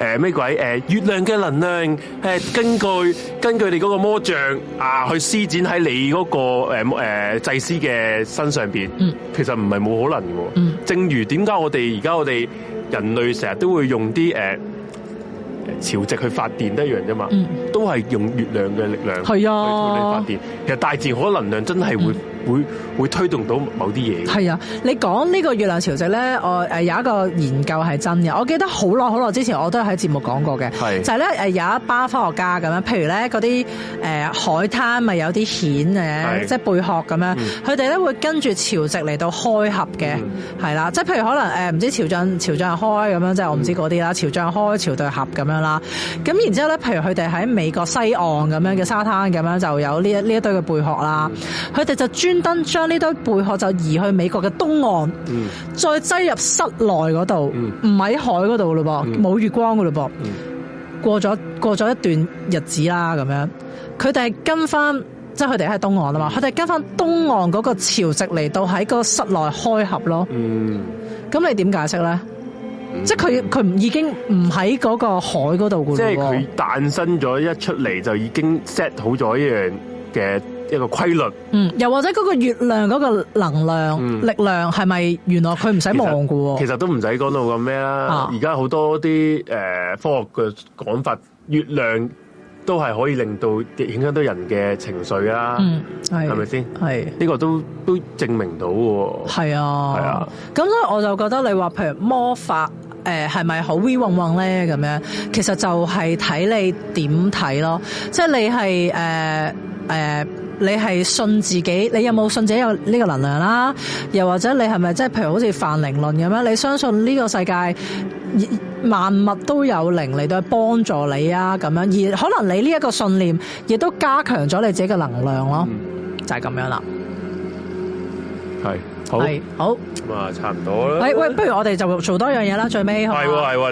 誒咩、呃、鬼誒月亮嘅能量，誒、呃、根據根據你嗰個魔像啊去施展喺你、嗰個誒誒、呃、祭司嘅身上邊，嗯，其實唔係冇可能嘅，嗯，正如點解我哋而家我哋人類成日都會用啲誒、呃、潮汐去發電都一樣啫嘛，嗯，都係用月亮嘅力量，係啊，去發電，其實大自然可能能量真係會。嗯嗯會會推動到某啲嘢。係啊，你講呢個月亮潮汐咧，我誒有一個研究係真嘅。我記得好耐好耐之前，我都喺節目講過嘅。係就係咧，誒有一班科學家咁樣，譬如咧嗰啲誒海灘咪有啲蜆嘅，即係貝殼咁樣，佢哋咧會跟住潮汐嚟到開合嘅。係、嗯、啦。即係譬如可能誒唔知潮漲潮漲開咁樣，即係我唔知嗰啲啦。潮漲開，潮對合咁樣啦。咁然之後咧，譬如佢哋喺美國西岸咁樣嘅沙灘咁樣，就有呢一呢一堆嘅貝殼啦。佢、嗯、哋就專專登將呢堆貝殼就移去美國嘅東岸，嗯、再擠入室內嗰度，唔、嗯、喺海嗰度喇噃，冇、嗯、月光噶咯、嗯，過咗過咗一段日子啦，咁樣，佢哋係跟翻，即係佢哋喺東岸啊嘛，佢、嗯、哋跟翻東岸嗰個潮汐嚟到喺個室內開合咯。咁、嗯、你點解釋咧、嗯？即係佢佢已經唔喺嗰個海嗰度。即係佢誕生咗一出嚟，就已經 set 好咗一樣嘅。一個規律，嗯，又或者嗰個月亮嗰個能量、嗯、力量係咪原來佢唔使望嘅？其實都唔使講到咁咩啦。而家好多啲誒、呃、科學嘅講法，月亮都係可以令到影響到人嘅情緒啊，係、嗯，係咪先？係呢、個都都證明到嘅。係啊，係啊。咁、啊、所以我就覺得你話譬如魔法誒係咪好 we 揼揼咧咁樣？其實就係睇你點睇咯。即係你係誒誒。呃呃你係信自己，你有冇信自己有呢個能量啦？又或者你係咪即係譬如好似泛靈論咁啊？你相信呢個世界萬物都有靈嚟到幫助你啊？咁樣而可能你呢一個信念亦都加強咗你自己嘅能量咯、嗯，就係、是、咁樣啦。係，好，是好咁啊，差唔多啦。喂，不如我哋就做多樣嘢啦，最尾係喎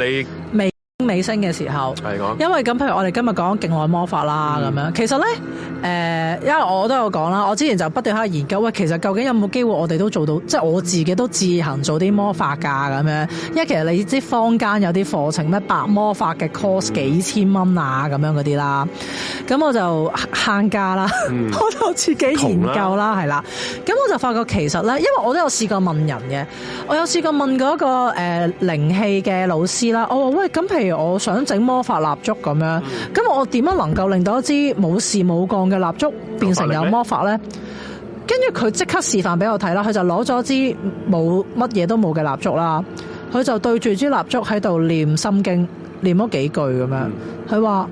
你未？尾聲嘅時候，係講，因為咁，譬如我哋今日講境外魔法啦，咁、嗯、樣，其實咧，誒，因為我都有講啦，我之前就不斷喺度研究，喂，其實究竟有冇機會我哋都做到，即、就、係、是、我自己都自行做啲魔法噶，咁樣，因為其實你知坊間有啲課程咩白魔法嘅 course 幾千蚊啊，咁、嗯、樣嗰啲啦，咁我就慳價啦，嗯、 我就自己研究啦，係啦，咁我就發覺其實咧，因為我都有試過問人嘅，我有試過問過一個誒靈氣嘅老師啦，我話喂，咁譬如。我想整魔法蠟燭咁樣，咁、嗯、我點樣能夠令到一支冇事冇干嘅蠟燭變成有魔法呢？跟住佢即刻示範俾我睇啦，佢就攞咗支冇乜嘢都冇嘅蠟燭啦，佢就對住支蠟燭喺度念心經，念咗幾句咁樣，佢、嗯、話。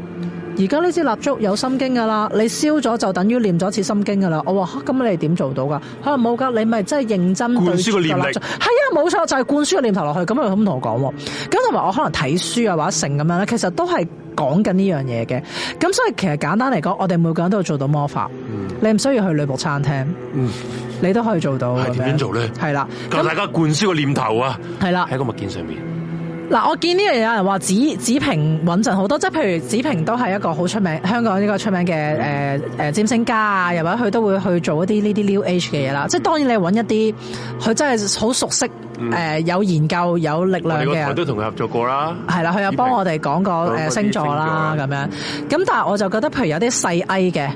而家呢支蠟燭有心經噶啦，你燒咗就等於念咗一次心經噶啦。我話，咁、啊、你哋點做到㗎？可能冇㗎，你咪真係認真對住個蠟燭，灌輸個念力。係啊，冇錯，就係、是、灌輸個念頭落去。咁佢咁同我講，咁同埋我可能睇書啊，或者剩咁樣咧，其實都係講緊呢樣嘢嘅。咁所以其實簡單嚟講，我哋每個人都要做到魔法。嗯、你唔需要去女僕餐廳、嗯，你都可以做到。係點樣做咧？係啦，教大家灌輸個念頭啊，係啦，喺個物件上面。嗱，我見呢樣嘢有人話子子平穩陣好多，即係譬如子平都係一個好出名香港呢個出名嘅誒誒占星家啊，又或者佢都會去做一啲呢啲 new age 嘅嘢啦，即係當然你揾一啲佢真係好熟悉。誒、嗯呃，有研究有力量嘅人，我都同佢合作過啦。係啦，佢又幫我哋講過誒星座啦，咁、嗯、樣。咁但係我就覺得，譬如有啲細 I 嘅，誒、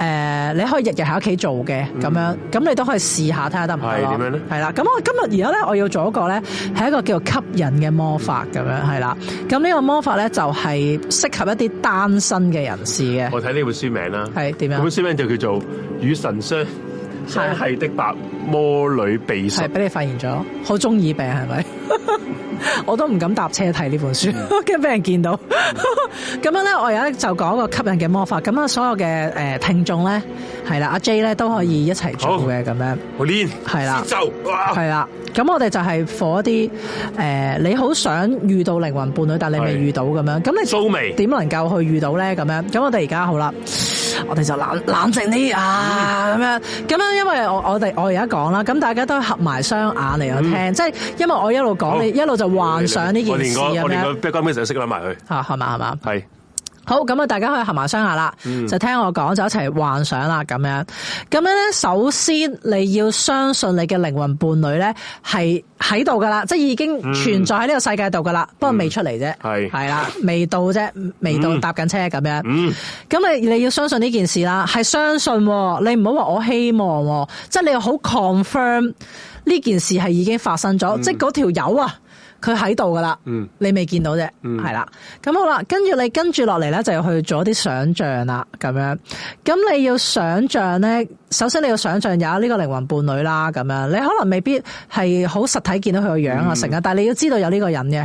呃，你可以日日喺屋企做嘅，咁樣，咁、嗯、你都可以試下睇下得唔得。係點樣咧？係啦，咁我今日而家咧，我要做一個咧，係一個叫吸引嘅魔法咁、嗯、樣，係啦。咁呢個魔法咧，就係、是、適合一啲單身嘅人士嘅。我睇呢本書名啦，係點樣？本書名就叫做《與神相相繫的白》的。嗯魔女秘術係俾你發現咗，好中意病係咪？是 我都唔敢搭車睇呢本書，驚 俾人見到。咁 樣咧，我而家就講一個吸引嘅魔法。咁啊，所有嘅誒聽眾咧，係啦，阿 J 咧都可以一齊做嘅。咁樣，我練係啦，就係啦。咁我哋就係火一啲誒，你好想遇到靈魂伴侶，但你未遇到咁樣。咁你做點能夠去遇到咧？咁樣。咁我哋而家好啦，我哋就冷冷靜啲啊，咁樣。咁樣，因為我我哋我而家講。講啦，咁大家都合埋雙眼嚟去聽，嗯、即係因為我一路講，你一路就幻想呢件事咁樣。我連個 Black Mirror 識諗埋佢吓？係嘛係嘛係好咁啊！大家可以合埋雙眼啦、嗯，就聽我講，就一齊幻想啦咁樣。咁樣咧，首先你要相信你嘅靈魂伴侶咧係喺度噶啦，即係已經存在喺呢個世界度噶啦，不過未出嚟啫。係係啦，未到啫，未、嗯、到搭緊車咁樣。咁、嗯、你你要相信呢件事啦，係相信你唔好話我希望，即、就、係、是、你又好 confirm 呢件事係已經發生咗、嗯，即係嗰條友啊！佢喺度噶啦，你未見到啫，係、嗯、啦，咁好啦，跟住你跟住落嚟咧就要去做啲想像啦，咁樣，咁你要想像咧，首先你要想像有呢個靈魂伴侶啦，咁樣，你可能未必係好實體見到佢個樣啊成啊，但係你要知道有呢個人嘅，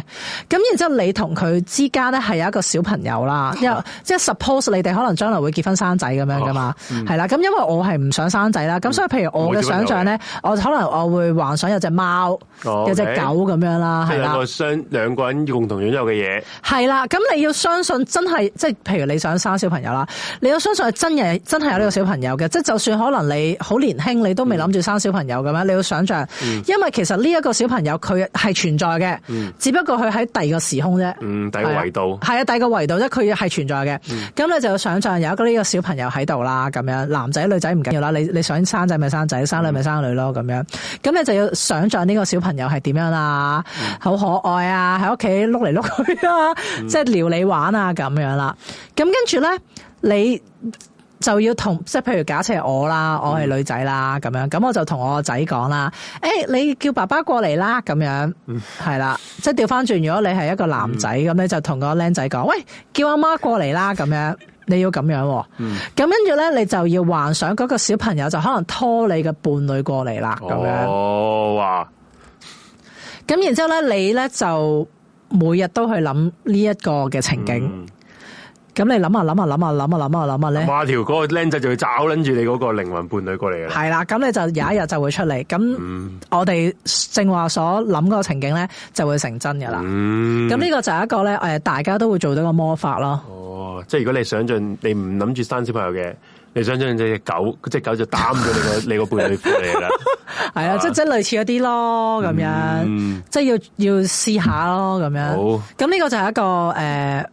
咁然之後你同佢之間咧係有一個小朋友啦，啊、因為即係 suppose 你哋可能將來會結婚生仔咁樣噶嘛，係、啊、啦，咁、嗯、因為我係唔想生仔啦，咁、嗯、所以譬如我嘅想像咧，我可能我會幻想有隻貓，哦、有隻狗咁樣啦，個相，兩個人共同擁有嘅嘢，係啦，咁你要相信真係，即係譬如你想生小朋友啦，你要相信真係真係有呢個小朋友嘅，即、嗯、就算可能你好年輕，你都未諗住生小朋友咁樣，你要想象，因為其實呢一個小朋友佢係存在嘅、嗯，只不過佢喺第二個時空啫，嗯，第二個維度，係啊，第二個維度啫，佢係存在嘅，咁、嗯、你就要想象有一個呢個小朋友喺度啦，咁樣，男仔女仔唔緊要啦，你你想生仔咪生仔，生女咪生女咯，咁樣，咁你就要想象呢個小朋友係點樣啦，嗯好可愛啊！喺屋企碌嚟碌去啊，即係撩你玩啊咁樣啦。咁跟住咧，你就要同即係，譬如假設我啦，我係女仔啦咁、嗯、樣。咁我就同我個仔講啦：，誒、欸，你叫爸爸過嚟啦咁樣。係、嗯、啦，即係調翻轉。如果你係一個男仔，咁、嗯、你就同個僆仔講：，喂，叫阿媽過嚟啦咁樣。 你要咁樣、啊。咁跟住咧，你就要幻想嗰個小朋友就可能拖你嘅伴侶過嚟啦。咁樣。哦、哇！咁然之後咧，你咧就每日都去諗呢一個嘅情景。咁、嗯、你諗下諗下諗下諗下諗下諗下咧，哇！條嗰個僆仔就會找捻住你嗰個靈魂伴侶過嚟啦。係啦，咁你就有一日就會出嚟。咁、嗯、我哋正話所諗嗰個情景咧，就會成真噶啦。咁、嗯、呢個就係一個咧，誒，大家都會做到一個魔法咯。哦，即係如果你想象你唔諗住生小朋友嘅。你想將隻狗，佢隻狗就擔咗你個你個背嚟嚟啦，係 啊，即即係類似嗰啲咯，咁樣，嗯、即係要要試下咯，咁樣。咁呢個就係一個誒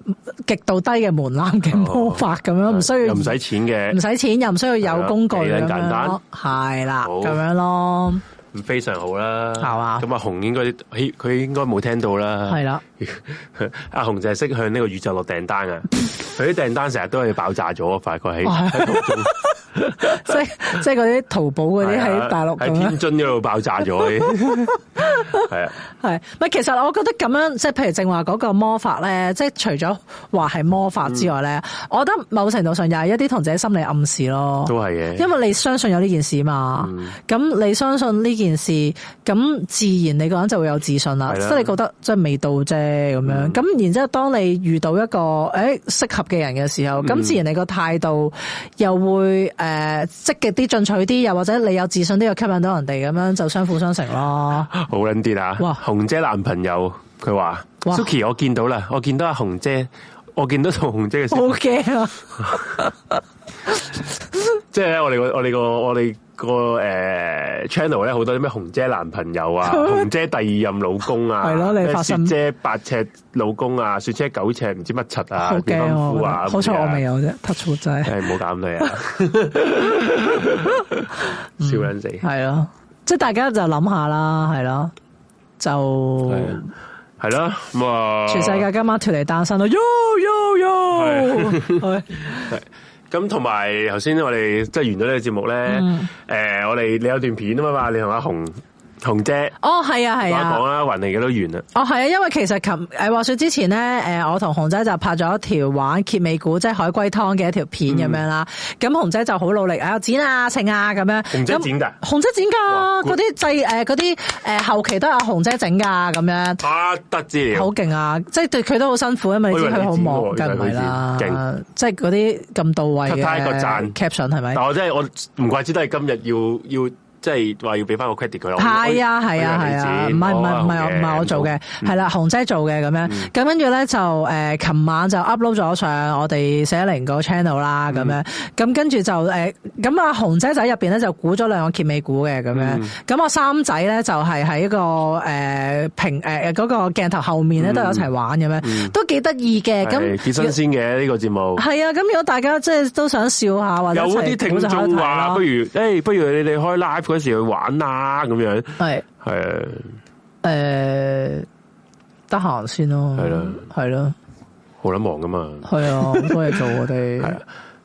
極、呃、度低嘅門檻嘅魔法，咁樣唔需要，又唔、啊、使錢嘅，唔使錢又唔需要有工具咁樣，係啦，咁樣咯，非常好啦，係嘛？咁啊，熊、啊、應該，佢應該冇聽到啦，係啦，阿、啊、熊就係識向呢個宇宙落訂單啊！ 佢啲訂單成日都係爆炸咗啊，大概喺喺途中。 即即係嗰啲淘寶嗰啲喺大陸，喺天津嗰度爆炸咗，係 啊，係。係其實我覺得咁樣，即係譬如正話嗰個魔法咧，即係除咗話係魔法之外咧，嗯，我覺得某程度上又係一啲同自己心理暗示咯。都係嘅，因為你相信有呢件事嘛，咁，嗯，你相信呢件事，咁自然你個人就會有自信啦。即，嗯，係，就是，你覺得即係未到啫咁樣，咁，嗯，然之後當你遇到一個誒適，欸，合嘅人嘅時候，咁，嗯，自然你個態度又會。誒、uh,，積極啲，進取啲，又或者你有自信啲，又吸引到人哋，咁樣就相輔相成咯。好撚啲啊！哇，紅姐男朋友佢話，Suki 我見到啦，我見到阿紅姐，我見到同紅姐嘅時候，好驚啊！即係咧，我哋我哋個，我哋。我個誒 channel 咧，好、呃、多啲咩紅姐男朋友啊， 紅姐第二任老公啊，咩 雪姐八尺老公啊，雪姐九尺唔知乜柒啊，好驚啊，好彩我未有啫，突錯仔，係唔好搞你啊，啊嗯、笑卵 死了， 係咯，即係大家就諗下啦，係咯，就係咯，咁啊，全世界今晚脫離單身咯，喲喲喲，係。 對了 咁同埋頭先，我哋即係完咗呢個節目咧。誒、嗯呃，我哋你有段片啊嘛嘛，你同阿紅。紅姐哦，係啊，係啊，講啦，云嚟幾多元啊？哦，係啊，啊，啊、哦、啊，因為其實琴誒滑雪之前咧，誒、呃、我同紅、就是嗯、姐就拍咗一條玩揭尾股即係海龜湯嘅一條片咁樣啦。咁紅姐就好努力啊，剪啊，整啊，咁樣。紅姐剪噶？紅姐剪噶，嗰啲製誒嗰啲誒後期都阿紅姐整噶，咁樣。啊，得之，好勁啊！即、就、係、是、對佢都好辛苦，因為知佢好忙噶，係啦。即係嗰啲咁到位嘅。加一個讚，caption 係咪？但我真係我唔怪之得係今日要要。要即係話要俾翻個 credit 佢咯，係啊係啊係啊，唔係唔係唔係我唔係我做嘅，係、嗯、啦、啊嗯呃嗯呃、紅姐做嘅咁樣，咁跟住咧就誒琴晚就 upload 咗上我哋一零個 channel 啦咁樣，咁跟住就誒咁啊紅姐仔入邊咧就估咗兩個揭尾股嘅咁樣，咁啊三仔咧就係喺一個誒、呃、平誒嗰、呃那個鏡頭後面咧都有一齊玩咁樣、嗯，都幾得意嘅咁，幾新鮮嘅呢個節目，係、這個、啊咁如果大家即係都想笑一下或者一有啲聽眾話不如誒、哎、不如你哋開 live。嗰時去玩啊，咁樣係係誒，得閒、啊呃、先咯，係咯係咯，好捻、啊啊、忙噶嘛，係啊好多嘢做， 我哋係啊。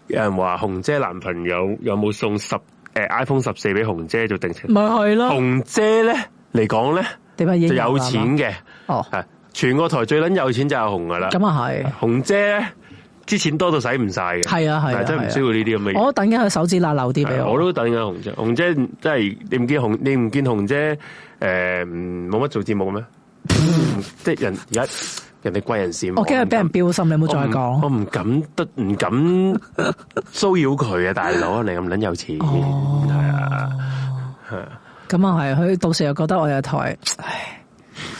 有人話紅姐男朋友有冇送十誒、呃、iPhone 十四俾紅姐做定情？咪係咯，紅姐咧嚟講咧，點乜嘢有錢嘅哦、啊？係全個台最捻有錢就係紅噶啦，咁啊係紅姐咧。之前多到使唔晒，嘅，係啊係啊，啊但真係唔需要呢啲咁嘅嘢。我都等緊佢手指辣漏啲俾我。啊、我都等緊紅姐，紅姐真係你唔見紅，你唔見紅姐誒，冇、呃、乜做節目嘅咩？ 即係人而家人哋貴人事。我驚佢俾人標心，你冇再講。我唔敢得，唔敢騷擾佢啊，大佬，你咁撚有錢係 啊。咁、哦、啊係，佢、嗯嗯嗯嗯嗯嗯嗯嗯、到時又覺得我有台。唉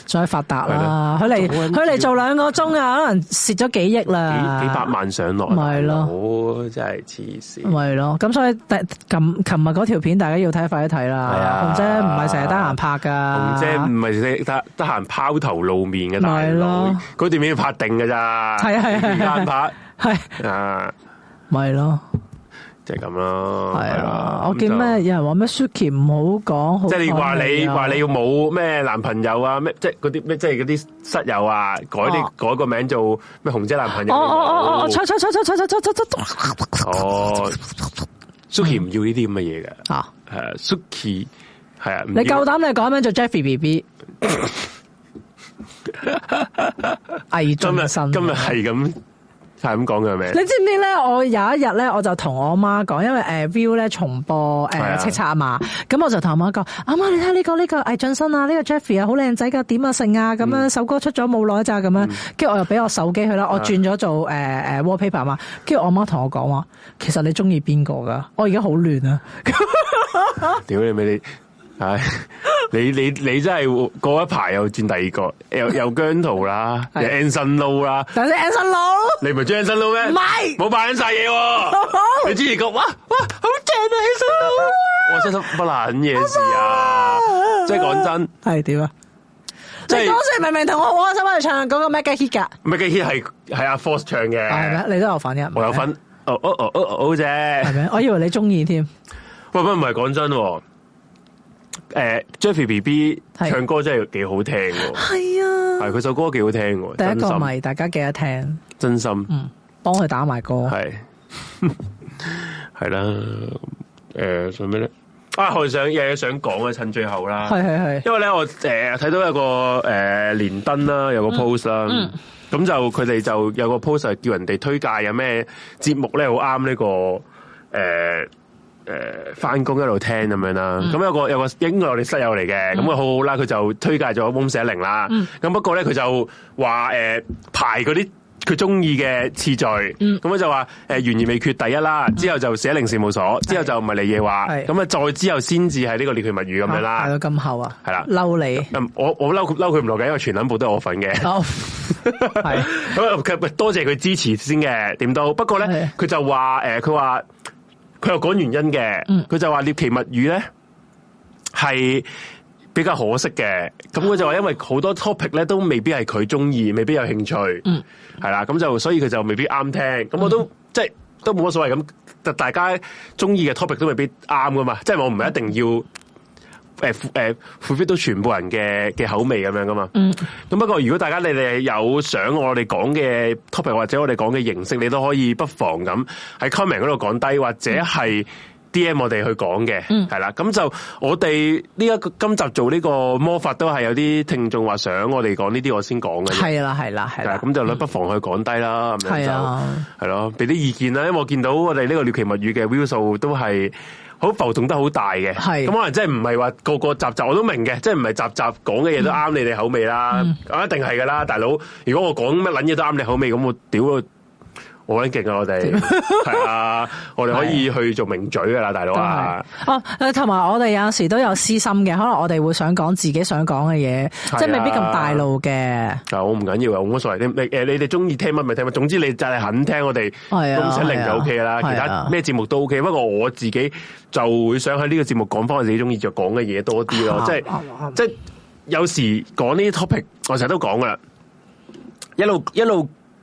再發達啦，佢嚟佢嚟做兩個鐘啊，可能蝕咗幾億啦，幾百萬上落，係咯、哦，真係黐線，咪咯，咁所以第琴琴日嗰條片大家要睇快啲睇啦，洪姐唔係成日得閒拍噶，洪姐唔係得得閒拋頭露面嘅大佬，嗰段片要拍定噶咋，係係，而家拍係啊，咪咯。就係咁啦，係啊，啊，我見咩有人話咩 Suki 唔好講，即係、就是、你話你話你要冇咩男朋友啊，咩即係嗰啲咩即係啲室友啊，改啲、啊、改個名做咩紅姐男朋友？哦哦哦哦，哦錯錯錯錯錯錯錯錯！哦，哦、嗯、Suki 唔要呢啲咁嘅嘢嘅，啊，Suki 係啊，你夠膽你改名做 Jeffy B B，藝匠心，今日係咁。 係咁講嘅係咪？你知唔知咧？我有一日咧、呃嗯嗯，我就同我阿媽講，因為誒 view 咧重播誒叱咤嘛，咁我就同阿媽講：阿媽，你睇下呢、這個呢、這個魏俊生啊，呢個 Jeffrey 啊，好靚仔噶，點啊成啊咁樣，首歌出咗冇耐咋咁樣，跟住我又俾我手機佢啦，我轉咗做誒誒 Wallpaper 嘛，呃嗯嗯、媽跟住我阿媽同我講話，其實你中意邊個噶？我而家好亂啊！屌你咪你！你係 你你你真係過一排又轉第二個，又又姜濤啦，又 Anson Lo 啦，但係 Anson Lo 你唔係姜 Anson Lo 咩？唔係，冇扮晒嘢。你之前個哇哇好正啊 Anson Lo 啊，真係不難嘢事啊！即係講真，係點啊？即係當時明明同我我心翻去唱嗰個 Megahit 噶 Megahit 係係阿 Force 唱嘅，係、啊、你都有分嘅，我有分。哦哦哦哦，好正，係咪？我以為你中意添。喂、啊，唔係講真、啊。誒、uh，Jeffy B B 唱歌真係幾好聽喎，係啊，係佢首歌幾好聽喎，第一個咪大家記得聽，真心，嗯，幫佢打埋歌係，係， 係、呃、啦，誒，仲咩咧？啊，我想嘢想講啊，趁最後啦，係係係，因為咧我誒睇、呃、到有個誒、呃、連登啦，有個 post 啦，咁、嗯、就佢哋、嗯、就有個 post 叫人哋推介有咩節目咧，好啱呢個誒。呃誒、呃，翻工一路聽咁樣啦，咁、嗯、有個有個英國嘅室友嚟嘅，咁啊好好啦，佢就推介咗蒙舍靈啦，咁、嗯、不過咧佢就話誒、呃、排嗰啲佢中意嘅次序，咁、嗯、佢就話誒懸而未決第一啦，之後就舍靈事務所、嗯，之後就唔係李野話，咁啊再之後先至係呢個獵犬物語咁、啊、樣啦，排到咁厚啊，係啦，嬲你，嗯、我我嬲嬲佢唔落嘅，因為全品部都係我份嘅、哦，係咁佢多謝佢支持先嘅，點都好不過咧佢就話誒佢話。呃佢又講原因嘅，佢就話獵奇物語咧係比較可惜嘅，咁佢就話因為好多 topic 咧都未必係佢中意，未必有興趣，係、嗯、啦，咁就所以佢就未必啱聽，咁我即都即係都冇乜所謂，咁大家中意嘅 topic 都未必啱噶嘛，即係我唔係一定要。誒、欸，誒，fit 到全部人嘅嘅口味咁樣噶嘛？嗯。咁不過如果大家你哋有想我哋講嘅 topic 或者我哋講嘅形式，你都可以不妨咁喺 comment 嗰度講低，或者係 DM 我哋去講嘅。係、嗯、啦，咁就我哋呢一個今集做呢個魔法都係有啲聽眾話想我哋講呢啲，我先講嘅。係啦，係啦，係啦。咁就不妨去講低啦。係、嗯、啊。係咯，俾啲意見啦，因為我見到我哋呢個了奇物語嘅 view 數都係。好浮動得好大嘅，咁可能即係唔係話個個集集我都明嘅，即係唔係集集講嘅嘢都啱你哋口味啦，嗯啊、一定係㗎啦，大佬。如果我講乜撚嘢都啱你口味，咁我屌啊！好緊勁 啊！我哋係啊，我哋可以去做名嘴噶啦，大佬啊！哦，同埋我哋有時都有私心嘅，可能我哋會想講自己想講嘅嘢，即係未必咁大路嘅。啊，我唔緊要啊，我冇所謂。你誒，你哋中意聽乜咪聽乜，總之你就係肯聽我哋。係啊，忠就 O K 啦，其他咩節目都 O K。不過我自己就會想喺呢個節目講翻我自己中意、啊、就講嘅嘢多啲咯，即係即係有時講呢啲 topic，我成日都講噶，一路一路。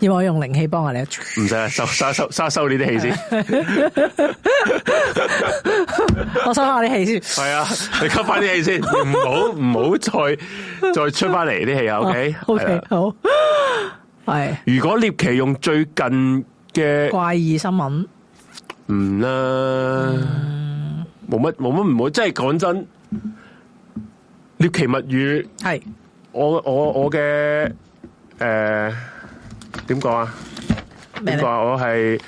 要我用靈氣幫我你？唔使，收收收收收呢啲氣先。我收下啲氣先。係啊，你吸翻啲氣先，唔好唔好再再出翻嚟啲氣啊！O K O K，好係。如果獵奇用最近嘅怪異新聞，唔啦，冇乜冇乜，唔好。即係講真，獵奇物語係我我我嘅誒。點講啊？點講？我係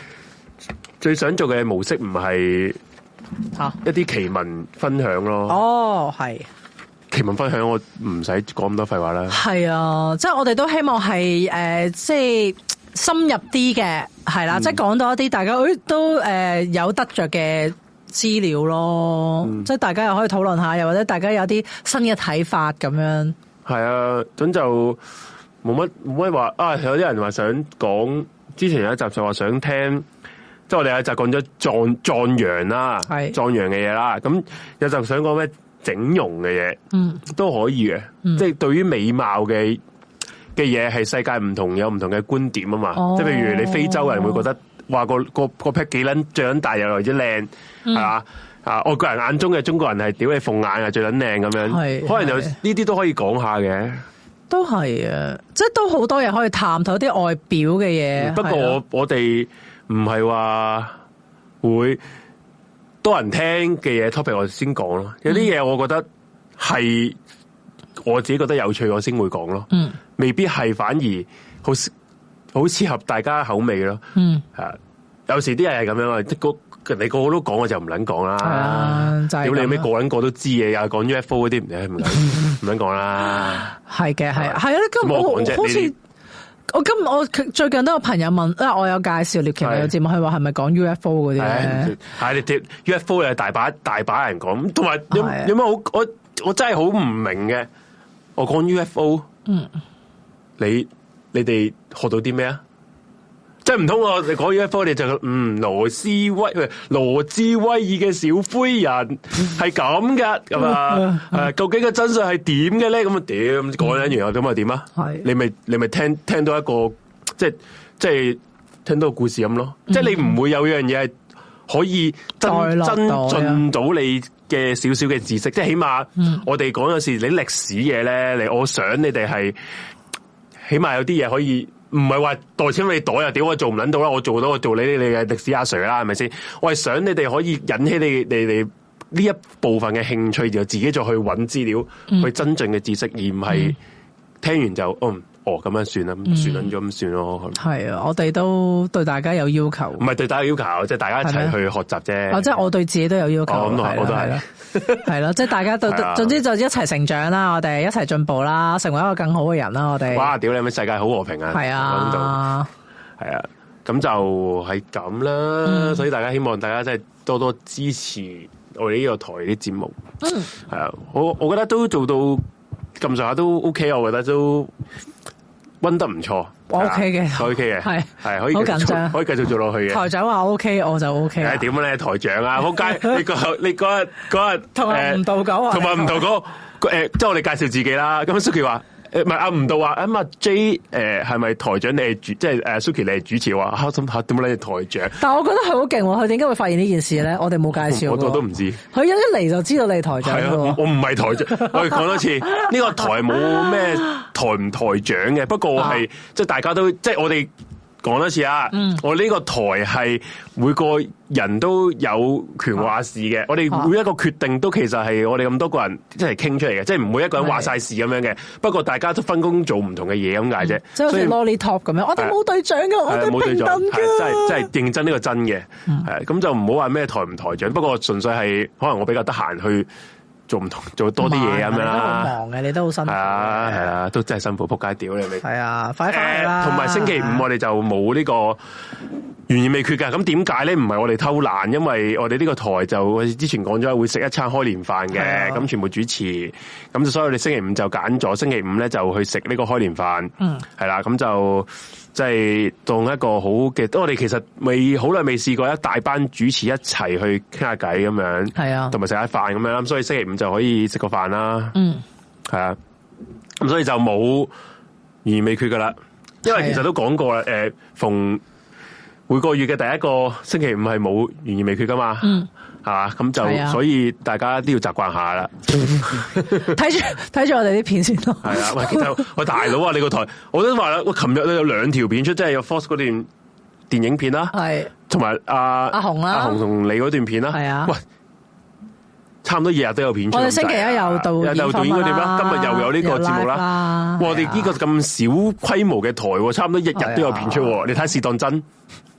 最想做嘅模式唔係吓一啲奇聞分享咯。哦，係奇聞分享，我唔使講咁多廢話啦。係啊，即係我哋都希望係誒，即係深入啲嘅，係啦，即係講到一啲大家都誒有得着嘅資料咯。即係大家又可以討論下，又或者大家有啲新嘅睇法咁樣。係啊，咁就。冇乜冇乜話啊！有啲人話想講，之前有一集就話想聽，即係我哋有一集講咗壯壯陽啦，壯陽嘅嘢啦，咁有一集想講咩整容嘅嘢，嗯都可以嘅、嗯，即係對於美貌嘅嘅嘢係世界唔同，有唔同嘅觀點啊嘛，即、哦、係譬如你非洲人會覺得，話個個個 pair 幾撚最長大又嚟之靚，係嘛、嗯、啊？外國人眼中嘅中國人係屌你鳳眼啊，最撚靚咁樣，係可能有呢啲都可以講下嘅。都係啊，即係都好多人可以探討啲外表嘅嘢。不過我是、啊、我哋唔係話會多人聽嘅嘢 topic，我哋先講咯。有啲嘢我覺得係、嗯、我自己覺得有趣，我先會講咯。嗯，未必係反而好適好適合大家口味咯。嗯，係有時啲嘢係咁樣啊，即個。你個個都講，我就唔撚講啦。係啊，屌、就係、你咩個人個都知嘢，啊講 UFO 嗰啲唔撚講啦。係嘅，係係咧，咁我,我,我好似我今我最近都有朋友問，我有介紹廖奇有節目，佢話係咪講 UFO 嗰啲咧？係、哎、你 UFO 又大把大把人講，同埋有有咩好？我我真係好唔明嘅。我講 UFO，嗯，你你哋學到啲咩啊？即係唔通我哋講嘢一科你就嗯，羅斯威唔係羅茲威爾嘅小灰人係咁噶，咁啊，誒究竟個真相係點嘅咧？咁啊點，講完之後，咁啊點啊，係你咪你咪聽聽到一個即係即係聽到個故事咁咯、嗯、即係你唔會有樣嘢係可以增增進到你嘅少少嘅知識，即係起碼、嗯、我哋講有時你歷史嘢咧你，我想你哋係起碼有啲嘢可以。唔係話袋錢你袋啊，屌我做唔捻到啦，我做到我做你你嘅歷史阿 Sir 啦，係咪先？我係想你哋可以引起你你你呢一部分嘅興趣，就自己再去揾資料去增進嘅知識，而唔係聽完就嗯。嗯哦，咁樣算啦、嗯，算咁咁算咯。係啊，我哋都對大家有要求，唔係對大家有要求，即、就、係、是、大家一齊去學習啫。哦，即、嗯、係、哦就是、我對自己都有要求。哦，咁我都係。係啦，即 係、就是、大家都、啊，總之就一齊成長啦，我哋一齊進步啦，成為一個更好嘅人啦，我哋。哇，屌你咩世界好和平啊？係啊，係啊，咁就係咁啦、嗯。所以大家希望大家真係多多支持我哋呢個台啲節、這個、目。嗯，係啊，我我覺得都做到咁上下都 OK，我覺得都。溫得唔錯，我 OK 嘅，我 OK 嘅，係係可以，好緊張，可以繼續做落去嘅。台長話 OK，我就 OK。係點咧？台長啊，好 街你、呢個你個日同埋唔到狗啊，同埋唔到狗，即 係我哋介紹自己啦。咁 Suki 話。誒，唔係啊，唔道話啊，嘛、啊、J，誒係咪台長？你係主，即係誒 Suki，你係主持話，點解，啊、你係台長？但係我覺得佢好勁，佢點解會發現呢件事咧，嗯？我哋冇介紹，我都唔知。佢一嚟就知道你係台長係，啊、係台長。係 啊，我唔係台長，我講多次，呢個台冇咩台唔台長嘅，不過係，啊、即係大家都，即係我哋。講多次啊、嗯！我呢個台係每個人都有權話事嘅。我哋每一個決定都其實係我哋咁多個人一齊傾出嚟嘅、啊，即係唔會一個人話晒事咁樣嘅。不過大家都分工做唔同嘅嘢咁解啫，所以 lolly top 咁樣。我哋冇隊長嘅，我哋、啊、平等嘅、啊，真係真係認真呢個真嘅，係、嗯、咁就唔好話咩台唔台長。不過純粹係可能我比較得閒去做唔同做多啲嘢咁樣啦，你都好忙嘅、啊啊，你都好辛苦、啊，係啊，啊，都真係辛苦仆街屌你！係啊，啊，快返啦！同、呃、埋星期五我哋就冇呢個完意未決嘅，咁點解咧？唔係我哋偷懶，因為我哋呢個台就之前講咗會食一餐開年飯嘅，咁、啊、全部主持，咁所以我哋星期五就揀咗星期五咧就去食呢個開年飯，嗯、啊，係啦，咁就。即係當一個好嘅，我哋其實未好耐未試過一大班主持一齊去傾下偈咁樣，係啊，同埋食下飯咁樣，咁所以星期五就可以食個飯啦。嗯，係啊，咁所以就冇懸而未決噶啦，因為其實都講過啦，誒、啊、呃，逢每個月嘅第一個星期五係冇懸而未決噶嘛。嗯。係、啊、咁就、啊、所以大家都要習慣下啦。 睇住睇住我哋啲片先咯。係啊，喂大佬啊，你個台我都話啦，我琴日咧有兩條片出，即係有 Force 嗰段電影片啦，係同埋阿阿紅啦，阿紅同、啊、你嗰段片啦。係啊，喂，差唔多日日都有片出。我哋星期一又到，又導演啦，今日又有呢個節目啦、啊。我哋呢個咁小規模嘅台，差唔多日日都有片出，啊、你睇是當真？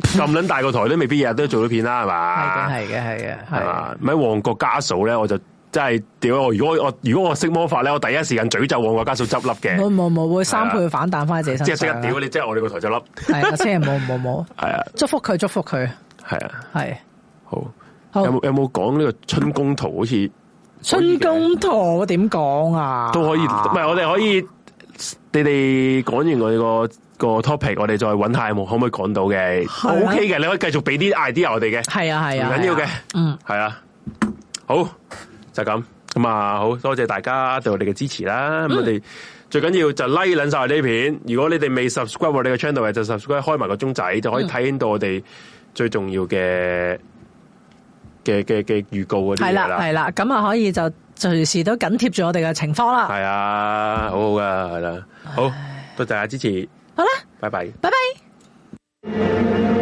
咁捻大個台都未必日日都做到片啦，係嘛？係嘅，係嘅，係嘅，係咪旺角家嫂咧？我就真係屌！我如果我如果我識魔法咧，我第一時間詛咒旺角家嫂執笠嘅。冇冇冇，會三倍反彈翻自己身。即係一屌你，即係我哋個台就笠。係啊，即係冇冇冇。係啊，祝福佢，祝福佢。係啊，係好有冇有冇講呢個春宮圖？好似春宮圖點講啊？都可以，唔係我哋可以，你哋講完我哋個。個 topic，我哋再揾下有冇可唔可以講到嘅，啊，OK 嘅，你可以繼續俾啲 idea 我哋嘅，係啊係啊，唔緊要嘅，嗯，係啊，好就咁咁啊，好多謝大家對我哋嘅支持啦，咁、嗯、我哋最緊要就 like 捻晒呢片，如果你哋未 subscribe 我哋嘅 channel，就 subscribe 開埋個鐘仔，就可以睇到我哋最重要嘅嘅嘅嘅預告嗰啲嘢啦，係啦，啊，咁啊可以就隨時都緊貼住我哋嘅情況啦，係啊，好好噶係啦，好多謝大家、啊、支持。好啦，拜拜，拜拜。